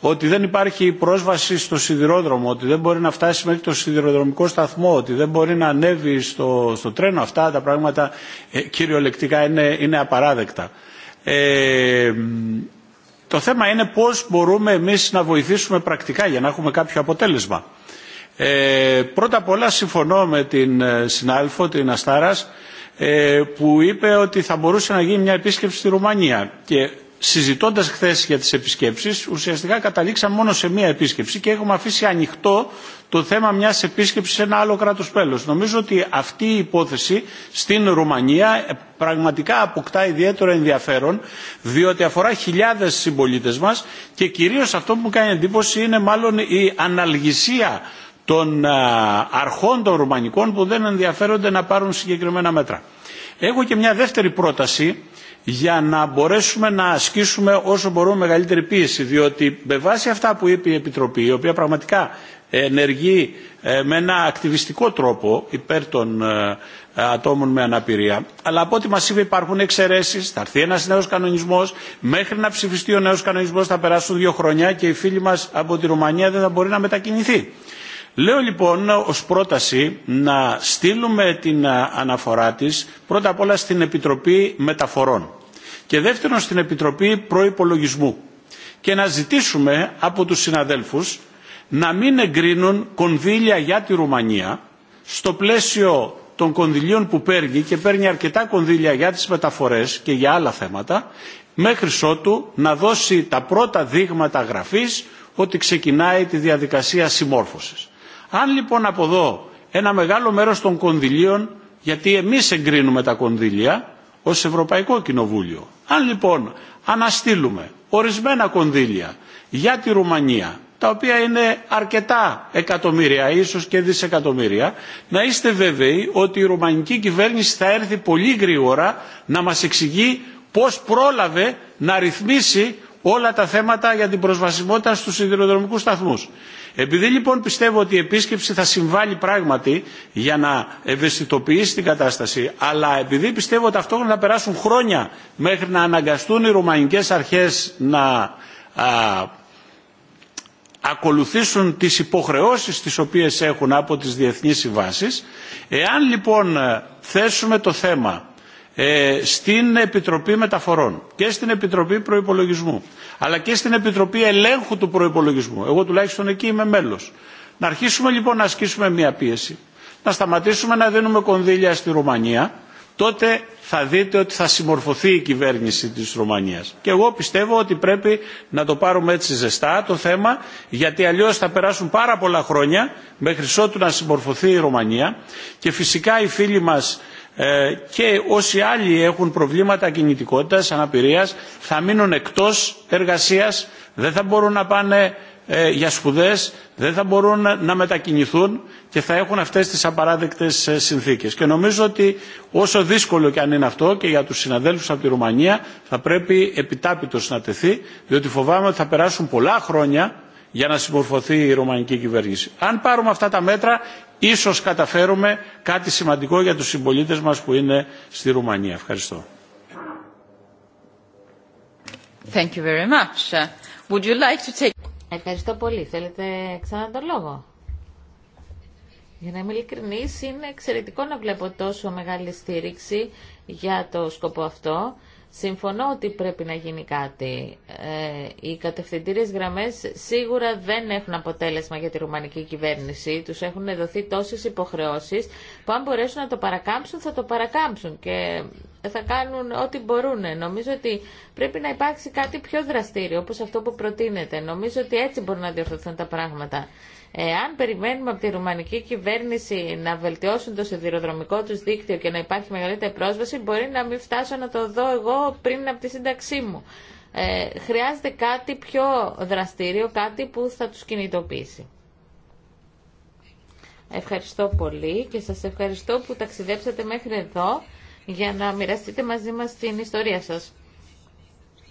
ότι δεν υπάρχει πρόσβαση στο σιδηρόδρομο, ότι δεν μπορεί να φτάσει μέχρι το σιδηροδρομικό σταθμό, ότι δεν μπορεί να ανέβει στο, στο τρένο. Αυτά τα πράγματα ε, κυριολεκτικά είναι, είναι απαράδεκτα. Ε, το θέμα είναι πώς μπορούμε εμείς να βοηθήσουμε πρακτικά για να έχουμε κάποιο αποτέλεσμα. Ε, πρώτα απ' όλα συμφωνώ με την ε, συνάδελφο, την Αστάρας, ε, που είπε ότι θα μπορούσε να γίνει μια επίσκεψη στη Ρουμανία. Και συζητώντας χθε για τις επισκέψεις, ουσιαστικά καταλήξαμε μόνο σε μια επίσκεψη και έχουμε αφήσει ανοιχτό το θέμα μιας επίσκεψης σε ένα άλλο κράτος πέλος. Νομίζω ότι αυτή η υπόθεση στην Ρουμανία ε, πραγματικά αποκτά ιδιαίτερο ενδιαφέρον διότι αφορά χιλιάδες συμπολίτες μας και κυρίως αυτό που μου κάνει εντύπωση είναι μάλλον η αναλγησία των αρχών των ρουμανικών που δεν ενδιαφέρονται να πάρουν συγκεκριμένα μέτρα. Έχω και μια δεύτερη πρόταση για να μπορέσουμε να ασκήσουμε όσο μπορούμε μεγαλύτερη πίεση διότι με βάση αυτά που είπε η Επιτροπή η οποία πραγματικά ενεργεί ε, με ένα ακτιβιστικό τρόπο υπέρ των ε, ατόμων με αναπηρία αλλά από ό,τι μας είπε υπάρχουν εξαιρέσεις, θα έρθει ένας νέος κανονισμός μέχρι να ψηφιστεί ο νέος κανονισμός θα περάσουν δύο χρονιά και οι φίλοι μας από τη Ρουμανία δεν θα μπορεί να μετακινηθεί. Λέω λοιπόν ως πρόταση να στείλουμε την ε, αναφορά της πρώτα απ' όλα στην Επιτροπή Μεταφορών και δεύτερον στην Επιτροπή Προϋπολογισμού και να ζητήσουμε από τους συναδέλφους να μην εγκρίνουν κονδύλια για τη Ρουμανία στο πλαίσιο των κονδυλίων που παίρνει και παίρνει αρκετά κονδύλια για τις μεταφορές και για άλλα θέματα μέχρι ότου να δώσει τα πρώτα δείγματα γραφής ότι ξεκινάει τη διαδικασία συμμόρφωσης. Αν λοιπόν από εδώ ένα μεγάλο μέρος των κονδυλίων, γιατί εμείς εγκρίνουμε τα κονδύλια ως Ευρωπαϊκό Κοινοβούλιο, αν λοιπόν αναστείλουμε ορισμένα κονδύλια για τη Ρουμανία, τα οποία είναι αρκετά εκατομμύρια, ίσως και δισεκατομμύρια, να είστε βέβαιοι ότι η ρουμανική κυβέρνηση θα έρθει πολύ γρήγορα να μας εξηγεί πώς πρόλαβε να ρυθμίσει όλα τα θέματα για την προσβασιμότητα στους σιδηροδρομικούς σταθμούς. Επειδή λοιπόν πιστεύω ότι η επίσκεψη θα συμβάλλει πράγματι για να ευαισθητοποιήσει την κατάσταση, αλλά επειδή πιστεύω ταυτόχρονα να περάσουν χρόνια μέχρι να αναγκαστούν οι ρουμανικές αρχές να ακολουθήσουν τις υποχρεώσεις τις οποίες έχουν από τις διεθνείς συμβάσεις, εάν λοιπόν ε, θέσουμε το θέμα ε, στην Επιτροπή Μεταφορών και στην Επιτροπή Προϋπολογισμού αλλά και στην Επιτροπή Ελέγχου του Προϋπολογισμού. Εγώ τουλάχιστον εκεί είμαι μέλος. Να αρχίσουμε λοιπόν να ασκήσουμε μια πίεση. Να σταματήσουμε να δίνουμε κονδύλια στη Ρουμανία. Τότε θα δείτε ότι θα συμμορφωθεί η κυβέρνηση της Ρουμανίας. Και εγώ πιστεύω ότι πρέπει να το πάρουμε έτσι ζεστά το θέμα, γιατί αλλιώς θα περάσουν πάρα πολλά χρόνια μέχρι ότου να συμμορφωθεί η Ρουμανία και φυσικά οι φίλοι μας ε, και όσοι άλλοι έχουν προβλήματα κινητικότητας, αναπηρίας θα μείνουν εκτός εργασίας, δεν θα μπορούν να πάνε ε, για σπουδές, δεν θα μπορούν να μετακινηθούν και θα έχουν αυτές τις απαράδεκτες ε, συνθήκες. Και νομίζω ότι όσο δύσκολο και αν είναι αυτό και για τους συναδέλφους από τη Ρουμανία θα πρέπει επιτάπητος να τεθεί διότι φοβάμαι ότι θα περάσουν πολλά χρόνια για να συμμορφωθεί η ρωμανική κυβέρνηση. Αν πάρουμε αυτά τα μέτρα ίσως καταφέρουμε κάτι σημαντικό για τους συμπολίτε μας που είναι στη Ρουμανία. Ευχαριστώ. Thank you very much. Would you like to take... Ευχαριστώ πολύ. Θέλετε ξανά τον λόγο. Για να είμαι ειλικρινής, είναι εξαιρετικό να βλέπω τόσο μεγάλη στήριξη για το σκοπό αυτό. Συμφωνώ ότι πρέπει να γίνει κάτι. Ε, οι κατευθυντήριες γραμμές σίγουρα δεν έχουν αποτέλεσμα για τη ρουμανική κυβέρνηση. Τους έχουν δοθεί τόσες υποχρεώσεις που αν μπορέσουν να το παρακάμψουν θα το παρακάμψουν και θα κάνουν ό,τι μπορούν. Νομίζω ότι πρέπει να υπάρξει κάτι πιο δραστήριο όπως αυτό που προτείνεται. Νομίζω ότι έτσι μπορούν να διορθωθούν τα πράγματα. Αν περιμένουμε από τη ρουμανική κυβέρνηση να βελτιώσουν το σιδηροδρομικό του δίκτυο και να υπάρχει μεγαλύτερη πρόσβαση, μπορεί να μην φτάσω να το δω εγώ πριν από τη σύνταξή μου. Ε, χρειάζεται κάτι πιο δραστήριο, κάτι που θα τους κινητοποιήσει. Ευχαριστώ πολύ και σας ευχαριστώ που ταξιδέψατε μέχρι εδώ για να μοιραστείτε μαζί μας την ιστορία σας.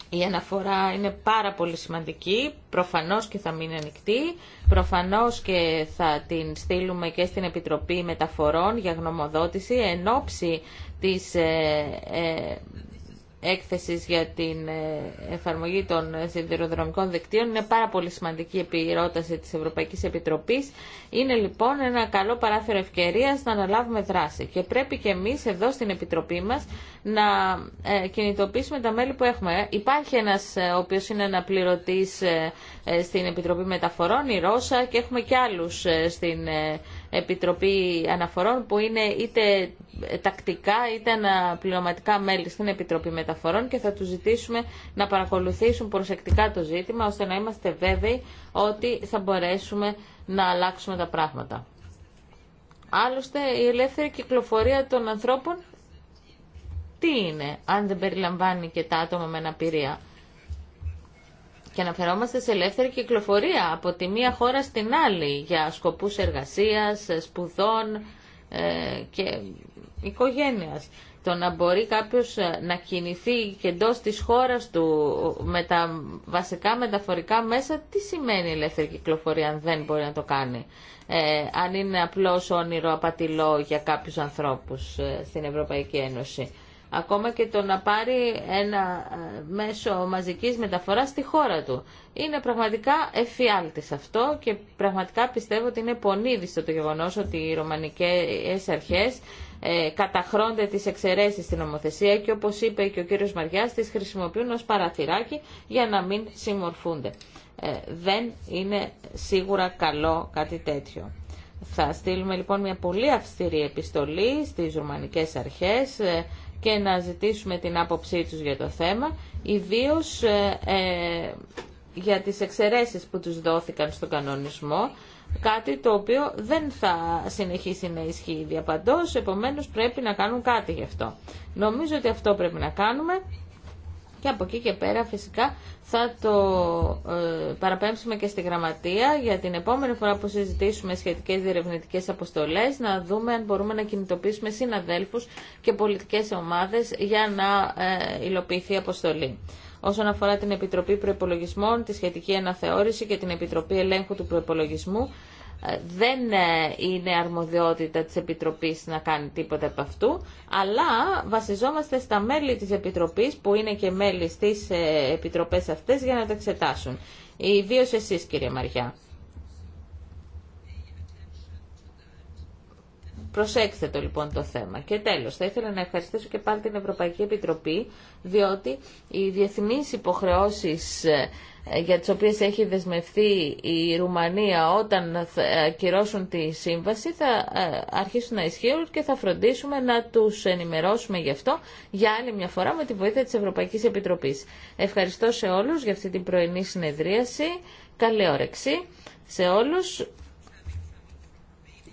Η αναφορά είναι πάρα πολύ σημαντική, προφανώς και θα μείνει ανοιχτή, προφανώς και θα την στείλουμε και στην Επιτροπή Μεταφορών για γνωμοδότηση εν ώψη της ε, ε, έκθεσης για την ε, εφαρμογή των σιδηροδρομικών δικτύων είναι πάρα πολύ σημαντική επιρρόταση της Ευρωπαϊκής Επιτροπής. Είναι λοιπόν ένα καλό παράθυρο ευκαιρίας να αναλάβουμε δράση και πρέπει και εμείς εδώ στην Επιτροπή μας να ε, κινητοποιήσουμε τα μέλη που έχουμε. Υπάρχει ένας ε, ο οποίος είναι πληρωτής στην Επιτροπή Μεταφορών, η Ρώσα και έχουμε και άλλους στην Επιτροπή Επιτροπή Αναφορών που είναι είτε τακτικά είτε αναπληρωματικά μέλη στην Επιτροπή Μεταφορών και θα τους ζητήσουμε να παρακολουθήσουν προσεκτικά το ζήτημα ώστε να είμαστε βέβαιοι ότι θα μπορέσουμε να αλλάξουμε τα πράγματα. Άλλωστε η ελεύθερη κυκλοφορία των ανθρώπων τι είναι αν δεν περιλαμβάνει και τα άτομα με αναπηρία και αναφερόμαστε σε ελεύθερη κυκλοφορία από τη μία χώρα στην άλλη για σκοπούς εργασίας, σπουδών ε, και οικογένειας. Το να μπορεί κάποιος ε, να κινηθεί και εντό της χώρας του με τα βασικά μεταφορικά μέσα, τι σημαίνει ελεύθερη κυκλοφορία αν δεν μπορεί να το κάνει. Ε, αν είναι απλώς όνειρο απατηλό για κάποιους ανθρώπους ε, στην Ευρωπαϊκή Ένωση. Ακόμα και το να πάρει ένα ε, μέσο μαζικής μεταφοράς στη χώρα του. Είναι πραγματικά εφιάλτης αυτό και πραγματικά πιστεύω ότι είναι πονίδιστο το γεγονός ότι οι ρωμανικές αρχές ε, καταχρώνται τις εξαιρέσεις στην νομοθεσία και όπως είπε και ο κύριος Μαριάς τις χρησιμοποιούν ως παραθυράκι για να μην συμμορφούνται. Ε, δεν είναι σίγουρα καλό κάτι τέτοιο. Θα στείλουμε λοιπόν μια πολύ αυστηρή επιστολή στις ρωμανικές Αρχές ε, και να ζητήσουμε την άποψή τους για το θέμα, ιδίως ε, ε, για τις εξαιρέσεις που τους δόθηκαν στον κανονισμό, κάτι το οποίο δεν θα συνεχίσει να ισχύει διαπαντός, επομένως πρέπει να κάνουν κάτι γι' αυτό. Νομίζω ότι αυτό πρέπει να κάνουμε και από εκεί και πέρα φυσικά θα το ε, παραπέμψουμε και στη γραμματεία για την επόμενη φορά που συζητήσουμε σχετικές διερευνητικές αποστολές να δούμε αν μπορούμε να κινητοποιήσουμε συναδέλφους και πολιτικές ομάδες για να ε, υλοποιηθεί η αποστολή. Όσον αφορά την Επιτροπή Προπολογισμών, τη σχετική αναθεώρηση και την Επιτροπή Ελέγχου του Προπολογισμού, ε, δεν ε, είναι αρμοδιότητα της Επιτροπής να κάνει τίποτα από αυτού, αλλά βασιζόμαστε στα μέλη της Επιτροπής που είναι και μέλη στις ε, Επιτροπές αυτές για να τα εξετάσουν. Ιδίω εσείς κύριε Μαριά. Προσέξτε το λοιπόν το θέμα. Και τέλος, θα ήθελα να ευχαριστήσω και πάλι την Ευρωπαϊκή Επιτροπή, διότι οι διεθνείς υποχρεώσεις ε, για τις οποίες έχει δεσμευθεί η Ρουμανία όταν ακυρώσουν τη σύμβαση θα ε, αρχίσουν να ισχύουν και θα φροντίσουμε να τους ενημερώσουμε γι' αυτό για άλλη μια φορά με τη βοήθεια της Ευρωπαϊκής Επιτροπής. Ευχαριστώ σε όλους για αυτή την πρωινή συνεδρίαση. Καλή όρεξη σε όλους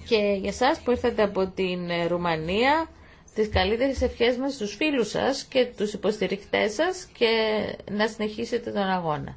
και για σας που ήρθατε από την ε, Ρουμανία τις καλύτερες ευχές μας στους φίλους σας και τους υποστηρικτές σας και να συνεχίσετε τον αγώνα.